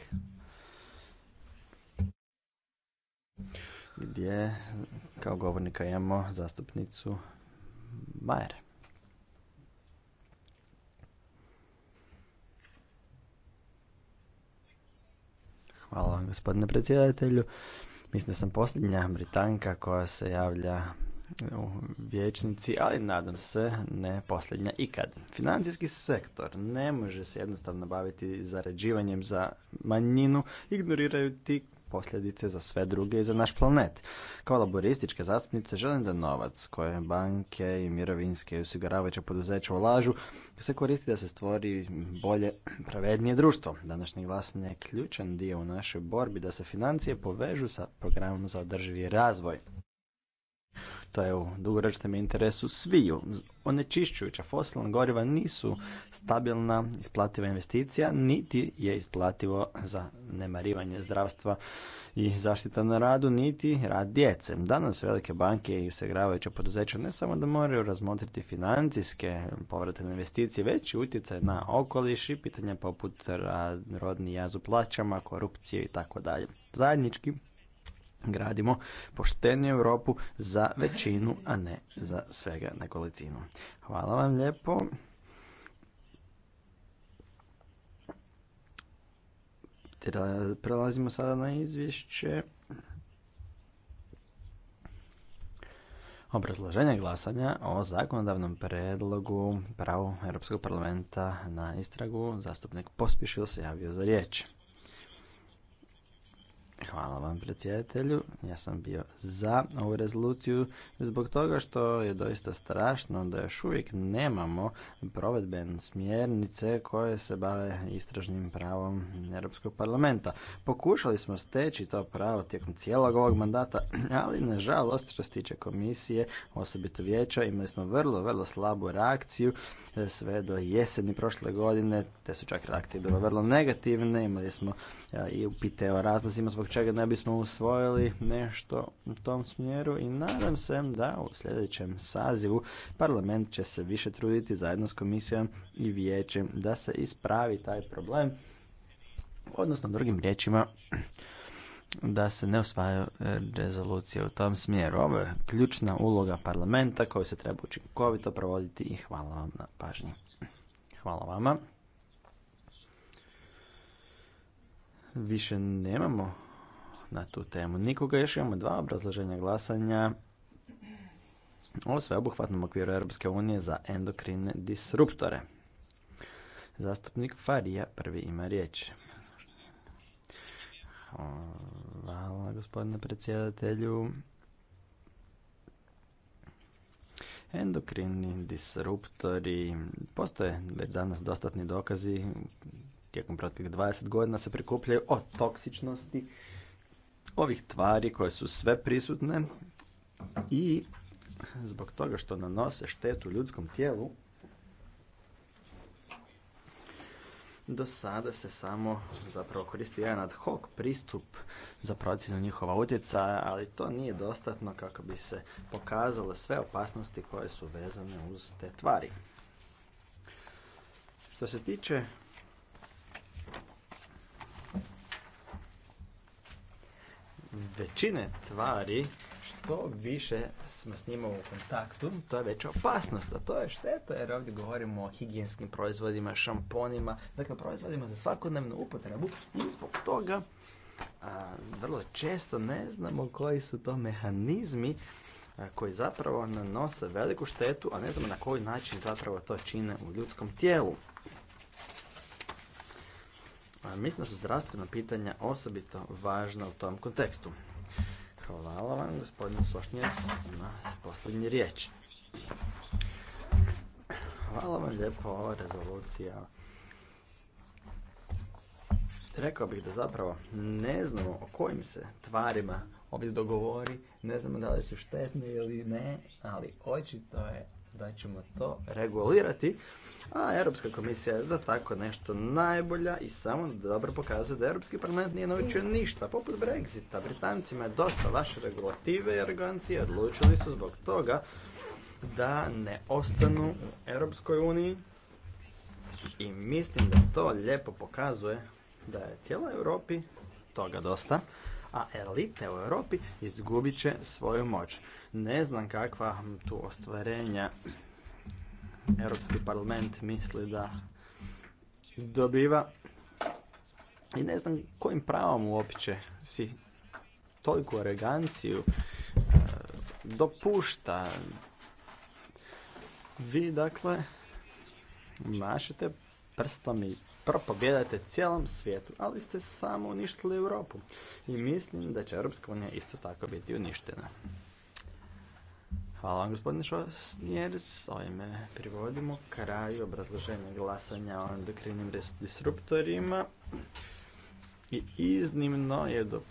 gdje kao govornika imamo zastupnicu Majer. Hvala vam gospodine predsjedatelju. Mislim da sam posljednja Britanka koja se javlja u vječnici, ali nadam se ne posljednja ikad. Financijski sektor ne može se jednostavno baviti zarađivanjem za manjinu Ignoriraju ti posljedice za sve druge i za naš planet. Kao laborističke zastupnice želim da novac koje banke i mirovinske i osiguravajuća poduzeća ulažu se koristi da se stvori bolje, pravednije društvo. Današnji glas je ključan dio u našoj borbi da se financije povežu sa programom za održivi razvoj to je u dugoročnom interesu sviju. Onečišćujuća fosilna goriva nisu stabilna, isplativa investicija, niti je isplativo za nemarivanje zdravstva i zaštita na radu, niti rad djece. Danas velike banke i usegravajuća poduzeća ne samo da moraju razmotriti financijske povratne investicije, već i utjecaj na okoliš i pitanja poput rodni jaz u plaćama, korupcije i tako dalje. Zajednički gradimo pošteniju Europu za većinu, a ne za svega nekolicinu. Hvala vam lijepo. Prelazimo sada na izvješće. Obrazloženje glasanja o zakonodavnom predlogu pravu Europskog parlamenta na istragu zastupnik Pospišil se javio za riječ. Hvala vam predsjedatelju. Ja sam bio za ovu rezoluciju zbog toga što je doista strašno da još uvijek nemamo provedbene smjernice koje se bave istražnim pravom Europskog parlamenta. Pokušali smo steći to pravo tijekom cijelog ovog mandata, ali nažalost što se tiče komisije, osobito vijeća, imali smo vrlo, vrlo slabu reakciju sve do jeseni prošle godine. Te su čak reakcije bile vrlo negativne. Imali smo e, i upite o razlozima zbog čega ne bismo usvojili nešto u tom smjeru i nadam se da u sljedećem sazivu parlament će se više truditi zajedno s komisijom i vijećem da se ispravi taj problem, odnosno drugim riječima da se ne usvaju e, rezolucije u tom smjeru. Ovo je ključna uloga parlamenta koju se treba učinkovito provoditi i hvala vam na pažnji. Hvala vama. Više nemamo na tu temu. Nikoga još imamo dva obrazloženja glasanja o sveobuhvatnom okviru Europske unije za endokrine disruptore. Zastupnik Farija prvi ima riječ. Hvala gospodine predsjedatelju. Endokrini disruptori, postoje već danas dostatni dokazi, tijekom proteklih 20 godina se prikupljaju o toksičnosti ovih tvari koje su sve prisutne i zbog toga što nanose štetu ljudskom tijelu, do sada se samo zapravo koristio jedan ad hoc pristup za procjenu njihova utjecaja, ali to nije dostatno kako bi se pokazale sve opasnosti koje su vezane uz te tvari. Što se tiče većine tvari, što više smo s njima u kontaktu, to je veća opasnost, a to je šteta jer ovdje govorimo o higijenskim proizvodima, šamponima, dakle proizvodima za svakodnevnu upotrebu i zbog toga a, vrlo često ne znamo koji su to mehanizmi koji zapravo nanose veliku štetu, a ne znamo na koji način zapravo to čine u ljudskom tijelu. A mislim da su zdravstvena pitanja osobito važna u tom kontekstu. Hvala vam, gospodin Sošnjec, na posljednji riječ. Hvala vam lijepo, ova rezolucija. Rekao bih da zapravo ne znamo o kojim se tvarima ovdje dogovori, ne znamo da li su štetne ili ne, ali očito je da ćemo to regulirati, a Europska komisija je za tako nešto najbolja i samo dobro pokazuje da Europski parlament nije naučio ništa, poput Brexita. Britancima je dosta vaše regulative i arogancije, odlučili su zbog toga da ne ostanu u Europskoj uniji i mislim da to lijepo pokazuje da je cijeloj Europi toga dosta a elite u Europi izgubit će svoju moć. Ne znam kakva tu ostvarenja Europski parlament misli da dobiva i ne znam kojim pravom uopće si toliku eleganciju e, dopušta. Vi dakle mašete prstom i propobjedate cijelom svijetu, ali ste samo uništili Europu. I mislim da će Europska unija isto tako biti uništena. Hvala vam gospodine s ovime privodimo kraju obrazloženja glasanja o endokrinim disruptorima. I iznimno je do...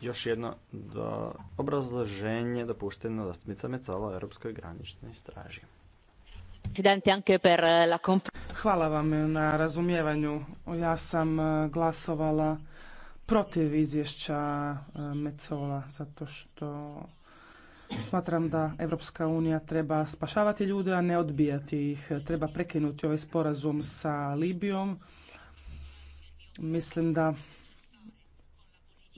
još jedno do obrazloženje dopušteno zastupnica stmicame o Europskoj graničnoj straži. Eh, Hvala vam na razumijevanju. Ja sam eh, glasovala protiv izvješća eh, Mecola zato što Smatram da Europska unija treba spašavati ljude, a ne odbijati ih. Treba prekinuti ovaj sporazum sa Libijom. Mislim da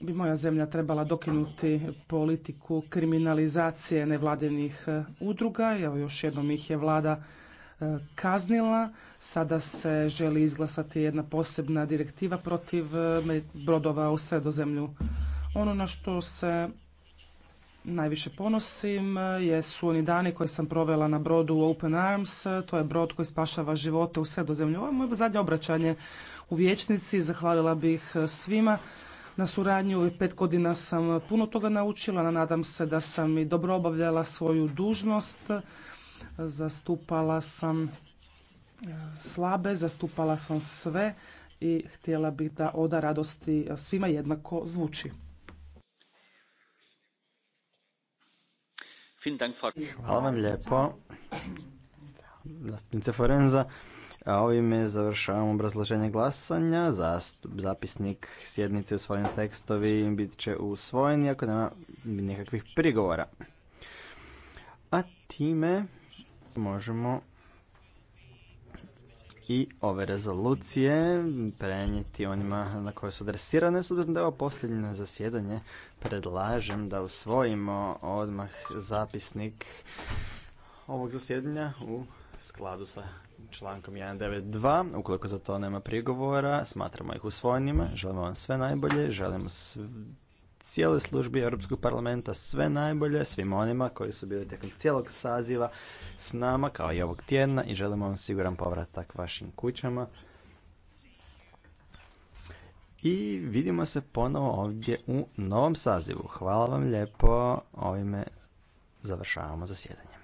bi moja zemlja trebala dokinuti politiku kriminalizacije nevladinih udruga. Evo još jednom ih je vlada E, kaznila. Sada se želi izglasati jedna posebna direktiva protiv e, brodova u sredozemlju. Ono na što se najviše ponosim e, jesu oni dani koje sam provela na brodu Open Arms. To je brod koji spašava živote u sredozemlju. Ovo je moje zadnje obraćanje u vijećnici. Zahvalila bih svima na suradnju. Ovih pet godina sam puno toga naučila. Nadam se da sam i dobro obavljala svoju dužnost zastupala sam e, slabe, zastupala sam sve i htjela bih da oda radosti svima jednako zvuči. Hvala vam lijepo. Zastupnice Forenza, a ovime završavamo obrazloženje glasanja. Zastup, zapisnik sjednice u usvojeni tekstovi bit će usvojeni ako nema nikakvih prigovora. A time možemo i ove rezolucije prenijeti onima na koje su adresirane. S da je ovo posljednje zasjedanje, predlažem da usvojimo odmah zapisnik ovog zasjedanja u skladu sa člankom 192. Ukoliko za to nema prigovora, smatramo ih usvojenima. Želimo vam sve najbolje, želimo sve cijeloj službi Europskog parlamenta sve najbolje svim onima koji su bili tijekom cijelog saziva s nama kao i ovog tjedna i želimo vam siguran povratak vašim kućama. I vidimo se ponovo ovdje u novom sazivu. Hvala vam lijepo. Ovime završavamo zasjedanje.